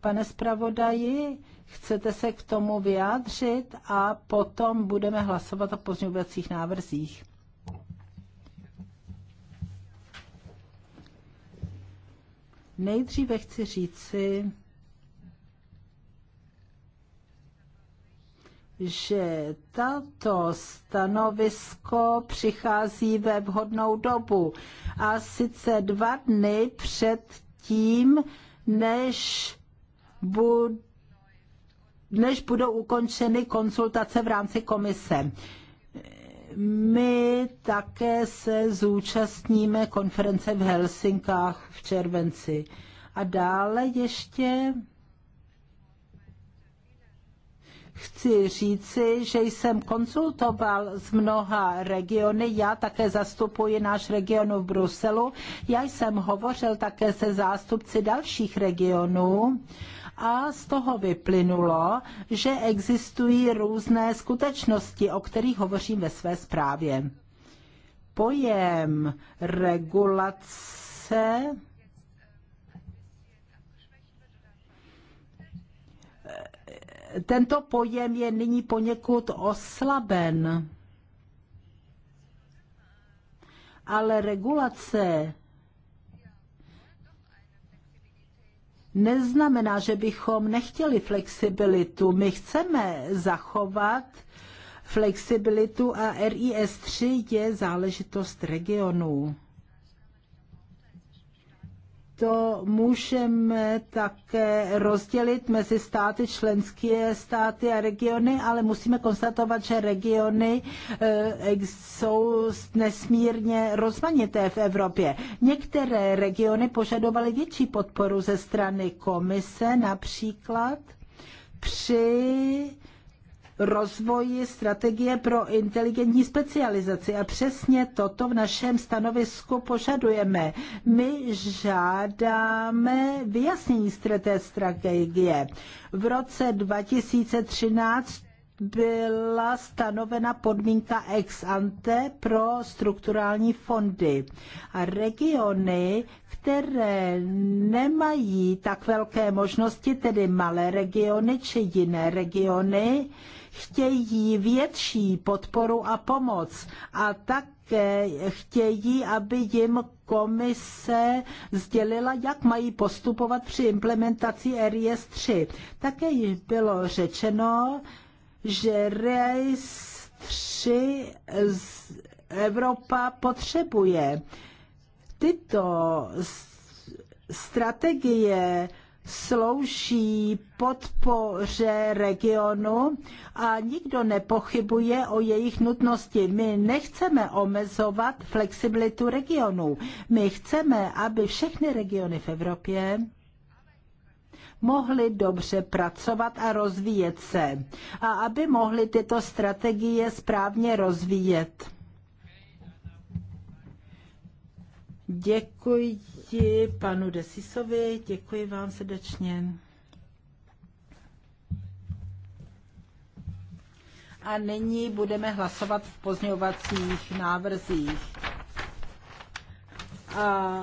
Pane zpravodaji, chcete se k tomu vyjádřit a potom budeme hlasovat o pozměňovacích návrzích. Nejdříve chci říci, že tato stanovisko přichází ve vhodnou dobu a sice dva dny před tím, než, bu, než budou ukončeny konsultace v rámci komise. My také se zúčastníme konference v Helsinkách v červenci. A dále ještě chci říci, že jsem konzultoval s mnoha regiony, já také zastupuji náš region v Bruselu, já jsem hovořil také se zástupci dalších regionů a z toho vyplynulo, že existují různé skutečnosti, o kterých hovořím ve své zprávě. Pojem regulace tento pojem je nyní poněkud oslaben. Ale regulace neznamená, že bychom nechtěli flexibilitu. My chceme zachovat flexibilitu a RIS 3 je záležitost regionů to můžeme také rozdělit mezi státy, členské státy a regiony, ale musíme konstatovat, že regiony eh, jsou nesmírně rozmanité v Evropě. Některé regiony požadovaly větší podporu ze strany komise, například při rozvoji strategie pro inteligentní specializaci a přesně toto v našem stanovisku požadujeme. My žádáme vyjasnění té strategie. V roce 2013 byla stanovena podmínka ex ante pro strukturální fondy. A regiony, které nemají tak velké možnosti, tedy malé regiony či jiné regiony, chtějí větší podporu a pomoc a také chtějí, aby jim komise sdělila, jak mají postupovat při implementaci RIS e 3. Také již bylo řečeno, že RIS e 3 Evropa potřebuje. Tyto strategie slouží podpoře regionu a nikdo nepochybuje o jejich nutnosti. My nechceme omezovat flexibilitu regionů. My chceme, aby všechny regiony v Evropě mohli dobře pracovat a rozvíjet se a aby mohli tyto strategie správně rozvíjet. Děkuji Děkuji panu Desisovi. Děkuji vám srdečně. A nyní budeme hlasovat v pozměňovacích návrzích. A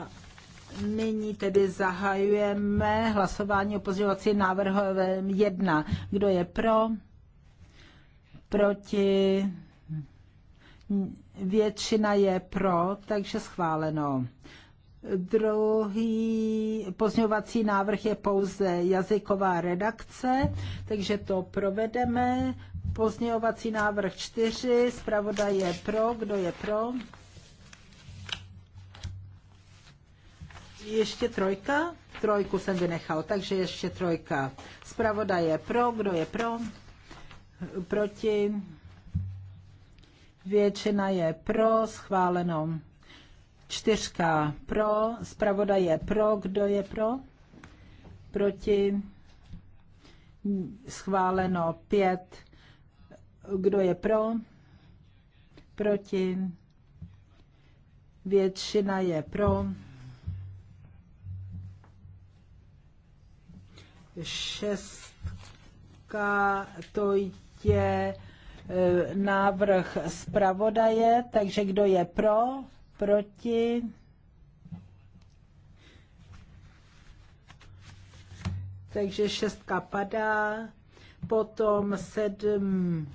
nyní tedy zahajujeme hlasování o pozměňovacím návrhu 1. Kdo je pro? Proti? Většina je pro, takže schváleno. Druhý pozňovací návrh je pouze jazyková redakce, takže to provedeme. Pozňovací návrh čtyři. zpravodaj je pro, kdo je pro? Ještě trojka? Trojku jsem vynechal, takže ještě trojka. Zpravodaj je pro, kdo je pro? Proti? Většina je pro, schváleno. Čtyřka pro, zpravodaj je pro, kdo je pro? Proti, schváleno pět, kdo je pro? Proti, většina je pro. Šestka, to je e, návrh zpravodaje, takže kdo je pro? proti, takže šestka padá, potom sedm,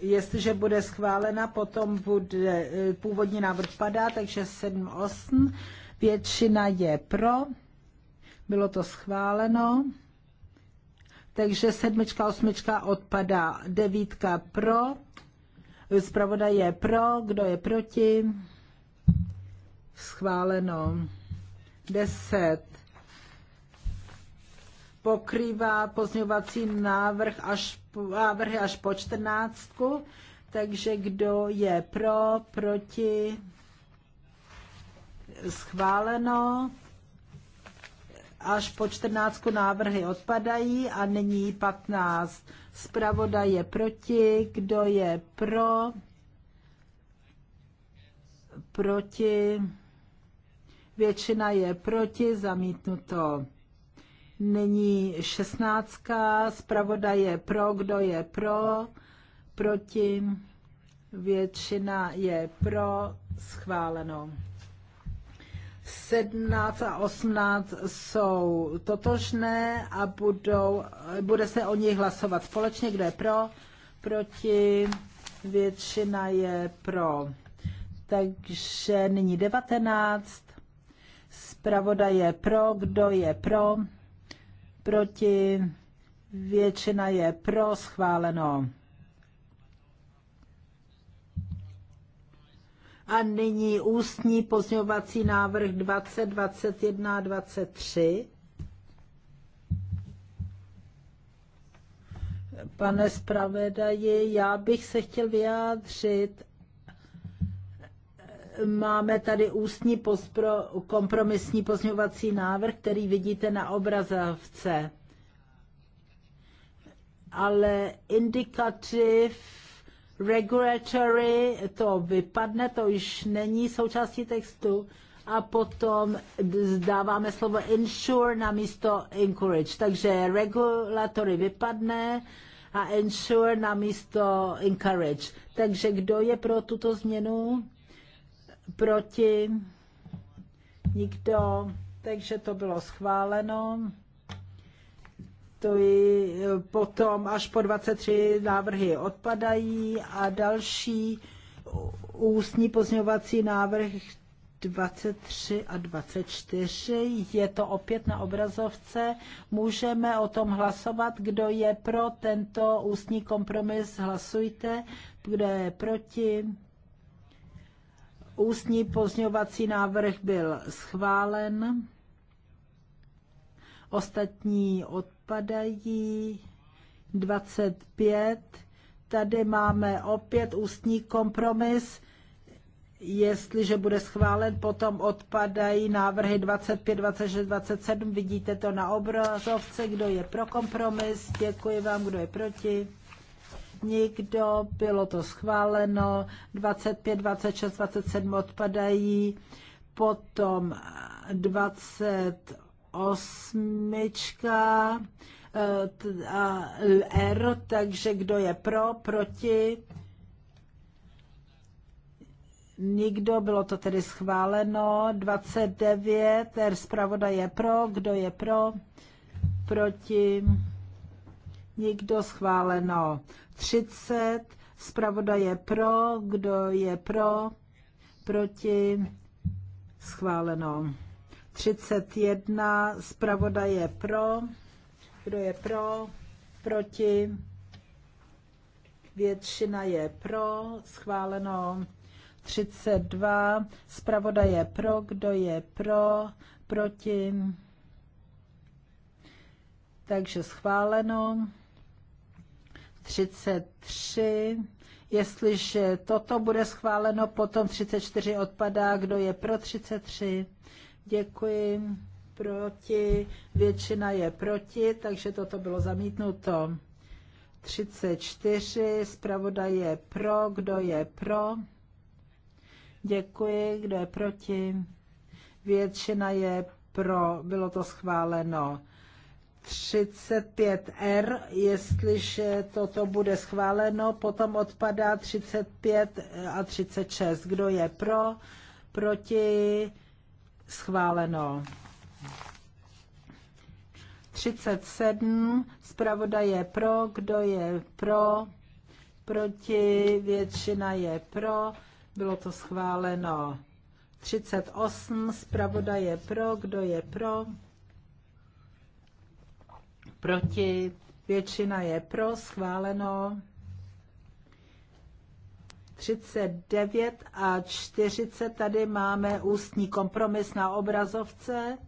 jestliže bude schválena, potom bude eh, původní návrh padá, takže sedm, osm, většina je pro, bylo to schváleno, takže sedmička, osmička odpadá, devítka pro, Zpravodaj je pro, kdo je proti? Schváleno. 10. Pokrývá pozňovací návrh až, návrhy až po 14. Takže kdo je pro, proti? Schváleno až po 14 návrhy odpadají a nyní 15. Zpravoda je proti, kdo je pro, proti, většina je proti, zamítnuto. Nyní 16. Zpravoda je pro, kdo je pro, proti, většina je pro, schváleno. 17 a 18 jsou totožné a budou, bude se o nich hlasovat společně, kdo je pro, proti, většina je pro. Takže nyní 19, Zpravoda je pro, kdo je pro, proti, většina je pro, schváleno. A nyní ústní pozňovací návrh 20, 21 a 23. Pane zpravedaji, já bych se chtěl vyjádřit. Máme tady ústní pospro, kompromisní pozňovací návrh, který vidíte na obrazovce. Ale indikativ regulatory to vypadne, to již není součástí textu a potom dáváme slovo insure na místo encourage. Takže regulatory vypadne a insure na místo encourage. Takže kdo je pro tuto změnu? Proti? Nikdo. Takže to bylo schváleno to eh, potom až po 23 návrhy odpadají a další ústní pozměňovací návrh 23 a 24. Je to opět na obrazovce. Můžeme o tom hlasovat. Kdo je pro tento ústní kompromis, hlasujte. Kdo je proti? Ústní pozňovací návrh byl schválen. Ostatní od odpadají 25. Tady máme opět ústní kompromis. Jestliže bude schválen, potom odpadají návrhy 25, 26, 27. Vidíte to na obrazovce, kdo je pro kompromis. Děkuji vám, kdo je proti nikdo, bylo to schváleno, 25, 26, 27 odpadají, potom 28 osmička eh, a R, takže kdo je pro, proti, nikdo, bylo to tedy schváleno, 29, R zpravoda je pro, kdo je pro, proti, nikdo, schváleno, 30, zpravoda je pro, kdo je pro, proti, schváleno. 31, zpravodaje pro. Kdo je pro? Proti? Většina je pro. Schváleno 32. Zpravodaje pro. Kdo je pro? Proti? Takže schváleno. 33. Jestliže toto bude schváleno, potom 34 odpadá. Kdo je pro 33? Děkuji. Proti. Většina je proti, takže toto bylo zamítnuto. 34. Zpravodaj je pro. Kdo je pro? Děkuji. Kdo je proti? Většina je pro. Bylo to schváleno. 35R, jestliže toto bude schváleno, potom odpadá 35 a 36. Kdo je pro, proti, Schváleno. 37. Zpravoda je pro. Kdo je pro? Proti. Většina je pro. Bylo to schváleno. 38. Zpravoda je pro. Kdo je pro? Proti. Většina je pro. Schváleno. 39 a 40 tady máme ústní kompromis na obrazovce.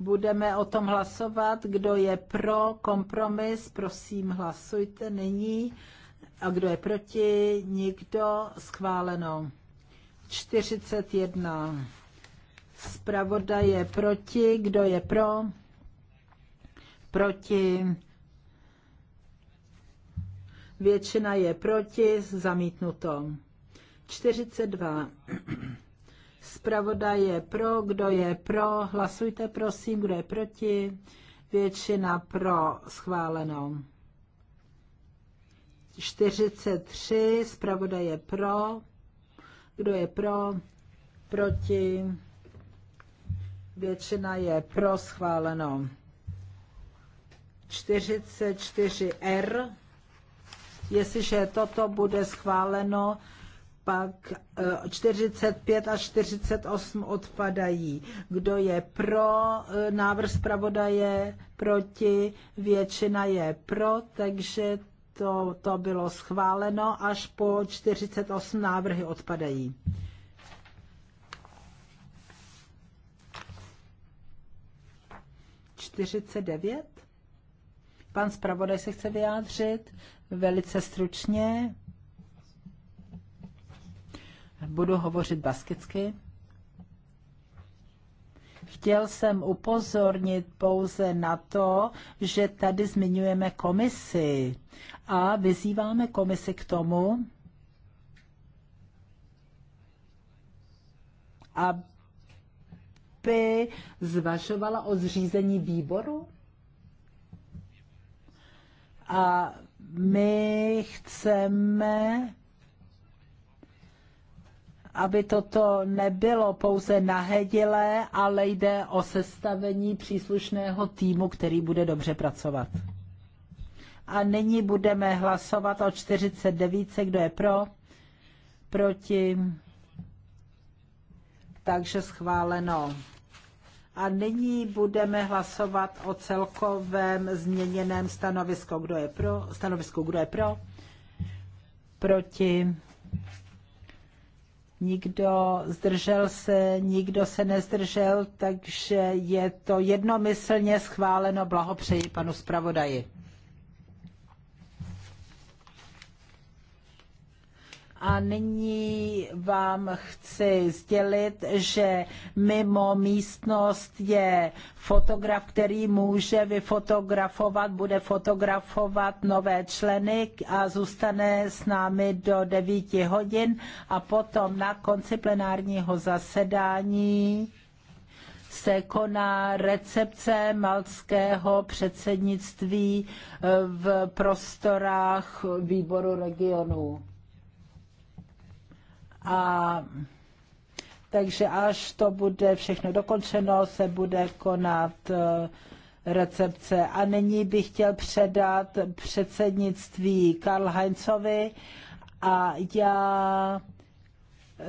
Budeme o tom hlasovat. Kdo je pro kompromis, prosím hlasujte nyní. A kdo je proti, nikdo, schváleno. 41. Zpravodaj je proti, kdo je pro? Proti většina je proti, zamítnuto. 42. Spravodaj je pro, kdo je pro, hlasujte prosím, kdo je proti, většina pro, schváleno. 43, Spravodaj je pro, kdo je pro, proti, většina je pro, schváleno. 44R, Jestliže toto bude schváleno, pak 45 e, a 48 odpadají. Kdo je pro e, návrh zpravodaje, proti, většina je pro, takže to, to bylo schváleno, až po 48 návrhy odpadají. Čtyřicet devět? Pan zpravodaj se chce vyjádřit. Velice stručně budu hovořit baskicky. Chtěl jsem upozornit pouze na to, že tady zmiňujeme komisi a vyzýváme komisi k tomu, aby zvažovala o zřízení výboru. A my chceme, aby toto nebylo pouze nahedilé, ale jde o sestavení příslušného týmu, který bude dobře pracovat. A nyní budeme hlasovat o 49, kdo je pro, proti, takže schváleno. A nyní budeme hlasovat o celkovém změněném stanovisku. Kdo je pro? Stanovisku, kdo je pro? Proti? Nikdo zdržel se, nikdo se nezdržel, takže je to jednomyslně schváleno. Blahopřeji panu zpravodaji. A nyní vám chci sdělit, že mimo místnost je fotograf, který může vyfotografovat, bude fotografovat nové členy a zůstane s námi do 9 hodin a potom na konci plenárního zasedání se koná recepce malského předsednictví v prostorách výboru regionů. A takže až to bude všechno dokončeno, se bude konat eh, recepce. A nyní bych chtěl předat předsednictví Karl Heinzovi a já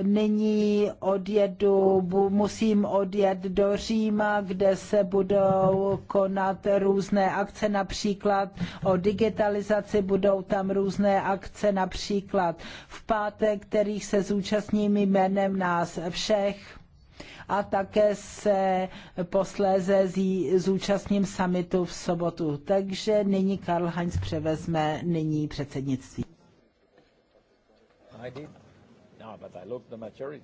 nyní odjedu, musím odjet do Říma, kde se budou konat různé akce, například o digitalizaci, budou tam různé akce, například v pátek, kterých se zúčastním jménem nás všech a také se posléze zúčastním summitu v sobotu. Takže nyní Karl Heinz převezme nyní předsednictví. I did ah, but I look the maturity.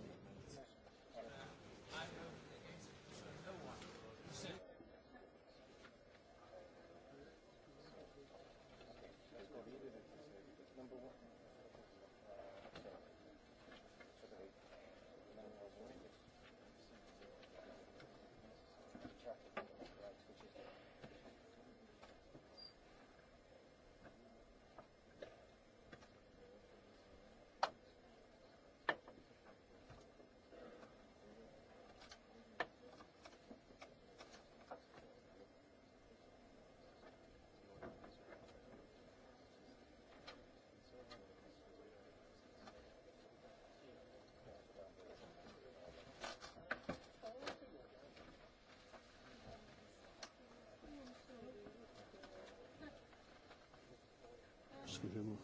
excusez-moi.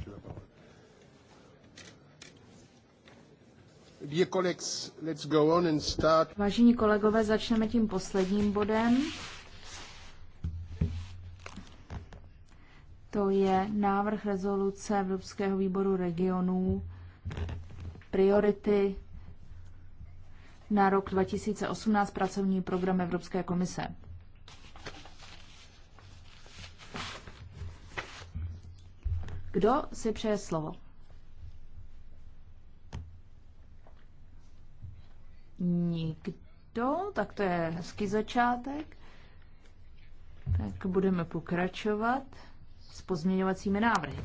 J'ai la parole. Dear colleagues, let's go on and start. Vážení kolegové, začneme tím posledním bodem. To je návrh rezoluce Evropského výboru regionů priority na rok 2018 pracovní program Evropské komise. Kdo si přeje slovo? Nikdo, tak to je hezký začátek. Tak budeme pokračovat s pozměňovacími návrhy.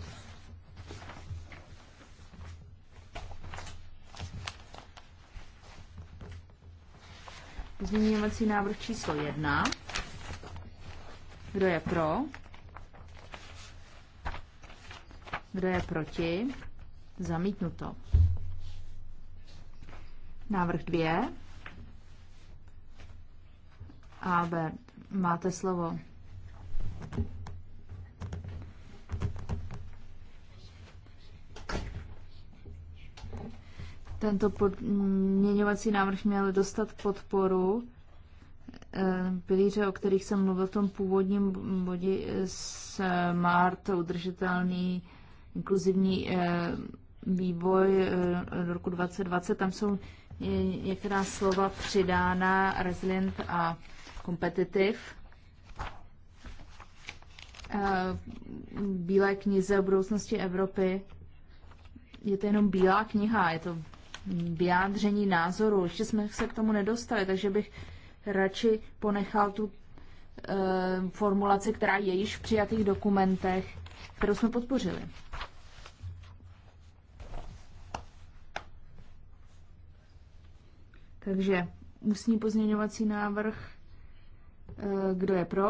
Pozměňovací návrh číslo jedna. Kdo je pro? Kdo je proti? Zamítnuto. Návrh 2. Albert máte slovo. Tento podměňovací návrh měl dostat podporu eh, pilíře, o kterých jsem mluvil v tom původním bodě, eh, smart, udržitelný inkluzivní eh, vývoj eh, do roku 2020. Tam jsou eh, některá slova přidána, resilient a competitive. Bílé knize o budoucnosti Evropy. Je to jenom bílá kniha, je to vyjádření názoru. Ještě jsme se k tomu nedostali, takže bych radši ponechal tu formulaci, která je již v přijatých dokumentech kterou jsme podpořili. Takže musí pozměňovací návrh, eh, kdo je pro?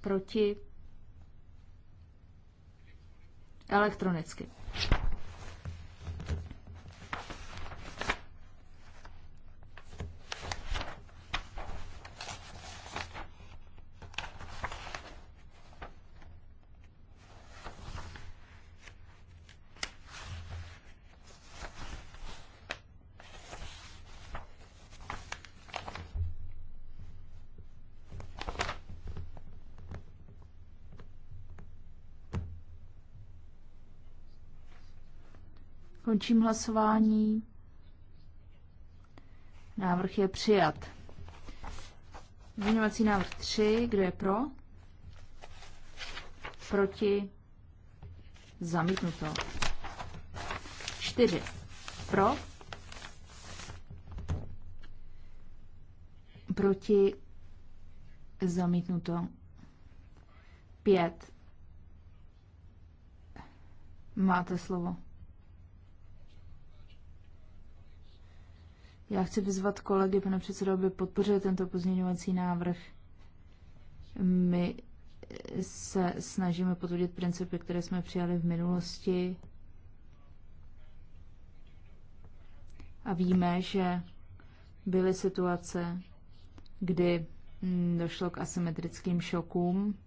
Proti? Elektronicky. Končím hlasování. Návrh je přijat. Zmiňovací návrh 3. Kdo je pro? Proti? Zamítnuto. 4. Pro? Proti? Zamítnuto. 5. Máte slovo. Já chci vyzvat kolegy, pane předsedo, aby podpořili tento pozměňovací návrh. My se snažíme potvrdit principy, které jsme přijali v minulosti a víme, že byly situace, kdy došlo k asymetrickým šokům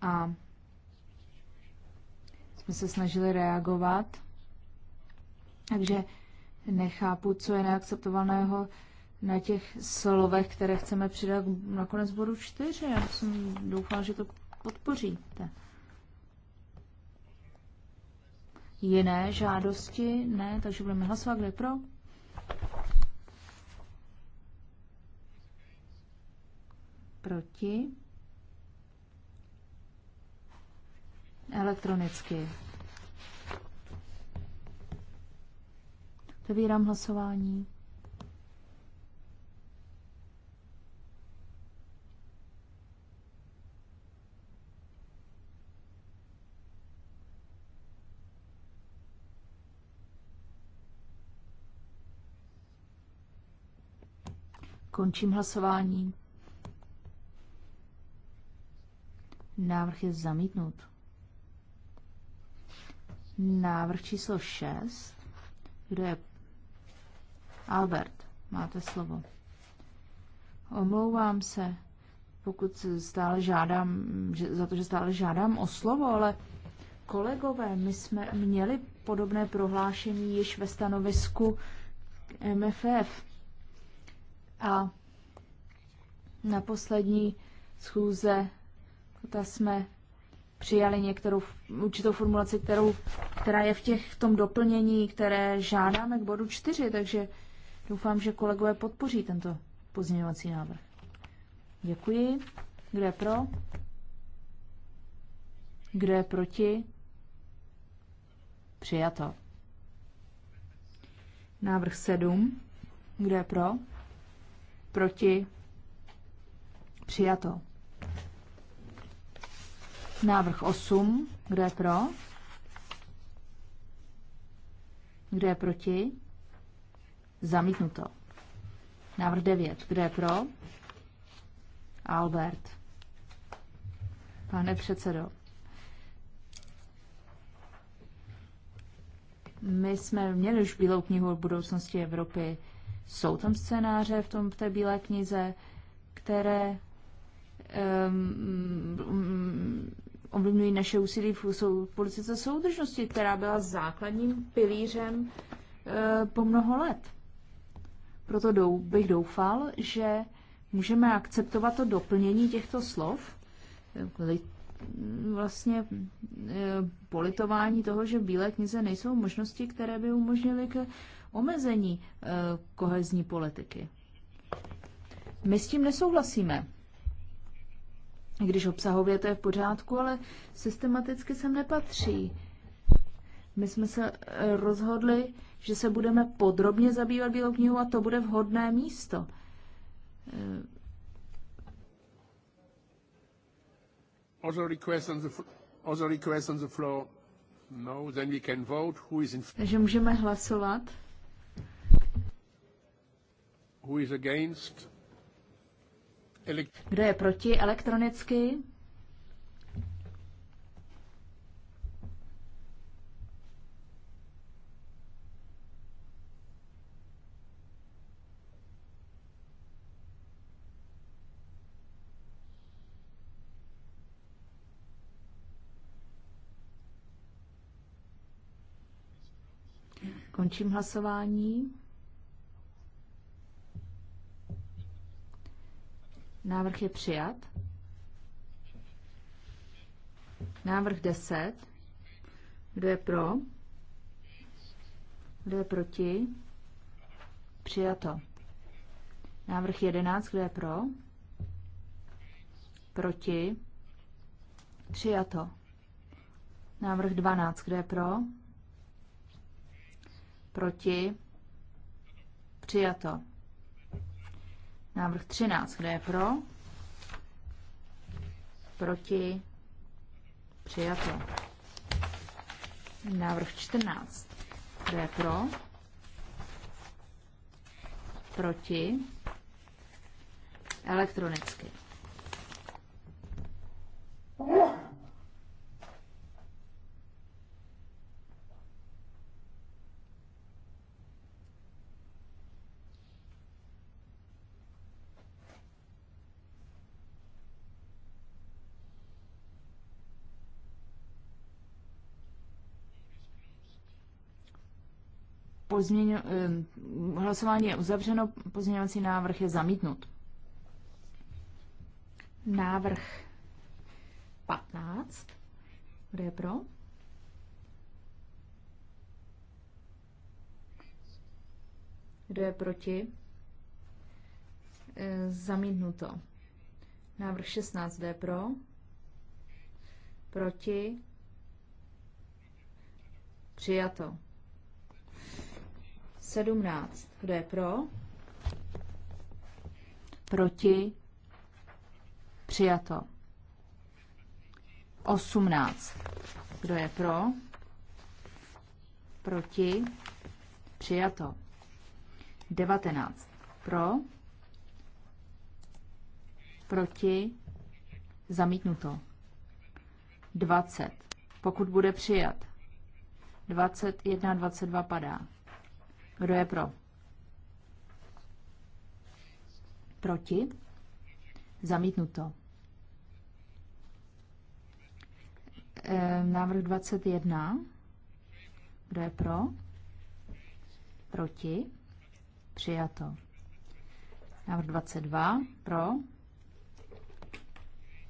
a jsme se snažili reagovat. Takže nechápu, co je neakceptovaného na těch slovech, které chceme přidat na konec bodu 4. Já jsem doufal, že to podpoříte. Jiné žádosti? Ne, takže budeme hlasovat. kde pro? Proti? Elektronicky. Otevírám hlasování. Končím hlasování. Návrh je zamítnut. Návrh číslo 6. Kdo je Albert, máte slovo. Omlouvám se, pokud stále žádám, že, za to, že stále žádám o slovo, ale kolegové, my jsme měli podobné prohlášení již ve stanovisku k MFF. A na poslední schůze ta jsme přijali některou určitou formulaci, kterou, která je v, těch, v tom doplnění, které žádáme k bodu 4, takže Doufám, že kolegové podpoří tento pozměňovací návrh. Děkuji. Kdo je pro? Kdo je proti? Přijato. Návrh 7. Kdo je pro? Proti? Přijato. Návrh 8. Kdo je pro? Kdo je proti? Zamítnuto. Návrh 9. Kdo je pro? Albert. Pane předsedo, my jsme měli už Bílou knihu o budoucnosti Evropy. Jsou tam scénáře v, tom, v té Bílé knize, které um, ovlivňují naše úsilí v, v politice soudržnosti, která byla základním pilířem uh, po mnoho let. Proto dou, bych doufal, že můžeme akceptovat to doplnění těchto slov, vlastně e, politování toho, že v Bílé knize nejsou možnosti, které by umožnily k omezení e, kohezní politiky. My s tím nesouhlasíme. Když obsahově to je v pořádku, ale systematicky sem nepatří. My jsme se e, rozhodli že se budeme podrobně zabývat Bílou knihou a to bude vhodné místo. Eh, no, Takže můžeme hlasovat. Who is against? Kdo je proti elektronicky? Končím hlasování. Návrh je přijat. Návrh 10. Kdo je pro? Kdo je proti? Přijato. Návrh 11. Kdo je pro? Proti? Přijato. Návrh 12. Kdo je pro? Proti? Přijato. Návrh 13. Kdo je pro? Proti? Přijato. Návrh 14. Kdo je pro? Proti? Elektronicky. Oh. Pozměň, hlasování je uzavřeno, pozměňovací návrh je zamítnut. Návrh 15. Kdo je pro? Kdo je proti? E, zamítnuto. Návrh 16. Kdo je pro? Proti? Přijato. 17. Kdo je pro? Proti? Přijato. 18. Kdo je pro? Proti? Přijato. 19. Pro? Proti? Zamítnuto. 20. Pokud bude přijat. 21, 22 padá. Kdo je pro? Proti? Zamítnuto. E, návrh 21. Kdo je pro? Proti? Přijato. Návrh 22. Pro?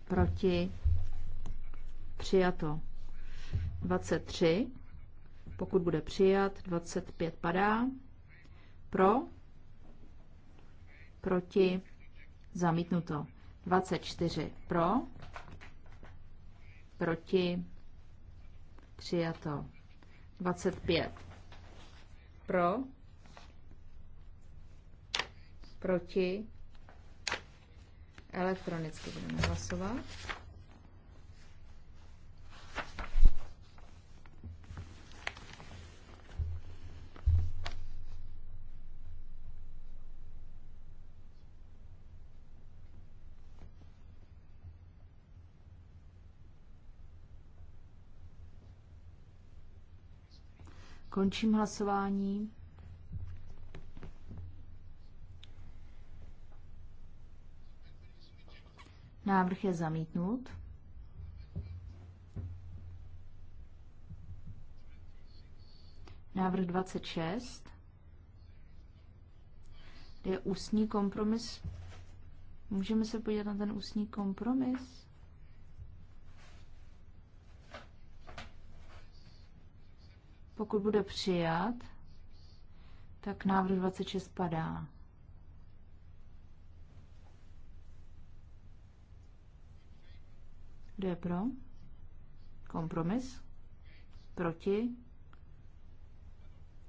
Proti? Přijato. 23. Pokud bude přijat, 25 padá. Pro, proti, zamítnuto. 24 pro, proti, přijato. 25 pro, proti, elektronicky budeme hlasovat. Končím hlasování. Návrh je zamítnut. Návrh 26. Je ústní kompromis. Můžeme se podívat na ten ústní kompromis? Pokud bude přijat, tak návrh 26 padá. Kdo je pro? Kompromis? Proti?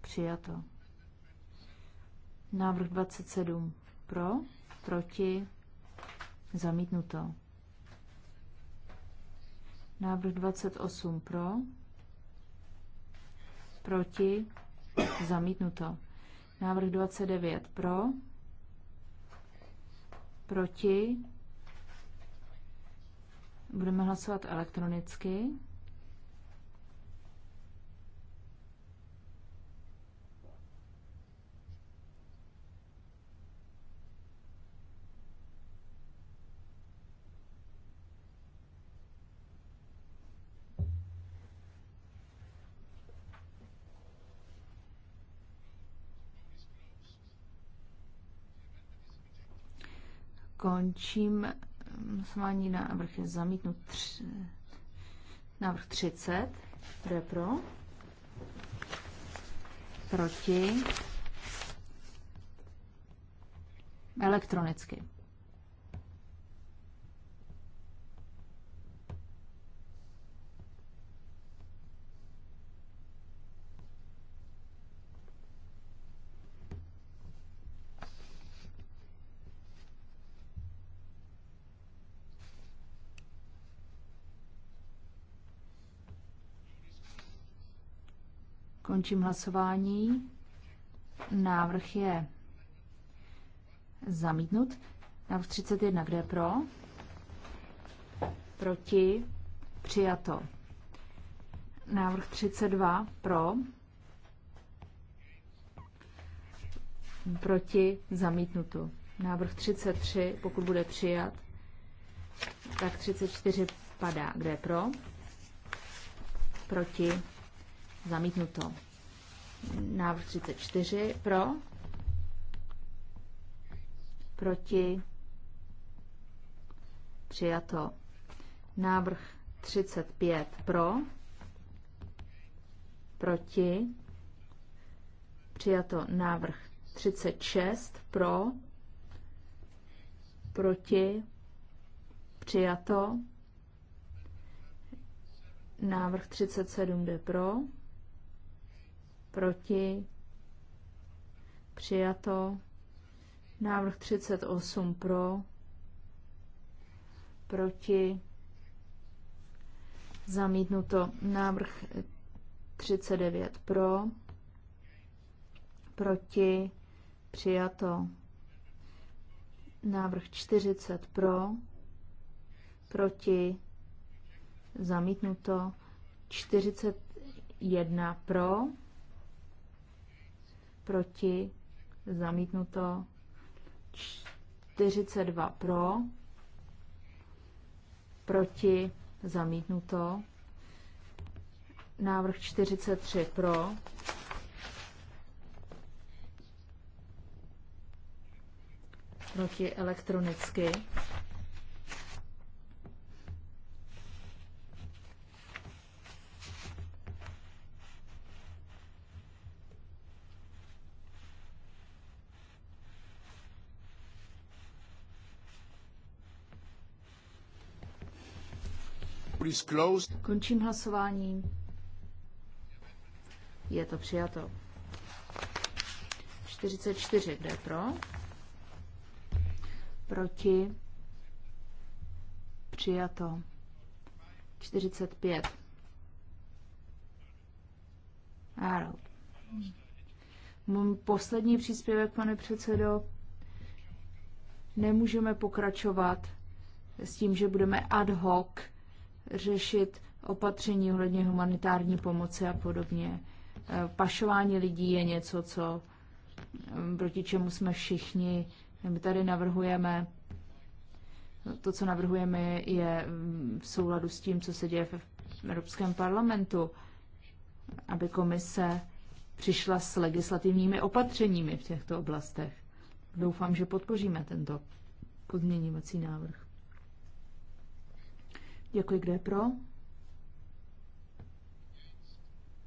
Přijato. Návrh 27. Pro? Proti? Zamítnuto. Návrh 28. Pro? proti, zamítnuto. Návrh 29 pro, proti, budeme hlasovat elektronicky. končím. Hlasování návrh je zamítnut. Tři, návrh 30. Kdo je pro? Proti? Elektronicky. Končím hlasování. Návrh je zamítnut. Návrh 31, kde je pro? Proti? Přijato. Návrh 32, pro? Proti? Zamítnuto. Návrh 33, pokud bude přijat, tak 34 padá. Kde je pro? Proti? Zamítnuto. Návrh 34 pro. Proti. Přijato. Návrh 35 pro. Proti. Přijato návrh 36 pro. Proti. Přijato. Návrh 37 jde pro proti, přijato. Návrh 38 pro, proti, zamítnuto. Návrh 39 pro, proti, přijato. Návrh 40 pro, proti, zamítnuto. 41 pro, proti, zamítnuto, 42 pro, proti, zamítnuto, návrh 43 pro, proti elektronicky. please close. Končím hlasování. Je to přijato. 44, kde pro? Proti? Přijato. 45. Ano. Můj poslední příspěvek, pane předsedo. Nemůžeme pokračovat s tím, že budeme ad hoc řešit opatření ohledně humanitární pomoci a podobně. E, pašování lidí je něco, co proti čemu jsme všichni. My tady navrhujeme, to, co navrhujeme, je v souladu s tím, co se děje v Evropském parlamentu, aby komise přišla s legislativními opatřeními v těchto oblastech. Doufám, že podpoříme tento pozměňovací návrh. Děkuji, kdo je pro?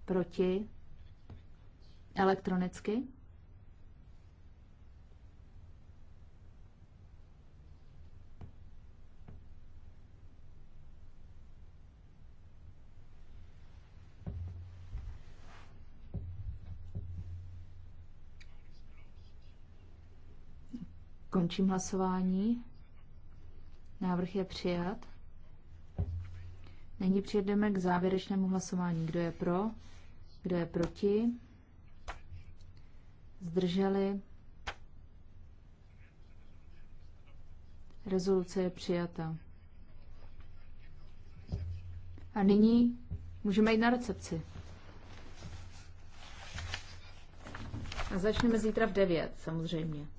Proti? Elektronicky? Končím hlasování. Návrh je přijat. Nyní přejdeme k závěrečnému hlasování. Kdo je pro? Kdo je proti? Zdrželi? Rezoluce je přijata. A nyní můžeme jít na recepci. A začneme zítra v 9, samozřejmě.